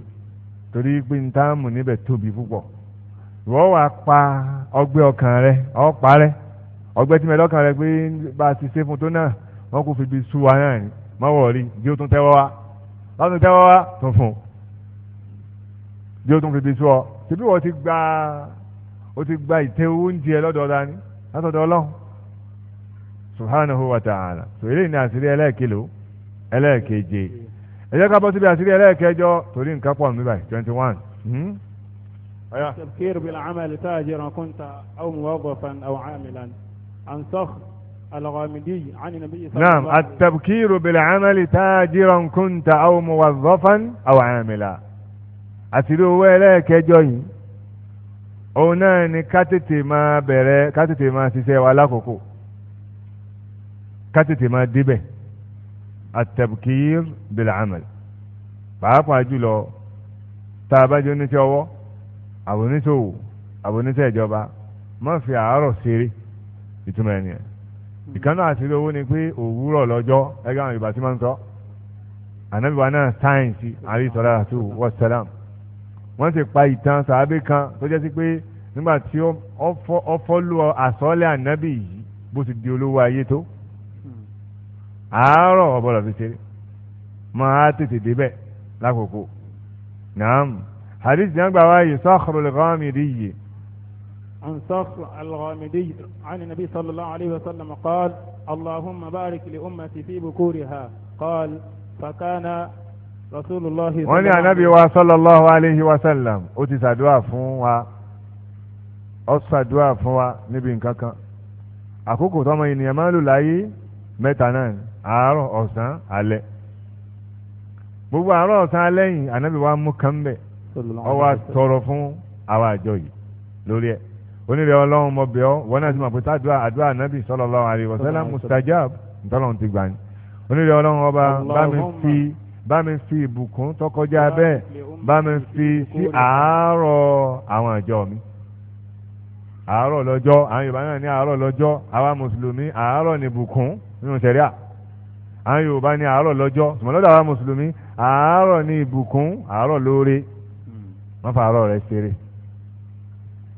torí pé n táàmù níbẹ̀ tóbi púpọ̀ ìwọ wàá pa ọgbẹ́ ọkàn rẹ ọ parẹ́ ọgbẹ́ tí mẹ́lọ́kàn rẹ pé bá a ti ṣe fún tó náà wọ́n kò fi bí sú wa náà ní mọ́wọ́ rí bí ó tún tẹ́wọ́ wá bá tún tẹ́wọ́ wá tún fún bí ó tún fi bí sú ọ ṣebí wọ́n ti gba ó ti gba ìtẹ́ oúnjẹ lọ́dọ̀ ọ̀la ni látọ̀dọ̀ ọlọ́run subhanahu wa ta'ala sọ eléyìí ni àṣírí ẹlẹ́ẹ̀kẹ́ lòó ẹlẹ́ẹ̀keje ẹ jẹ́ ká bọ́ síbi àṣírí ẹlẹ́ẹ̀kẹjọ torí nǹkan pọ̀ níbà twenty one.
التبكير بالعمل تاجرا كنت أو موظفا أو عاملا عن صخر الغامدي عن النبي
صلى الله عليه وسلم نعم التبكير بالعمل تاجرا كنت أو موظفا أو عاملا àṣírí owó ẹlẹ́ẹ̀kẹjọ yìí òun náà ni ká tètè máa bẹ̀rẹ̀ ká tètè máa ṣiṣẹ́ التبكير بالعمل. bil-amal pàápàá jùlọ tá a bá jẹ́ oníṣẹ́ ọwọ́ àbóníṣòwò àbóníṣẹ́ ìjọba má fi àárọ̀ ṣeré ìtumọ̀ ẹni ẹ̀ ìkànnà àṣírí owó ni pé òwúrọ̀ lọ́jọ́ ẹgbẹ́ àwọn ìbátí máa ń sọ ànábìwá náà sáyẹ̀nsì àríṣọ́lá àti wọ́sálàm wọ́n ti pa ìtàn sàábé kan tó jẹ́ sí pé nígbà tí ó fọ́lù àsọ́lẹ̀ ànábì yìí bó ti di olówó ayé tó àárọ̀ ọ̀bọ̀lọ̀ fi ṣeré máa tètè débẹ̀ lákòókò naam hadith náà gbà wáyé Sakhr al-Ghamidi
عن صخر الغامدي عن النبي صلى الله عليه وسلم قال اللهم بارك لأمتي في بكورها قال فكان رسول الله صلى الله عليه النبي
صلى الله عليه وسلم ó ti ṣàdúà fún wa ó ṣàdúà fún wa níbi nǹkan kan àkókò tọ́mọ ènìyàn máa ń lò láyé mẹ́ta náà àárọ̀ ọ̀sán alẹ́ gbogbo àárọ̀ ọ̀sán alẹ́ yìí ànábì wa mú kan bẹ̀ ọ wá tọrọ fún àwa àjọ yìí lórí ẹ̀ onírẹ̀ ọlọ́run mọ̀ bẹ̀ ọ́ wọn náà ti mọ̀ pé tádùá àdúrà ànábì sallallahu alaihi wasallam mustajab ntọ́lọ́run ti gbà ní onírẹ̀ ọlọ́run ọba bá mi fi bá mi fi ìbùkún tó kọjá bẹ́ẹ̀ bá fi sí àárọ̀ àwọn àjọ mi àárọ̀ lọ́jọ́ àwọn yorùbá náà ní àárọ̀ lọ́jọ́ àwa mùsùlùmí àárọ̀ ní bùkún nínú sẹ̀ríà àwọn yorùbá ní àárọ̀ lọ́jọ́ ṣùgbọ́n lọ́dọ̀ àwọn mùsùlùmí àárọ̀ ní ìbùkún àárọ̀ lóore wọ́n fa àárọ̀ rẹ̀ ṣeré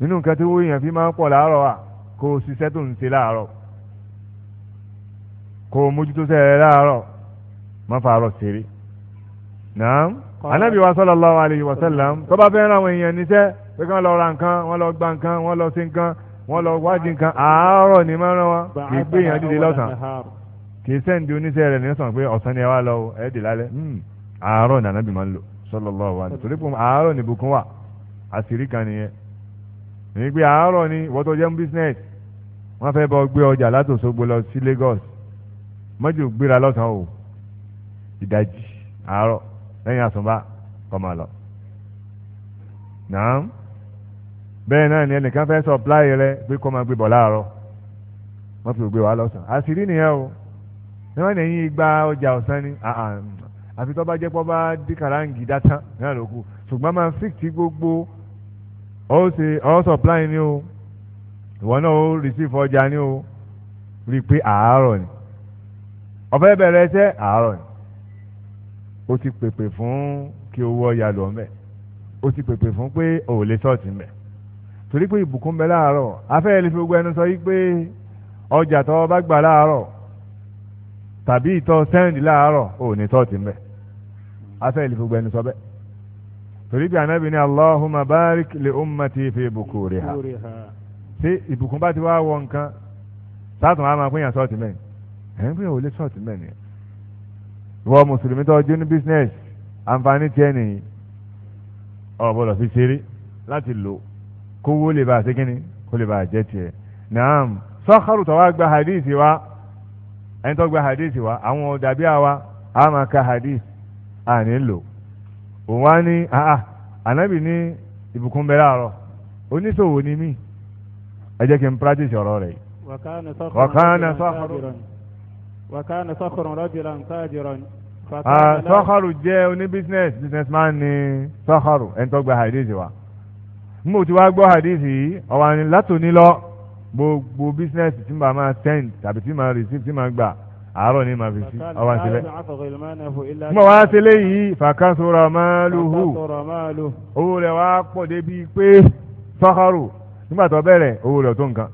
nínú nǹkan tí owó èèyàn fi máa ń pọ̀ láàárọ̀ wa kó o ṣiṣẹ́ tó ń ṣe láàárọ̀ kó o mójútó sẹ́rẹ̀ láàárọ̀ wọ́n fa àárọ̀ ṣeré náà anábì wa sallallahu alayhi wa sallam tó bá fẹ́ràn àwọn èèyàn níṣẹ́ pé kí wọ́n lọ ra nǹkan wọ́n lọ gba nǹkan wọ́n lọ ṣe nǹkan wọ́n lọ wádìí nǹkan àárọ̀ ni máa ń rán wọn kì í gbé èèyàn dìde lọ́sàn-án kì í sẹ́ǹdì oníṣẹ́ rẹ̀ ní sọ̀rọ̀ pé ọ̀sán ni ẹ wá lọ ẹ dì lálẹ́ hmm. àárọ̀ ní anábì máa ń lò sallallahu alaihi torí pé àárọ̀ ní bùkún wà àṣírí kan nìyẹn èyí pé àárọ̀ ni wọ́n tó jẹ́ ń business wọ́n fẹ́ bọ́ gbé ọjà láti Òṣogbo lọ sí Lagos mọ́jú gbéra lọ́sàn-án o ìdajì àárọ̀ lẹ́yìn àsùnbà kọ́ máa lọ. bẹ́ẹ̀ náà ni ẹnìkan fẹ́ supply rẹ pé kó máa gbé bọ̀ láàárọ̀ wọ́n fi gbé wa lọ́sàn àṣírí nìyẹn o níwọ̀n lẹ́yìn igba ọjà ọ̀sán ni ah, ah, mm. àfi tó bá jẹ́ pọ́ bá díkàráǹgì dátán náà ló kù ṣùgbọ́n máa fíìkì gbogbo ó ṣe supply ni o ìwọ náà ó receive ọjà ni o rí i pé àárọ̀ ni ọ̀fẹ́ bẹ̀rẹ̀ ẹsẹ̀ àárọ̀ ni ó ti pèpè fún kí owó ọ̀yà lọ mẹ́ ó ti pèpè fún pé ò lè sọ́ọ̀tì mẹ́ torí pé ìbùkún bẹ láàárọ̀ afẹ́ ẹ̀ lè fi gbogbo ẹnu sọ yí pé ọjà tó bá gbà láàárọ̀ tàbí ìtọ́ sẹ́ǹdì láàárọ̀ ò ní tọ́ọ̀tì mbẹ́ afẹ́ ìlú gbogbo ẹni sọ bẹ́ẹ̀ torí bí anábì ní Allahumma barik li ummati fi bukuriha ṣé ìbùkún bá ti wá wọ nǹkan sátùn àmà pínyà sọ́ọ̀tì mẹ́rin ẹ̀yìn pínyà ò lè sọ́ọ̀tì mẹ́rin ìwọ mùsùlùmí tó jẹ́ ní business àǹfààní tiẹ̀ nìyí ọ̀bọ̀lọ̀ fi ṣeré láti lò kówó lè bá a kó lè bá a naam sọ́kàrù tó wá gba hadith wa. ẹni tó gba hadith wa àwọn dàbí àwa a máa ka hadith a ní lò òun wá ní àhà ànábì ní ìbùkún bẹ̀rẹ̀ oníṣòwò ni mí ẹ jẹ́ kí n practice ọ̀rọ̀ rẹ̀ yìí.
wàkàna sọ́kọ̀rọ̀ wàkàna sọ́kọ̀rọ̀ rajulan
jẹ́ oní business man ni sọ́kọ̀rọ̀ ẹni tó gba wa. mo ti wá gbọ́ hadith yìí ọ̀wá ni látòní lọ. gbogbo bísínẹ́sì tí màá máa send tàbí tí màá receive tí Ma gbà àárọ̀ ni màá fi sí ọwọ́ àtẹlẹ. mo wá sílé yìí fàkàsọ̀rọ̀ máa lù hù owó rẹ̀
wá pọ̀ débi
pé sọ́kọ̀rù nígbà tó bẹ̀rẹ̀ owó rẹ̀ tó nǹkan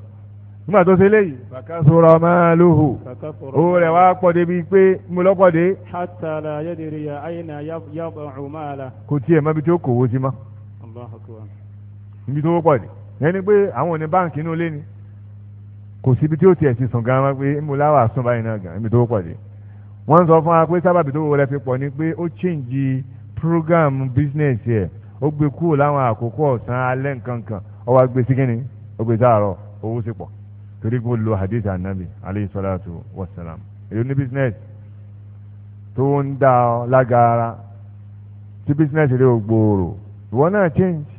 nígbà tó sílé yìí fàkàsọ̀rọ̀ máa lù hù owó rẹ̀ wá pọ̀ débi pé mo lọ́pọ̀ dé. kò tiẹ̀ mọ́ ibi tí ó kòwó sí mọ́ ibi tó wọ́pọ̀ dé ẹni pé àwọn òní báǹkì inú ilé ni. kò síbi tí ó tiẹ̀ ti sùn gan-an pé mo láwà sùn báyìí náà gan-an tó pọ̀ dé wọ́n sọ fún wa pé sábàbí tó rẹ fi pọ̀ ni pé ó change program business yẹ ó gbé kúrò láwọn àkókò ọ̀sán alẹ́ nkankan ọ wá gbé sí kínní ó gbé sáàrọ̀ owó sì pọ̀ torí kó lo hadith anabi alayhi salatu wa salam èyí ní business tó ń dá ọ lágara tí business rẹ ò gbòòrò ìwọ náà change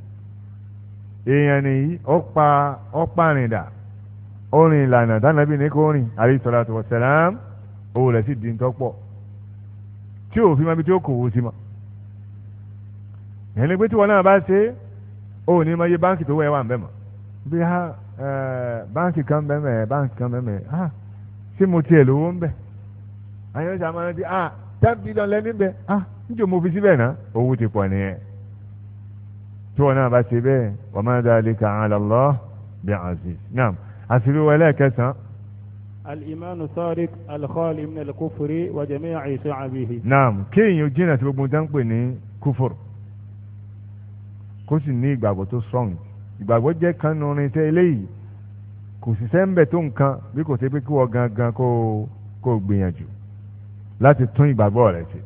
èèyàn nìyí ó pa ó pa rìn dà. orin ìlànà tánàbí ní kò rìn alayhi owó rẹ̀ sì di ń tọ́pọ̀ tí òfin máa bí tí ó kò wó sí ma ìyẹn ni pé tí wọn náà bá ṣe ó ma yé báńkì tó wẹ̀ wà bí ha báńkì kan bẹ̀ banki kan bẹ̀ ha ṣé mo tiẹ̀ lówó ń bẹ̀ àyẹ̀wò sàmà ha! ti ah ten billion lẹ́ni bẹ̀ ah níjò mo fi síbẹ̀ ti pọ̀ nìyẹn tí wọn náà bá ṣe bẹ́ẹ̀ bi naam. àṣírí wọ ẹlẹ́ẹ̀kẹsàn.
al-imanu sadiq al-khali min al-kufri wa jami'i sha'abihi.
naam kéèyàn jìnnà tí gbogbo ń pè ní kúfùr kó sì ní ìgbàgbọ́ tó strong ìgbàgbọ́ jẹ́ kan nínú irinṣẹ́ eléyìí kò sì sẹ́ńbẹ̀ tó nǹkan bí kò ṣe pé kí wọ́n gangan kó kó gbìyànjú láti tún ìgbàgbọ́ rẹ̀ ṣe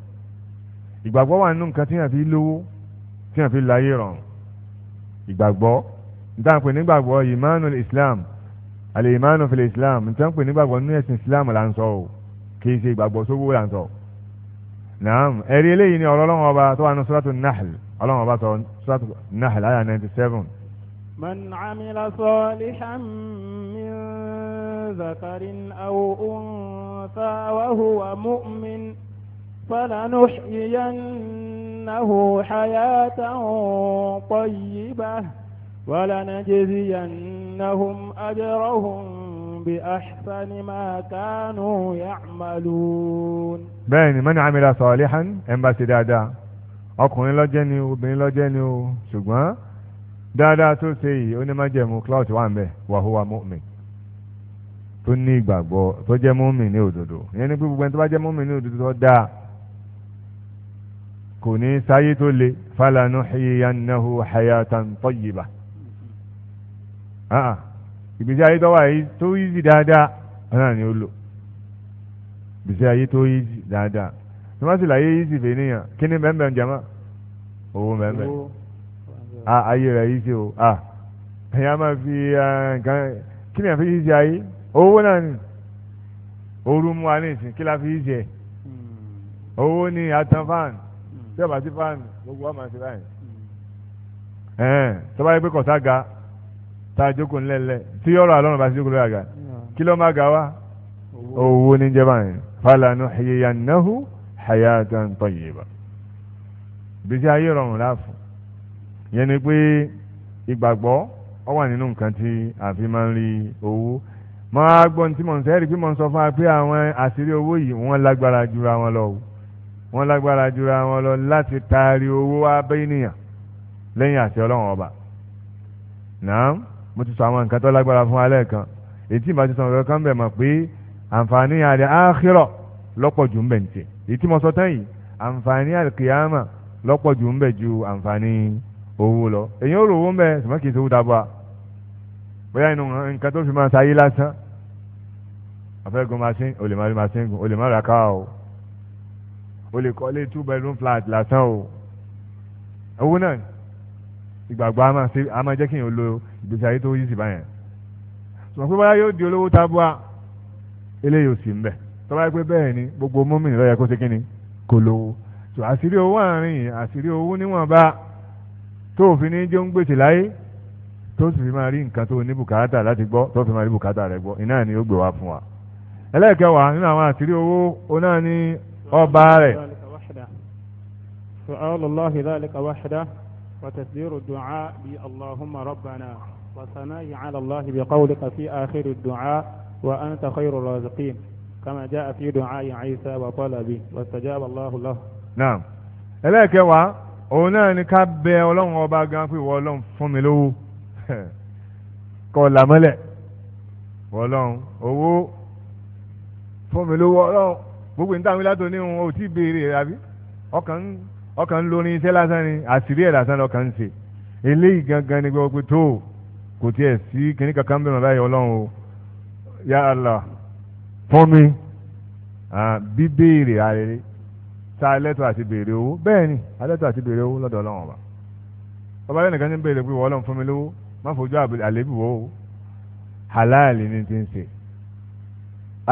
ìgbàgbọ́ wà nínú nǹkan tí yàn fi lówó tí yàn fi láyé rọrùn ìgbàgbọ́ nígbàgbọ́ ìmánul Islam alèmánu fìlẹ̀ islam nǹkan pè nígbàgbọ́ nínú ẹ̀sìn islam là ń sọ o kì í ṣe ìgbàgbọ́ sówó là ń sọ. naam ẹ̀rí eléyìí ni ọ̀rọ̀ ọlọ́run ọba tó wà ní suratu nahl ọlọ́run ọba sọ suratu nahl ayah ninety seven.
من عمل صالحا من ذكر أو أنثى وهو مؤمن فلنحيينه حياة طيبة ولنجزينهم أجرهم بأحسن ما كانوا
يعملون بين من عمل صالحا ان بس دادا ọkùnrin lọ́jẹ́ ni obìnrin lọ́jẹ́ ni o ṣùgbọ́n dáadáa tó ṣe yìí ó ní má jẹ̀mú clout wà mẹ́ wàhùwà mọ́mìn tó ní ìgbàgbọ́ tó jẹ́ mọ́mìn ní òdodo ìyẹn ni pé gbogbo ẹni tó bá jẹ́ mọ́mìn ní òdodo tó dáa kò ní sáyé tó le falanu hiyannahu hayatan tayyiba Ah, ìgbésí ayé tó wà yìí tó easy dáadáa ọ̀nà ni ó lò ìgbésí ayé tó easy dáadáa ní wọ́n sì láyé easy fè níyàn kí ni bẹ́ẹ̀ bẹ́ẹ̀ jama owó bẹ́ẹ̀ bẹ́ẹ̀ ah, ayé rẹ̀ easy o ah, ẹ̀yà máa fi eh, nǹkan kí ni àfi easy ayé owó náà ni ooru mú wa ní ìsìn kí la fi easy ẹ̀ hmm. owó ni atan fan hmm. tí ọba ti fan gbogbo wa máa ṣe báyìí hmm. tọ́ba yẹ pé kọ̀ọ̀tà ga tá a jókòó ńlẹ̀lẹ̀ tí ọ̀rọ̀ àlọ́run bá ti jókòó kí ló máa ga wa owó ní jẹ́ báyìí falanu hiyannahu hayatan tayyiba bísí ayé rọrùn láàfù yẹn ni pé ìgbàgbọ́ ọ wà nínú nǹkan tí a fi máa ń rí owó máa gbọ́ ní tí mò ń sẹ́ rí pé mò ń sọ fún wa pé àwọn àṣírí owó yìí wọ́n lágbára jura wọn lọ wọ́n lágbára jura wọn lọ láti taari owó wa lẹ́yìn àṣẹ ọlọ́run ọba mo ti sọ àwọn nǹkan tó lágbára fún alẹ́ kan ètí ìbá ti sọ ọ̀rọ̀ kan bẹ̀ mọ̀ pé àǹfààní àlẹ́ áhírọ̀ lọ́pọ̀ jù ń bẹ̀ ń tẹ̀ ètí mo sọ tán yìí àǹfààní àlùkìyàmà lọ́pọ̀ jù ń bẹ̀ ju àǹfààní owó lọ èyàn ò rò owó ń bẹ̀ ṣùgbọ́n kì í sowó dábọ̀ à bóyá inú nǹkan tó fi máa ṣayé lásán àfẹ́gun machine o lè má rí machine gun o lè má ra o o lè kọ́lé two bedroom flat lásán o owó náà ìgbàgbọ́ a máa jẹ́ kí n ìgbésí ayé tó yí sí báyẹn sọ pé báyà yóò di olówó tabua eléyìí ò sí ń bẹ tọ́ba yẹ pé bẹ́ẹ̀ ni gbogbo mọ́mìnì lọ́yẹ kó ṣe kí ni kò lówó tó àṣírí owó àárín yìí àṣírí owó níwọ̀nba tó òfin ní jẹun gbèsè láyé tó sì fi máa rí nǹkan tó ní bùkátà láti gbọ́ tó fi máa rí bùkátà rẹ̀ gbọ́ iná ni ó gbé wá fún wa ẹlẹ́ẹ̀kẹwàá nínú àwọn àṣírí owó oná ni
ọba rẹ̀. سؤال الله ذلك وحده وتسدير الدعاء بي ALLAHUMMA ربنا والثناء على الله بقولك في آخر الدعاء وأنت خير الرازقين كما جاء في دعاء عيسى وطلبه واستجاب الله له
نعم ẹlẹ́ẹ̀kẹ́ wa òun náà ni ká bẹ ọlọ́run ọba gan pé ìwọ ọlọ́run fún mi lówó kọ́ làmọ́lẹ̀ ọlọ́run owó fún mi lówó ọlọ́run gbogbo níta mi látò ní òun ò tí ì béèrè rẹ̀ àbí ọkàn ọkàn ń lórin iṣẹ́ lásán ni àṣírí ẹ̀ lásán lọ́kàn ń ṣe eléyìí gangan ni gbogbo tó kò tiẹ̀ sí kínní kankan bẹ̀rẹ̀ láyé ọlọ́run o ya Allah fún mi bíbéèrè àrèrè tá a lẹ́tọ̀ àti béèrè owó bẹ́ẹ̀ ni a lẹ́tọ̀ àti béèrè owó lọ́dọ̀ ọlọ́run ọba ọba lẹ́nu kan ní béèrè pé wọ́n lọ́n fún mi lówó má fojú àlébù wọ́ o halal ni ti ń ṣe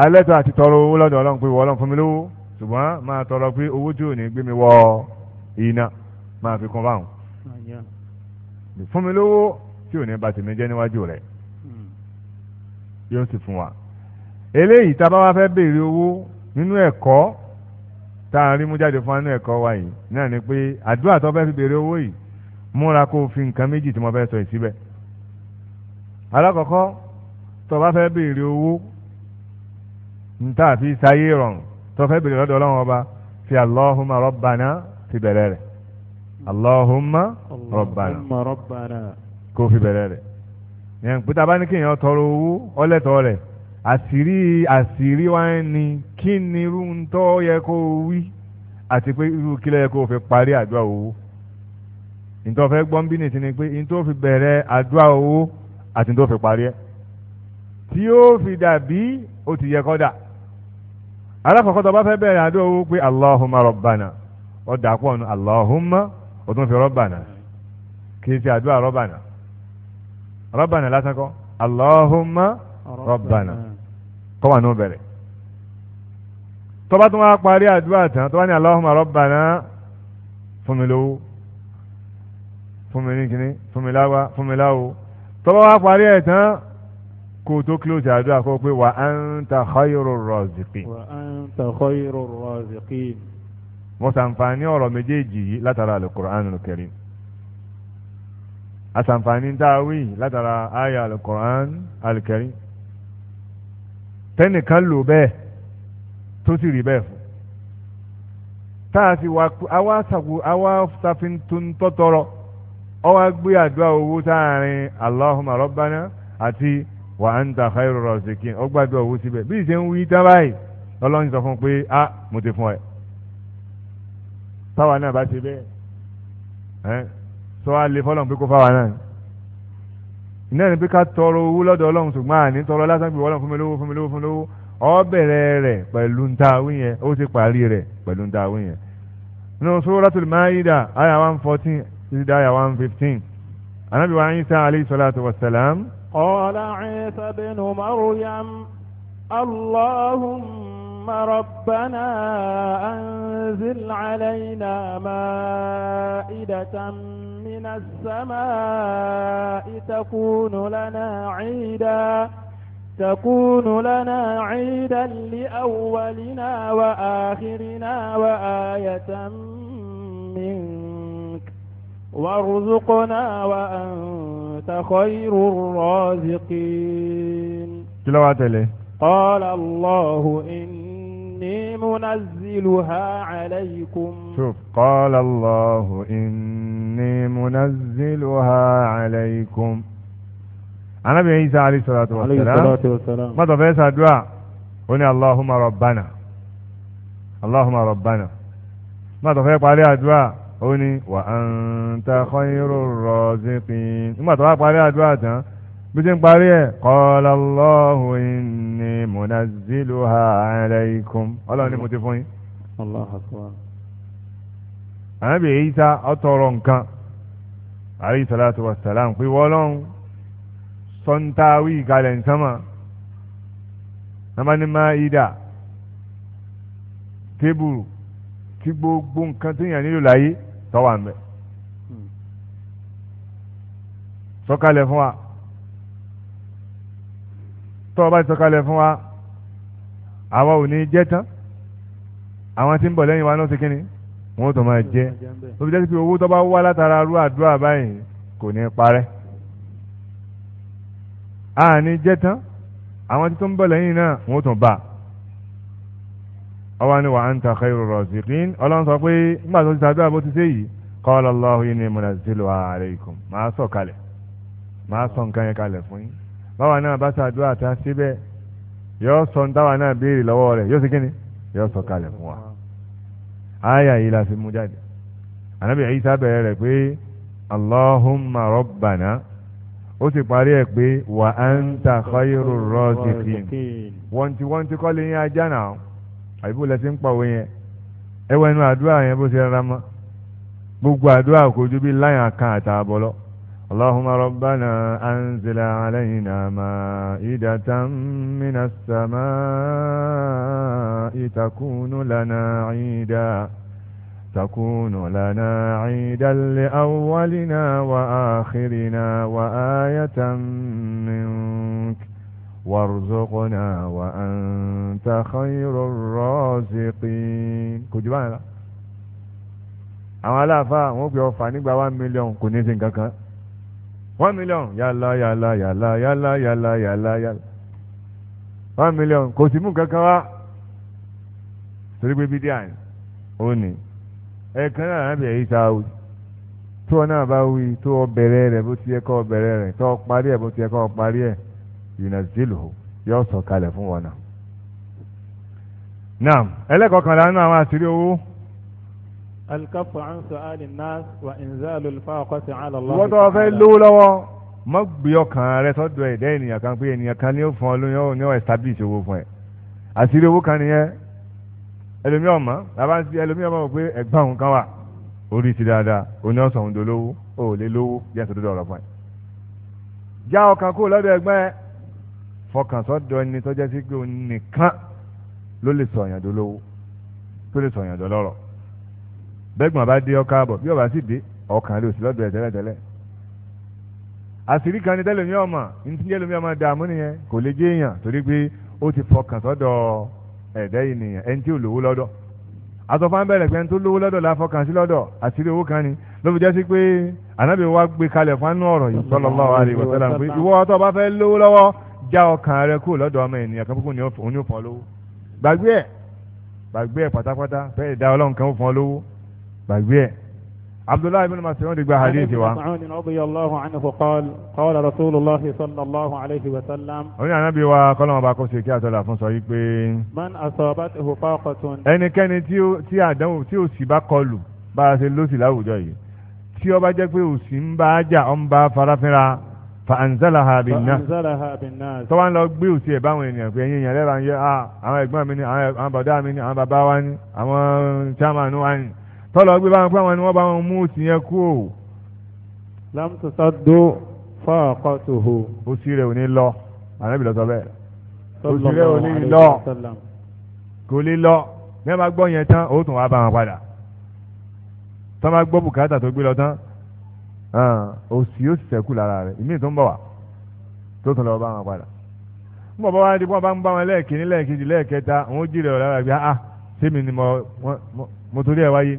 a lẹ́tọ̀ àti tọrọ owó lọ́dọ̀ ọlọ́run pé wọ́n lọ́n fún mi lówó ṣùgbọ́n máa tọrọ pé owó tí ò ní gbé mi wọ iná máa fi kún báwọn fún mi lówó tí ò ní ba jẹ́ níwájú rẹ̀ hmm. yóò sì fún wa eléyìí tá a bá wá fẹ́ béèrè owó nínú ẹ̀kọ́ tá a rí mú jáde fún wa nínú ẹ̀kọ́ wa yìí náà ni pé àdúrà tó fẹ́ fi béèrè owó yìí múra kó o fi nǹkan méjì tí mo fẹ́ sọ yìí síbẹ̀ alákọ̀ọ́kọ́ tó bá fẹ́ béèrè owó níta àfi sáyé rọrùn tó fẹ́ béèrè lọ́dọ̀ ọlọ́run ọba fi Allahumma Rabbana ti bẹ̀rẹ̀ rẹ̀ hmm. Allahumma Rabbana. kó fi bẹ̀rẹ̀ rẹ̀ yẹn pété bá ní kéèyàn tọrọ owó ọlẹ́tọ̀ rẹ̀ àṣírí àṣírí wa ni kí ni irú ń tọ́ yẹ kó o wí àti pé irú kílẹ̀ yẹ kó o fi parí àdúrà owó nítorí gbọ́n bí ni pé ní tó fi bẹ̀rẹ̀ àdúrà owó fi parí ẹ̀ tí ó fi dàbí ó ti yẹ kọ́ dà alákọ̀ọ́kọ́ tó bá fẹ́ bẹ̀rẹ̀ àdúrà owó pé ọ̀dà pọ̀ nù fi rọ́bànà lásán kọ́ Allahumma rọ́bànà kọ́ wà ní bẹ̀rẹ̀ tọ́ba tó wá parí àdúrà tán tọ́ba ní Allahumma rọ́bànà fún mi lówó fún mi ní kíní fún mi láwa fún mi láwo tọ́ba wá parí ẹ̀ tán kó tó close àdúrà kó pé wa anta khayrur raziqin. wa anta khayrur raziqin. mo sàǹfààní ọ̀rọ̀ méjèèjì yìí látara al-Qur'anul Karim asanfani dáwì látara aya alukoran alikarim tẹnìkan lò bẹ́ẹ̀ tó sì rí bẹ́ẹ̀ fún tá a sì wá awa sago awa safinton tọtọrọ ọwọ gbé àdúrà owó sáàrin Allahumma rabbana àti wa anta khairu razikin ó gbàdúrà owó síbẹ̀ bí ìṣe ń wí tán báyìí ọlọ́run sọ fún pé a mo ti fún ẹ táwa náà bá ṣe bẹ́ẹ̀ sọ wá lè fọlọ́n pé kó fáwa náà iná ni pé ká tọrọ owó lọ́dọ̀ ọlọ́run ṣùgbọ́n àní tọrọ lásán pé ọlọ́run fún mi lówó fún mi lówó fún mi lówó ó bẹ̀rẹ̀ rẹ̀ pẹ̀lú ntaawu yẹn ó ti parí rẹ̀ pẹ̀lú ntaawu yẹn nínú Suratul Maida àyà one fourteen títí dá àyà one fifteen anabi wa Isa alayhi salatu wa salam.
qala Isa bin Maryam Allahumma rabbana anzil alayna ma'idatan. من السماء تكون لنا عيدا تكون لنا عيدا لأولنا وآخرنا وآية منك وارزقنا وأنت خير الرازقين قال الله إني منزلها عليكم
شوف قال الله إني إني منزلها عليكم anabi isa alayhi salatu wasalam mọtò fẹẹ ṣàdúrà ó ní allahumma rabbana allahumma rabbana mọtò fẹẹ parí àdúrà ó ní wa anta khayrur raziqin nígbà tó bá parí àdúrà tán bí ti ń parí ẹ qala allahu inni munazziluha alaykum ọlọ́run ni mo ti fún yín ànábì Ìsá ọtọrọ nǹkan alayhi salatu wa salam pé wọ́lọ́n sọ́ńtàwí ìkàlẹ̀ nsọ́mà namani maida tébùrù tí gbogbo nǹkan tó yàn nílò láyé tọ́wà ń bẹ̀ sọ̀kalẹ̀ fún wa tọ́wọ́ bá fún wa àwa ò ní tán àwọn tí ń bọ̀ lẹ́yìn wa náà ṣe kí wọn tó máa jẹ́ tó fi jẹ́ pé owó tó bá wá látara arú àdúrà báyìí kò ní parẹ́ àní jẹ́ tán àwọn tí tó ń bọ̀ lẹ́yìn náà wọ́n tún bá ọwọ́ ni wa anta khairu raziqin ọlọ́run sọ pé nígbà tó ti sàdúrà bó ti ṣe yìí qala Allahu inni munazziluha alaykum màá sọ kalẹ̀ màá sọ nǹkan yẹn kalẹ̀ fún yín báwa náà bá sàdúrà ta síbẹ̀ yóò sọ táwa náà béèrè lọ́wọ́ rẹ̀ yóò sì kíni àyà yìí la fi mú jáde ànábì Ìsá bẹ̀rẹ̀ rẹ̀ pé Allahumma rabbana ó sì parí ẹ̀ pé wa anta khayrur raziqin wọ́n ti wọ́n ti kọ́lé yín ajá náà àbíbò lẹ́sìn ń pàwé yẹn ẹwọ́n inú àdúrà yẹn bó ṣe rárá mọ́ gbogbo àdúrà kò ju bí láyàn kan àtààbọ̀ lọ́wọ́ اللهم ربنا أنزل علينا مائدة من السماء تكون لنا عيدا تكون لنا عيدا لأولنا وآخرنا وآية منك وارزقنا وأنت خير الرازقين كجبانا أولا فا مو بيوفا نقبا مليون كنيزين كاكا one million yàlá yàlá yàlá yàlá yàlá yàlá yàlá one million kò sí mú kankan wá torí pé bídíà ni ó ní ẹ̀ẹ̀kan náà lábẹ́ èyí tá a wí tó ọ náà bá wí tó ọ bẹ̀rẹ̀ rẹ̀ bó ti yẹ kọ́ ọ bẹ̀rẹ̀ rẹ̀ tó ọ parí ẹ̀ bó ti yẹ kọ́ ọ parí ẹ̀ yunazziluhu yóò sọ̀ kalẹ̀ fún wọn náà. naam ẹlẹ́kọ̀ọ́ kan lánàá àwọn àṣírí owó
alikafu an su'ali nas wa inzalu alfaqati ala allah. wọ́n tó fẹ́
lówó lọ́wọ́ mọ gbìyọ kan rẹ sọ́dọ̀ ẹ̀dá ènìyàn kan pé ènìyàn kan ní ó fún ọ lóyún ní ó establish owó fún ẹ àṣírí owó kan nìyẹn ẹlòmíràn mọ bàbá ń sí ẹlòmíràn mọ pé ẹ̀gbọ́n òun kan wà orí ti dáadáa oní ọ̀sán òun dolówó ó lè lówó jẹ́ sọ́dọ̀ ọ̀rọ̀ fún ẹ. já ọkàn kó lọ́dọ̀ ẹgbẹ́ ẹ fọkàn sọ́dọ̀ ẹni tó jẹ́ sí pé òun nìkan ló lè sọ̀yàn dolówó tó lè sọ̀yàn dọlọ́rọ̀ bẹ́gbọ̀n bá dé ọkà àbọ̀ bí ọba sì dé ọkàn rẹ̀ òsì lọ́dọ̀ ẹ̀ tẹ́lẹ̀tẹ́lẹ̀ àṣírí kan ní tẹ́lẹ̀mí ọmọ ní tí tẹ́lẹ̀mí ọmọ dààmú nìyẹn kò lè jẹ́ èèyàn torí pé ó ti fọkàn sọ́dọ̀ ẹ̀dá ènìyàn ẹni tí ò lówó lọ́dọ̀ àtọ̀fà ń bẹ̀rẹ̀ pé ẹni tó lówó lọ́dọ̀ la fọkàn sí lọ́dọ̀ àṣírí owó kan ni ló fi jẹ́ sí pé ànábì wa gbé kalẹ̀ fún anú ọ̀rọ̀ yìí sallallahu alaihi wasallam pé ìwọ tó bá fẹ́ lówó já ọkàn rẹ kúrò lọ́dọ̀ ọmọ ènìyàn kan púpọ̀ ní òfò lówó gbàgbé ẹ̀ gbàgbé ẹ̀ pátápátá fẹ́ẹ̀ dá ọlọ́run kan fún ọ gbàgbé ẹ̀ abdullahi bin mas'ud gba hadithi wa. mas'ud
radiyallahu anhu qala qala rasulillah sallallahu alayhi wa sallam.
oní anabi wa kọ́lọ́mù bá kó ṣe kí àtọ́lá fún sọ yìí pé.
man asabathu faqatun.
ẹnikẹ́ni tí àdánwò tí òṣì bá kọlù bá a ṣe lọ́sì láwùjọ yìí tí ó bá jẹ́ pé òṣì ń bá a jà ó ń bá a farafinra fa anzalaha binnas. tọ́wọ́n lọ gbé òṣì ẹ̀ báwọn ènìyàn pé ẹ̀yin ìyàlẹ́ bá ń yẹ ah, àwọn ẹ̀gbọ́n mi ni àwọn bàbá mi ni àwọn bàbá wa ni àwọn chairman wa ni tọ́lọ̀ gbé báwọn pé àwọn ni wọ́n bá wọn mú òsì yẹn kú o. lámùtòsá dó fáwọkọ tó hó. òsì rẹ̀ ò ní lọ àrẹ́bìlọ sọ bẹ́ẹ̀ òsì rẹ̀ ò ní lọ kò lè lọ bí wọ́n bá gbọ́ yẹn tán ó tún wá bá wọn padà tọ́ bá gbọ́ bùkátà tó gbé lọ tán òsì yóò ṣẹ́kù lára rẹ̀ ìmí tó ń bọ̀ wá tó tún lọ bá wọn padà ń bọ̀ bá wá di bí wọ́n bá ń bá wọn lẹ́ẹ̀kíní lẹ́ẹ̀kejì lẹ́ẹ̀kẹta òun jìrẹ̀ ọ̀rẹ́ rẹ̀ gbé ah sẹ́mi ah, ni mo torí ẹ̀ wáyé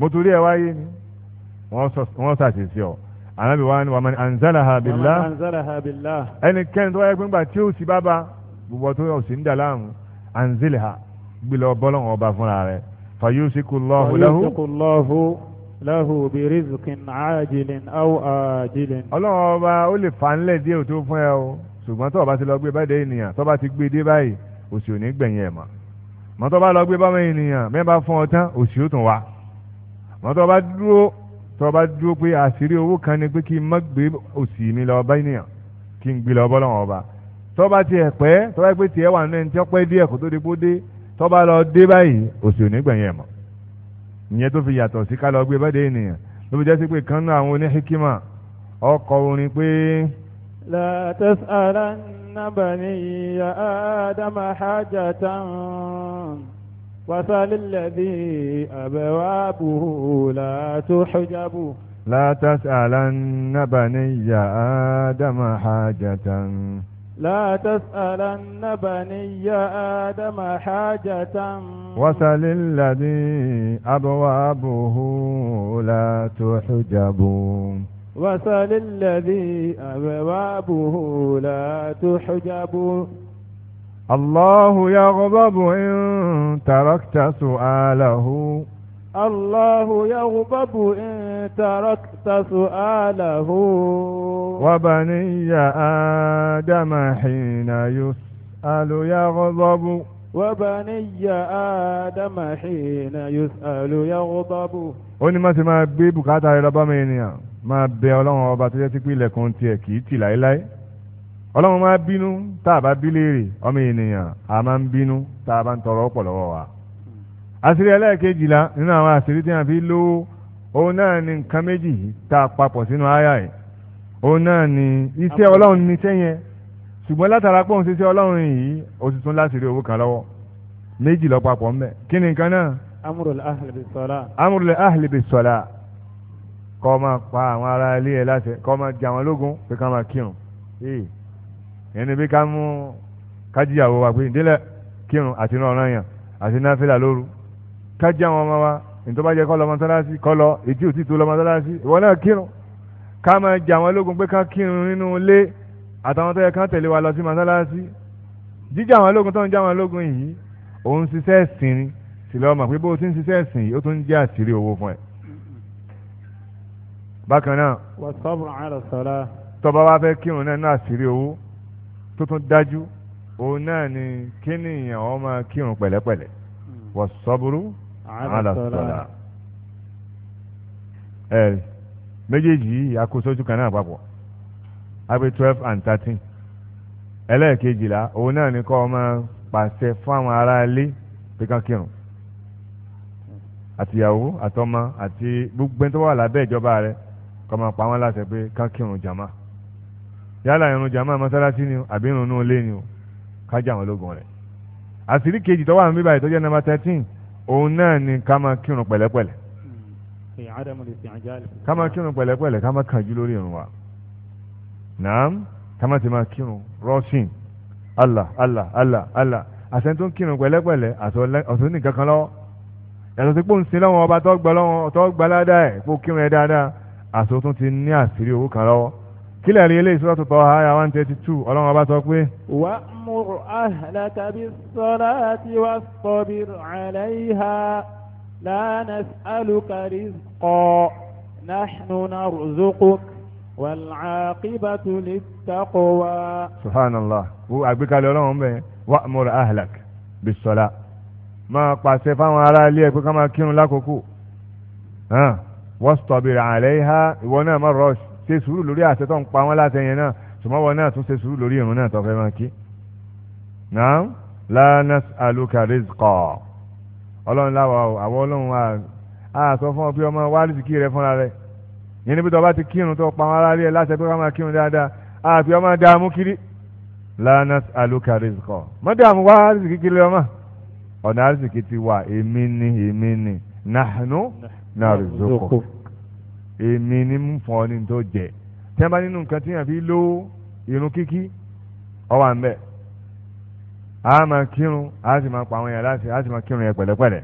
mo torí ẹ wáyé ni wọ́n ṣàṣìṣe ọ anabi wa ni wàmán anzalaha billah ẹnikẹ́ni tó wáyé pé ńgbà tí ó sì bábà gbogbo tó yọ sí ń dà láàmú anzilaha gbilẹ̀ ọbọ̀lọ́wọ́n ọba fúnra rẹ̀ fayusikullahu lahu fayusikullahu lahu bi rizqin ajilin aw ajilin. ọlọ́wọ́n ọba ó lè fà ńlẹ̀ díẹ̀ tó fún ẹ o ṣùgbọ́n tó o bá ti lọ gbé bá dé tó o bá ti gbé dé báyìí òṣì ò ní gbẹ̀yìn ẹ̀ mọ́ mọ́tò bá lọ gbé bá mọ́ ènìyàn fún ọ tán òṣì ó tún wá wọn tó bá dúró tó bá dúró pé àṣírí owó kan ni pé kí n má gbé òsì mi lọ bá ènìyàn kí n gbé lọ bọ́lọ́wọ́n ọba tó bá tiẹ̀ pẹ́ tó bá pé tiẹ̀ wà nínú ẹni tí ó pẹ́ díẹ̀ kó tó di bó dé tó bá lọ dé báyìí òsì òní gbẹ̀yìn ẹ̀ mọ́ ìyẹn tó fi yàtọ̀ sí ká lọ gbé bá dé ènìyàn ló fi jẹ́ pé kan náà àwọn oníhíkímà ọkọ̀ orin pé. la
tas'alanna baniya adama hajatan. وفللذي الذي أبوابه لا تحجب
لا تسألن بني آدم حاجة
لا تسألن بني آدم حاجة
وسل الذي أبوابه لا تحجب
وسل الذي أبوابه
لا تحجب الله يغضب إن تركت سؤاله
الله يغضب
إن تركت سؤاله وبني آدم حين يسأل يغضب وبني
آدم حين يسأل يغضب
ó ní má ti máa gbé bùkátà rẹ lọ bá mi ènìyàn máa bẹ ọlọ́run ọba tó yẹ sí pé ilẹ̀kùn tiẹ̀ kì í tì láéláé ọlọ́run máa bínú tá a bá bí léèrè ọmọ ènìyàn a máa ń bínú tá a bá ń tọrọ ọ̀pọ̀ lọ́wọ́ wa. àṣírí ẹlẹ́ẹ̀kejìlá nínú àwọn àṣírí tí wọ́n fi lò òun náà ni nǹkan méjì tá a papọ̀ sínú àyà yìí òun náà ni iṣẹ́ ọlọ́run ní sẹ́yìn ṣùgbọ́n látara pé òun ṣe iṣẹ́ ọlọ́run yìí ó ti tún láṣìírí owó kan lọ́wọ́ méjì lọ papọ̀ ńbẹ kí ni nǹkan náà.
amúrùlẹ̀ ahli
bisola. amúrùlẹ̀ ahli yẹn ni bí ká mú kájíyàwó wa pé ìdílẹ̀ kírun àti inú ọ̀ràn yàn àti náfìlà lóru kájí àwọn ọmọ wa ìtọ́ba jẹ́ kọ́ lọ mọ́sálásí kọ́ lọ etí ò ti tó lọ mọ́sálásí ìwọ náà kírun ká máa jà àwọn ológun pé ká kírun nínú ilé àtàwọn tó yẹ ká tẹ̀lé wa lọ sí mọ́sálásí jíjà àwọn ológun tó ń jà àwọn ológun yìí òun ṣiṣẹ́ ẹ̀sìn ni sì lọ́ọ́ mọ̀ pé bó o ti ń ṣiṣẹ́ ẹ̀sìn yìí ó tún ń jẹ́ àṣírí owó fún ẹ. bákan náà tọ́ba wa fẹ́ kírun náà ní àṣírí owó tó tún dájú òun náà ni kí ni èèyàn ó máa kírun pẹ̀lẹ́pẹ̀lẹ́ wọ́n sọ́burú alàsọ̀là ẹ̀ méjèèjì yìí akósojú kan náà papọ̀ agbe twelve and thirteen ẹlẹ́ẹ̀kejìlá òun náà ni kọ́ ọ máa pàṣẹ fún àwọn ará ilé pé kán kírun àtìyàwó àtọmọ àti gbogbo ẹni tó wà lábẹ́ ìjọba rẹ̀ kọ́ máa pa wọ́n láṣẹ pé kán kírun jàmáà yálà irun jama masalasi ni o àbí irun inú ilé ni o kájà wọn lógun rẹ àṣírí kejì tó wà bíbáyìí tó jẹ́ nàmbà thirteen òun náà ni kama máa kírun pẹ̀lẹ́pẹ̀lẹ́
hmm.
Kama máa kírun pẹ̀lẹ́pẹ̀lẹ́ kama máa kánjú lórí irun wa naam ká ti máa kírun rọ́ọ̀sìn Allah Allah Allah Allah àṣẹ tó ń kírun pẹ̀lẹ́pẹ̀lẹ́ àtọ̀ ní kankan lọ́wọ́ yàtọ̀ sí pò ń sin lọ́wọ́ ọba tó gbọ́ lọ́wọ́ tó gbọ́ ládàá ẹ̀ kó kírun ẹ̀ dáadáa àtọ̀ tó ti ní àṣírí owó kan lọ́wọ́ kílẹ̀ rí eléyìí sọ́tò tọ́ àyà one thirty two ọlọ́run ọba sọ pé. wa
mur ahlaka bis-salati wastabir 'alayha la nas'aluka rizqa nahnu narzuquk wal-'aqibatu lit-taqwa.
subhanallah wo àgbékalẹ̀ ọlọ́run bẹ́ẹ̀ wa mur ahlak bis-salati máa pàṣẹ fáwọn aráalé ẹ̀ pé ká máa kírun lákòókò wastabir 'alayha ìwọ náà má rọ̀ọ̀ṣì ṣe sùúrù lórí àṣẹ tó ń pa wọ́n láṣẹ yẹn náà ṣùgbọ́n wọn náà tún ṣe sùúrù lórí ìrun náà tó fẹ́ máa kí. náà la nas'aluka rizqa ọlọ́run láwa o àwọn ọlọ́run a sọ fún ọ pé ọmọ wa rìsíkì rẹ fúnra rẹ yẹn níbi tó bá ti kírun tó pa wọn aráàlú ẹ láṣẹ ká máa kírun dáadáa àfi ọmọ dààmú kiri la nas'aluka rizqa mọ́ dààmú wa rìsíkì kiri ọmọ ọ̀nà rìsíkì ti wà èmi ni èmi ni nahnu narzuqu èmi ní mú fún ọ ní tó jẹ tí wọn bá nínú nǹkan tí yàn fi lówó irun kíkí ọwọ à a máa kírun a sì máa pa àwọn yàrá láti a sì máa kírun yẹn pẹ̀lẹ́pẹ̀lẹ́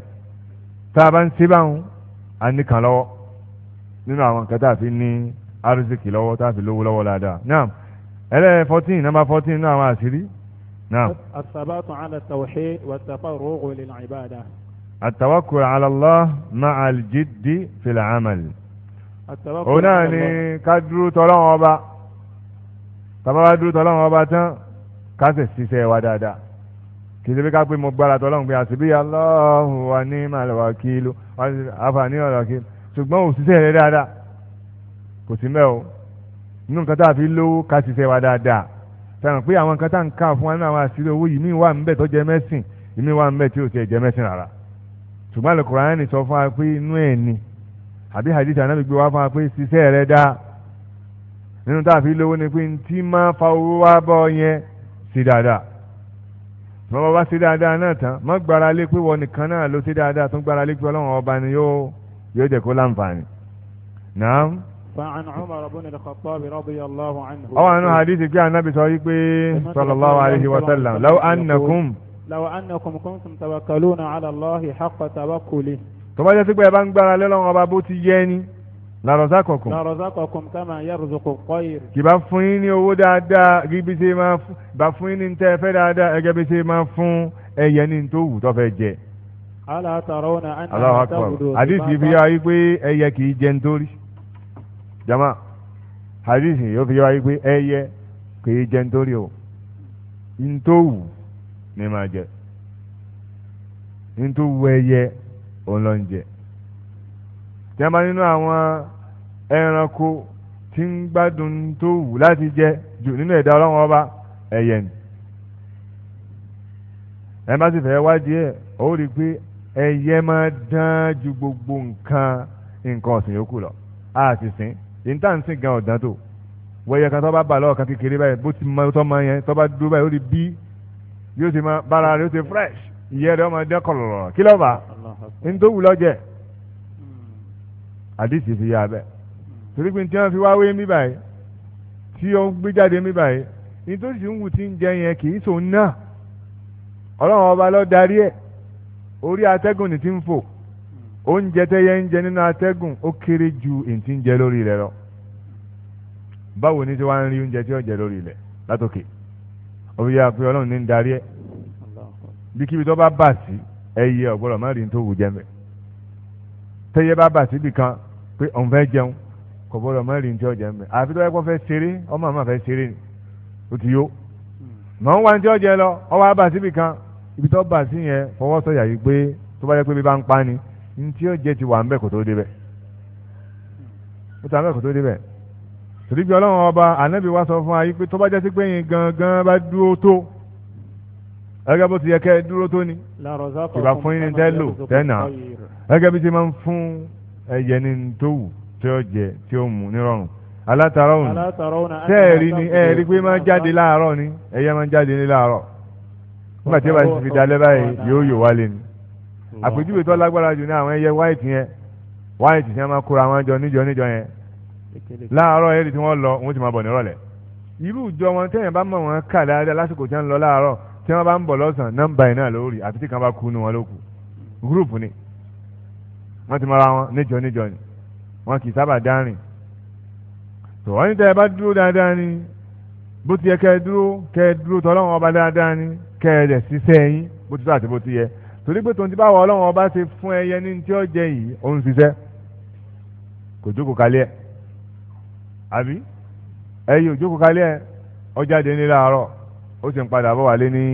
tá a bá ń ṣe a ní kan nínú àwọn nǹkan tá a fi ní arziki lọ́wọ́ tá a fi lówó lọ́wọ́ dáadáa náà ẹlẹ́ fourteen nàmbà fourteen nínú àwọn àṣírí náà.
asabatu ala tawhid wa tafarruqu lil ibada.
atawakkul ala Allah ma'al jiddi fil amal òun náà ni ká dúró tọ́lọ́wọ́n ọba tàbá wá dúró tọ́lọ́wọ́n ọba tán ká sì ṣiṣẹ́ wa dáadáa kì í ṣe bí ká pé mo gbára tọ́lọ́wọ́n pé àṣìbí Allahu wa ní màlúwà kíló àfààní ọ̀rọ̀ kíló ṣùgbọ́n òṣìṣẹ́ rẹ dáadáa kò sí mẹ́ o nínú nǹkan tá a fi lówó ká ṣiṣẹ́ wa dáadáa sàràn pé àwọn nǹkan tá n kà fún wa nínú àwọn àṣírí owó yìí mí wà ń bẹ tó jẹ mẹ́sìn ìmí wà ń bẹ tí ò tiẹ̀ jẹ mẹ́sìn rárá ṣùgbọ́n Al-Kùránì sọ fún wa pé inú ẹ̀ ni àbí hadith anabi gbé wá fún wa pé ṣiṣẹ́ rẹ dá nínú tá a fi lówó ni pé ntí máa fa owó wá bọ́ yẹn sí dáadáa bàbá bá sí dáadáa náà tán má gbára lé pé wọn nìkan náà ló sí dáadáa tún gbára lé pé ọlọ́run ọba ni yóò yóò jẹ́ kó láǹfààní. naam.
فعن عمر بن الخطاب رضي الله عنه أو أنه حديث
جاء النبي صلى الله عليه وسلم لو أنكم
لو أنكم كنتم توكلون
على الله حق توكله tọ́ba jẹ́ sípẹ́ ẹ bá ń gbára lé Ọlọ́run ọba bó ti yẹ ni làrọ̀sá kọ̀kùn. làrọ̀sá
kọ̀kùn kama yarzuqu qair.
kì bá fún yín ní owó dáadáa kì bí ṣe máa fún bá fún yín ní tẹ́ fẹ́ dáadáa ẹgẹ́ bí ṣe máa fún ẹyẹ ní tó wù tó jẹ.
ala tarawna àdìsí fi yá wáyé
pé ẹyẹ kì í jẹ nítorí. jama àdìsí yóò fi yá wáyé pé ẹyẹ kì í jẹ nítorí o. ntòwù ni máa jẹ ntòwù ẹyẹ òun ló ń jẹ tí a bá nínú àwọn ẹranko tí ń gbádùn tó wù láti jẹ jù nínú ẹ̀dá ọlọ́run ọba ẹyẹ ni ẹ bá sì fẹ́ wádìí ẹ̀ ó rí i pé ẹyẹ máa dán ju gbogbo nǹkan nǹkan ọ̀sìn yòókù lọ a sì sìn yìí tá à ń sìn gan ọ̀dán tó wẹ̀yẹ kan tó bá bà lọ́ọ̀kan kékeré báyìí bó ti mọ tó mọ yẹn tó bá dúró báyìí ó rí bí yóò ti máa bára rẹ̀ ó ti fresh ìyẹ́ rẹ̀ ọmọ dẹ́kọ̀lọ̀lọ̀ kí ló bá ntòwù lọ́jẹ̀ hmm. àdìsí fi yà bẹ́ẹ̀ hmm. torí pé tí wọ́n fi wáwé mí báyìí tí ó ń gbé jáde mí báyìí nítorí tí ń wù tí ń jẹ yẹn kì í sòun náà ọlọ́run ọba ló darí ẹ̀ orí atẹ́gùn ní ti ń fò hmm. oúnjẹ tẹ́yẹ ń jẹ nínú atẹ́gùn ó kéré ju èyí tí ń jẹ lórí rẹ̀ lọ báwo ni tí wàá ń rí oúnjẹ tí ó jẹ lórí rẹ̀ látòkè òbí yà pé ọlọ́run ní ń darí ẹ̀ bí kíbi tó bá bà sí ẹyẹ ọ̀gbọ́dọ̀ má rí ní tó wù jẹ́ mẹ́ tẹ́yẹ bá bà síbi kan pé òun fẹ́ jẹun kò gbọ́dọ̀ má rí ní tí ọjà mẹ́ àfi tó yẹ kó fẹ́ ṣeré ọmọ àmọ́ fẹ́ ṣeré ni ó ti yó mọ̀ ń wá ní tí ọjà lọ ọwọ́ àbà síbi kan ibi tó bà sí yẹn fọwọ́ sọ̀yà yìí pé tó bá yẹ pé bí bá ń pa ni ní tí ọjà ti wà ńbẹ̀ kò tó débẹ̀ ó ta ńbẹ̀ kò tó débẹ̀ torí bí ọlọ́run ọba ànábì wa sọ fún wa yìí pé tó bá jẹ́ sí pé yín gangan bá dúró tó gẹ́gẹ́ bó ti yẹ kẹ́ dúró tó ni
ìgbà fún yín ni tẹ́ lò tẹ́ nà
gẹ́gẹ́ bí ti máa ń fún ẹyẹ ni tó wù tí ó jẹ tí ó mu nírọ̀rùn alátara òun
tẹ́ ẹ̀ rí ni ẹ̀ rí pé
máa jáde láàárọ̀ ni ẹyẹ máa jáde ní láàárọ̀ nígbà tí ó bá ti fi dalẹ́ báyìí yóò yò wálé ni àpèjúwe tó lágbára jù ní àwọn ẹyẹ white yẹn white yẹn máa kóra wọn jọ níjọ níjọ yẹn láàárọ̀ ẹ̀rí tí wọ́n lọ wọ́n ti máa bọ̀ nírọ̀lẹ́ irú ìjọ wọn tẹ́yìn bá mọ̀ wọn kà dáadáa lásìkò tí wọ́n lọ láàárọ̀ tí wọ́n bá ń bọ̀ lọ́sàn-án nọ́mbà yìí náà lórí àti tí kan bá kú nu wọn ló kù gúrùpù ni wọ́n ti mọ́ra wọn níjọ níjọ ni wọn kì í sábà dárìn tó wọ́n ní tẹ́ ẹ bá dúró dáadáa ni bó ti yẹ kẹ́ ẹ dúró kẹ́ ẹ dúró tọ́ ọlọ́run ọba dáadáa ni kẹ́ ẹ dẹ̀ ṣiṣẹ́ yín bó ti tó àti bó ti yẹ torí pé tòun ti bá wọ ọlọ́run ọba ṣe fún ẹyẹ ní tí ó jẹ yìí òun ṣiṣẹ́ kò jókòó kalẹ̀ ẹ̀ àbí ẹyẹ ò jókòó kalẹ̀ ọjà dé ní láàárọ̀ ó sì ń padà bọ̀ wálé ní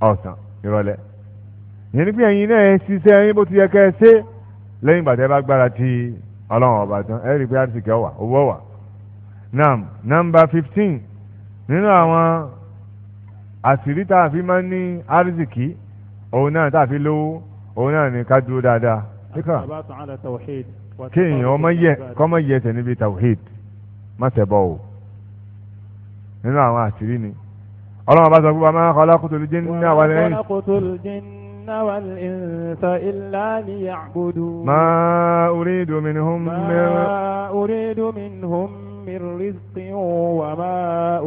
ọ̀sán ìrọ̀lẹ́ yẹn ni pé ẹ̀yin náà ẹ ṣiṣẹ́ yín bó ti yẹ kẹ́ ẹ ṣe lẹ́yìn ìgbàdẹ́ bá gbára ti ọlọ́run ọba tán ẹ rí i pé àtìkẹ́ wà owó wà nam nọmba fifteen nínú àwọn àṣírí tá a fi máa ń ní arzikì òun náà tá a fi lówó òun náà ní ká dúró dáadáa.
kéèyàn ọmọ yẹ kọ́mọ
yẹ ẹsẹ̀ níbi tawhid má ṣẹbọ o nínú àwọn àṣírí ni ọlọ́run bá sọ pé wa ma khalaqtul jinna
wal insa illa
liya'budun. ma uridu minhum min. ma
uridu minhum min rizqin wa ma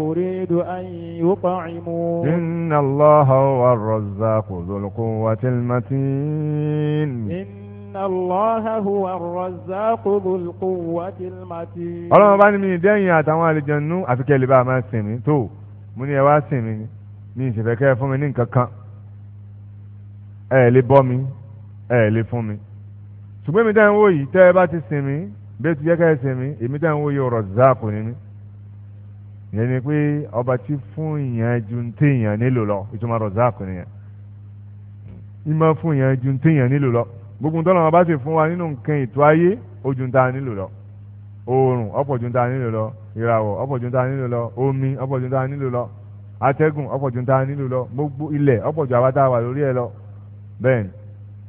uridu an yut'imun.
inna Allaha huwa ar-razzaqu dhul quwwatil matin.
Inna Allaha huwa ar-razzaqu dhul quwwatil matin. ọlọ́run
bá ní mi dẹ́yìn àtàwọn àlejò nù àfikẹ́ lè bá a máa sìn mí tó mo ní ẹ wá sìn mi ní ìṣẹ̀fẹ̀ kẹ́ ẹ fún mi ní nǹkan kan ẹ ẹ lè bọ́ mi ẹ ẹ lè fún mi ṣùgbọ́n èmi dáhùn wò yìí tẹ́ ẹ bá ti sìn mí bẹ́ẹ̀ ti jẹ́ ká ẹ sìn mí èmi dáhùn wò yìí ọ̀rọ̀ zákò ni mí ìyẹn ni pé ọba ti fún ìyẹn ju téèyàn nílò lọ ìtumọ̀ ọ̀rọ̀ zákò nìyẹn ìmọ̀ fún ìyẹn ju téèyàn nílò lọ gbogbo ntọ́nà ọba ti fún wa nínú nǹkan ètò ayé ó ju ta nílò lọ oòrùn ọ̀pọ̀jù ń ta nílò lọ ìràwọ̀ ọ̀pọ̀jù ń ta nílò lọ omi ọ̀pọ̀jù ń ta nílò lọ atẹ́gùn ọ̀pọ̀jù ta nílò lọ gbogbo ilẹ̀ ọ̀pọ̀jù àwa a wà lórí ẹ̀ lọ bẹ́ẹ̀ ni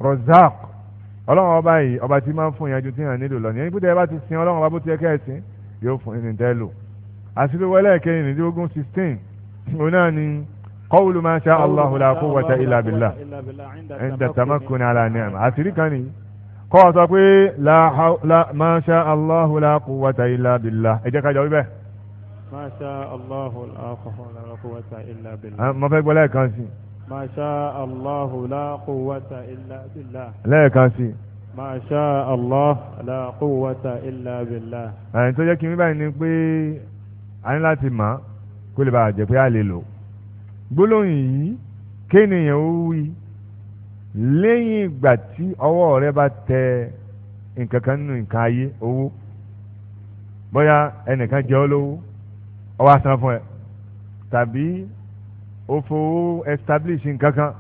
Razak ọlọ́run ọba yìí ọba tí máa ń fún yẹn ju tí yẹn nílò lọ nìyẹn nípìtẹ́ bá ti sin ọlọ́run ọba bó ti yẹ kẹ́ ẹ̀ sìn yóò fún yín tẹ́ lò àṣìlówẹ́lẹ́ kẹyìn nídìógún sixteen òun náà ni qawlu ma sha Allahu la quwwata illa billah inda tamakkun ala ni'am kọ́ ọ sọ pé la masha allahu la quwwata illa billah ẹ jẹ́ ká jọ wíbẹ̀.
masha allahu la quwwata illa billah. Ah,
mo fẹ́ gbọ́ lẹ́ẹ̀kan sí.
masha allahu la quwwata illa billah. lẹ́ẹ̀kan sí. masha allah la quwwata illa
billah. ẹ̀yin ah, tó jẹ́ kí n báyìí ni pé a ní láti mọ̀ kó lè bàa jẹ́ pé a lè lò gbólóhùn yìí kéènìyàn ó wí lẹ́yìn ìgbà tí ọwọ́ rẹ bá tẹ nǹkan kan nínú nǹkan ayé owó bóyá ẹnìkan jẹ ọ́ lówó ó wá san fún ẹ tàbí o fowó establish nǹkan kan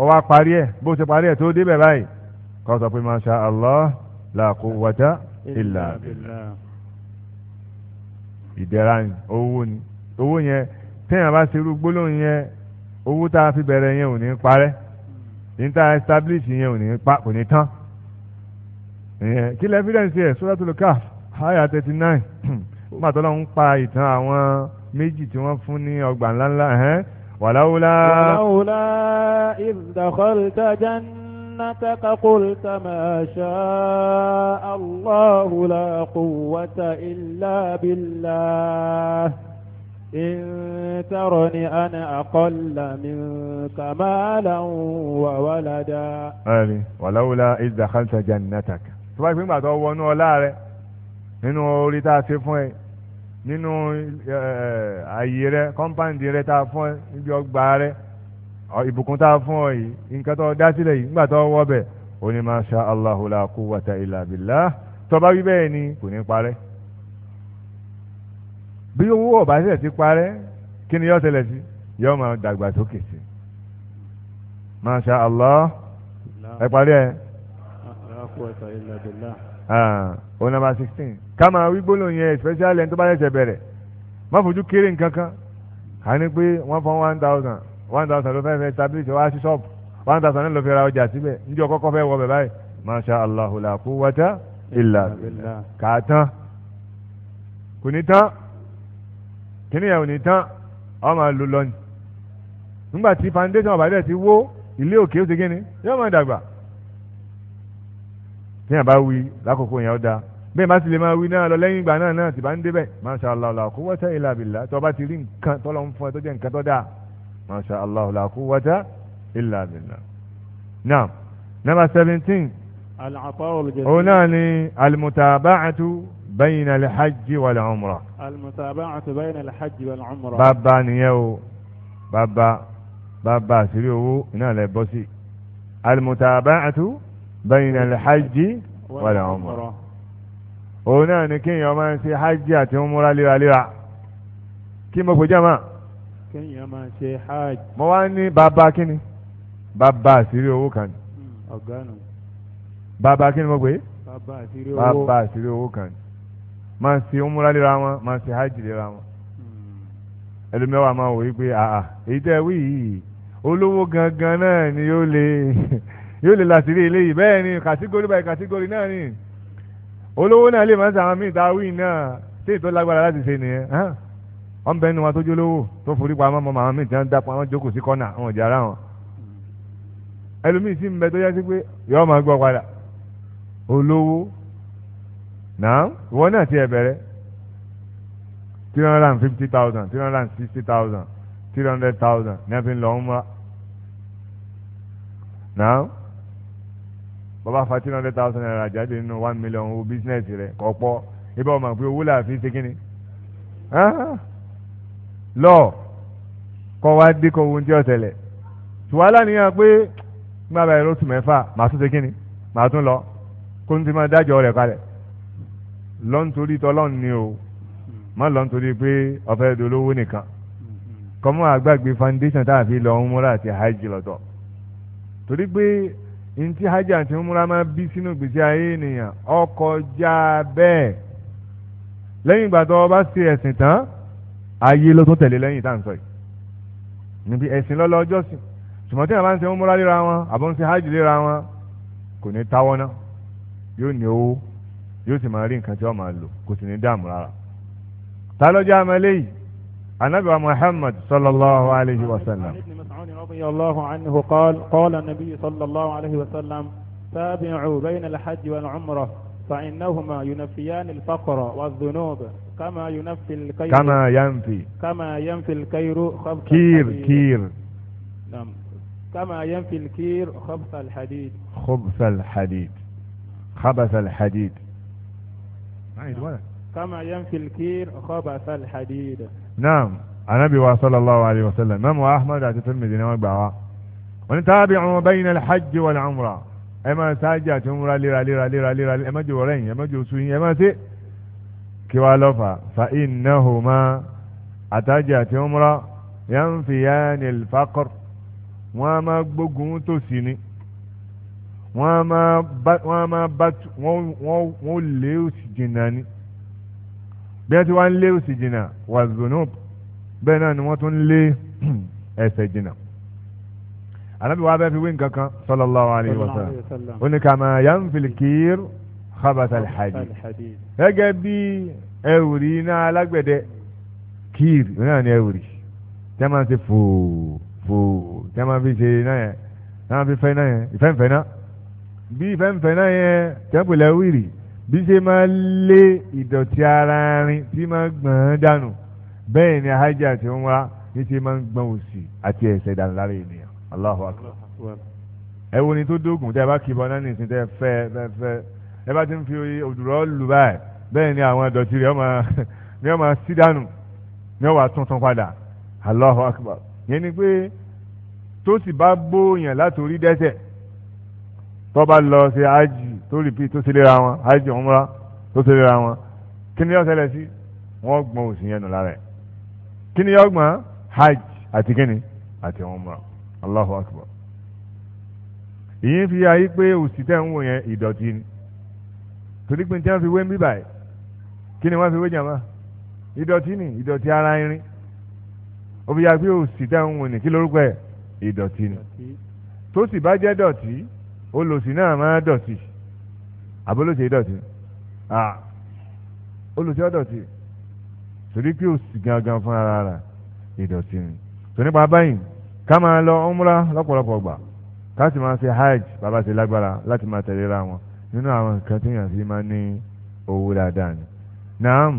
ó wá parí ẹ bó ṣe parí ẹ tó débẹ̀ báyìí kó sọ pé masha allah la quwwata illa billah ìdẹ̀ra ni owó ni owó yẹn téèyàn bá ṣerú gbólóhùn yẹn owó tá a fi bẹ̀rẹ̀ yẹn ò ní parẹ́ níta establish yẹn ò ní pa kò ní tán ìyẹn kí lẹ́ evidence yẹ Suratul Kahf àyà thirty nine <clears throat> nígbà tó lọ́n ń pa ìtàn àwọn méjì tí wọ́n fún ní ọgbà ńláńlá wàláwùlá. wàláwùlá
ìdàkọ́lùtà jannataka qulta ma sha Allahu la quwwata illa billah. إن ترني أنا أقل منك مالا وولدا
أبي ولولا إذ دخلت جنتك tó bá yẹ pé ńgbà tó wọnú ọlá rẹ nínú orí tá a ṣe fún ẹ nínú ààyè rẹ kọ́ńpáǹdì rẹ tá a fún ẹ níbi ọgbà rẹ ìbùkún tá a fún la quwwata illa billah tó bá wí ni kò ní parẹ́ bí owó ọ̀bá ṣẹ̀ ti parẹ́ kí ni yóò ṣẹlẹ̀ sí yóò máa dàgbà sókè sí masha allah ẹ parí ẹ. Ah, o nàbà sixteen ká máa wí gbólóhùn yẹn especially ẹni tó bá ṣẹ̀ṣẹ̀ bẹ̀rẹ̀ má fojú kéré nǹkan kan kà ní pé wọ́n fọ́n one thousand one thousand ló fẹ́ fẹ́ establish wá sí ṣọ́ọ̀bù one thousand ló fi ra ọjà síbẹ̀ níjọ́ kọ́kọ́ fẹ́ wọ bẹ̀ báyìí masha allah la quwwata illa billah kà á tán kò ní tán kíní yẹn ò ní tán ọ máa lò lọ ni nígbà tí foundation ọ̀bàdàn ti wó ilé òkè ó ti kíni yóò máa dàgbà tíyàn bá wí lákòókò yẹn ó dáa bẹ́ẹ̀ bá sì lè máa wí náà lọ lẹ́yìn ìgbà náà náà sì bá ń débẹ̀ masha allah la quwwata illa billah tó bá ti rí nǹkan tó ń fún ẹ tó jẹ́ nǹkan tó dáa masha allah la quwwata illa billah. now number seventeen. al-ata'u òun náà ni al-mutaba'atu. بين الحج والعمرة
المتابعة بين الحج والعمرة بابا
نيو بابا بابا سريو هنا لبوسي المتابعة بين الحج والعمرة هنا نكين يوم سي حج عمرة لوا لوا كم في جماعة كين يوم سي حاج مواني بابا كني بابا àṣírí كان. kan بابا كني bàbá
بابا ni بابا
pè كان máa ṣe umra lera wọn máa ṣe hajj lera wọn ẹlòmẹ́wàá máa wòye pé àà èyí tẹ́ wí yìí olówó gangan náà ni yóò lè <laughs> yóò lè láti rí eléyìí bẹ́ẹ̀ ni kàtígórì báyìí kàtígórì náà ni olówó náà lè máa ń sàwọn míì dáwìn náà tí ètò lágbára láti ṣe nìyẹn wọn bẹ nínú wọn tó jólówó tó forí pa àwọn ọmọ àwọn míì ń dápa wọn jókòó sí kọ́nà àwọn ọ̀jà ara wọn ẹlòmíì sì ń bẹ tó yẹ sí pé yọọ náà ìwọ náà ti ẹ̀ bẹ̀rẹ̀ three hundred and fifty thousand three hundred and sixty thousand three hundred thousand ní fi ń lọ ń bàbá fa three hundred thousand naira jáde nínú one million owó bísínẹ́sì rẹ̀ kọ́pọ́ ibà ọmọ pé owó làá fi ṣe kí ni lọ kọ́ wá dín kọ́ ohun tí ó tẹ̀lẹ̀ tùwálà nìyẹn pé nígbà báyìí ló tù mẹ́fà màá tún ṣe kí ni màá tún lọ kó ní ti máa dájọ́ rẹ̀ kalẹ̀ lọ́ntorí tọ́lọ́n ni o má lọ́ntorí pé ọ̀fẹ́ dolówó nìkan mm-hmm. kọ́mọ́ àgbàgbé foundation tá a fi lọ umura àti hajj lọ́tọ̀ torí pé ntí hajj àti umura máa bí sínú gbèsè ayé ènìyàn ọkọ̀ já bẹ́ẹ̀ lẹ́yìn ìgbà tó o bá ṣe ẹ̀sìn tán ayé ló tún tẹ̀lé lẹ́yìn tá à ń sọ yìí níbi ẹ̀sìn lọ́lọ́ ọjọ́ sìn tí a bá ń ṣe yóò sì máa rí nǹkan tí wọ́n máa lò kò sì ní dààmú rárá ta ló jẹ́ àmọ́ eléyìí anabi wa muhammad sallallahu alayhi wa sallam.
الله صلى الله عليه وسلم تابعوا بين الحج والعمرة فإنهما ينفيان الفقر والذنوب كما ينفي الكير كما ينفي كما ينفي الكير خبث كير الحديد. كير نعم كما ينفي الكير خبث الحديد
خبث الحديد خبث الحديد
عيد نعم. ولا كما ينفي الكير خبث الحديد
نعم النبي صلى الله عليه وسلم ما هو احمد عتف المدينه واربعه ونتابع بين الحج والعمره اما ساجا تمرا لرا لرا لرا لرا اما جورين اما جوسوين اما سي كوالوفا فانهما اتاجا تمرا ينفيان الفقر وما بقوت سنين wọ́n á máa bá wọ́n á máa bá wọ́n wọ́n wọ́n lé òsì jìnnà ni bí wọ́n ti wá ń lé òsì jìnnà wà zonop bẹ́ẹ̀ náà ni wọ́n tún lé <clears throat> ẹ̀ṣẹ̀ jìnnà. alábi wa bẹ́ẹ̀ fi wí nǹkan kan sallallahu alayhi wa sallam ó ní kama yanfil kir khabata alhadid gẹ́gẹ́ bí ẹ̀wùrì iná alágbẹ̀dẹ kir náà ni ẹ̀wùrì tẹ́ máa ti fòó fòó tẹ́ máa fi ṣe náà yẹn tẹ́ máa fi fẹ́ náà yẹn ìfẹ́ ń fẹ́ náà bí fẹ́ǹfẹ́ náà yẹn tẹ́ǹpìlẹ̀ wìrì bí ṣe máa lé ìdọ̀tí ara rin tí máa gbọ̀n dànù bẹ́ẹ̀ ni ahájà ti ń wá ní ṣe máa ń gbọ̀n òsì àti ẹ̀sẹ̀ dànù lára ènìyàn Allahu akbar ẹ wo ni tó dógùn tẹ́ ẹ bá kí bọ́ná nìsín tẹ́ fẹ́ fẹ́ fẹ́ ẹ bá ti ń fi òdùrọ̀ lù báyìí bẹ́ẹ̀ ni àwọn ìdọ̀tí rẹ̀ ni wọ́n máa sí dànù ni wọ́n wá tuntun padà Allahu akbar yẹn ni pé tó sì bá bóyàn látòrí dẹ́sẹ̀ tó bá lọ ṣe ájì tó rìpí tó ṣe léra wọn ájì ọmúra tó ṣe léra wọn kí ni yóò ṣẹlẹ̀ sí wọ́n gbọ́n òsì yẹn nù lára ẹ̀ kí ni yóò gbọ́n hajj àti kí ni àti ọmúra Allahu Akbar ìyẹn fi ayé pé òsì tẹ̀ ń wò yẹn ìdọ̀tí ni torí pé tí fi wé ń bí báyìí kí ni wọ́n fi wé jàmbá ìdọ̀tí ni ìdọ̀tí ara irin òbí yà pé òsì tẹ̀ ń wò ni kí lórúkọ ẹ̀ ìdọ̀tí ni tó sì bá jẹ́ dọ̀tí olòṣì náà máa dọ̀tí àbólòṣì dọ̀tí olòṣì ọ̀dọ̀tí torí pé òṣì gangan fún ara rà ìdọ̀tí ni tó nípa báyìí ká máa lọ umra lọ́pọ̀lọpọ̀ gbà ká sì máa ṣe hajj bàbá ṣe lágbára láti máa tẹ̀lé ra wọn nínú àwọn nǹkan tí èèyàn fi máa ní owó dáadáa ni. naam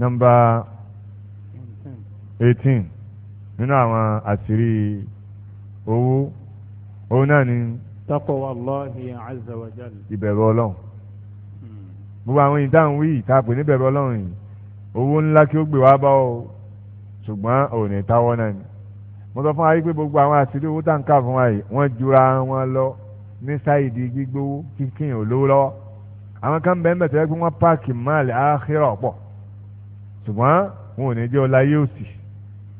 nọ́mbà eighteen nínú àwọn àṣírí owó owó náà ni
taqwa الله عز وجل. jalla.
ìbẹ̀rù ọlọ́run hmm. gbogbo àwọn yìí dáhùn wí ìtàpè níbẹ̀rù ọlọ́run yìí owó ńlá kí ó gbé wá bá ọ ṣùgbọ́n ò ní táwọ́ náà ni mo sọ fún wa yìí pé gbogbo àwọn àṣírí owó tá n kà fún wa yìí wọ́n jura wọn lọ ní sáìdì gbígbówó kíkìn olówó lọ́wọ́ àwọn kan bẹ́ẹ̀ mẹ́tọ́ pé wọ́n páàkì máàlì áhírọ̀ pọ̀ ṣùgbọ́n wọn ò ní jẹ́ ọláyé òsì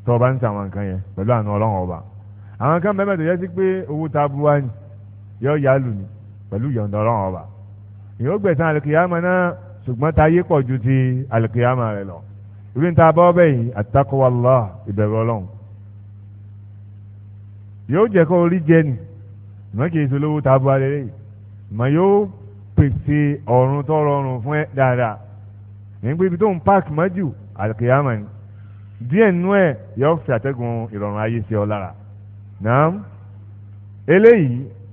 tó o bá ń ta nǹkan yẹn pẹ̀lú àánú ọlọ́run ọba àwọn kan bẹ́ẹ̀ mẹ́tọ́ yọ ya lù ní pẹ̀lú yọ̀ǹda ọlọ́run ọba ìyẹn ó gbẹ̀sán àlùkìyàmà náà ṣùgbọ́n ta yé pọ̀ ju ti àlùkìyàmà rẹ lọ ìwé níta bọ́ bẹ́yìn àtàkọ́wàlá ìbẹ̀rù ọlọ́run yóò jẹ́ kó orí jẹ nì mọ́ kì í ṣe olówó ta bu alẹ́ yìí mọ́ yóò pèsè ọ̀run tó rọrùn fún ẹ dáadáa nígbà ibi tó ń páàkì mọ́jú àlùkìyàmà ni díẹ̀ nínú ẹ̀ yóò fi àtẹ́gùn ìrọ̀rùn ayé sí ọ lára náà eléyìí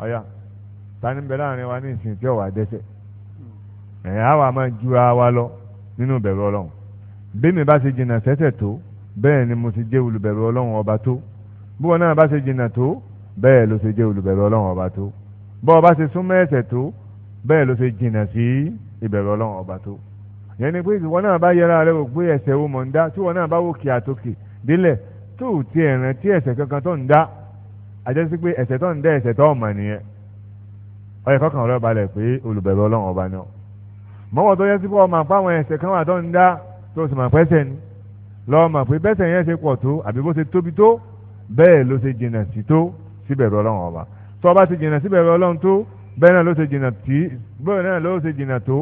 ọ̀yà tani bẹ láàrin wa ní ìsìn tí ó wà dẹ́ṣẹ̀ ẹ̀yà á wà máa jura wa lọ nínú ìbẹ̀rù ọlọ́run bí mi bá ṣe jìnnà sẹ́ṣẹ̀ tó bẹ́ẹ̀ ni mo ti jẹ́ olùbẹ̀rù ọlọ́run ọba tó bí wọn náà bá ṣe jìnnà tó bẹ́ẹ̀ ló ṣe jẹ́ olùbẹ̀rù ọlọ́run ọba tó bọ́ ọba ṣe súnmọ́ ẹ̀ṣẹ̀ tó bẹ́ẹ̀ ló ṣe jìnnà sí ìbẹ̀rù ọlọ́run ọba tó yẹn ni pé ìwọ náà bá yẹra rẹ wò pé ẹ̀ṣẹ̀ wo mọ̀ ń dá tí wọn náà bá wò kí àtòkè délẹ̀ tó ti ẹ̀ràn tí ẹ̀ṣẹ̀ kankan tó ń dá àjẹsí pé ẹ̀ṣẹ̀ tó ń dẹ́ ẹ̀ṣẹ̀ tó ọ̀mà nìyẹn ọyẹ kọkàn ọ̀rọ̀ balẹ̀ pé olùbẹ̀rẹ̀ ọlọ́run ọba ni ọ mọ́wọ́ tó yẹ sí pé ọmọ àpá àwọn ẹ̀ṣẹ̀ kan wà tó ń dá tó sì mà pẹ́sẹ̀ ni lọ́ọ́ mà pé bẹ́sẹ̀ yẹn ṣe pọ̀ tó àbí bó ṣe tóbi tó bẹ́ẹ̀ ló ṣe jìnnà sí tó síbẹ̀rẹ̀ ọlọ́run ọba tó bá ṣe jìnnà síbẹ̀rẹ̀ ọlọ́run tó bẹ́ẹ̀ náà ló ṣe jìnnà tí bẹ́ẹ̀ náà ló ṣe jìnnà tó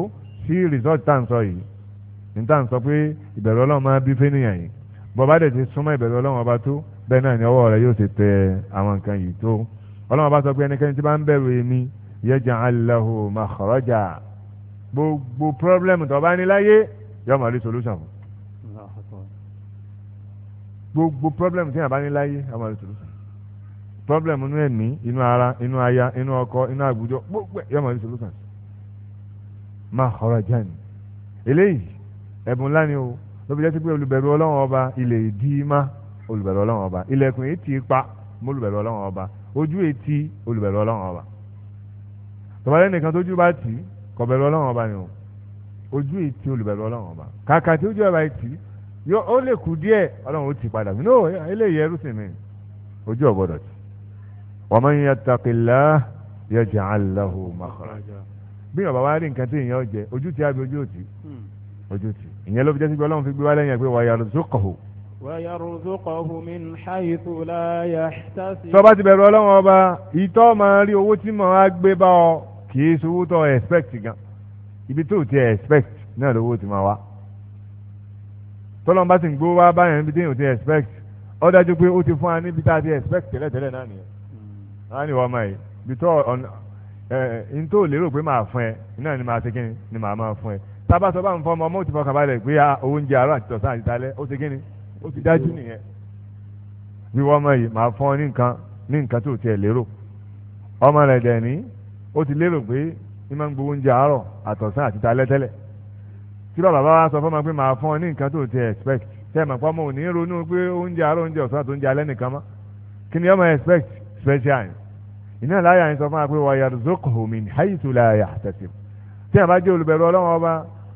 sí result tá à ń sọ yìí ní tá à ń sọ pé ìbẹ̀rẹ̀ ọlọ́run máa bí fẹ́nìyàn yìí bọ́ bá dẹ̀ ti bẹ́ẹ̀ náà ni ọwọ́ rẹ yóò ṣe tẹ àwọn nǹkan yìí tó ọlọ́run bá sọ pé ẹnikẹ́ni tí bá ń bẹ̀rù èmi yaj'al lahu makhraja gbogbo problem tó bá ní láyé yóò máa rí solution fún gbogbo problem tí yàn bá ní láyé yóò máa rí solution problem inú ẹ̀mí inú ara inú aya inú ọkọ inú àgbùjọ gbogbo yóò máa rí solution makhraja ni eléyìí ẹ̀bùn ńlá ni o ló jẹ́ sí pé olùbẹ̀rù ọlọ́run ọba ilẹ̀ ìdí máa olùbẹ̀rù ọlọ́run ọba ilẹ̀kùn etí pa mọ́ olùbẹ̀rù ọlọ́run ọba ojú etí olùbẹ̀rù ọlọ́run ọba tọ́balẹ̀ nìkan tójú bá tì í kọ̀bẹ̀rù ọlọ́run ọba ni o ojú etí olùbẹ̀rù ọlọ́run ọba kàkà tí ojú ọba etí yọ ó lè kú díẹ̀ ọlọ́run ó ti padà mí nóò eléyìí ẹrú sí mi ojú ọ̀gbọ́dọ̀ tì wa man yattaqillah yaj'al lahu makhraja bí ọba wa rí nǹkan
ويرزقه من حيث لا يحتسب tó bá
ti bẹ̀rù ọlọ́run ọba ìtọ́ máa rí owó tí màá gbé bá ọ kì í sowó tó expect gan ibi tó ti expect náà lówó ti máa wá tọ́lọ́n bá ti ń gbó wá báyẹn níbi tí yóò ti expect ó dájú pé ó ti fún wa níbi tá a ti expect tẹ́lẹ̀tẹ́lẹ̀ náà nìyẹn náà ni wọ́n máa yìí ibi tó n tó lérò pé màá fún ẹ náà ni màá ṣe kíni ni màá máa fún ẹ tábàtọ̀ bá ń fọ́ ọmọ ọmọ ò ti fọkàn balẹ̀ pé ah, oúnjẹ àárọ̀ àti tọ̀sán àti talẹ́ ó ṣe kíni O ti dájú nìyẹn wíwọ ọmọ yìí màá fún ní nǹkan ní nǹkan tó tiẹ̀ lérò ọmọ ní ó ti lérò pé ní máa ń gbowó oúnjẹ àárọ̀ àtọ̀sán àti talẹ́ tẹ́lẹ̀ tí bàbá bá sọ pé màá ní nǹkan ti expect tẹ́ ẹ̀ ronú pé oúnjẹ oúnjẹ àti oúnjẹ nìkan kí ni ọmọ expect special iná láyà ń sọ fún wa pé wàyà zokho min haythu la yahtasib tí ẹ̀ bá ọlọ́wọ́n ọba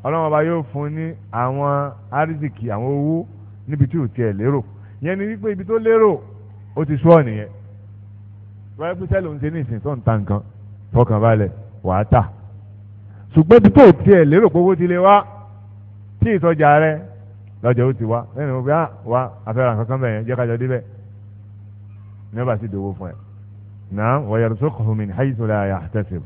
ọlọ́wọ́n ọba yóò fún ní àwọn àwọn owó níbi tí ò tiẹ̀ lérò yẹn ni wípé ibi tó lérò ó ti sọ nìyẹn wáyé pé sẹ́lò ń ṣe ní ìsìn tó ń ta nǹkan fọkànbalẹ̀ wàá tà ṣùgbọ́n ibi tó tiẹ̀ lérò pé owó ti lè wá tí ìtọ́jà rẹ lọ́jà ó ti wá lẹ́nu mo bí ah, wá afẹ́ra kankan bẹ̀yẹn jẹ́ kájọ débẹ̀ ní wọ́n bá sì dòwó fún ẹ̀ náà wọ́n yàrá sókòó min haythu la yahtasib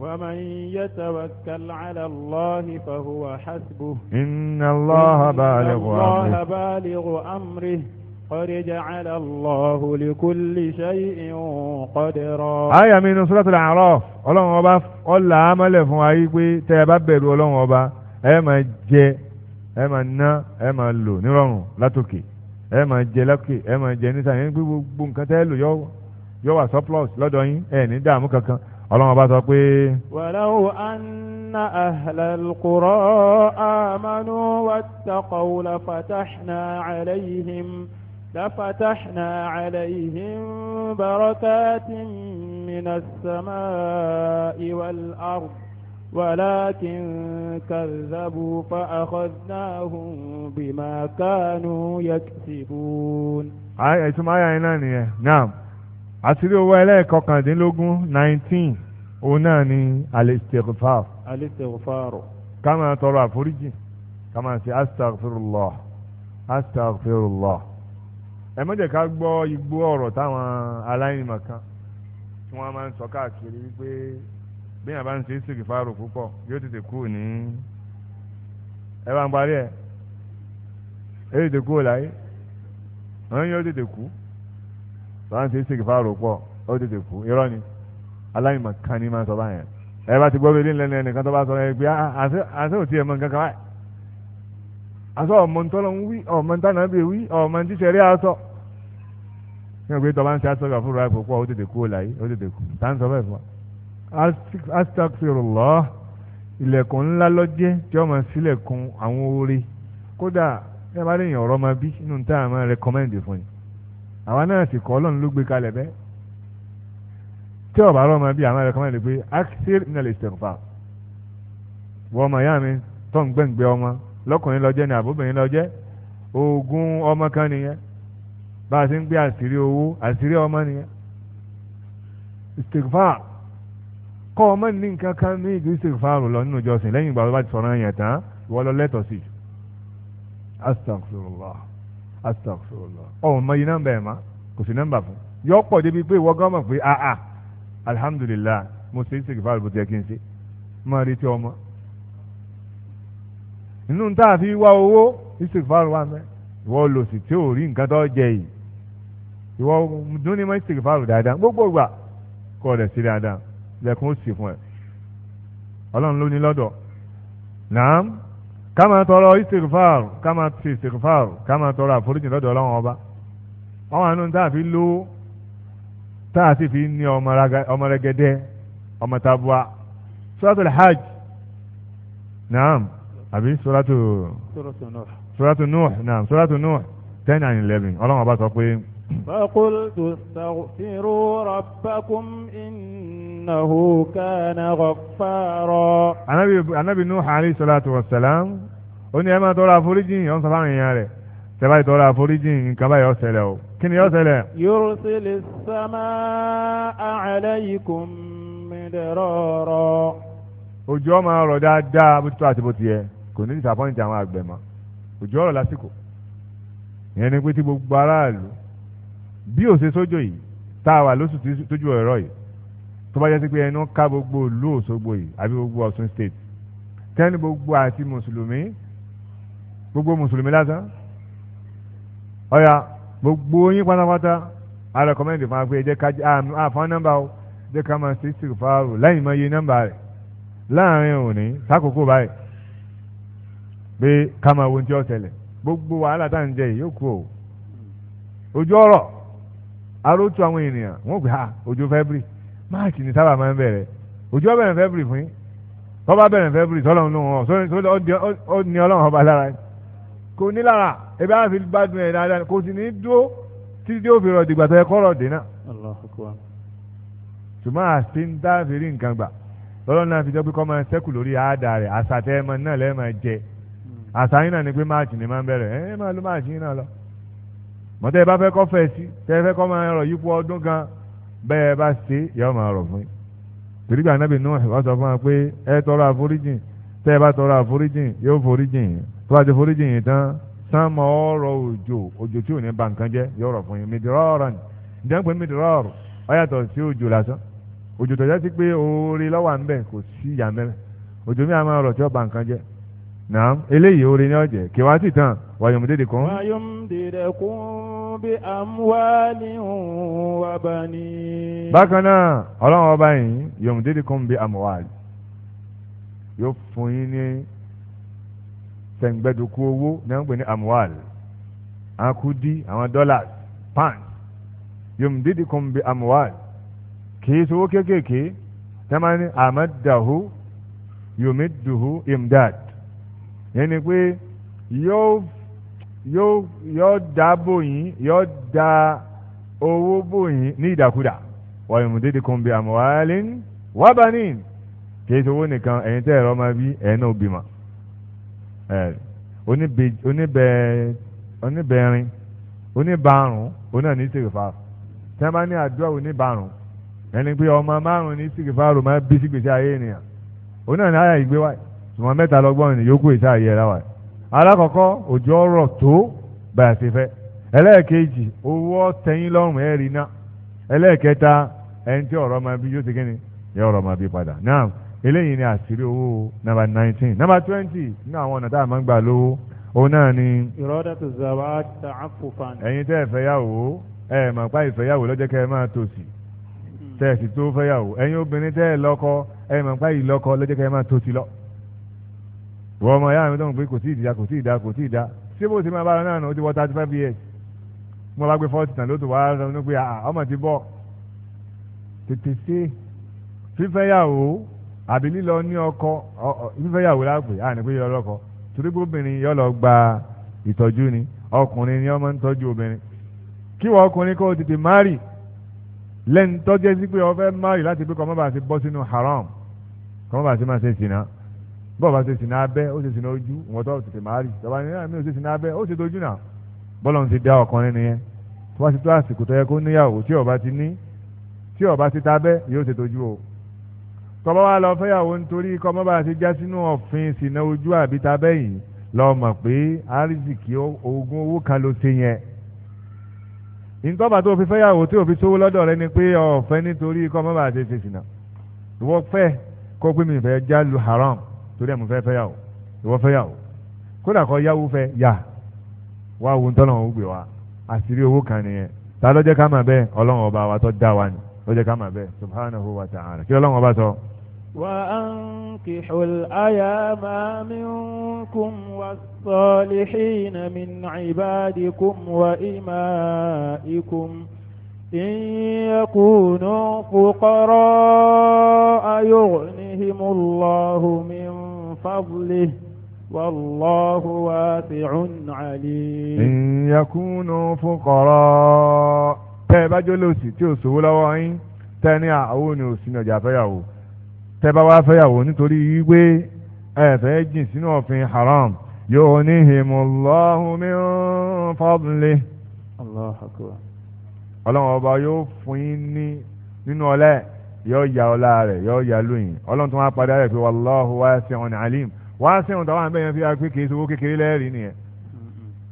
ومن يتوكل على الله فهو حسبه
إن الله بالغ الله
بالغ أمره قد جعل الله لكل شيء قدرا آية
من سورة الأعراف ọlọ́run ọba ọlà amọ̀lẹ̀ fún wa yìí pé tẹ́ ẹ bá bẹ̀rù ọlọ́run ọba ẹ máa jẹ ẹ máa ná ẹ máa lò nírọ̀rùn látòkè ẹ máa jẹ lókè ẹ máa jẹ nísàlẹ̀ yẹn pé gbogbo nǹkan tẹ́ ẹ lò yọ wà surplus lọ́dọ̀ yín ẹ ní dààmú kankan ọlọ́run bá sọ pé.
wàláwo anna ahlalqura amanu wattaqaw lafatahna alayhim lafatahna alayhim barakatin minas samaa'i wal ard ولكن كذبوا فأخذناهم بما كانوا يكسبون.
أي أي سمعي أي نعم àṣírí owó ẹlẹ́ẹ̀kọkàndínlógún nineteen òun náà ni alistighfar. alistighfar. ká máa tọrọ àforíjì ká máa ṣe astaghfirullah astaghfirullah. ẹ má jẹ́ ká gbọ́ igbó ọ̀rọ̀ táwọn aláìnímọ̀ kan tí wọ́n máa ń sọ káàkiri wípé bíyàn bá ń ṣe istighfar púpọ̀ yóò tètè kú ní. ẹ bá ń parí ẹ ẹ tètè kú ò láyé ẹ yóò tètè kú lọ́wọ́n ti sèkì fáwọn òpọ̀ ó tètè kú irọ́ ni aláìmọ̀ kan ní máa sọ báyẹn ẹ bá ti gbọ́ bí ilé ńlẹ́ nìkan tó bá sọ ẹ pé ah, ah, àṣẹ òtí ẹ̀ mọ nǹkan kan báyìí àṣọ ọmọ ntọ́lọ́ ń wí ọmọ ntánà bí wí ọmọ ntíṣẹ́ rí aṣọ ní ọgbẹ́ tó bá ń ṣe aṣọ kà fúnra ẹ̀pọ̀ pọ̀ ó tètè kú ó láyé ó tètè kú tá ń sọ bẹ́ẹ̀ fún wa astaghfirullah ilẹ̀kùn ńlá lọ́jẹ́ tí ọmọ sílẹ̀kùn àwọn oore kódà ẹ bá lè yàn ọ̀rọ̀ máa bí inú ní tá a fún yìí àwọn náà sì kọ́ ọlọ́run ló gbé kalẹ̀ bẹ́ẹ̀ tí ọ̀bà rọ́ọ̀mọ bíi àwọn ẹ̀rọ lè pé axel nílẹ̀ ìsẹ̀kùfà wọ ọmọ ìyá mi tó ń gbẹ̀ǹgbẹ̀ ọmọ lọ́kùnrin lọ́jẹ́ ni àbóbìnrin lọ́jẹ́ oògùn ọmọ kan nìyẹn bá a ti ń gbé àṣírí owó àṣírí ọmọ nìyẹn ìsẹ̀kùfà kọ́ ọmọ ní nǹkan kan ní ìgbé ìsẹ̀kùfà rò lọ nínú ìjọsìn lẹ́yìn ìgbà tó bá ti sọ̀rọ̀ yẹn tán ìwọ lọ lẹ́tọ̀ọ́ sí astaghfirullah astaghfirullah ọ̀hún mọ iye nọ́mbà ẹ̀ ma kò sí nọ́mbà fún yọ pọ̀ débi pé ìwọ gán mọ̀ pé ah ah alhamdulilah mo ṣe é ṣe kìfà àlùbọ̀tì ẹ̀ kí n ṣe máa retí ọmọ nínú tá a fi wá owó istighfar wa mẹ ìwọ lò sí tí ò rí nǹkan tó jẹ yìí ìwọ dún ní mọ istighfar dáadáa gbogbo ìgbà kọ rẹ sí dáadáa lẹkùn ó sì fún ẹ Ọlọ́run ló ní lọ́dọ̀ naam ká máa tọrọ istighfar ká máa ti istighfar ká máa tọrọ àforíjì lọ́dọ̀ ọlọ́run ọba àwọn àánú tá a fi lówó tá a sì fi ní ọmọ rẹgẹdẹ ọmọ tabua suratul hajj naam àbí suratu suratu nuh naam suratu nuh ten and eleven ọlọ́run ọba sọ pé.
فقلت استغفروا ربكم إن
innahu kana ghaffara. anabi anabi nuhu alayhi salatu wa salam ó ní ẹ máa tọrọ àforíjì ọ̀n sọ fáwọn èèyàn rẹ̀ tẹ́bá ìtọrọ àforíjì nǹkan báyọ̀ ṣẹlẹ̀ o kí ni yọ ṣẹlẹ̀.
yursilis samaa alaykum midrara.
òjò ọmọ ọrọ̀ dáadáa bó ti tó àti bó ti yẹ kò ní disappoint àwọn àgbẹ̀ mọ́ òjò ọrọ̀ lásìkò ìyẹn ni pé tí gbogbo aráàlú bí òṣèṣójò yìí tá a wà lóṣù tójú ẹ̀rọ yìí tó bá jẹ́ sí pé ẹnu ká gbogbo ìlú Òṣogbo yìí àbí gbogbo Ọ̀ṣun state tẹ́ni gbogbo àti mùsùlùmí gbogbo mùsùlùmí lásán ọ̀yà gbogbo yín pátápátá a rẹ̀kọ́mẹ́ndì fún wa pé ẹ jẹ́ ká àfọ́n nọ́mbà o jẹ́ ká máa ṣe six fáàrù lẹ́yìn mọ́ iye nọ́mbà rẹ̀ láàrin òní sákòókò báyìí pé ká máa wo ohun tí ó gbogbo wàhálà tá à ń jẹ yìí yóò kú o ojú ọ̀rọ̀ arótú àwọn ènìyàn wọ́n pè á ah, ojú fẹ́bírì máàkì ni sábà máa ń bẹ̀rẹ̀ òjò bẹ̀rẹ̀ fẹ́bùrì fún yín tọ́ba bẹ̀rẹ̀ fẹ́bùrì tọ́lọ́run ló wọn ó ní ọlọ́run ọba lára kò ní lára ebi á fi gbádùn ẹ̀ dáadáa kò sì ní dúró títí tí ó fi rọ̀dìgbà tó yẹ kọ́ rọ̀dì náà. ṣùgbọ́n àti ń dá fèrè nǹkan gbà lọ́lọ́run náà fi jẹ́ pé kọ́ máa ṣẹ́kù lórí àádá rẹ̀ àṣà tẹ́ ẹ máa náà lẹ́ẹ̀ máa jẹ hmm. àṣà yín náà ni pé máàkì ni máa ń bẹ̀rẹ̀ ẹ máa lo máàkì yín náà lọ mọ̀tẹ́ ẹ bá fẹ́ kọ́ fẹ́ sí tẹ́ ẹ fẹ́ kọ́ máa rọ̀ yípo ọdún gan bẹ́ẹ̀ bá ṣe yọ máa rọ̀ fún yín torí pé anábì Nuh wá sọ fún wa pé ẹ tọrọ àforíjìn tẹ́ ẹ bá tọrọ àforíjìn yóò foríjìn yín tó bá ti foríjìn yín tán fún yín ni ǹjẹ́ ń pè ọ yàtọ̀ sí òjò lásán òjò tó jẹ́ sí pé oore lọ́wọ́ à ń bẹ̀ kò sí òjò mi àmọ́ tí ó ويمددكم
ويمددكم بأموال وبنين
bákan náà ọlọ́run ọba yìí يمددكم بأموال yóò fún yín ní sẹ̀ǹgbẹ́dùkú owó náà ń pè ní amual àwọn kudi àwọn dollars pounds يمددكم بأموال kìí sowó kéékèèké tẹ́mání àmàdàhù yòmídùhù imdad yẹn ni pé yóò yóò yóò da bóyin yóò da owó bóyin ní ìdàkudà wà ìmùdíde kan bí àmọ́wálé wà bá ní kìí ṣe owó nìkan ẹ̀yin tẹ́ ẹ̀rọ máa bí ẹ̀yin náà bímọ oníbẹ̀rin oníbàárùn oní àní sìgìfàrù tí wọ́n bá ní àdúrà oníbàárùn ẹni pé ọmọ márùn ní sìgìfàrù máa bí sígbèsè ayé ènìyàn oní àní àyà ìgbéwáyé ṣùgbọ́n mẹ́ta lọ́gbọ́n ni yòókù ìṣe àyè ẹ̀rá alákọ̀ọ́kọ́ òjò ọ̀rọ̀ tó bàyà sí fẹ́ ẹlẹ́ẹ̀kejì owó ọ̀tẹ̀yìn lọ́rùn ẹ̀ rí náà ẹlẹ́ẹ̀kẹta ẹni tí ọ̀rọ̀ máa bí yóò ti kíni yẹ ọ̀rọ̀ máa bí padà náà eléyìí ni àṣírí owó nàbà nineteen nàbà twenty nínú àwọn ọ̀nà tá a máa ń gbà lówó òun náà ni. ìrọ́dà tó zàwá ta àfòfàn. ẹ̀yin tẹ́ ẹ fẹ́yàwó ẹ mọ̀ pa ìfẹ́yàwó lọ́jọ́ kẹ́ ẹ máa tẹ́ ẹ sì tó ìwọ ọmọ ìyá mi tó ń pè kò tí ì da kò tí ì da kò tí ì da ṣé bó ṣe máa bára náà nù ó ti wọ thirty five years mo bá gbé forty tán ló tó wá ronú pé ah, ọmọ ti bọ̀ tètè ṣe fífẹ́yàwó àbí lílọ ní ọkọ fífẹ́yàwó lápè á ní pé yọ lọ́kọ torí pé obìnrin yọ lọ gba ìtọ́jú ni ọkùnrin ni ọmọ ń tọ́jú obìnrin kí wọ́n ọkùnrin kó tètè márì lẹ́nu tọ́jú ẹ sí pé ọ fẹ́ márì láti pé kọ́ mọ́ bá ti bọ́ sínú haram kọ́ mọ́ bá ti máa ṣe sìnà bọ́ọ̀bá ṣe sì ní abẹ́ ó ṣe sì ní ojú ìwọ̀n tó tètè máa rí tọ́ba ní àmì ah, òṣèṣì ní abẹ́ ó ṣe tójú náà bọ́ọ̀lù ń ti dá ọkùnrin nìyẹn tó bá ti tó àsìkò tó yẹ kó níyàwó tí ọba ti ní tí ọba ti tabẹ́ yóò ṣe tójú o tọ́ba wa lọ fẹ́yàwó nítorí kọ́ mọ́ba ti já sínú ọ̀fin sínú ojú àbí tabẹ́ yìí lọ mọ̀ pé àrísìkì oògùn owó kan ló ṣe yẹn ìtọ́ba tó fi fẹ́yàwó tí òfin sówó lọ́dọ̀ rẹ ni pé ọ̀fẹ́ nítorí kọ́ mọ́ba ti ṣe sìnà ìwọ kó pé mi fẹ́ já lu haram torí ẹ̀ mo fẹ́ fẹ́ yà o ìwọ fẹ́ yà o kódà kọ́ yáwó fẹ́ yà wá wo ntọ́nà òun gbé wa àṣírí owó kan nìyẹn ta ló jẹ́ ká mà bẹ́ẹ̀ ọlọ́run ọba wa tó dá wa ni ló ká mà bẹ́ẹ̀ subhanahu wa ta'ala kí ọlọ́run ọba sọ.
wa ankihul ayama minkum was-salihina min ibadikum wa imaikum. إن يكونوا فقراء يغنهم الله من فضله والله واسع عليم إن
يكونوا فقراء tẹ́ẹ̀bá jólóòsì tí ò sówó lọ́wọ́ yín tẹ́ni àwọn ni ò sínú ọjà fẹ́yàwó tẹ́ẹ̀bá wá fẹ́yàwó nítorí wípé ẹ̀fẹ́ jìn sínú òfin haram yuhnihimullahu min fadlihi.
Allahu akbar.
ọlọ́run ọba yóò fún yín ní nínú ọlẹ́ẹ̀ yóò ya ọlá rẹ̀ yóò ya lóyìn ọlọ́run tó wá padà rẹ̀ pé wàlláhu wasi'un alim wasi'un tó wà ń bẹ̀yẹn fi hàn pé kìí sowó kékeré lẹ́rìí nìyẹn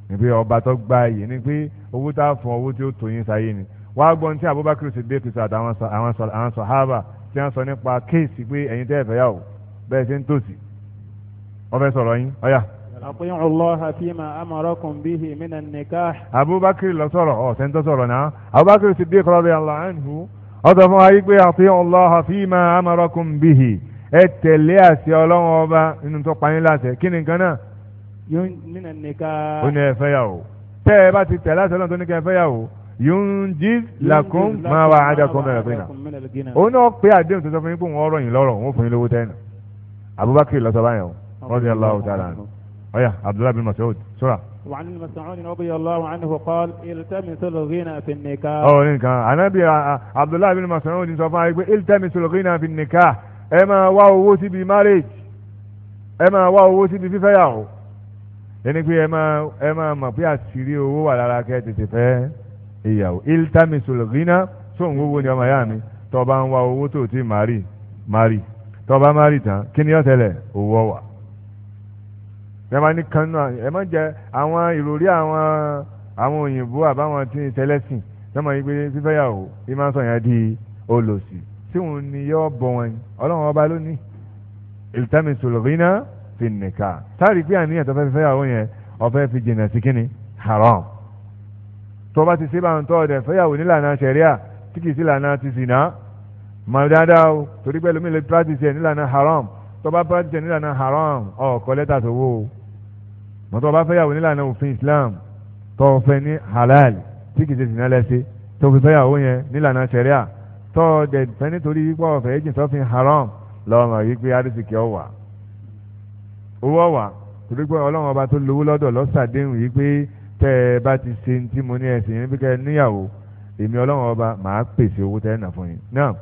ni pé ọba tó gba iyì ni pé owó tá a fún owó tí ó tó yín sáyé ni wàá gbọ́ ní tí Abubakar Siddiq àtàwọn sàhábà tí wọ́n sọ nípa kéèsì pé ẹ̀yin tẹ́ ẹ fẹ́ yà ó bẹ́ẹ̀ ṣe ń tòsí wọ́n fẹ́ sọ̀rọ̀ yín ọ̀yà. Abubakar lọ sọ̀rọ̀ ọ̀ sẹ́ńtọ́ sọ̀rọ̀ náà Abubakar Siddiq radiyallahu anhu ọ̀tọ̀ fún wa yí pé àfihàn Allah fima amarakum bihi ẹ tẹ̀lé àṣẹ ọlọ́run ọba nínú tó pa yín láṣẹ kí ni nǹkan náà. yóò nínà nìka. ó ní ẹ fẹ́ yàwó tẹ́ ẹ bá ti tẹ̀ láṣẹ ọlọ́run tó ní kẹ́ ẹ fẹ́ yàwó yunjiz lakum ma wa'adakum min al-ghina. òun náà pé àdéhùn tó sọ fún yín pé òun ọ̀rọ̀ yìí lọ́rọ̀ òun fún yín lówó tẹ́nu. Abubakar lọ́sọ̀ báyọ̀ radiyallahu
وعن المسعود رضي الله عنه قال التمس
الغنى في النكاح او نكاح النبي عبد الله بن مسعود sọ fún wa pé التمس الغنى في النكاح ẹ máa wá owó síbi marriage ẹ máa wá owó síbi fífẹ́yàwó ẹni pé ẹ máa ẹ máa mọ̀ pé àṣírí owó wà lára kẹ́ tètè fẹ́ ìyàwó التمس الغنى sóhun owó ni ọmọ ìyá mi tó bá ń wá owó tó ti mari mari tó bá mari tán kí ni ó ṣẹlẹ̀ owó wà ẹ máa ní kanú ẹ máa jẹ àwọn ìròrí àwọn àwọn òyìnbó àbáwọn tí ń tẹlẹsìn ẹ máa yí pé fífẹ́yàwó yìí máa ń sọ yẹn di olòṣì tí òun ni yọ bọ̀ wọn ni ọlọ́run ọba ló ní ìtàmìsòlò rínà fi nìka sáré pé àníyàn tó fẹ́ fẹ́yàwó yẹn ọ̀fẹ́ fi jìnnà sí kínni haram tó bá ti ṣe bá ń tọ́ ọ̀dẹ̀ fẹ́yàwó nílànà ṣẹ̀ríà tí kì í sí lànà ti sìnà mọ̀ dáadáa o torí pé lómi lè practice ẹ̀ nílànà haram tọba bá jẹ nílànà haram ọkọ lẹ́tà sówó o mọ tọba fẹ́ yàwó nílànà òfin islam tọ ní halal tí kìí ṣe sìnà lẹ́sẹ̀ tó fi fẹ́ yàwó yẹn nílànà sẹ̀ríà tọ dẹ̀ nítorí wípé ọ̀fẹ́ jìn sọ́fin haram lọ́mọ yìí pé arísìkì ọ̀wà owó ọ̀wà torí pé ọlọ́run ọba tó lówó lọ́dọ̀ lọ́sàdéhùn yìí pé tẹ́ ẹ bá ti ṣe ti mo ní ẹ̀sìn yẹn bí kẹ́ níyàwó èmi ọlọ́run ọba màá pèsè owó tẹ́ ẹ̀ nà fún yín náà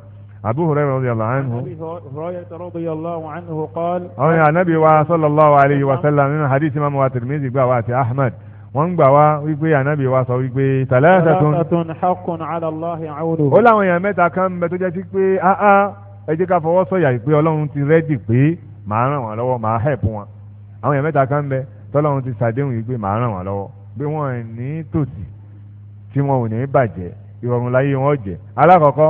abu hurairah radiyallahu anhu. abi
hurairah radiyallahu anhu qala. àwọn
yàrá nàbí wa sallallahu alayhi wa sallam nínú hadith imam wa tirmidhi gbà wa àti ahmed wọ́n gbà wá wípé ànábì wa sọ wípé thalathatun
haqqun ala Allahi àwòrán. ó láwọn
èèyàn mẹ́ta kan bẹ tó jẹ́ sí pé áá ẹ jẹ́ ká fọwọ́ sọ̀yà pé ọlọ́run ti rẹ́dì pé màá ràn wọ́n lọ́wọ́ màá hẹ̀pù wọn. àwọn èèyàn mẹ́ta kan bẹ tọ́lọ́run ti ṣàdéhùn yìí màá ràn wọ́n lọ́wọ́ pé wọ́n ní tòsí tí wọn ò ní bàjẹ́ ìrọ̀rùn láyé wọn jẹ́ alákọ̀ọ́kọ́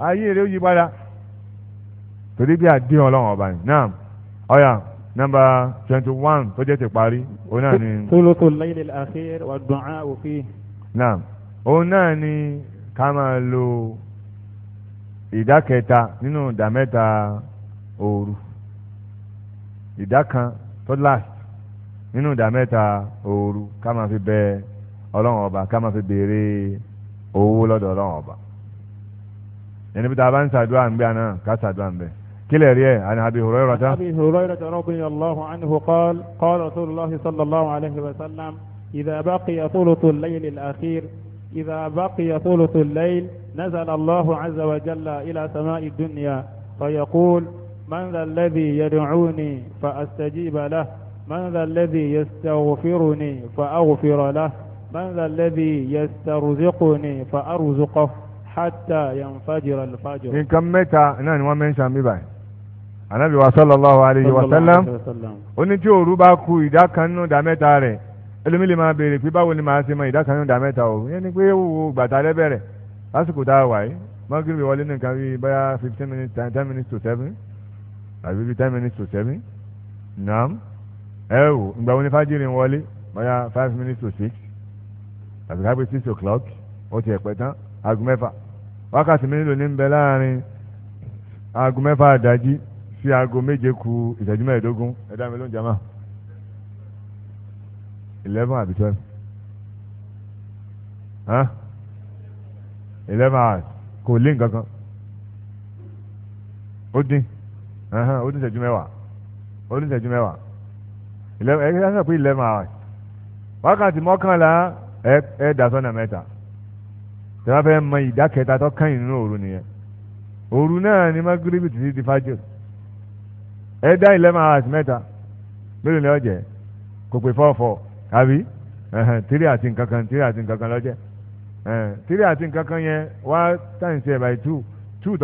ayé rẹ ó yí padà torí bí àdéhùn ọlọ́run ọba yìí náà ọ̀yà nọmba twenty one tó jẹ́ ti parí òun náà ni. tólótó lẹ́yìn àkẹ́rẹ́ wà dùn án òfin. náà òun náà ni ká máa lo ìdá kẹta nínú ìdá mẹ́ta òru ìdá kan tó last nínú ìdá mẹ́ta òru ká máa fi bẹ ọlọ́run ọba ká máa fi béèrè owó lọ́dọ̀ ọlọ́run ọba ẹni bí ta bá ń sàdúrà ń bẹ àná ká sàdúrà ń bẹ kílẹ̀ rí ẹ̀ àni àbí hùrọ̀ ìrọ̀tà. àbí
hùrọ̀ ìrọ̀tà rọ́bì allahu anhu qal qal rasulillah sallallahu alayhi wa sallam idà bàqì atúlùtù layl al-akhir idà bàqì atúlùtù layl nazal allahu azza wa jalla ila sama'i dunya fayaqul man dha alladhi yad'uni fa astajiba lah من ذا الذي يستغفرني فأغفر له من ذا الذي يسترزقني
فأرزقه
hatta yanfajira alfajr.
nǹkan mẹ́ta náà ni wọ́n mẹ́ńsàn mi báyìí anabi wa sallallahu alayhi wa sallam ó ní tí òru bá ku ìdá kan nínú ìdá mẹ́ta rẹ̀ ẹlòmí lè máa béèrè pé báwo ni màá ṣe mọ ìdá kan nínú ìdá mẹ́ta o yẹn ni pé wo gbàtà lẹ́bẹ̀rẹ̀ lásìkò tá a wà yìí mọ́gìrì wọlé nìkan bíi báyà fifteen minutes ten minutes to seven àbí bíi ten minutes to seven naam ẹ wò ìgbà wo ni fájìrì ń wọlé báyà five minutes to six àbí ká pé six o'clock ó ti ẹ̀ tán aago mẹ́fà wákàtí mélòó ní ń bẹ láàrin aago mẹ́fà àdájí sí aago méje ku ìṣẹ́jú mẹ́ẹ̀ẹ́dógún ẹ̀dá mi ló ń jama eleven àbí twelve hàn eleven hours kò lé nǹkan kan ó dín ó dín ìṣẹ́jú mẹ́wàá ó dín ìṣẹ́jú mẹ́wàá eleven ẹ̀ ẹ́ sọ pé eleven hours wákàtí mọ́kànlá ẹ̀ ẹ̀ dà sọ́nà mẹ́ta. tí fẹ́ mọ ìdá kẹta tó kàn yín nínú òru nìyẹn òru náà ni magrebi ti di fájò ẹ dá eleven hours mẹ́ta ọ lọ́jẹ̀ kò pè fọ́ọ̀fọ́ àbí tírí àti tírí àti tírí àti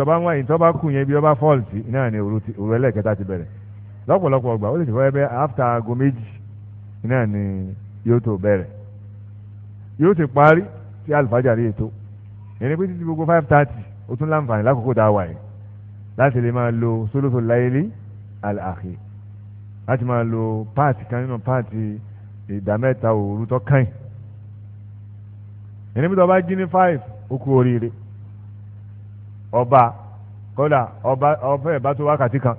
by bá ń bá kù yẹn bí ó bá fall sí náà ni òru ti bẹ̀rẹ̀ lọ́pọ̀lọpọ̀ ọgbà ó lè fọwọ́ ẹbẹ́ after aago méjì ni yóò tó bẹ̀rẹ̀ yóò ti parí tí rí ètò ẹni pé títí gbogbo five thirty ó tún láǹfààní lákòókò tá a wà yìí láti lè máa lo sólótò láyélé àlàáfíà láti máa lo páàtì kan nínú páàtì ìdá òru tó kàn yìí ẹni pé tó bá jí ní five ó kú oríire ọba kódà ọba ọfẹ ìbátó wákàtí kan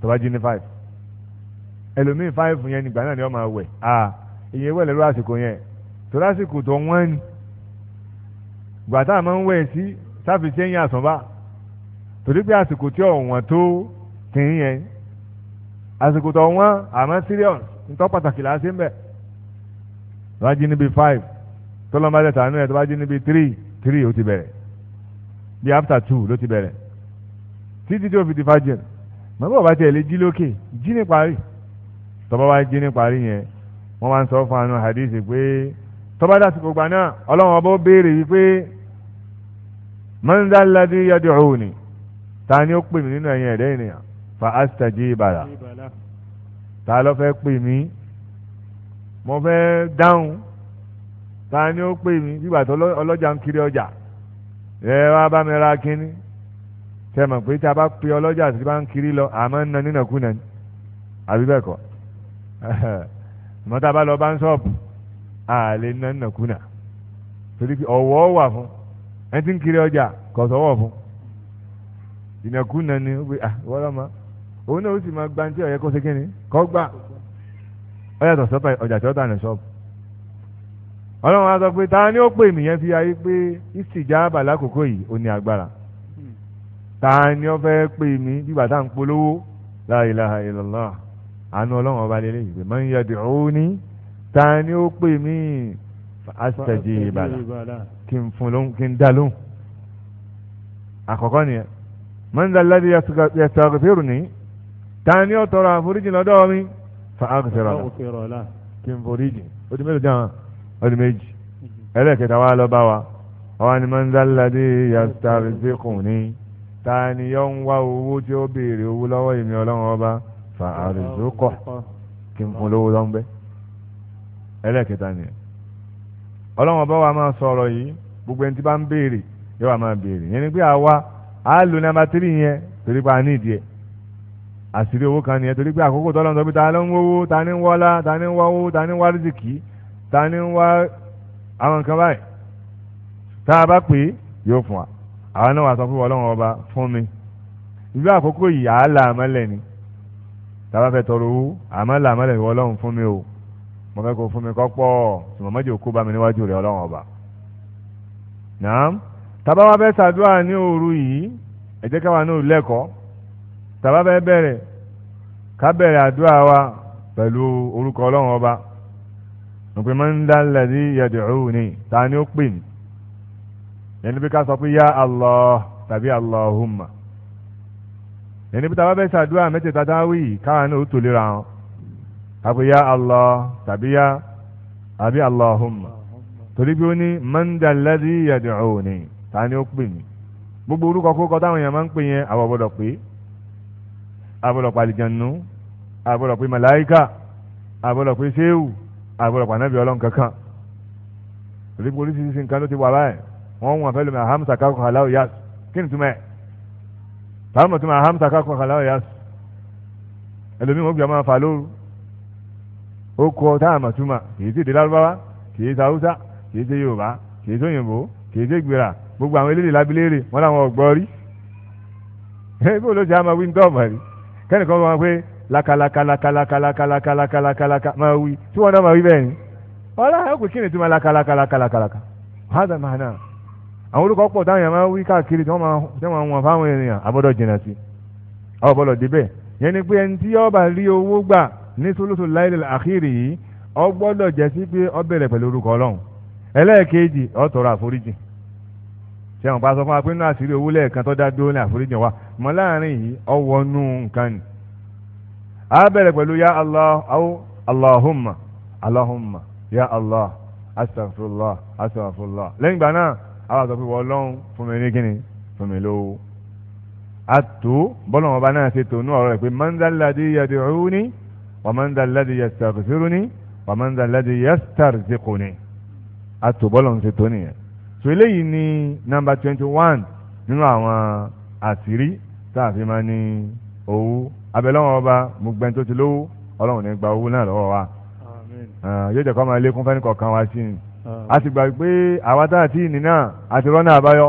tó bá jí ní five ẹlòmíì five yẹn nígbà náà ni ọ máa wẹ̀ ah ìyẹn wẹ̀ lẹ́rú àsìkò yẹn tó tó wọ́n ni gbàtà máa ń wẹ̀ sí sáfi sẹ́yìn àsánbà torí pé àsìkò tí ọ̀wọ́n tó tìǹ yẹn àsìkò tó wọ́n àmọ́ serious ntọ́ pàtàkì là á sí ń bẹ̀ tó bá jí níbi five tó lọ́n bá dẹ̀ tànú ẹ̀ tó bá jí níbi three three ó ti bẹ̀rẹ̀ bí after two ló ti bẹ̀rẹ̀ títí tí ó fi di fàjẹ́ mọ̀ bọ́ bá tiẹ̀ lé jí lókè jí ní parí tọ́ba wá jí ní parí yẹn wọ́n máa ń sọ fún àwọn hadith pé tọ́ba dàsìkò gbà náà ọlọ́run ọba ó béèrè wípé من ذا الذي يدعوني؟ ثاني ni ó pè mí nínú ẹ̀yin ẹ̀dẹ́ ènìyàn fa astajiba lah ta ló fẹ́ pè mí mo fẹ́ dáhùn ta ni ó pè mí bíbà tó ọlọ́jà ń kiri ọjà ẹ wá bá mi ra kínní tẹ mọ̀ pé tá a bá pe ọlọ́jà tí bá ń kiri lọ àmọ́ ń na nínàkúnà ni àbí bẹ́ẹ̀ kọ́ <laughs> mọ́tà bá lọ bá ń ṣọ́ọ̀bù àlè ń na nínàkúnà torí ọ̀wọ́ wà fún ẹni tí ń kiri ọjà kò sọ́wọ́ fún ìnàkúnà ni ó gbé à ah, wọ́lọ́ ma òun náà ó sì máa gba ní tí ọ̀yẹ́ kó ṣe kí ni kọ́ gbà ọ yàtọ̀ sọ́tà ọjà tí ó tà ní ṣọ́ọ̀bù ọlọ́run á sọ pé ta ni ó pè mí yẹn fi ayé pé ìsìjàbà lákòókò yìí ó ní agbára ta ni ó fẹ́ pè mí bíbà tá ń polówó la ilaha illallah àánú ọlọ́run ọba lélẹ́ yìí pé man yad'uni ta ni ó pè mí astajiba la kí n fún lóhùn kí n dá lóhùn àkọ́kọ́ nìyẹn mọ́ndàládé yasọ̀gẹ̀fẹ́rù ni ta ni ó tọrọ àforíjì lọ́dọ̀ mi fa àgùsẹ̀rọ̀ la kí n foríjì ó di mélòó dáhùn ó di méjì ẹlẹ́kẹta wa lọ bá wa ọ̀hún ni mọ́ndàládé yasọ̀gẹ̀fẹ́rù ni ta ni yọ ń wá owó tí ó béèrè owó lọ́wọ́ èmi ọlọ́run ọba fa àrùsókọ̀ kí n fún lówó lọ́nbẹ́ ẹlẹ́kẹta nìyẹn ọlọ́run ọba wa máa sọ̀rọ̀ yìí gbogbo ẹni tí bá ń béèrè yóò wá máa béèrè yẹn ni pé àwa á lo nàmbà tírì yẹn torí pé a ní ìdí ẹ̀ àṣírí owó kan nìyẹn torí pé àkókò tọ́lọ́ sọ ta ló ń wówó ta ní ń wọ́lá ta ní ń wáwó ta ní ń wá rìsìkì ta ní ń wá àwọn nǹkan báyìí tá a bá pè é yóò fún wa àwọn náà wà sọ pé ọlọ́run ọba fún mi ìlú àkókò yìí àá là àmọ́lẹ̀ ni tá a bá fẹ́ tọrọ owó àmọ́ àmọ́lẹ̀ ìwọ ọlọ́run fún mi o mo fẹ́ kó fún mi kọ́pọ̀ ṣùgbọ́n mọ́jì òkú bá mi níwájú rẹ̀ ọlọ́run ọba. nàám tàbá wa fẹ́ ṣàdúrà ní òru yìí ẹ káwa náà lẹ́kọ̀ọ́ tàbá fẹ́ bẹ̀rẹ̀ ká bẹ̀rẹ̀ àdúrà wa pẹ̀lú orúkọ ọlọ́run ọba máa ń dá lẹ́dí ni ta ni ó pè ẹni bí ká sọ pé yá tàbí ẹni bí fẹ́ mẹ́tẹ̀ẹ̀ta káwa àpèyà Allah tàbí yá àbí Allahumma torí pé ó ní mandaladi yad'uni ta ni ó pè mí gbogbo orúkọ kókọ táwọn èèyàn máa ń pè yẹn àwọn ọ̀bọ̀dọ̀ pé àbọ̀dọ̀ pàlìjànú àbọ̀dọ̀ pé màláìkà àbọ̀dọ̀ pé séwù àbọ̀dọ̀ pànábì ọlọ́run kankan torí pé oríṣiríṣi nǹkan ló ti wà báyìí wọ́n wọn fẹ́ lómi ahamsa kakọ̀ aláwọ̀ yá kí ni túmọ̀ ẹ̀ táwọn mọ̀ túmọ̀ ahamsa kakọ̀ aláwọ̀ yá ẹlòmíì wọ́n gbé ọmọ afà lóru ó kọ tá àmà túmà kìí ṣèdè lárúbáwá kìí ṣe haúsá kìí ṣe yorùbá kìí ṣe òyìnbó kìí ṣe gbéra gbogbo àwọn eléyìí lábílẹ̀rẹ̀ wọn làwọn ọ̀gbọ́ rí bó ló ṣe àmà wí nítorí ọ̀mà rí kẹ́nìkan wọn pé lakalakalakalakalakalakalakalaka máa wí tí wọn náà máa wí bẹ́ẹ̀ ni ọlá ó kò kí ni túmọ̀ lakalakalakalaka hádà máa náà àwọn olùkọ́ pọ̀ táwọn èèyàn máa wí káàkiri ni pé ẹni tí ó ní sulusu láìlẹ̀ àkírí yìí ọ gbọ́dọ̀ jẹ́ sí pé ọ bẹ̀rẹ̀ pẹ̀lú orúkọ ọlọ́run ẹlẹ́ẹ̀kejì ọ tọrọ àforíjì ṣé àwọn pàṣẹ fún wa pé nínú àṣírí owó lẹ́ẹ̀kan tó dá dúró ní àforíjì wa mọ láàrin yìí ọ wọnú nǹkan ni a bẹ̀rẹ̀ pẹ̀lú ya allah aw allahumma allahumma ya allah astaghfirullah astaghfirullah lẹ́yìn ìgbà náà àwọn àtọ́ fi wọ ọlọ́run fún mi ní kíni fún mi lówó àtò bọ́lọ̀ wọn bá náà ṣe tòun ní ọ̀rọ̀ rẹ̀ pé manzaladi yad'uni ومن ذا الذي يستغفرني ومن ذا الذي يسترزقني àtòbọ́lọ̀ ń ṣètò nìyẹn so eléyìí ní nọ́mbà twenty one nínú àwọn àṣírí tá a fi máa ní owó abẹ́lẹ́wọ̀n ọba mugbẹ́ni tó ti lówó ọlọ́run ní gba owó náà lọ́wọ́ wa ah, yóò jẹ́ kó máa lékún fẹ́ni kọ̀ọ̀kan wa sí i ah. a sì gbà pé àwa tá a ti nì náà àti rọ́nà àbáyọ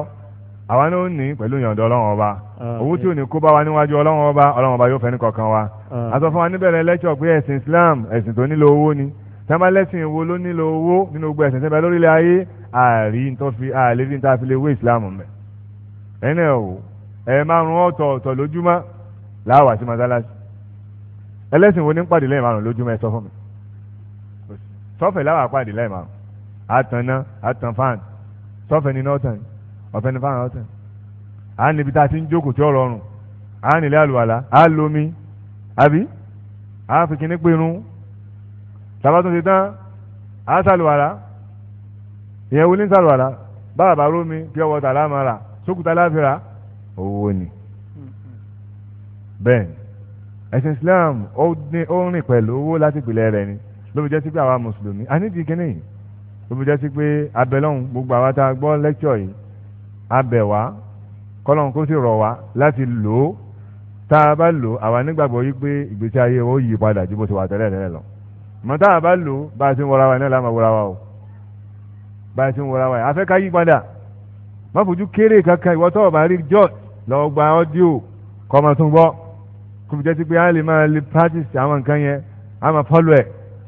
àwa náà ní pẹ̀lú ìyọ̀ǹda ọlọ́run ọba ah, owó tí ò ní kó bá wa níwájú ọlọ́run ọba ọlọ́run ọba yóò fẹ́ ní kọ̀ọ̀kan wa ah. a sọ fún wa níbẹ̀rẹ̀ lẹ́kṣọ̀ pé ẹ̀sìn Islam ẹ̀sìn tó nílò owó ni tẹ́mbà lẹ́sìn wo ló nílò owó nínú gbogbo ẹ̀sìn tẹ́mbà lórílẹ̀ ayé ààrí tó fi níta fi lè wé Islam mẹ́ ẹnẹ o ẹ márùn ọ̀tọ̀ọ̀tọ̀ lójúmọ́ láwà sí mọ́sálásí ẹlẹ́sìn wo ní pàdé lẹ́yìn márùn lójúmọ́ ẹ sọ fún mi sọfẹ̀ láwà pàdé lẹ́yìn márùn àtànná ọ̀fẹ́ ní fáwọn ọ̀sẹ̀ à ń níbi tá a ti ń jókòó tí ó rọrùn à ń nílé àlùwàlà à ń lomi àbí à ń fi kíní pinnu tàbá tó ti tán à ń sàlùwàlà ìyẹn wo ní sàlùwàlà báwa bá rómi pure water lámàrà sókùtà láfíra owó ni bẹ́ẹ̀ ẹ̀sìn Islam ó rìn pẹ̀lú owó láti ìpìlẹ̀ rẹ̀ ni ló fi jẹ́ sí pé àwa mùsùlùmí a nídìí kíní yìí ló fi jẹ́ sí pé abẹ́lọ́hún gbogbo àwa tá a gbọ́ lẹ́kṣọ̀ yìí abẹ̀ wá kọ́lọ́n kó sì rọ̀ wá láti lò ó tá a bá lò àwa nígbàgbọ́ yí pé ìgbésí ayé ó yí padà ju bó ti wà tẹ́lẹ̀ tẹ́lẹ̀ lọ mọ tá a bá lò ó bá a ti ń wọra wa náà láàmú wọra wa o bá a ti ń wọra wa afẹ́ ká yí padà má fojú kéré kankan ìwọ tó bá rí jọ́ọ̀t lọ gba ọ́díò kọ́ máa tún gbọ́ kó fi jẹ́ sí pé a lè máa lè practice àwọn nǹkan yẹn a máa fọ́lù ẹ̀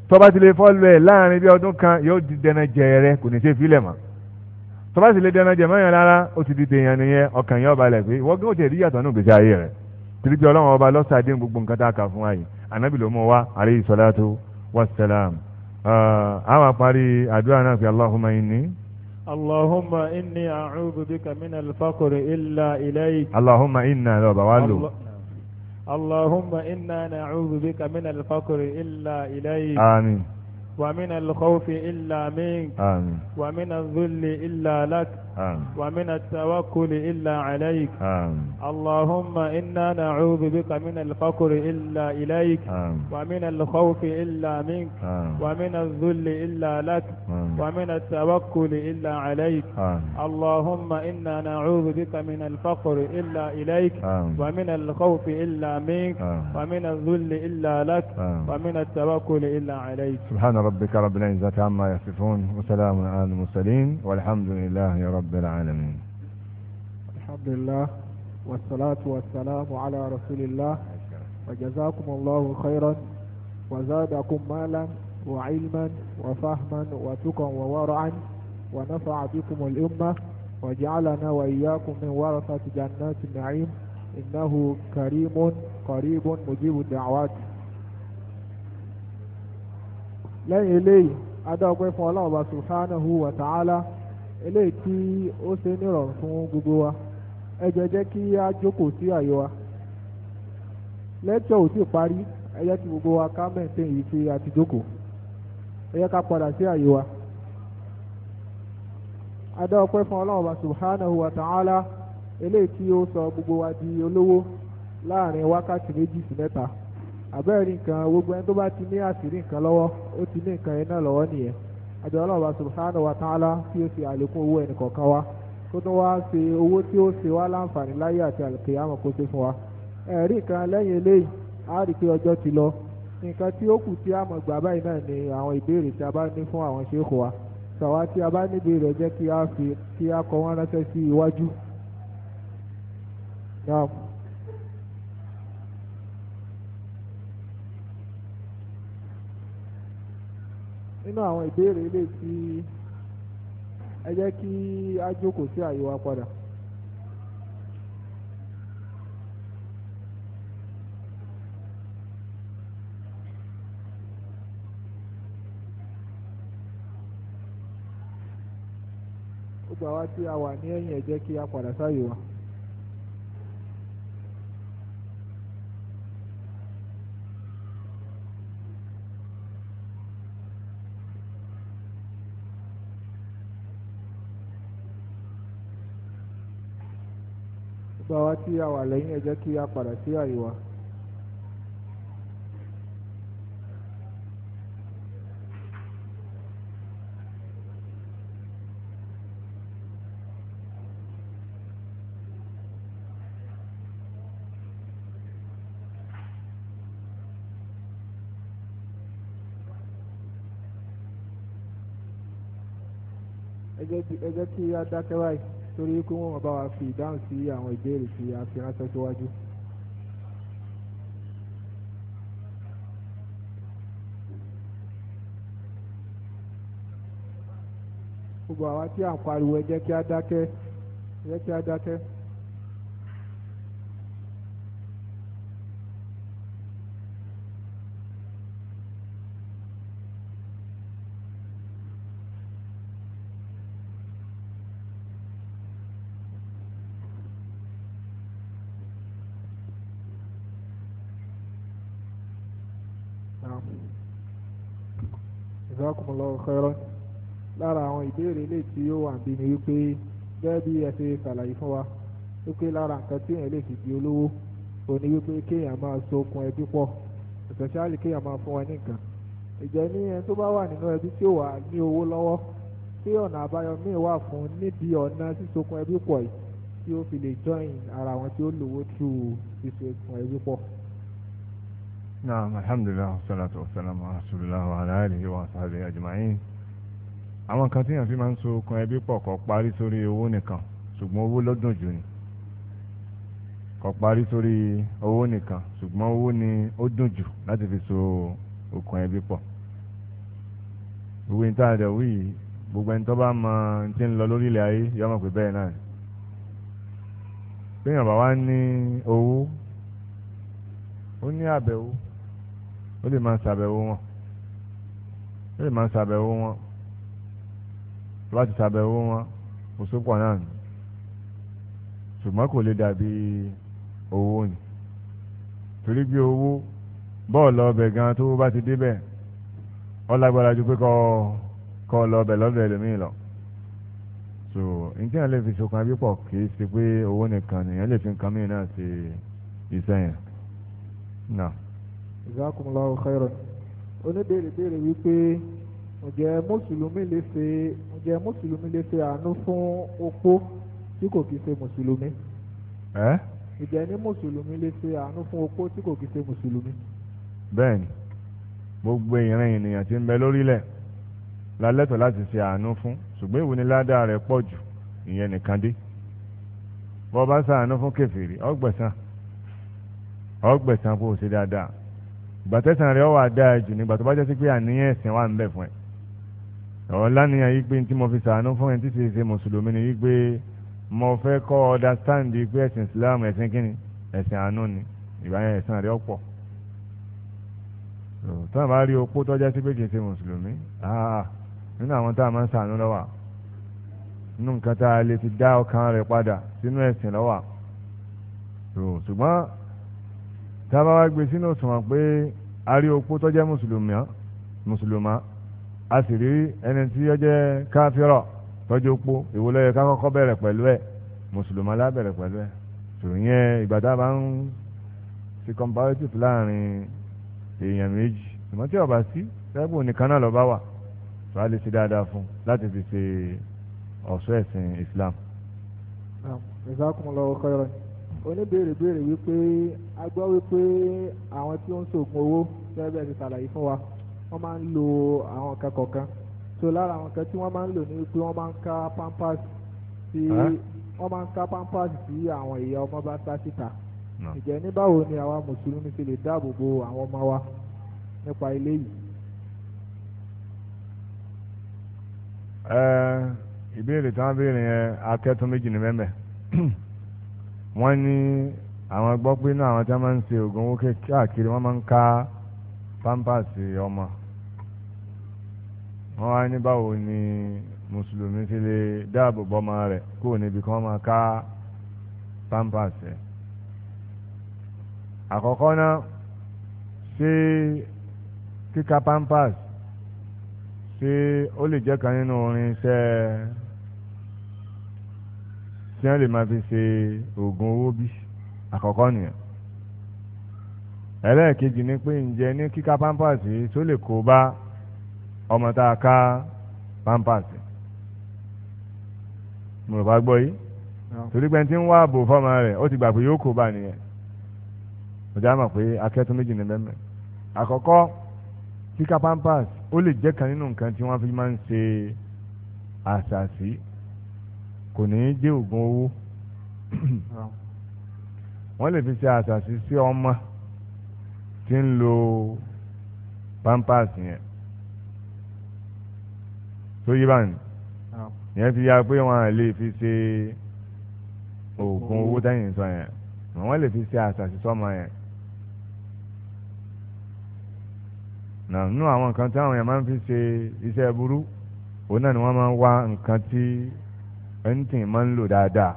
tó bá ti lè fọ́lù ẹ̀ láàrin bí ọdún kan yóò di dẹnà jẹ̀ẹ́rẹ́ kò ní ṣe fílẹ̀ mọ́ tọ́ba sì lè dẹnu jẹ mọ́yàn rárá ó ti di tèèyàn nìyẹn ọkàn yẹn ọba lẹ̀ pé wọ́n gbọ́dọ̀ tẹ̀lé yàtọ̀ nù gbèsè ayé rẹ̀ torí pé ọlọ́run ọba lọ́sàdé gbogbo nǹkan tá a kà fún wa yìí ànábì ló mú wa alayhi salatu wassalam àwọn àparí àdúrà náà fi allahumma inni.
allahumma inni a'udhu bika min al-faqri illa ilayk.
allahumma inna lọ́ba wa lò.
allahumma inna na'udhu bika min al-faqri ومن الخوف إلا منك آمين. ومن الذل إلا لك ومن التوكل إلا عليك اللهم إنا نعوذ بك من الفقر إلا إليك ومن الخوف إلا منك ومن الذل إلا لك ومن التوكل إلا عليك اللهم إنا نعوذ بك من الفقر إلا إليك ومن الخوف إلا منك ومن الذل إلا لك ومن التوكل إلا عليك
سبحان ربك رب العزة عما يصفون وسلام على المرسلين والحمد لله رب رب العالمين
الحمد لله والصلاة والسلام على رسول الله وجزاكم الله خيرا وزادكم مالا وعلما وفهما وتقا وورعا ونفع بكم الأمة وجعلنا وإياكم من ورثة جنات النعيم إنه كريم قريب مجيب الدعوات لن إليه أدعو فالله سبحانه وتعالى eléyìí tí ó ṣe nírọ̀rùn fún gbogbo wa ẹ jẹ́ jẹ́ kí a jókòó sí àyè wa lẹ́tọ̀ ò tíì parí ẹ jẹ́ kí gbogbo wa ká mẹ́ǹtẹ́ yìí tí a ti jókòó ẹ jẹ́ ká padà sí àyè wa. adá ọpẹ́ fún ọlọ́run wa subhanahu wa ta'ala eléyìí tí ó sọ gbogbo wa di olówó láàrin wákàtí méjì sí mẹ́ta àbẹ́rẹ́ gbogbo ẹni tó bá ti ní àṣírí nǹkan lọ́wọ́ ó ti àjọ ọlọ́ọ̀bá subhanahu wa ta'ala kí ó fi àlékún owó ẹnì kọ̀ọ̀kan wa kó tó wá ṣe owó tí ó ṣe wá láǹfààní láyé àti àlùkìyàmọ̀ kó ṣe fún wa ẹ̀rí kan lẹ́yìn eléyìí a rí pé ọjọ́ ti lọ nǹkan tí ó kù tí a mọ̀ gbà báyìí náà ni àwọn ìbéèrè tí a bá ní fún àwọn ṣéèkù wa sàwa tí a bá níbi rẹ̀ jẹ́ kí a kọ wọ́n ránṣẹ́ sí iwájú. Now. nínú àwọn ìbéèrè ilé tí ẹ jẹ́ kí á jókòó sí àyè wa padà. gbogbo àwa tí a wà ní ẹ̀yìn ẹ kí a padà sáyè wa. sọ wá tí a wà lẹ́yìn ẹ jẹ́ kí a padà sí àyíwá. ẹ jẹ́ kí a dákẹ́ báyìí torí pé wọ́n bá wa fi ìdáhùn sí àwọn ìbéèrè tí a fi ránṣẹ́ síwájú. gbogbo àwa tí à ń pariwo ẹ jẹ́ kí á dákẹ́ ẹ jẹ́ kí á dákẹ́. jazakumullahu khairan lára àwọn ìbéèrè lè tí ó wà bí ni wípé gẹ́gẹ́ bí ẹ ṣe ṣàlàyé fún wa wípé lára nǹkan tí èèyàn lè fi di olówó òní wípé kéèyàn máa so okùn ẹbí pọ̀ especially kéèyàn máa fún wa ní nǹkan ìjẹ́ ní ẹni tó bá wà nínú ẹbí tí ò wà ní owó lọ́wọ́ tí ọ̀nà àbáyọ míì wà fún níbi ọ̀nà sísokùn ẹbí pọ̀ yìí tí ó fi lè join ara wọn tí ó lówó tú sísokùn ẹbí pọ̀.
نعم الحمد لله والصلاة والسلام على رسول الله وعلى آله وصحبه أجمعين àwọn kan tí yàn fi máa ń so okùn ẹbí pọ̀ kò parí sórí owó nìkan ṣùgbọ́n owó lọ́dún jù ni kò parí sórí owó nìkan ṣùgbọ́n owó ni ó dùn jù láti fi so okùn ẹbí pọ̀ ìwé níta rẹ̀ wí gbogbo ẹni tó bá mọ ti ń lọ lórí ilẹ̀ ayé yọ ọmọ pé bẹ́ẹ̀ náà pé yàn bá wá ní owó ó ní àbẹ̀wò ó lè máa ṣàbẹ̀wò wọn ó lè máa ṣàbẹ̀wò wọn tó bá ti ṣàbẹ̀wò wọn kò sópọ̀ náà ni ṣùgbọ́n kò lè dàbí owó ni torí bí owó bọ́ọ̀lù ọbẹ̀ gan tó bá ti débẹ̀ ó lágbára ju pé kọ́ kọ́ lọ ọbẹ̀ lọ́dọ̀ ẹlòmíì lọ so ntí yẹn fi ṣokùn abí kì í ṣe pé owó nìkan nìyẹn lè fi nǹkan mìíràn ṣe iṣẹ́ yẹn
náà jazakumullahu khairan oníbèrè béèrè wípé ǹjẹ́ mùsùlùmí lè ṣe ǹjẹ́ mùsùlùmí lè ṣe àánú fún opó tí kò kì í ṣe mùsùlùmí. ẹ. ǹjẹ́ ní mùsùlùmí lè ṣe àánú fún opó tí kò kì ṣe mùsùlùmí.
bẹ́ẹ̀ni gbogbo ìran ènìyàn tí ń bẹ lórílẹ̀ lálẹ́tọ̀ láti ṣe àánú fún ṣùgbọ́n ìwúni ládàá rẹ̀ pọ̀ jù ìyẹn nìkan dé bọ́ bá ṣàánú fún kèfèrí ọgbẹ̀san ọgbẹ̀san kò ṣe dáadáa ìgbàtẹ́sán rẹ̀ wà dáa jù nígbà tó bá jẹ́ sí pé àníyàn ẹ̀sìn wà ń bẹ fún ẹ̀ ọ̀rọ̀ lánìyàn yìí pé tí mo fi sàánú fún ẹ̀ tí sì ṣe mùsùlùmí ni yìí pé mo fẹ́ kọ́ understand pé ẹ̀sìn Islam ẹ̀sìn kíni ẹ̀sìn àánú ni ìgbà yẹn ẹ̀sìn rẹ̀ ọ̀pọ̀ tọ́nà bá rí opó tọ́já sí pé kì í ṣe mùsùlùmí nínú àwọn tá a máa ń sàánú lọ́wọ́ nínú nǹkan tá a lè ti dá ọkàn rẹ̀ padà sínú ẹ̀sìn lọ́wọ́ ṣùgbọ́n tábà wá gbé sínú òṣùwọ̀n pé a rí opó tó jẹ́ mùsùlùmá a sì rí ẹni tí ó jẹ́ káfírọ̀ tọ́jú opó èwo ló yẹ ká kọ́kọ́ bẹ̀rẹ̀ pẹ̀lú ẹ̀ mùsùlùmá lá bẹ̀rẹ̀ pẹ̀lú ẹ̀ tòun yẹn ìgbà tá a bá ń ṣe comparative láàrin èèyàn méjì ìmọ̀ tí ọba sí sẹ́gbù nìkan náà lọ́ba wà tó a lè ṣe dáadáa fún láti fi ṣe ọ̀ṣọ́ ẹ̀sìn Islam.
Jazakumullahu khairan oníbèrè béèrè wípé a gbọ́ wípé àwọn tí ó ń ṣògùn owó gẹ́gẹ́ ti ṣàlàyé fún wa wọ́n máa ń lo àwọn nǹkan kọ̀ọ̀kan so lára àwọn nǹkan tí wọ́n máa ń lò ní wípé wọ́n máa ń ká pampers sí wọ́n máa ń ká pampers sí àwọn ìyá ọmọ bá sá síta ǹjẹ́ ní báwo ni àwa mùsùlùmí ṣe lè dáàbò bo àwọn ọmọ wa nípa ilé yìí.
ìbéèrè tí wọ́n béèrè yẹn atẹ́tún méjì ní mẹ́mẹ́. <clears throat> wọ́n ní àwọn gbọ́ pé náà àwọn tí wọ́n máa ń ṣe oògùn owó káàkiri wọ́n máa ń ká pampasì ọmọ wọ́n wá ní báwo ni mùsùlùmí ti lè dáàbò bọ́mọ rẹ̀ kúrò níbi kí wọ́n máa ká pampasì ẹ̀ àkọ́kọ́ náà ṣé kíka pampasì ṣé ó lè jẹ́ kan nínú orin iṣẹ́ ẹ̀ tí wọ́n lè máa fi ṣe oògùn owó bí àkọ́kọ́ nìyẹn ẹlẹ́ẹ̀kejì ni pé ǹjẹ́ ní kíka pampers tó lè kó bá ọmọ tá a ká pampers mo rò bá gbọ́ yìí torí pé tí ń wá ààbò fọ́mọ rẹ̀ ó ti gbà pé yóò kó bá nìyẹn mo já mọ̀ pé akẹ́tọ́ méjì ní bẹ́ẹ̀ àkọ́kọ́ kíka pampers ó lè jẹ́ kan nínú nǹkan tí wọ́n fi máa ń ṣe àṣàṣì kò ní í jẹ́ oògùn owó <clears throat> wọ́n lè fi ṣe àṣàṣì sí ọmọ tí ń lo pampers yẹn tó yí báyìí yẹn fi ya pé wọn lè fi ṣe oògùn owó tẹ́yìn sọ yẹn wọ́n lè fi ṣe àṣàṣì sọ́mọ yẹn. nínú àwọn nǹkan tí àwọn yẹn máa ń fi ṣe iṣẹ́ burú òun náà ni wọ́n máa ń wá nǹkan tí ẹ̀ńtìn máa ń lò dáadáa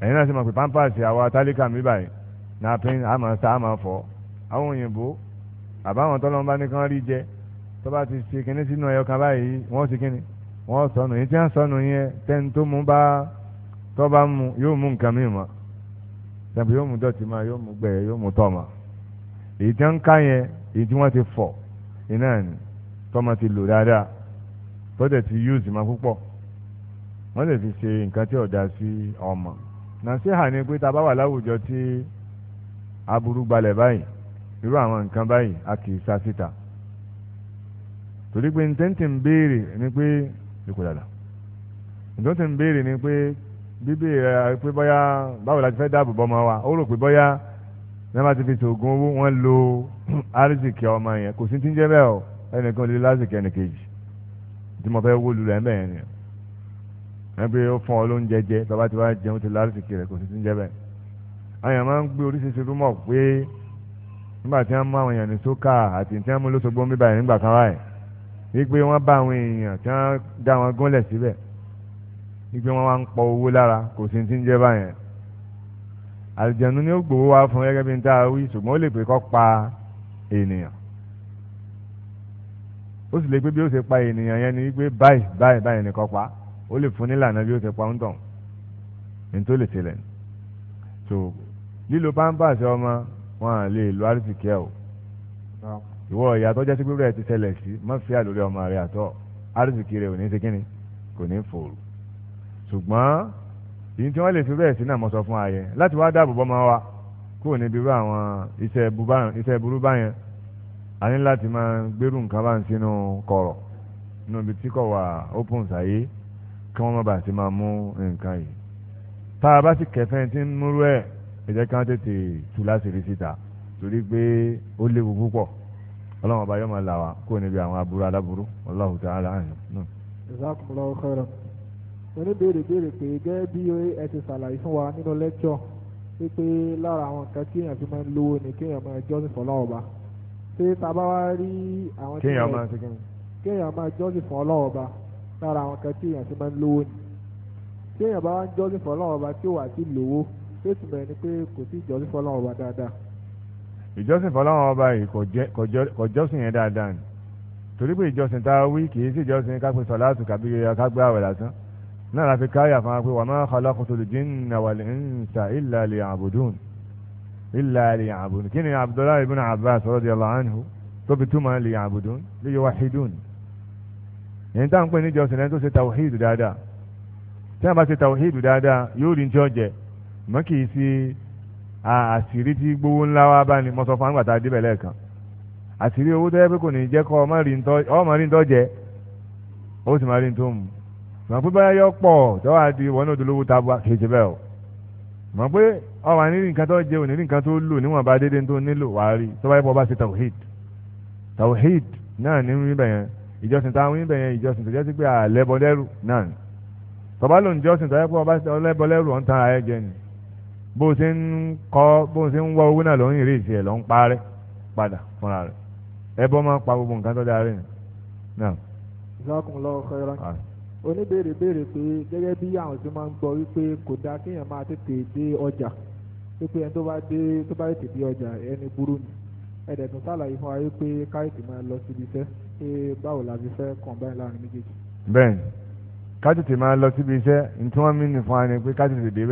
ẹ̀yin náà sì mọ̀ pé pampasì àwa tálíkà mi báyìí napin àmọ́ sá àmọ́ fọ́ àwọn òyìnbó àbáwọn tọ́lọ́ bá nìkan rí jẹ tó bá ti ṣe kinní sínú ẹyọ kan báyìí wọ́n ṣe kinní wọ́n sọnù yìí tí wọ́n sọnù yẹn tẹ́ni tó mú bá tó bá mú yóò mú nǹkan mi mọ́ tẹ̀bí yóò mú dọ̀tí mọ́ yóò mú gbẹ̀yẹ yóò mú tọ́ èyí tí wọ́n ká yẹn èyí tí wọ́n ti fọ̀ iná ni tọ́mọ ti lò dáadáa tọ́jà ti yúùsì máa púpọ̀ wọ́n lè fi ṣe nǹkan tí ọ̀dà sí ọmọ nàṣíhà ni pé tá a bá wà láwùjọ tí aburú gbalẹ̀ báyìí irú àwọn nǹkan báyìí a kì í sa síta torí pé ntẹ́ntì ń béèrè ni pé ìkó dàda ntẹ́ntì ń béèrè ni pé bíbí ẹ pé bóyá báwo la ti fẹ́ dáàbò bọ́ ọmọ wa ó rò pé bóyá ní wọ́n ti fi ṣoògùn owó wọ́n lo arzikì <clears throat> ọmọ yẹn kò sí ti ń jẹ́ bẹ́ẹ̀ o ẹnìkan lè lásìkò ẹnìkejì tí mo fẹ́ wó lulẹ̀ ẹ̀ bẹ́ẹ̀ yẹn nìyẹn ẹbí ó fún ọ ló ń jẹjẹ bàbá tí wàá jẹun ti lárìsìkì rẹ kò sì tún jẹ bẹ́ẹ̀ àyàn máa ń gbé oríṣiríṣi rúmọ̀ pé nígbà tí wọ́n mú àwọn èèyàn ní sókà àti tí wọ́n mú lóṣogbo ń bíbá yẹn nígbà kan wáyé wípé wọ́n bá àwọn èèyàn tí wọ́n dá wọn gúnlẹ̀ síbẹ̀ wípé wọ́n wá ń pọ owó lára kò sì ti ń jẹ́ báyẹn àlùjànnú ni ó gbowó wá fún gẹ́gẹ́ bí n ta wí ṣùgbọ́n ó lè pé kó pa ènìyàn ó sì lè pé bí ó ṣe pa ènìyàn yẹn ni wípé báyìí báyìí báyìí ni kó pa á ó lè fún nílànà bí ó ti pa ń ní tó lè tẹlẹ̀ so lílo pampers ọmọ wọn à lè lo àrísìkẹ́ o ìwọ ìyá tó jẹ́ sí pípẹ́ ti ṣẹlẹ̀ sí má fi àlórí ọmọ rẹ àtọ́ àrísìkí rẹ ò ní ṣe kíni kò ní fòrò ṣùgbọ́n èyí tí wọ́n lè fi bẹ́ẹ̀ sí náà mo sọ fún ayẹ láti wá dáàbò bọ́ máa wa kúrò níbi irú àwọn iṣẹ́ burú báyẹn a láti máa gbérù nǹkan bá ń sínú kọ̀rọ̀ nínú tí kò wà open ṣàyé kí wọ́n má bàa ti máa mú nǹkan yìí tá a bá sì kẹfẹ́ tí ń múrú ẹ̀ ẹ jẹ́ kí wọ́n tètè tú láṣìírí síta torí pé ó léwu púpọ̀ ọlọ́run ọba yóò máa là wá kó níbi àwọn aburú aláburú Allahu ta'ala àyàn náà.
jazakumullahu khairan oníbèrè béèrè pé gẹ́gẹ́ bí ẹ ti ṣàlàyé fún wa nínú lẹ́kṣọ̀ wípé lára àwọn nǹkan tí èèyàn fi máa ń lówó ni kéèyàn máa jọ́sìn fọlọ́run ọba ṣé tá a bá wá rí àwọn tí kéèyàn máa jọ́sìn fún ọlọ́run ọba lára àwọn kan tí èèyàn ti máa ń lówó ni tí èèyàn bá wá ń jọ́sìn fọlọ́run ọba tí ó wà sí lówó tó sì bẹ̀rẹ̀ ni pé kò sí ìjọ́sìn fọlọ́run ọba dáadáa.
ìjọ́sìn fọlọ́run ọba yìí kò jọ́sìn yẹn dáadáa ni torí pé ìjọ́sìn tá a wí kì í sí ìjọ́sìn kápẹ́ sọ̀láàtù kàbí kágbé àwẹ̀ lásán náà la fi káyà fún wa pé wa ma khalaqtul jinna wal insa illa liya'budun illa liya'budun kí ni Abdullahi ibn Abbas radiyallahu anhu tó fi túmọ̀ liya'budun liyuwahhidun ẹni tá à ń pè ní ìjọsìn ẹni tó ṣe tawhid dáadáa tí a bá ṣe tawhid dáadáa yóò rí njọ́ jẹ mọ́ kì í ṣe àṣírí tí gbowó ńlá wa bá ní mọ́sọ́fún àwọn àgbàtà débẹ̀ lẹ́ẹ̀kan àṣírí owó tó yẹ pé kò ní jẹ́ kọ́ ọmọ rí ntọ́ jẹ ó sì máa rí ntọ́ mu mọ̀ pé báyọ̀ yọ pọ̀ tọ́wọ́ àti wọnú òdòlówó tabua kì í bẹ́ẹ̀ o mọ̀ pé ọwọ́ àníri nǹkan tó jẹ òní rí nǹkan tó lò níwọ̀n bá dédé tó nílò wàá rí tọ́wọ́ yẹ pọ̀ bá ṣe tawhid tawhid náà ní ìjọsìn tá a wí bẹ̀yẹn ìjọsìn tó jẹ́ sí pé àlẹ́bọ lẹ́rù náà ni tọ́ba ló ń jọsìn tó yẹ pé ọba ọlẹ́bọ lẹ́rù ọ̀n tara ẹ jẹ ni bó o ṣe ń kọ́ bó o ṣe ń wá owó náà lọ́rùn ìrèsì ẹ̀ lọ́ ń parẹ́ padà fúnra rẹ̀ ẹbọ máa ń pa gbogbo nǹkan tó dáa rẹ̀ náà.
ìsọkùnlọ́wọ́ kọ́ra ah. oníbèrè béèrè pé gẹ́gẹ́ bí àwọn tó máa ń gbọ́ wípé kò dáa kéèyàn máa tètè dé ọjà wípé ẹni tó bá dé tó bá tètè dé ọjà ẹni burú ni ẹ̀dẹ̀ tó sàlàyé fún wa yìí pé káyọ̀tì máa lọ síbi iṣẹ́ pé báwo la fi fẹ́ combine láàrin méjèèjì.
bẹ́ẹ̀ni káyọ̀tì máa lọ síbi iṣẹ́ ntí wọ́n mìíní fún wa ni pé káyọ̀tì dé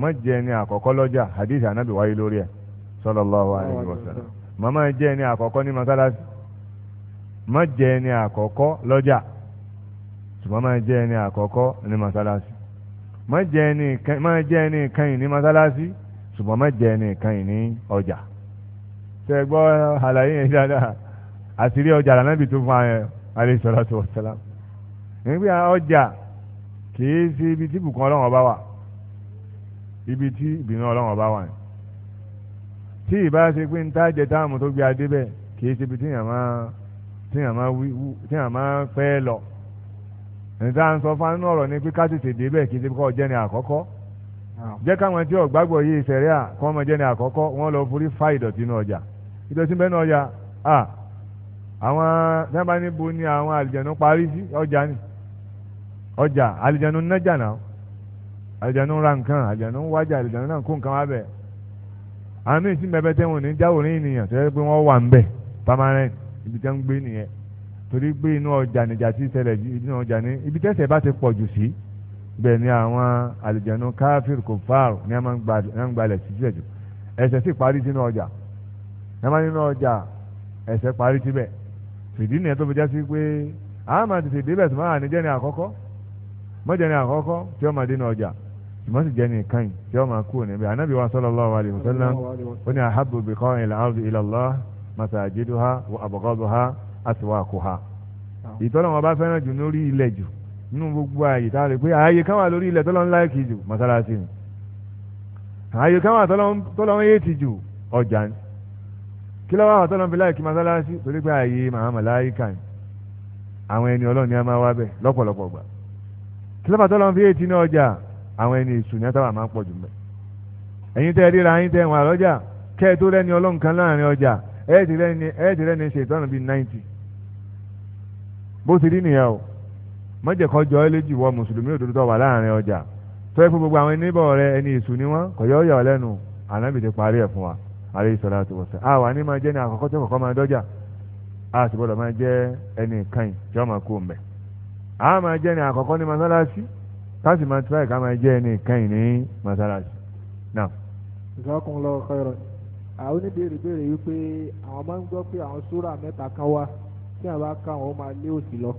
mọ̀ jẹ́ ẹni àkọ́kọ́ lọ́jà hadith anabi wáyé lórí ẹ̀ sallallahu alaihi wasallam màmá jẹ́ ẹni àkọ́kọ́ ní mọ́sálásí mọ̀ jẹ́ ẹni àkọ́kọ́ lọ́jà ṣùgbọ́n máa jẹ́ ẹni àkọ́kọ́ ní mọ́sálásí mọ̀ jẹ́ ẹni kẹ́yìn ní mọ́sálásí ṣùgbọ́n máa tẹ gbọ́ àlàyé yẹn dáadáa àṣírí ọjà lànàbì tó fún ayẹ alayhi salatu wassalam nígbà ọjà kìí ṣe ibi tí bùkún ọlọ́run ọba wà ibi tí ìbínú ọlọ́run ọba wà tí ìbá ṣe pé ń tájẹ táàmù tó gbé adé bẹ́ẹ̀ kìí ṣe ibi tíyàn máa tíyàn máa wí tíyàn máa fẹ́ lọ níta ń sọ fún anú ọ̀rọ̀ ni pé ká tètè dé bẹ́ẹ̀ kìí ṣe kọ́ jẹ́ni àkọ́kọ́ jẹ́ káwọn tí ọ̀gbàgbọ́ yìí ṣẹ̀ríà kọ́ ọmọ jẹ́ni àkọ́kọ́ wọ́n lọ forí fá ìdọ̀tí inú ọjà ìdọ̀tí bẹ́ẹ̀ náà ọjà à àwọn dábà níbo ni àwọn àlìjẹ̀nu parí sí ọjà ni ọjà àlìjẹ̀nu nájà náà àlìjẹ̀nu ra nǹkan àlìjẹ̀nu wájà àlìjẹ̀nu náà kó nǹkan wá bẹ̀ àwọn míì sì mẹ́fẹ́ tẹ́wọ̀n ní jáwòrín ènìyàn tó yẹ pé wọ́n wà ń bẹ̀ permanent ibi tẹ́ ń gbé nìyẹn torí pé inú ọjà nìjà ti ṣẹlẹ̀ inú ọjà ní ibi tẹ́sẹ̀ bá ti pọ̀ jù sí bẹ́ẹ̀ ni àwọn àlìjẹ̀nu káfíìr kò fáàrù ní wọ́n gbalẹ̀ sí jẹ̀jù ẹ̀sẹ̀ sì parí sínú ọjà ẹ máa nínú ọjà ẹsẹ̀ parí síbẹ̀ fìdí nìyẹn tó fi já pé a máa tètè débẹ̀ tó máa ní jẹ́ni àkọ́kọ́ mọ́jẹ́ni àkọ́kọ́ tí ó máa dé ní ọjà ṣùgbọ́n sì jẹ́ni ìkànnì tí ó máa kú níbẹ̀ anábì wa sallallahu alaihi wasallam ó ní ila Allah masajiduha wa abghaduha aswaquha ìtọ́lọ́ wọn bá fẹ́ràn jù lórí ilẹ̀ jù nínú gbogbo ààyè tá a lè pé ààyè kan wà lórí ilẹ̀ tọ́lọ́ kí lọ́wọ́ àwọn tọ́lọ́ fi láìkí masalasi torí pé ààyè màmá láyìíká ni àwọn ẹni ọlọ́ọ̀ni a máa wá bẹ̀ lọ́pọ̀lọpọ̀ gbà kí lọ́wọ́ tọ́lọ́ fi ètí ní ọjà àwọn ẹni èṣù ní àtàwọn máa ń pọ̀ jù mẹ́ ẹ̀yin tẹ́ ríra ẹ̀yin tẹ́ wọn àlọ́jà kẹ́ ẹ tó rẹ́ni ọlọ́run kan láàrin ọjà ẹ̀ ti rẹ́ni ṣe bíi ninety bó ti rí nìyẹn o mọ̀jẹ̀kọ́ jọ ẹ́ lójú ìwọ mùsùlùmí òdodo tó wà láàrin ọjà tó ẹ fún gbogbo àwọn ẹni bọ̀ alayhi salatu wa sallam àwa ní máa jẹ́ ní àkọ́kọ́ tó kọ́kọ́ máa dọ́jà a sì gbọ́dọ̀ máa jẹ́ ẹni kan tí wọ́n máa kú mbẹ́ a máa jẹ́ ní àkọ́kọ́ ní masalasi ká sì máa tíráì ká máa jẹ́ ẹni kan ní masalasi náà.
jazakumullahu khairan àwọn oníbèrè béèrè wípé àwọn máa ń gbọ́ pé àwọn súrà mẹ́ta kan wá tí àwọn bá ká àwọn máa lé òsì lọ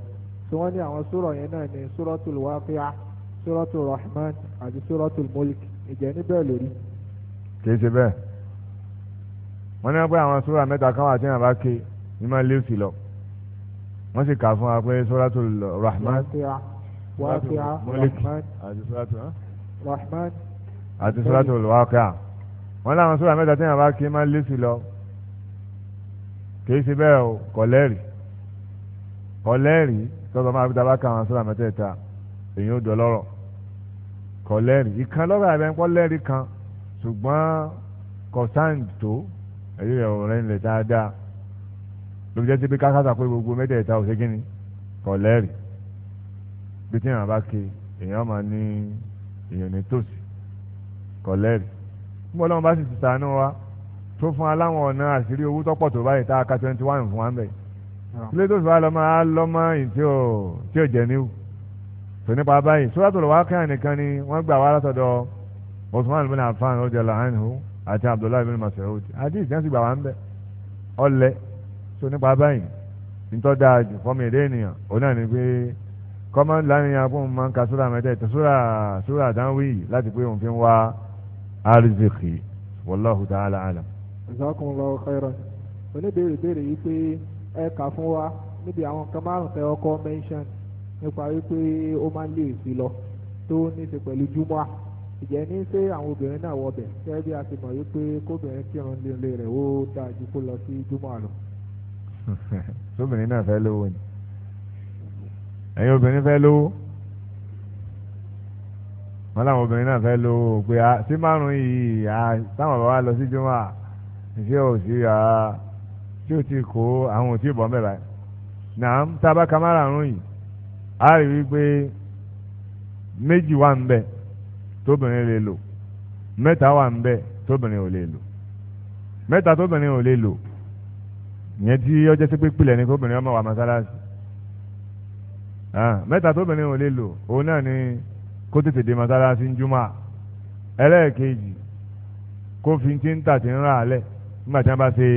tí wọ́n ní àwọn súrà yẹn náà ní súratul waqi'ah súratul rahman àti súratul mulk ìjẹ́ níbẹ̀ lórí.
kì í ṣe bẹ́ẹ̀ wọ́n ní wọ́n pé àwọn sóra mẹ́ta kan wà tí yàrá bá ké ní máa lé sí lọ wọ́n sì kà fún wa pé suratul rahman àti suratul waqi'a wọ́n láwọn sóra mẹ́ta tí yàrá bá ké máa lé sí lọ kìí ṣe bẹ́ẹ̀ o kọ̀lẹ́rì kọ̀lẹ́rì tọ́tọ́ máa fi ta bá ka àwọn sóra mẹ́tẹ̀ẹ̀ta èyí ò dọ́lọ́rọ̀ kọ̀lẹ́rì ìkan lọ́rọ̀ àbẹ̀ ńkọ́ lẹ́rì kan ṣùgbọ́n kọ̀sáǹdì tó ẹ̀rí rẹ̀ ò rẹ̀ ńlẹ̀ dáadáa ló fi jẹ́ sí pé kákàtà pé gbogbo mẹ́tẹ̀ẹ̀ta ò ṣe kí ni kọ̀ lẹ́rì bí tí èèyàn bá ké èèyàn máa ní èèyàn ní tòsí kọ̀ nígbà ọlọ́run bá sì ti sànú wa tó fún aláwọn ọ̀nà àṣírí owó tọ́pọ̀ tó báyìí tá a ka twenty one fún wa ń bẹ̀ ah. ilé tó fi wá lọ́mọ á lọ́mọ tí ò tí ò jẹ́ níwò tó nípa báyìí sóràtò lọ́wọ́ akẹ́yàn nìkan ni wọ́n gbà wá látọ̀dọ̀ Usman anhu àti abdullahi bin masoud àti ìjẹ́nsì gbà wá ń bẹ̀ ọlẹ̀ so nípa báyìí nítorí dáa jù fọmọ èdè ènìyàn òun náà ni pé kọ́mọ́ lánìyàn fún un máa ń ka sóra mẹ́tẹ̀ẹ̀tẹ̀ sóra sóra àdánwò yìí láti pé òun fi ń wá arzikhi wallahu ta'ala alam.
jazakumullahu khairan oníbèrè béèrè yìí pé ẹ kà fún wa níbi àwọn kan márùn tẹ ọkọ mention nípa wípé ó máa ń lé èsì lọ tó ní í ṣe pẹ̀lú júmọ́à ìjẹ́ ní ṣé àwọn obìnrin náà wọ bẹ̀ gẹ́gẹ́ bí a ti mọ̀ wípé kóbìnrin kírun nílé rẹ̀ ó dáa ju kó lọ sí júmọ̀ àlọ́.
<laughs> tóbìnrin náà fẹ́ lówó ni ẹ̀yin obìnrin fẹ́ lówó wọn làwọn obìnrin náà fẹ́ lówó pé sí márùn-ún yìí táwọn bàbá lọ sí júmọ̀ à ìṣe òsì à tí ò ti kó àwọn ò tí ì bọ́ náà tábà kamara àrùn yìí a rí i wípé méjì wà ń bẹ́ẹ̀ tóbìnrin lè lò mẹ́ta wà ń bẹ̀ tóbìnrin ò lè lò mẹ́ta tóbìnrin ò lè lò ìyẹn tí ọjọ́ sí pé pilẹ̀ ni kóbìnrin ọmọ wà mọ́sálásì mẹ́ta tóbìnrin ò lè lò òun náà ni kó tètè dé mọ́sálásì ń júmọ́ ẹlẹ́ẹ̀kejì kó fi ti ń tà tí ń rà á nígbà tí wọ́n bá ṣe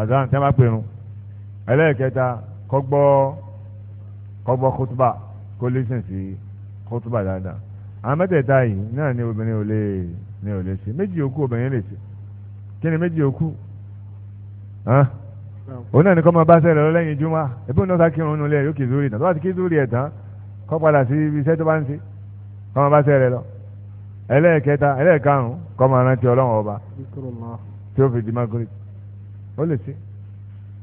àdán tí wọ́n bá pèrún ẹlẹ́ẹ̀kẹta kó gbọ́ kótóbà kó lè sìn sí i kótóbà dáadáa àwọn mẹ́tẹ̀ẹ̀ta yìí náà ni obìnrin ò lè ní ò lè ṣe méjì òkú obìnrin lè ṣe kí ni méjì òkú òun náà ni kọ́ máa bá sẹ́rẹ̀ lọ lẹ́yìn júmọ́ ẹ̀bí òun náà kírun nulẹ̀ yóò kì í zúrì náà tó bá ti kí zúrì ẹ̀ tán kọ́ padà sí ibi iṣẹ́ tó bá ń ṣe kọ́ máa bá sẹ́rẹ̀ lọ ẹlẹ́ẹ̀kẹta ẹlẹ́ẹ̀karùn-ún kọ́ máa rántí ọlọ́run ọba tí ó fi di magori ó lè ṣe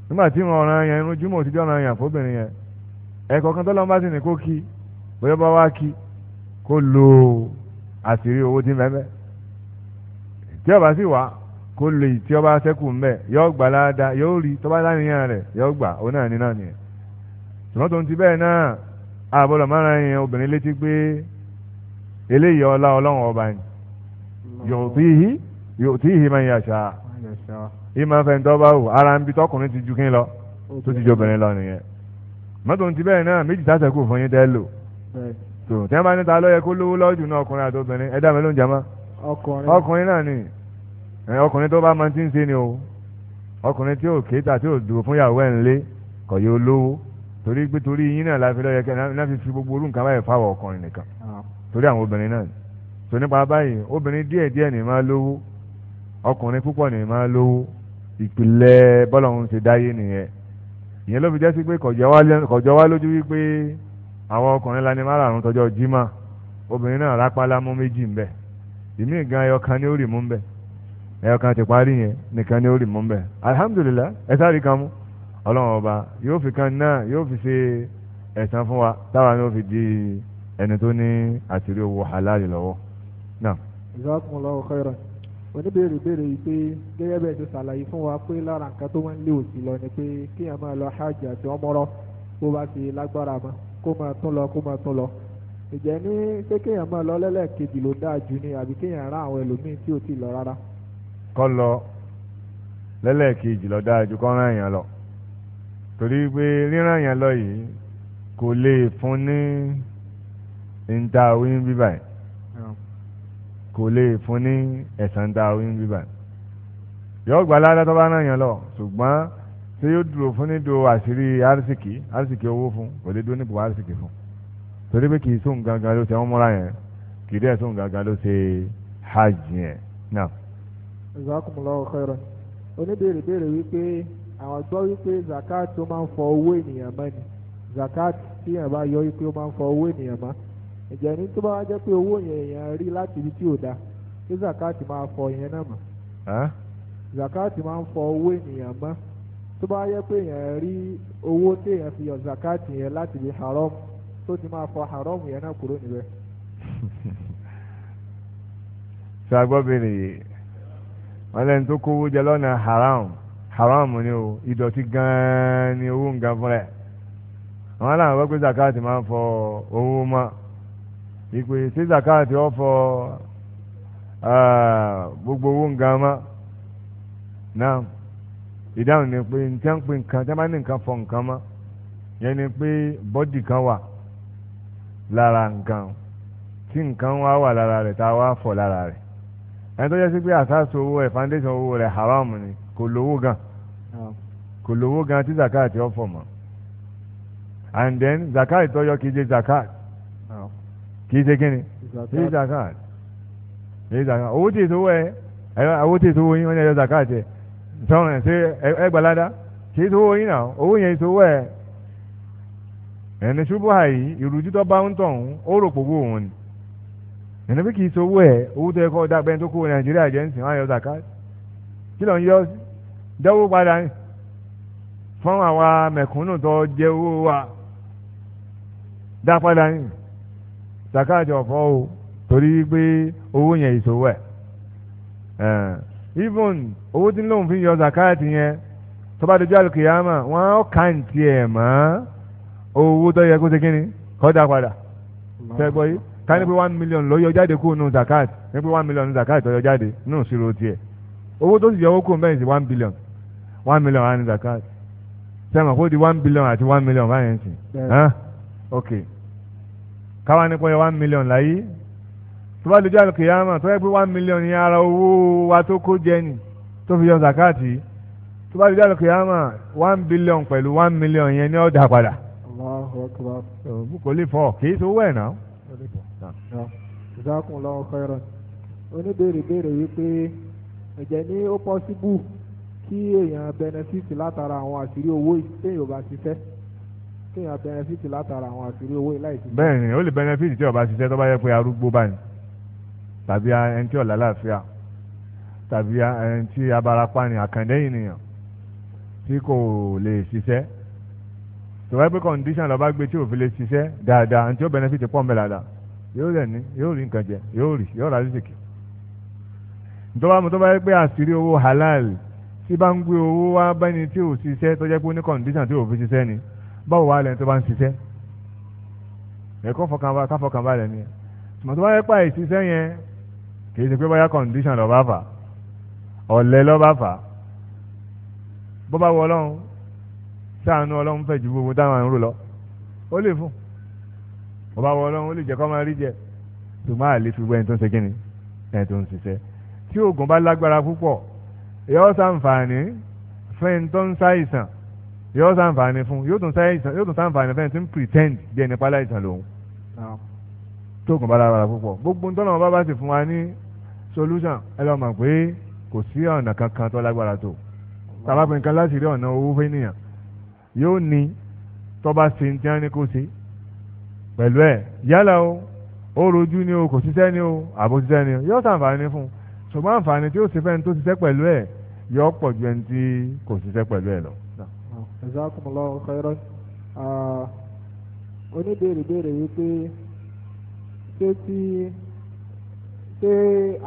nígbà tí wọn ọ̀ràn yẹn irun júmọ́ òtijọ́ ọ̀ràn yẹn fóbìnrin yẹn ẹ̀kọ́ kan tọ́lọ́mbá sì bóyá bá wá kí kó lo àṣírí owó tí mẹ́mẹ́ tí ọba sì wá kó lo ìtí ọba sẹ́kù mbẹ́ yóò gbà láadáa yóò rí tọ́ba láníyàn rẹ̀ yóò gbà ó náà ní náà nìyẹn ṣùgbọ́n tó ń ti bẹ́ẹ̀ náà àbọ̀lọ̀ mára yẹn obìnrin létí pé eléyìí ọlá ọlọ́run ọba ni yòtíhì yòtíhì máa ń yàṣà ìmọ̀ fẹ̀ntọ́ bá wù ara ń bi tọkùnrin ti ju kí n lọ tó ti jobìnrin lọ nìyẹn mọ́tò ń ti bẹ́ẹ̀ náà méjì sásẹ̀kù fún yín tẹ́ lò tó tí wọ́n bá níta lọ́yẹ kó lówó lọ́jù náà ọkùnrin àti obìnrin ẹ̀dá mi ló ń jama ọkùnrin náà ni ọkùnrin tó bá máa ti ń ṣe ni o ọkùnrin tí ò kéta tí ò dùn fún yàwó ẹ̀ ń lé kọ̀ yóò lówó torí pé torí yín náà la fi lọ́yẹ kẹ́ náà fi fi gbogbo orú nǹkan báyìí fáwọn ọkùnrin nìkan ah. torí àwọn obìnrin náà tó nípa báyìí obìnrin díẹ̀ díẹ̀ ni máa lówó ọkùnrin púpọ̀ ni máa lówó ìpìlẹ̀ bọ́lọ̀ ń ṣe dáyé nìyẹn ìyẹn ló fi jẹ́ sí pé kọ̀jọ́ wá lójú wípé àwọn ọkùnrin la ní márààrún tọjọ́ jimá obìnrin náà rápálá mú méjì ń bẹ ìmí gan ẹyọkan ni ó rì mú ń bẹ ẹyọkan ti parí yẹn nìkan ni ó rì mú ń bẹ alihamudulilayi ẹ sáré kan mú ọlọ́run ọba yóò fi kan náà yóò fi ṣe ẹ̀san fún wa táwa ni ó fi di ẹni tó ní àṣírí owó halali lọ́wọ́ náà.
jazakumullahu khairan oníbèrè béèrè yìí pé gẹ́gẹ́ bẹ́ẹ̀ ti ṣàlàyé fún wa pé lára nǹkan tó máa ń lé òsì lọ ni pé kéèyàn máa lọ hajj àti ọmọrọ bó bá ti lágbára mọ́ kó máa tún lọ kó máa tún lọ ìjẹ́ ní pé kéèyàn máa lọ lẹ́lẹ́kejì ló dáa jù ni àbí kéèyàn rán àwọn ẹlòmíín tí ò tí ì lọ rárá.
kọ́ lọ lẹ́lẹ́kejì lọ dáa ju kọ́ rán èèyàn lọ torí pé rírán èèyàn lọ yìí kò lè fún ní ìta wíńbí bíbà yìí kò lè fún ní ẹ̀san ìta wíńbí bíbà yìí yọ̀ọ́ gbà ládàá bá rán èèyàn lọ ṣùgbọ́n ṣé yóò dúró fún ní do àṣírí arísìkì arísìkì owó fún kò lè dúró nípò arísìkì fún torí pé kì í sóhun gangan ló ṣe wọn múra yẹn kì í dẹ́ sóhun gangan ló ṣe hajj yẹn náà.
jazakumullahu khairan oníbèrè béèrè wípé àwọn gbọ́ wípé zakat tó máa ń fọ owó ènìyàn mọ́ ni zakat tí èèyàn bá yọ wípé ó máa ń fọ owó ènìyàn mọ́ ìjẹ́ ní tó bá wá jẹ́ pé owó yẹn èèyàn rí láti ibi tí ò da kí zakat máa fọ ìyẹn náà
mọ́
zakat máa ń fọ owó ènìyàn mọ́ tó bá yẹ pé èèyàn rí owó téèyàn fi yọ zakati yẹn láti haram tó ti máa fọ haram yẹn náà kúrò níbẹ̀.
ṣé yìí lẹ́nu tó kówó jẹ lọ́nà haram haram ni o ìdọ̀tí gan-an ni owó nǹkan fúnra ẹ̀ àwọn wọ́n pé zakati máa fọ owó mọ́ ìpè sí zakati ó ah, gbogbo owó mọ́ náà. ìdáhùn ni pé nǹkan ń pè nǹkan tí a bá ní nǹkan fọ nǹkan mọ́ yẹn ni pé bọ́dì kan wà lára nǹkan tí nǹkan wá wà lára rẹ̀ tá a wá fọ̀ lára rẹ̀ ẹni tó yẹ sí pé àsáàsù owó ẹ̀ foundation owó rẹ̀ haram ni kò lówó gan kò lówó gan tí zakat yọ fọ̀ mọ́ and then zakat tó yọ kì í ṣe zakat kì í ṣe kíni kì kì í ṣe zakat owó tí èso wọ ẹ owó tí èso wọ yín wọn yẹ zakat yẹ. sọ̀rọ̀ ẹ̀ ṣe ẹgbàládá kì í sowó yín náà owó yẹn sowó ẹ̀ ẹni ṣubú àyí bá ń tọ̀hún ó rò pòwó òun ni ẹni bí kì í sowó owó tó yẹ kọ́ dá pẹ́ni tó kó nàìjíríà jẹ́ ń sìn zaka kí ló ń yọ padà fún àwa mẹ̀kúnnù tó owó wa dá padà zaka even owó tí ń lóun fi ń yọ zakati yẹn tó bá dojú àlùkìyàmà wọn á kàǹtì ẹ̀ mọ́ owó tó yẹ kó ṣe kíni kọ́dà padà tẹ́gbọ́ yìí ká ní pé one million ló yọ jáde kúrò nù zakati ní pé one million zakati tó yọ jáde nù ṣírò tiẹ̀ owó tó sì yọ owó kúrò bẹ́ẹ̀ sí one billion one million á ní zakati sẹ́mi kó di one billion àti one million báyẹn sì ok káwa ní pé one million láyé tó bá dojú àlùkìyàmà tó yẹ pé one million ní ara owó wa tó kó jẹ ni tó fi yọ zakati tó bá dojú àlùkìyàmà one billion pẹ̀lú one million yẹn ní ọ̀dà padà. kò lè fọ kì í sowó ẹ̀ náà.
ìdákùn lọ́wọ́ khairan oníbèrè béèrè wípé ǹjẹ́ ní ó pọ́síbù kí èèyàn bẹnẹfìtì látara àwọn àṣírí owó yìí téèyàn bá ṣiṣẹ́ kéèyàn bẹnẹfìtì látara àwọn àṣírí owó yìí láì ṣiṣẹ́. bẹ́ẹ̀ni
ó lè bẹnẹfìtì tí ó bá ṣiṣẹ́ tó bá yẹ pé arúgbó báyìí tàbí ẹni tí ọ̀la láàfíà tàbí ẹni tí abarapa ni àkàndé ènìyàn tí kò lè ṣiṣẹ́ tó pé condition lọ́ba gbé tí òfin lè ṣiṣẹ́ dáadáa àti ó benefit pọ̀ mbẹ́ dáadáa yóò rẹ̀ ní yóò rí nǹkan jẹ yóò rí yóò rà lóṣèké ntọ́ba mo tó bá yẹ pé àṣírí owó halal tí bá ń gbé owó wá bẹ́ni tí ò ṣiṣẹ́ tó jẹ́ pé ní condition tí òfin ṣiṣẹ́ ni báwo wá lẹ́ni tó bá ń ṣiṣẹ́ ẹ̀kọ́ fọkànbalẹ̀ káfọkànbalẹ̀ ni tòmọ̀tò bá yẹ pé àìṣiṣẹ́ yẹn kì í ṣe pé bóyá condition lọ bá fà ọ̀lẹ́ lọ bá fà bó bá wọ ọlọ́run sáànù ọlọ́run fẹ̀ ju gbogbo táwọn àrùn lọ ó lè fún bó bá wọ ọlọ́run ó lè jẹ́ kó máa rí jẹ ṣùgbọ́n àlè fi wẹ́n tó ń ṣe kí ni ẹ̀ tó ń ṣiṣẹ́ tí oògùn bá lágbára púpọ̀ yóò ṣàǹfààní fẹ́ni tó ń ṣàìsàn yóò ṣàǹfààní fún yóò tún ṣàìsàn yóò tó ń pretend bí ẹni pálá ìsàn lòun tó oògùn bá lágbára púpọ̀ gbogbo ń tọ́nà wọn bá bá sì fún wa ní solution ẹ lọ mọ̀ pé kò sí ọ̀nà kankan tó lágbára tó tàbá pé nǹkan láti rí ọ̀nà owó fẹ́nìyàn yóò ní tọ́ba ṣe ń tí wọ́n ní kó ṣe pẹ̀lú ẹ̀ yálà o ó rojú ni o kò ṣiṣẹ́ ni o àbò ṣiṣẹ́ ni o yóò ṣàǹfààní fún un ṣùgbọ́n àǹfààní tí ó ṣe fẹ́ni tó ṣiṣẹ́ pẹ̀lú ẹ̀ yóò pọ̀ ju ẹni tí kò ṣiṣẹ́ pẹ̀lú ẹ̀ lọ.
jazakumullahu khairan ah, oníbèrè béèrè wípé ṣé tí ṣé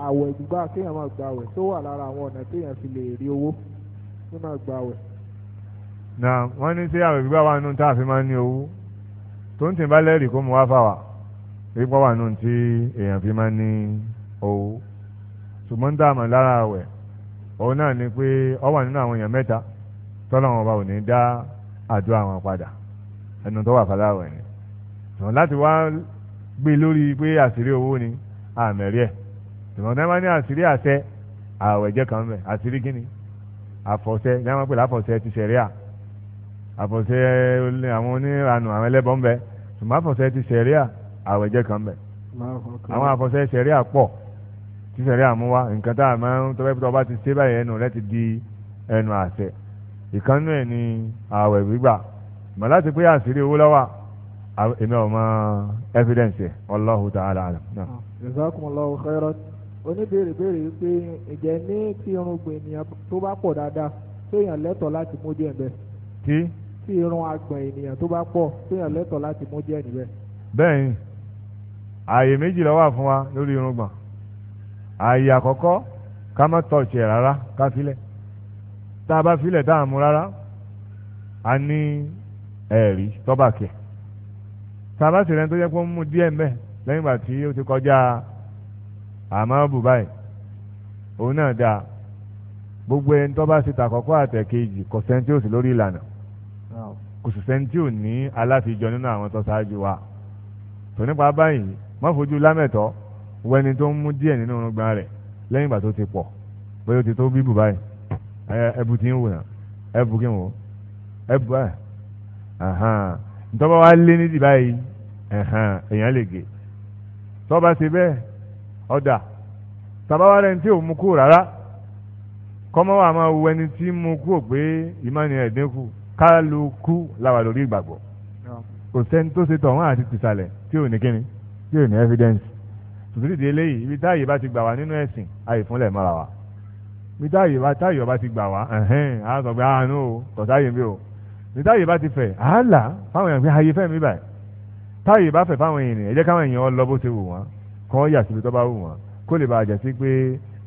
àwẹ̀ gbígbà kéèyàn máa gba àwẹ̀ tó wà lára àwọn ọ̀nà téèyàn fi lè rí owó tó máa gba àwẹ̀.
na wọ́n ní ṣé àwẹ̀ gbígbà wà nù tá a fi máa ń ní owó tó ń tì bá lẹ́rìí kó mu wá fà wá pípọ́ wà nù tí èèyàn fi máa ń ní owó ṣùgbọ́n tá a mọ̀ lára àwẹ̀ òun náà ni pé ọ wà nínú àwọn èèyàn mẹ́ta tọ́lọ́wọ́n ọba ò ní dá àdúrà wọn padà ẹnu tó wà fàlàwẹ̀ ni láti wá gbé lórí pé àṣírí owó ni àmẹ́rí ẹ̀ ìmọ̀ náà máa ní àṣírí àṣẹ àwẹ̀ jẹ́ kan mẹ́ àṣírí gíní àfọ̀ṣẹ náà máa pè láfọ̀ṣẹ ti ṣẹ̀ríà àfọ̀ṣẹ àwọn oníranù àwọn ẹlẹ́bọ̀ ń bẹ ṣùgbọ́n àfọ̀ṣẹ ti ṣẹ̀ríà àwẹ̀ jẹ́ kan mẹ́ àwọn àfọ̀ṣẹ ṣẹ̀ríà pọ̀ tí ṣẹ̀ríà mú wá nǹkan tá a máa ń tọ́pẹ́ tó bá ti ṣe báyìí ẹnu rẹ ti di ẹnu àṣẹ ìkànnú ẹ̀ ni àwẹ̀ gbígbà mọ̀ láti pé àṣírí owó lọ́wọ́ èmi ò mọ evidence Allahu ta'ala alam.
khairan oníbèrè béèrè wípé ǹjẹ́ ní tí irùngbọ̀n ènìyàn tó bá pọ̀ dáadáa séèyàn lẹ́tọ̀ọ́ láti mú díẹ̀ níbẹ̀. tí. tí irun àgbọ̀n ènìyàn tó bá pọ̀ séèyàn lẹ́tọ̀ọ́ láti mú díẹ̀ níbẹ̀.
bẹ́ẹ̀ni ààyè méjì ló wà fún wa lórí irùngbọ̀n ààyè àkọ́kọ́ ká má tọ̀ọ̀ṣì ẹ̀ rárá ká filẹ̀ tá a bá filẹ̀ tá a mú rárá a ní ẹ̀rí tọ́bàkì tá a bá sì rẹ́ni tó yẹ àmọ́ bù báyìí òun náà dáa gbogbo ẹni tó bá ṣe tàkọ́kọ́ àtẹ̀kejì kò sẹ́ni tí ò sí lórí ìlànà kò sì sẹ́ni tí ò ní aláfijọ nínú àwọn tó ṣáájú wa tó nípa báyìí má fojú lámẹ̀tọ́ wẹni tó ń mú díẹ̀ nínú irùngbọ̀n rẹ̀ lẹ́yìn ìgbà tó ti pọ̀ bóyá ó ti tó bíbù báyìí ẹbù tí ń wò náà ẹbù kí n wò ẹbù ẹ ntọ́ba wa lé nídìí báyìí èèyàn lè gé tọ́ba ṣe bẹ́ẹ̀ ọ̀dà tàbáwá rẹ̀ tí ò mú kú rárá kọ́mọ́ wa máa wu ẹni tí mú kú ò pé ìmánì ẹ̀ dínkù kálukú làwà lórí ìgbàgbọ́ kò sẹ́ni tó ṣe tọ̀hún àti tìsàlẹ̀ tí ò ní kíni tí ò ní evidence tòtúrì di eléyìí ibi táàyè bá ti gbà wá nínú ẹ̀sìn àyè fúnlẹ̀ mọ́ra wa ibi táàyè bá táàyè bá ti gbà wá ẹ̀hẹ́n á sọ pé àánú o tọ̀táyè mi o ibi táàyè bá ti fẹ̀ àálà fáwọn èèyàn pé ayé fẹ́ mi báyìí táàyè bá fẹ̀ fáwọn èèyàn ẹ káwọn èèyàn lọ bó ṣe wù wọ́n kọ́ yà síbi tó bá wù wọ́n kó lè bàa jẹ́ sí pé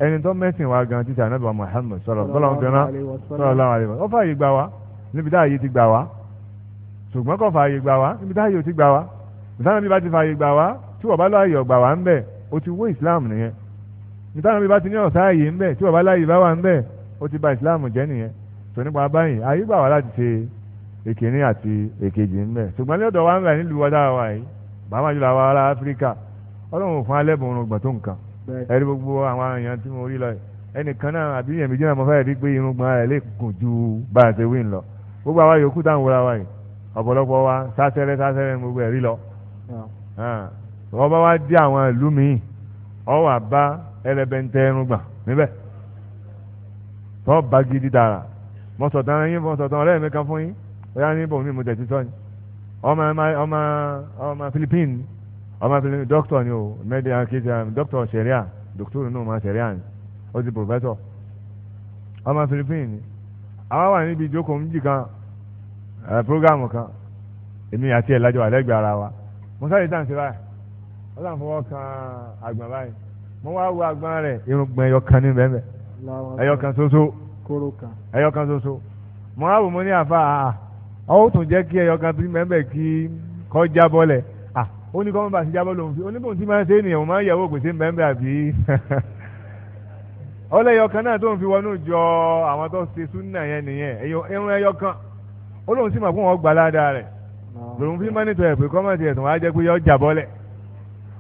ẹni tó mẹ́sìn wa gan títí ànábì wa Muhammad sọ̀rọ̀ tọ́lá ń fẹ́ràn sọ̀rọ̀ láwọn àlewọ̀ ó fààyè gbà wá níbi tá àyè ti gbà wá ṣùgbọ́n kò fààyè gbà wá níbi tá àyè ò ti gbà wá ìtàn mi bá ti fààyè gbà wá tí wọ́n bá láàyè ọ̀gbà wá ń bẹ̀ ó ti wó Islam nìyẹn ìtàn mi bá ti ní ọ̀sá àyè ń bẹ̀ tí wọ́n bá láàyè bá wà ń bẹ̀ ó ti ba Islam jẹ́ nìyẹn tó nípa báyìí àyè gbà wá láti ṣe èkíní àti èkejì ń ọlọ́run fún alẹ́ bọ̀ ọ̀run gbà tó nǹkan ẹ̀rí gbogbo àwọn èèyàn tí mo rí lọ ẹnìkan náà àbí èmi jẹ́ àmọ́ fẹ́ẹ́ rí pé irun gbọ́n rẹ̀ lè gùn ju bá a ṣe wí lọ gbogbo àwa yòókù táwọn wúra wa yìí ọ̀pọ̀lọpọ̀ wa sásẹ́rẹ́ sásẹ́rẹ́ gbogbo ẹ̀rí lọ ah. wọ́n bá wá dé àwọn ìlú míì ọ wà bá ẹlẹ́bẹ̀ntẹ́ irun gbà níbẹ̀ tọ́ bá gidi dára mo tẹ̀ Philippines ọmọ fi ní dókítà ni o mẹ́díà kejì um, dókítà sẹ̀ríà dókítà nù ma sẹ̀ríà ni ó di pòfẹ́sọ̀ ọmọ Philippines ni àwa wà níbi ìjókòó méjì kan ẹ̀ prógámù kan èmi àti ẹ̀ lájọ àlẹ́gbẹ̀ẹ́ ara wa mo sáré tàn sí báyìí wọ́n sàn fọwọ́ kan àgbọ̀n báyìí mo wá wo àgbọ̀n rẹ̀ irùngbọ̀n ẹyọ kan ní bẹ́ẹ̀ ẹyọ kan ṣoṣo ẹyọ kan ṣoṣo mo wá wò mo ní ó ní kọ́mọ́ bá ti jábọ́ lòun fi oníbòun tí máa ṣe ènìyàn mo máa ń yẹ̀wò pèsè mbẹ́mbẹ́ àbí <laughs> ọlẹ́yọ kan náà tó ń fi wọnú jọ àwọn tó ṣe súnà yẹn nìyẹn irun ẹyọ kan ó lóun sì mọ̀ fún wọn gbà ládàá rẹ̀ lòun fi máa nítorí ẹ̀pẹ́ kọ́mọ́ ti ẹ̀sùn wá jẹ́ pé yọ jàbọ́lẹ̀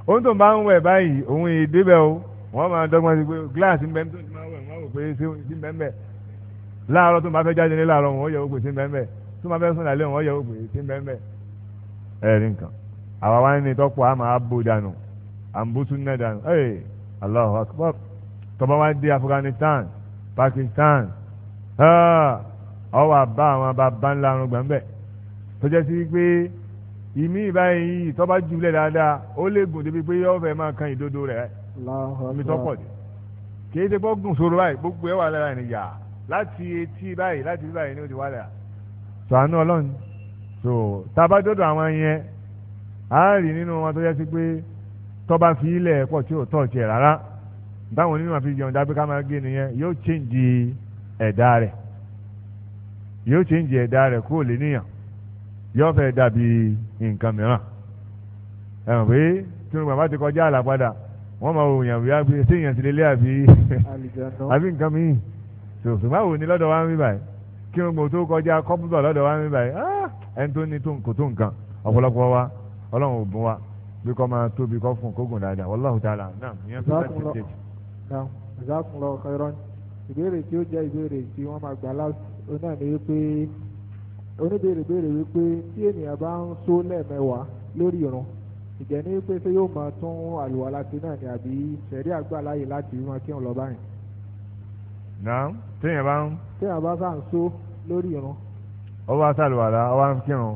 ó ń tó bá ń wẹ̀ báyìí òun ìdíbẹ̀ o wọ́n máa dọ́gbọ́n sí pé gíláàsì mbẹ́m tó ti máa wẹ̀ wọ́n wò pé sí mbẹ́mbẹ́ láàárọ̀ tó máa fẹ́ fẹ́ àwa wá ní tọ́pọ̀ àmà abo dànù àmbúsúnà dànù ẹ̀ Allahu Akbar tọba wá dé Afghanistan Pakistan ọwọ́ àbá àwọn bàbá ńlá àrùn gbàǹbẹ̀ tó jẹ́ sí pé ìmí ìbáyìí tọ́ba jùlẹ̀ dáadáa ó lè gùn débi pé yọ́ọ́ fẹ́ máa kan ìdodo rẹ̀ mi tọ́pọ̀ dé kìí ṣe gbọ́gùn sòrò báyìí gbogbo ẹ̀ wà lára ìnìyà láti etí báyìí láti báyìí ni ó ti wà lára. sọ àánú ọlọ́run so tá a bá àwọn yẹn a rí nínú wọn tó yẹ sí pé tọ́ba fi ilẹ̀ pọ̀ tí ò tọ̀ tiẹ̀ rárá fi jẹun dábí ká máa gé nìyẹn yóò ẹ̀dá rẹ̀ yóò chẹ́ǹjì ẹ̀dá rẹ̀ kó lè níyàn yóò dàbí nǹkan mìíràn pé tí ti kọjá àlà padà wọ́n máa wò yàn wíyá pé ti àbí <laughs> àbí nǹkan mìíràn báwo ni lọ́dọ̀ wa ń rí báyìí kí wọn gbòó tó kọjá lọ́dọ̀ wa ń rí báyìí ah! ẹni tó ní tó ọlọ́run ò bùn wa bí kò máa tóbi kò fún kógùn dáadáa wàláhù tààlà náà
ìyẹn fún láti ṣe. jazakumullahu khairan ìbéèrè tí ó jẹ́ ìbéèrè tí wọ́n máa gbà láti onáà ni wípé oníbèrè béèrè wípé tí ènìyàn bá ń só lẹ́ẹ̀mẹ́wàá lórí irun ìjẹ́ ní pé ṣé yóò máa tún àlùwàlá ti náà ni àbí ṣẹ̀rí àgbà láàyè láti rí wọn kí wọn lọ báyìí.
náà téèyàn bá
ń. téèyàn bá sá ń só lórí irun.
ó bá sàlùwàlá ó bá ń kírun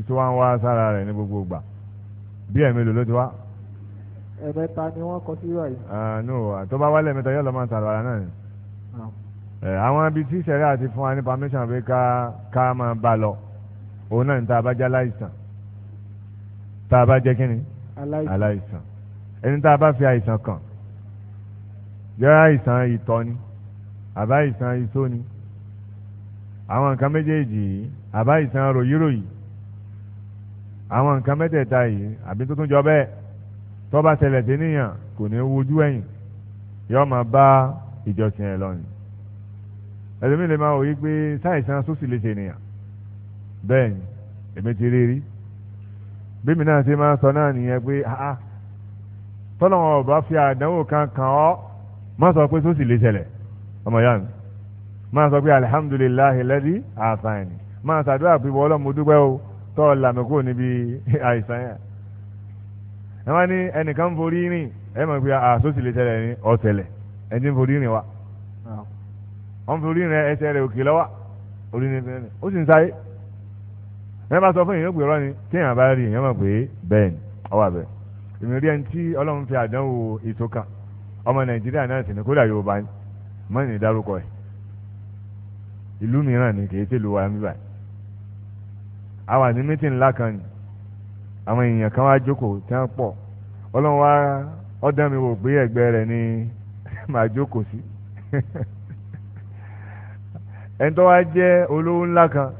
ìtú wa ń wá sára rẹ̀ ní gbogbo ìgbà bí ẹ̀mí lò ló ti wá.
ẹ̀mẹ́ta ni wọ́n kọ sí ìwà
yìí. no tó bá wálé ẹ̀mẹ́ta yóò lọ máa tàrà wàrà náà ni. Ah. àwọn ibi tí sẹ́rí àti fún wa ní permission pé ká ká máa bá lọ òun náà ní tá a bá jẹ́ aláìsàn tá a bá jẹ́ kínni aláìsàn ẹni tá a bá fi àìsàn kàn jẹ́ àìsàn ìtọ̀ ni àbá àìsàn iṣó ni àwọn nǹkan méjèèjì àbá àìsàn ròyìnròyìn àwọn nǹkan mẹ́tẹ̀ẹ̀ta yìí àbí tó tún jọ bẹ́ẹ̀ tó bá ṣẹlẹ̀ sí níyàn kò ní wojú ẹ̀yìn yóò máa bá ìjọsìn ẹ̀ lọ ni ẹlòmíì lè máa wòye pé sáìsàn sósì lè ṣe nìyàn bẹ́ẹ̀ ni èmi ti rí rí bímí náà ṣe máa sọ náà nìyẹn pé ah tọ́lọ́wọ́n ọba fi àdánwò kan kàn ọ́ má sọ pé sósì lè ṣẹlẹ̀ ọmọ yá mi má sọ pé alihamudulilayi lẹ́dí àfààní má sàdúrà pé wọ́n tọ́ làmì kúrò níbi <laughs> àìsàn yẹn ẹ wá ní ẹnìkan ń forí rìn ẹ mọ̀ pé àsòsì ah, lè tẹ̀lẹ̀ ní ọ̀tẹ̀lẹ̀ ẹni forí rìn wa ah. ọ̀n forí rìn ẹsẹ̀ rẹ̀ òkè lọ́wọ́ orí ni fẹ́ẹ́ ó sì ń sáyé ẹ bá sọ fún èèyàn pé rọ́ ni téèyàn bá rí èèyàn mọ̀ pé bẹ́ẹ̀ ni ọwọ́ àbẹ̀ èmi rí ẹni tí ọlọ́run fi àdánwò ètò kan ọmọ nàìjíríà náà sì ni kódà yorùbá mọ́ni ìdárúkọ ẹ̀ ìlú mìíràn ni kì í wa a wà ní mítìn ńlá kan ni àwọn èèyàn kan wá jókòó tí wọ́n pọ̀ ọlọ́run wá ọ̀dọ́ mi wò pé ẹ̀gbẹ́ rẹ̀ ni <laughs> màá jókòó sí <laughs> ẹni tó wá jẹ́ olówó ńlá kan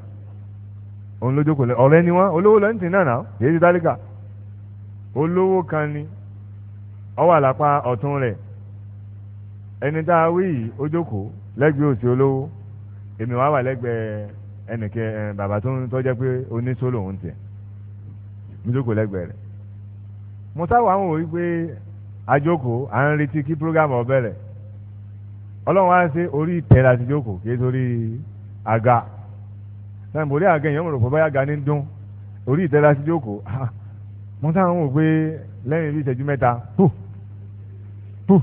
òun ló jókòó lẹ ọ̀rẹ́ ni wọ́n olówó lọ́n ti náà náà èyí ti dálíkà olówó kan ni ó wà lápá ọ̀tún rẹ̀ ẹni tá a wí yìí ó jókòó lẹ́gbẹ̀ẹ́ òsì olówó èmi wá wà lẹ́gbẹ̀ẹ́ ẹnìkẹ́ bàbá tó ń tọ́jẹ́ pé oníṣó lòun tiẹ̀ níjókòó lẹ́gbẹ̀ẹ́ rẹ̀ mo táwọn àwọn òwe pé àjókòó à ń retí kí program ó bẹ̀rẹ̀ ọlọ́run wá sí orí ìtẹ́ láti jókòó kí é sórí àga náà mo rí àga èèyàn mo rò pé báyà ga ní dún orí ìtẹ́ láti jókòó mo táwọn àwọn òwe lẹ́yìn bí ìṣẹ́jú mẹ́ta pù pù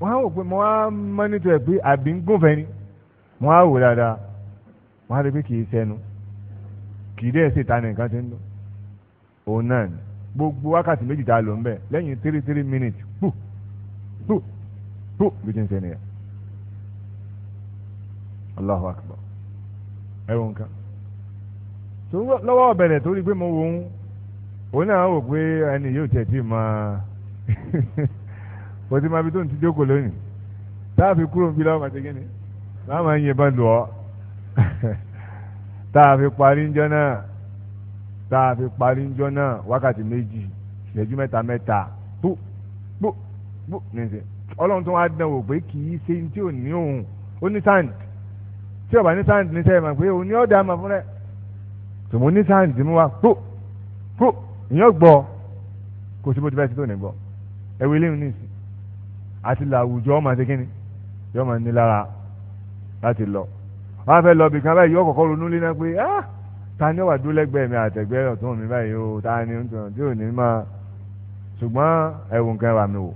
wọ́n á wò pé mo á mọ́nítọ̀ ẹ̀ pé àbí ń gùn fẹ́ ni mo á wò dáadáa wọ́n á rí pé kì í sẹ́nu kì í dẹ́ ṣe ta nìkan ti ń lò òun náà ni gbogbo wákàtí méjì tá a lò ń bẹ̀ lẹ́yìn three three minutes pù pù pù bí ti ń sẹ́nu yẹn Allahu akbar ẹ wo nǹkan tó lọ́wọ́ ọ̀bẹ̀rẹ̀ torí pé mo wò ó òun náà wò pé ẹni yóò tẹ̀ tí máa kò tí máa fi tó ń ti jókòó lónìí táàfin kúrò ń bí láwọn àti gíní láwọn máa ń yẹ bá lù ọ́ tá a fi parí ńjọ́ náà tá a fi parí ńjọ́ bu wákàtí méjì ìṣẹ́jú mẹ́ta mẹ́ta tó bó bó nìyẹn ọlọ́run tó wá dán wò pé kì í ṣe tí ò ní ní sand tí ọba ní sand ní sẹ́yìn mọ̀ pé òun ní ọ̀dà fún rẹ̀ tòmó ní sand mú wa tó tó ìyẹn gbọ́ kò sí bó ti fẹ́ sí tó ní gbọ́ ẹ wí léwu nísìn àti làwùjọ ọmọ àti kínní yọọ máa ní lára láti lọ wọ́n á fẹ́ lọ bìkan báyìí yóò kọ́kọ́ ronú lé náà pé ah ta ni ó wà dúró lẹ́gbẹ̀ẹ́ mi àtẹ̀gbẹ́ ọ̀tún mi báyìí o ta ni ń tàn tí ò ní máa ṣùgbọ́n ẹ̀wù nǹkan wà mí wò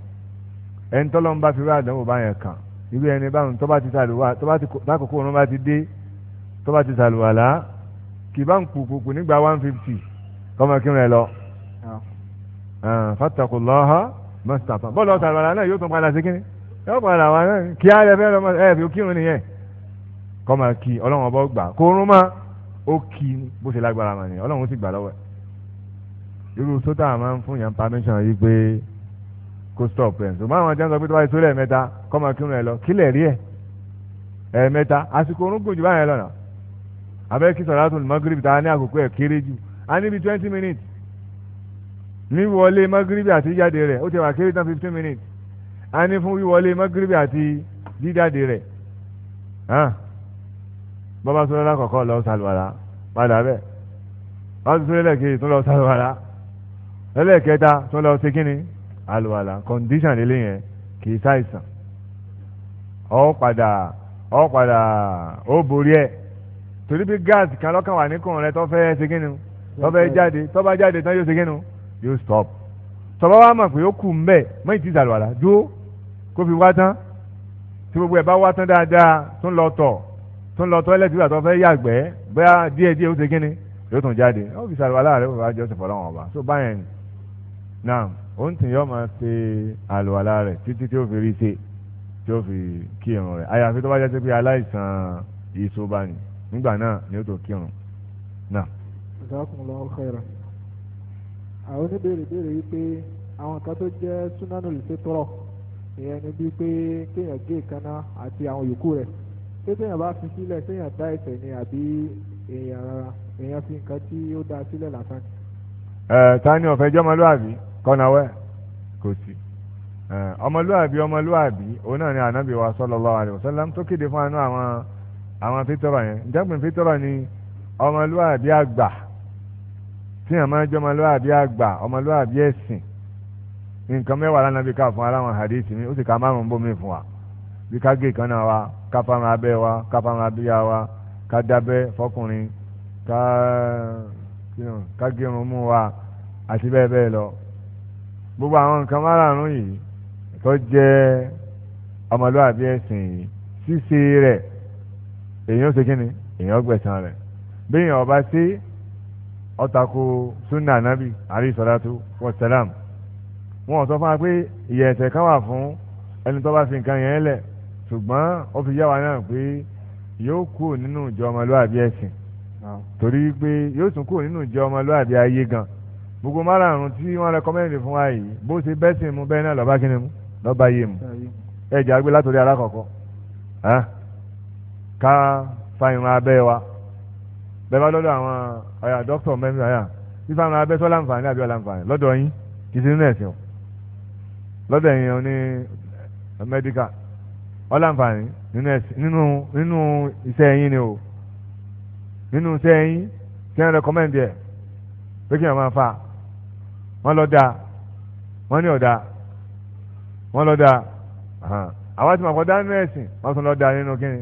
ẹni tọ́lọ́ ń bá fi wá àdánwò báyẹn kàn irú ẹni báwọn tó bá ti sàlùwà tó bá ti lákòókò òun bá ti dé tó bá ti sàlùwà lá kì bá ń kùkùkù nígbà one fifty kọ́mọ kí n rẹ lọ ah. ah, fatakùlọ́hà mọ́sítàfà bọ́ọ̀lù ọ̀sàlùwà náà yóò tún padà sí kínní yóò padà wà náà kí á lè fẹ́ lọ́mọ ẹ̀ fi kírun nìyẹn kọ́ máa kí ọlọ́run ọba gbà kó oorun má ó kí bó ṣe lágbára mà ní ọlọ́run ó sì gbà lọ́wọ́ ẹ̀ irú sótà máa ń fún yàn permission yìí pé kó stop ẹ̀ ṣùgbọ́n àwọn jẹ́ ń sọ pé tó bá ti tó lẹ́ẹ̀mẹ́ta kọ́ máa kírun ẹ̀ lọ kílẹ̀ rí ẹ̀ ẹ̀ẹ̀mẹ́ta àsìkò oorun gùn jù báyẹn lọ́nà abẹ́ kí sọ̀rọ̀tún mọ́gírìbì tá a ní àkókò ẹ̀ kéré jù a níbi twenty minutes ní wọlé mọ́gírìbì àti jíjáde rẹ̀ ó ti wà kéré tán fifteen minutes a ní fún wíwọlé mọ́gírìbì àti jíjáde rẹ̀ hàn bọ́bá súnlẹ̀ lákọ̀ọ́kọ́ lọ sàlùwàlà padà bẹ́ẹ̀ bọ́bá súnlẹ̀ lẹ́ẹ̀kejì tún lọ sàlùwàlà ẹlẹ́ẹ̀kẹta tún lọ sí kínní àlùwàlà kọ́ndíṣàn lélẹ́ yẹn kì í ṣàìsàn ọ̀ padà ọ̀ padà ó borí ẹ̀ torí bí gáàsì kan lọ́kàn wà níkùn rẹ tó fẹ́ ṣe kínní tó fẹ́ jáde tó bá jáde tán yóò ṣe kínní yóò stop tọ́ba wa mọ̀ pé ó kù ń bẹ̀ mọ́yì tí sàlùwàlà dúró kó fi wá tán tí gbogbo ẹ̀ bá wá tán dáadáa tún lọ tọ̀ tó ń lọ tọ́lẹ́tì ìgbà tó fẹ́ yàgbẹ́ bóyá díẹ̀ díẹ̀ ó ṣe kíni yóò tún jáde ó fi ṣàlùwà láàrin bàbá jọ́sìn fọlọ́wọ́n ọba so báyẹn ni náà òun tì yọ́ máa ṣe àlùwàlá rẹ̀ títí tí ó fi rí ṣe tí ó fi kí irun àyàfi tó bá jẹ́ pé aláìsàn ìṣó bá ní nígbà náà ni ó tó kí irun náà.
jazakumullahu khairan àwọn oníbèrè béèrè wípé àwọn kan tó jẹ́ sunanul fitra ìyẹn ni bíi pé kéèyàn gé ìkànnà àti àwọn yòókù rẹ̀ ṣé téèyàn bá fi sílẹ̀ téèyàn dá ẹ̀ṣẹ̀ ni àbí èèyàn rárá èèyàn fi nǹkan tí ó dá sílẹ̀ lásán.
ẹ ta ni ọ̀fẹ́ jẹ́ ọmọlúwàbí kọ́nàwẹ́ kò sí ọmọlúwàbí ọmọlúwàbí òun náà ni ànábì wa sallallahu alaihi wasallam tó kéde fún anú àwọn àwọn fítọ́rọ̀ yẹn ìjọpin fítọ́rọ̀ ni ọmọlúwàbí àgbà tí yàn máa jẹ́ ọmọlúwàbí àgbà ọmọlúwàbí ẹ̀sìn nǹkan mẹ́wàá lánàbí ká fún aláwọn hadith mi ó sì ká márùn-ún bómi fún wa bí ká gé ìkànnà wa ká fárun abẹ́ wa ká fárun abíyá wa ká dábẹ́ fọkùnrin ká ká gérun mú wa àti bẹ́ẹ̀ bẹ́ẹ̀ lọ gbogbo àwọn nǹkan márààrún yìí tó jẹ́ ọmọlúwàbí ẹ̀sìn yìí ṣíṣe rẹ̀ èèyàn ṣe kínni èèyàn gbẹ̀san rẹ̀ béèyàn ọba sí ọ̀tàkù sunna anabi ali salatu wa salam wọn sọ fún wa pé ìyẹ̀sẹ̀ kan wà fún ẹni tó bá fi nǹkan yẹn lẹ̀ ṣùgbọ́n ó fi yá wa náà pé yóò kúrò nínú ìjọ ọmọlúwàbí ẹ̀sìn torí pé yóò tún kúrò nínú ìjọ ọmọlúwàbí ayé gan gbogbo márààrún tí wọ́n rẹkọmẹ́ndì fún wa yìí bó ṣe bẹ́sìn mu bẹ́ẹ̀ náà lọ́ba kíni mu lọ́ba yé mu ẹ̀jẹ̀ àgbẹ̀ látòrí alákọ̀ọ́kọ́ ká fa irun abẹ́ wa bẹ́ẹ̀ bá lọ́dọ̀ àwọn ọ̀yà dókítà mẹ́rin ọ̀yà fífa irun abẹ́ sọ́lá nfààní àbí ọ̀là nfààní lọ́dọ̀ yín kìí ẹ̀sìn lọ́dọ̀ yín o ní mẹ́díkà ọlànfààní nínú nínú iṣẹ́ yín ni o nínú iṣẹ́ yín tí wọ́n rẹkọmẹ́ndì ẹ̀ pé kí wọ́n máa fa wọ́n lọ da wọ́n ní ọ̀dà wọ́n lọ da àwa ti mọ̀ kọ́ dánú ẹ̀sìn wọ́n tún lọ da nínú kíni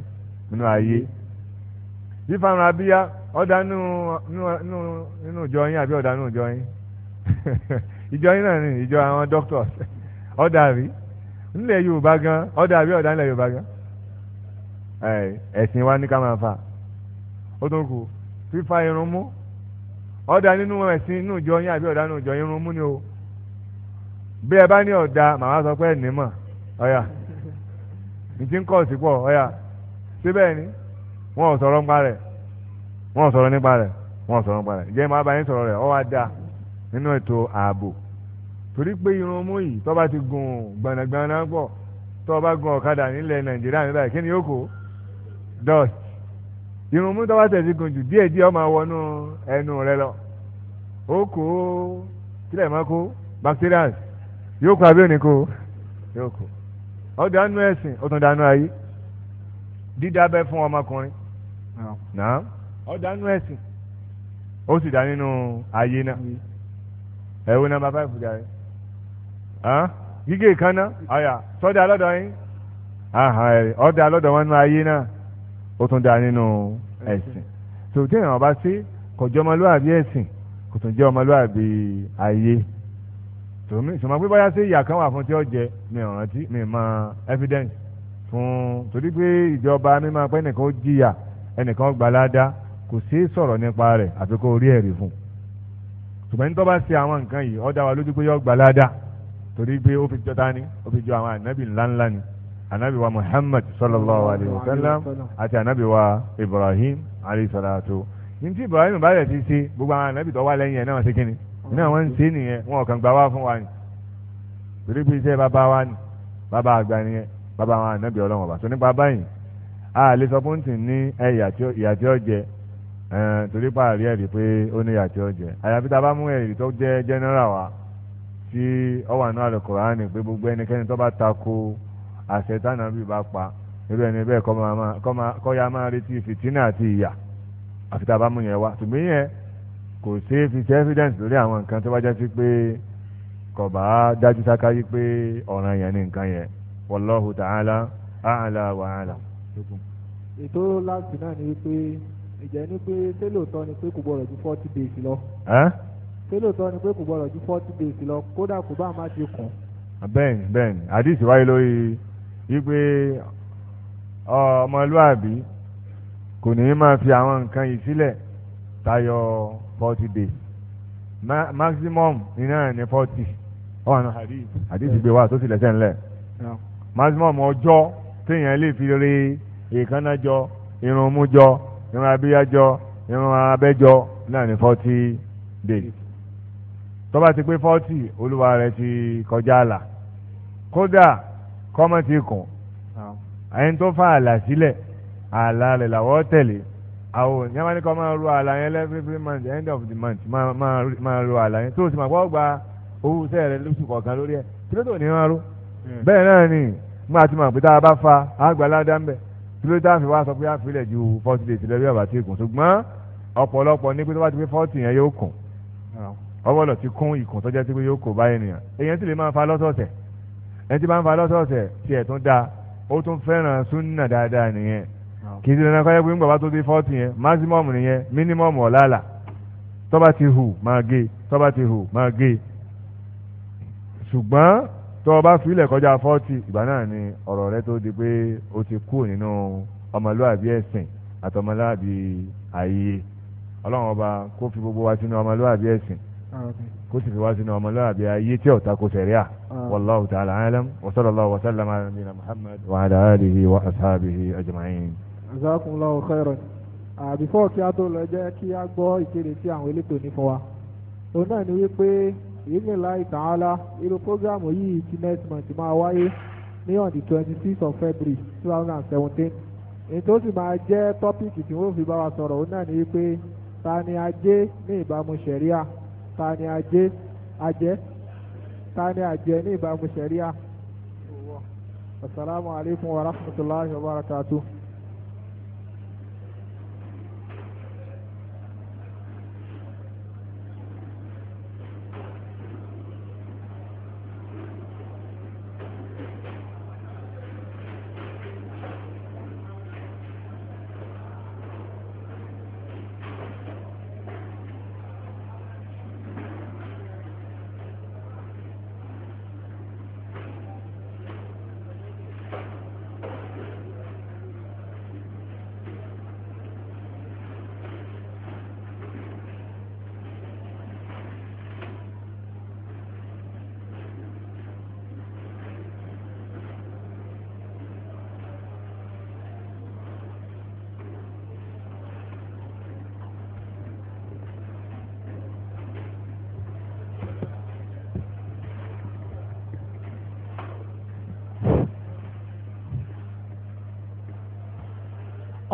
nínú ayé fífàrùn abíyá ọ̀dà nínú ìjọ yín àbí ọ̀dà nínú ìjọ yín <laughs> ìjọ yín náà ni ìjọ àwọn doctors ọ̀dà <laughs> rí. nílẹ̀ yorùbá gan ọ̀dà àbí ọ̀dà nílẹ̀ yorùbá gan ẹ̀sìn wa ní ká máa fà ó tó kù fífa irun mú ọ̀dà nínú ẹ̀sìn inú ìjọ yín àbí ọ̀dà nínú ìjọ ni o bí ẹ bá ní ọ̀dà màmá sọ pé ẹ̀ní ọ̀yà ní ti ń kọ̀ sí ni wọn ò sọ̀rọ̀ nípa rẹ̀ wọn ò sọ̀rọ̀ wọn ò sọ̀rọ̀ nípa rẹ̀ ìjẹ́ sọ̀rọ̀ rẹ̀ torí pé irun mú yìí tó bá ti gùn gbanagbana pọ̀ tó bá gun ọ̀kadà nílẹ̀ nàìjíríà nígbà yìí kí ni yóò kó dust irun mú tó bá tẹ̀sí gùn jù díẹ̀ díẹ̀ ó máa wọnú ẹnu rẹ lọ ó kó kílẹ̀ máa kó bacteria yóò kó abẹ́ òní kó yóò kó ó dánú ẹ̀sìn ó tún dánú ayé dídábẹ́ fún ọmọkùnrin náà ó dánú ẹ̀sìn ó sì dá nínú ayé náà ẹ wo nàmbà fáìfù jáde gígé kaná ọ̀yà sọ́dà lọ́dọ̀ yín ọ̀dà lọ́dọ̀ wọn nínú ayé náà ó tún da nínú ẹ̀sìn tó téèyàn ọba sí kò jẹ́ ọmọlúwàbí ẹ̀sìn kò tún jẹ́ ọmọlúwàbí ayé tòmí sọmọ pé báyà sí ìyà kan wà fún tí ó jẹ mi ò rántí mi mọ evidence fún torí pé ìjọba mímọ pé ẹnìkan ó jìyà ẹnìkan gbalada kò sí sọ̀rọ̀ nípa rẹ̀ àfi kó rí ẹ̀rí fún ṣùgbọ́n ní tó bá ṣe àwọn nǹkan yìí ó dá wa lójú pé yọ gbalada torí pé ó fi jọ ni ó fi jọ àwọn ànábì ńláńlá ni ànábì wa Muhammad sallallahu alayhi wa sallam àti ànábì wa Ibrahim alayhi salatu ní tí Ibrahim bá yẹ ti ṣe gbogbo àwọn ànábì tó wà lẹ́yìn ẹ̀ náà ṣe kíni iná wọn ń ṣe nìyẹn wọn kàn gbà wá fún wa ni torí pé iṣẹ́ bàbá wa ni bàbá àgbà nìyẹn bàbá àwọn ànábì Ọlọ́run ọba tó nípa báyìí a lè sọ fún tì ní ìyà tí ó jẹ torí pààrí ẹ̀rí pé ó ní ìyà tí àyàfi tá a bá mú ẹ̀rí tó jẹ́ general wa. tí ọwà náà Al-Kùránì pé gbogbo ẹnikẹ́ni tó bá tako àṣẹ tánàbí bá pa irú ẹni bẹ́ẹ̀ kọ́ya máa retí fìtínà àti ìyà àfi tá a bá mú yẹn wá ṣùgbọ́n yẹn kò sí fi ṣe lórí àwọn nǹkan tó bá jẹ́ sí pé kò dájú sáká yí pé ọ̀ràn yẹn ní nǹkan yẹn wallahu ta'ala a'la wa a'lam.
ètò láti náà ni wípé ìjẹ́ ni pé tẹ́lẹ̀ òótọ́ ni pé kò gbọ́dọ̀ ju forty days lọ. ẹ́ ṣé lóòótọ́ ni pé kò gbọ́dọ̀ ju forty days lọ kódà kò bá má ti kùn.
bẹ́ẹ̀ni bẹ́ẹ̀ni àdìsí wáyé lórí wípé ọmọlúàbí kò ní máa fi àwọn nǹkan yìí sílẹ̀ tayọ forty days Ma maximum iná ní forty ọ̀nà hadith hadith gbé wa tó sì lẹ́sẹ̀ ńlẹ̀ maximum ọjọ́ téèyàn lè fi re èékánná jọ irun mú jọ irun abíyá jọ irun abẹ́jọ náà ní forty days tó bá ti pé fọ́tì olúwa rẹ̀ ti kọjá la kódà kọ́mọ ti kùn ẹni tó fa àlà sílẹ̀ àlà rẹ̀ làwọ́ tẹ̀lé àwọn yẹn kọ́ máa ru àlà yẹn every three months end of the month máa ru àlà yẹn tó o sì máa gbọ́ gba owó sẹ́ẹ̀ rẹ lóṣù kọ̀ọ̀kan lórí ẹ̀ kí tó ní máa ru hmm. bẹ́ẹ̀ náà ni mo àti màá pé tá a bá fa àgbàládá ń bẹ̀ kí ló dáa fi wá sọ pé àfilẹ̀ ju forty days lẹ́bí àbàtì kùn ṣùgbọ́n ọ̀pọ̀lọpọ̀ ní pé tó bá ti pé forty yẹn yóò kùn ọwọ́ lọ ti kún ikùn tọ́jà tí yóò kó báyìí nìyẹn èyàn sì lè máa fa lọ́sọ̀ọ̀sẹ̀ ẹni tí bá fa lọ́sọ̀ọ̀sẹ̀ tiẹ̀ tún da ó tún fẹ́ràn súnà dáadáa nìyẹn kì í ti dandan kọ́yẹ́ pé ń bàbá tó dé fọ́ọ̀tì yẹn maximum nìyẹn minimum ọ̀làlà tọ́ba ti hù máa gé tọ́ba ti hù máa gé ṣùgbọ́n tó o bá filẹ̀ kọjá fọ́ọ̀tì ìgbà náà ni ọ̀rọ̀ rẹ tó di pé o ti kú nínú ọmọlúwàbí ẹ̀sìn àtọmọlúwàbí ayé ọlọ́run ọba kó fi gbogbo wa sínú ọmọlúwàbí ẹ̀sìn kó sì fi wá sínú ọmọlúwàbí ayé tí ọ̀tá kò sẹ̀ríà ah. wallahu ta'ala alam wa sallallahu wa sallam ala nabiyina muhammad
wa ala alihi wa
ashabihi ajma'in.
jazakumullahu khairan before kí a tó lọ jẹ́ kí a gbọ́ ìkéde tí àwọn elétò ní fún wa òun náà ni wípé ìyínlá ta'ala irú programu yìí ti next month máa wáyé ní on the twenty six of february two thousand and seventeen èyí tó sì máa jẹ́ tọ́pìkì tí wọ́n fi bá wa sọ̀rọ̀ òun náà ni wípé ta ni ajé ní ìbámu ṣẹ̀ríà ta ni ajé ajẹ́ ta ni ajẹ́ ní ìbámu ṣẹ̀ríà. asalaamualeykum wa rahmatulahi wa barakatuh.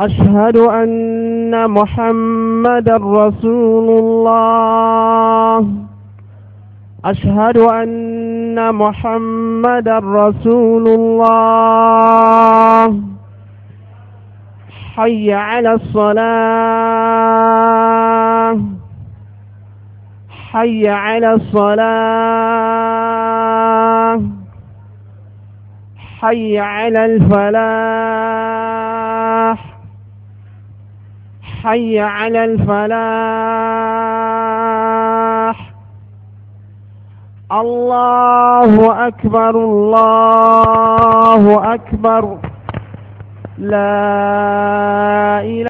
أشهد أن محمد رسول الله أشهد أن محمد رسول الله حي على الصلاة حي على الصلاة حي على الفلاح حي على الفلاح الله أكبر الله أكبر لا إله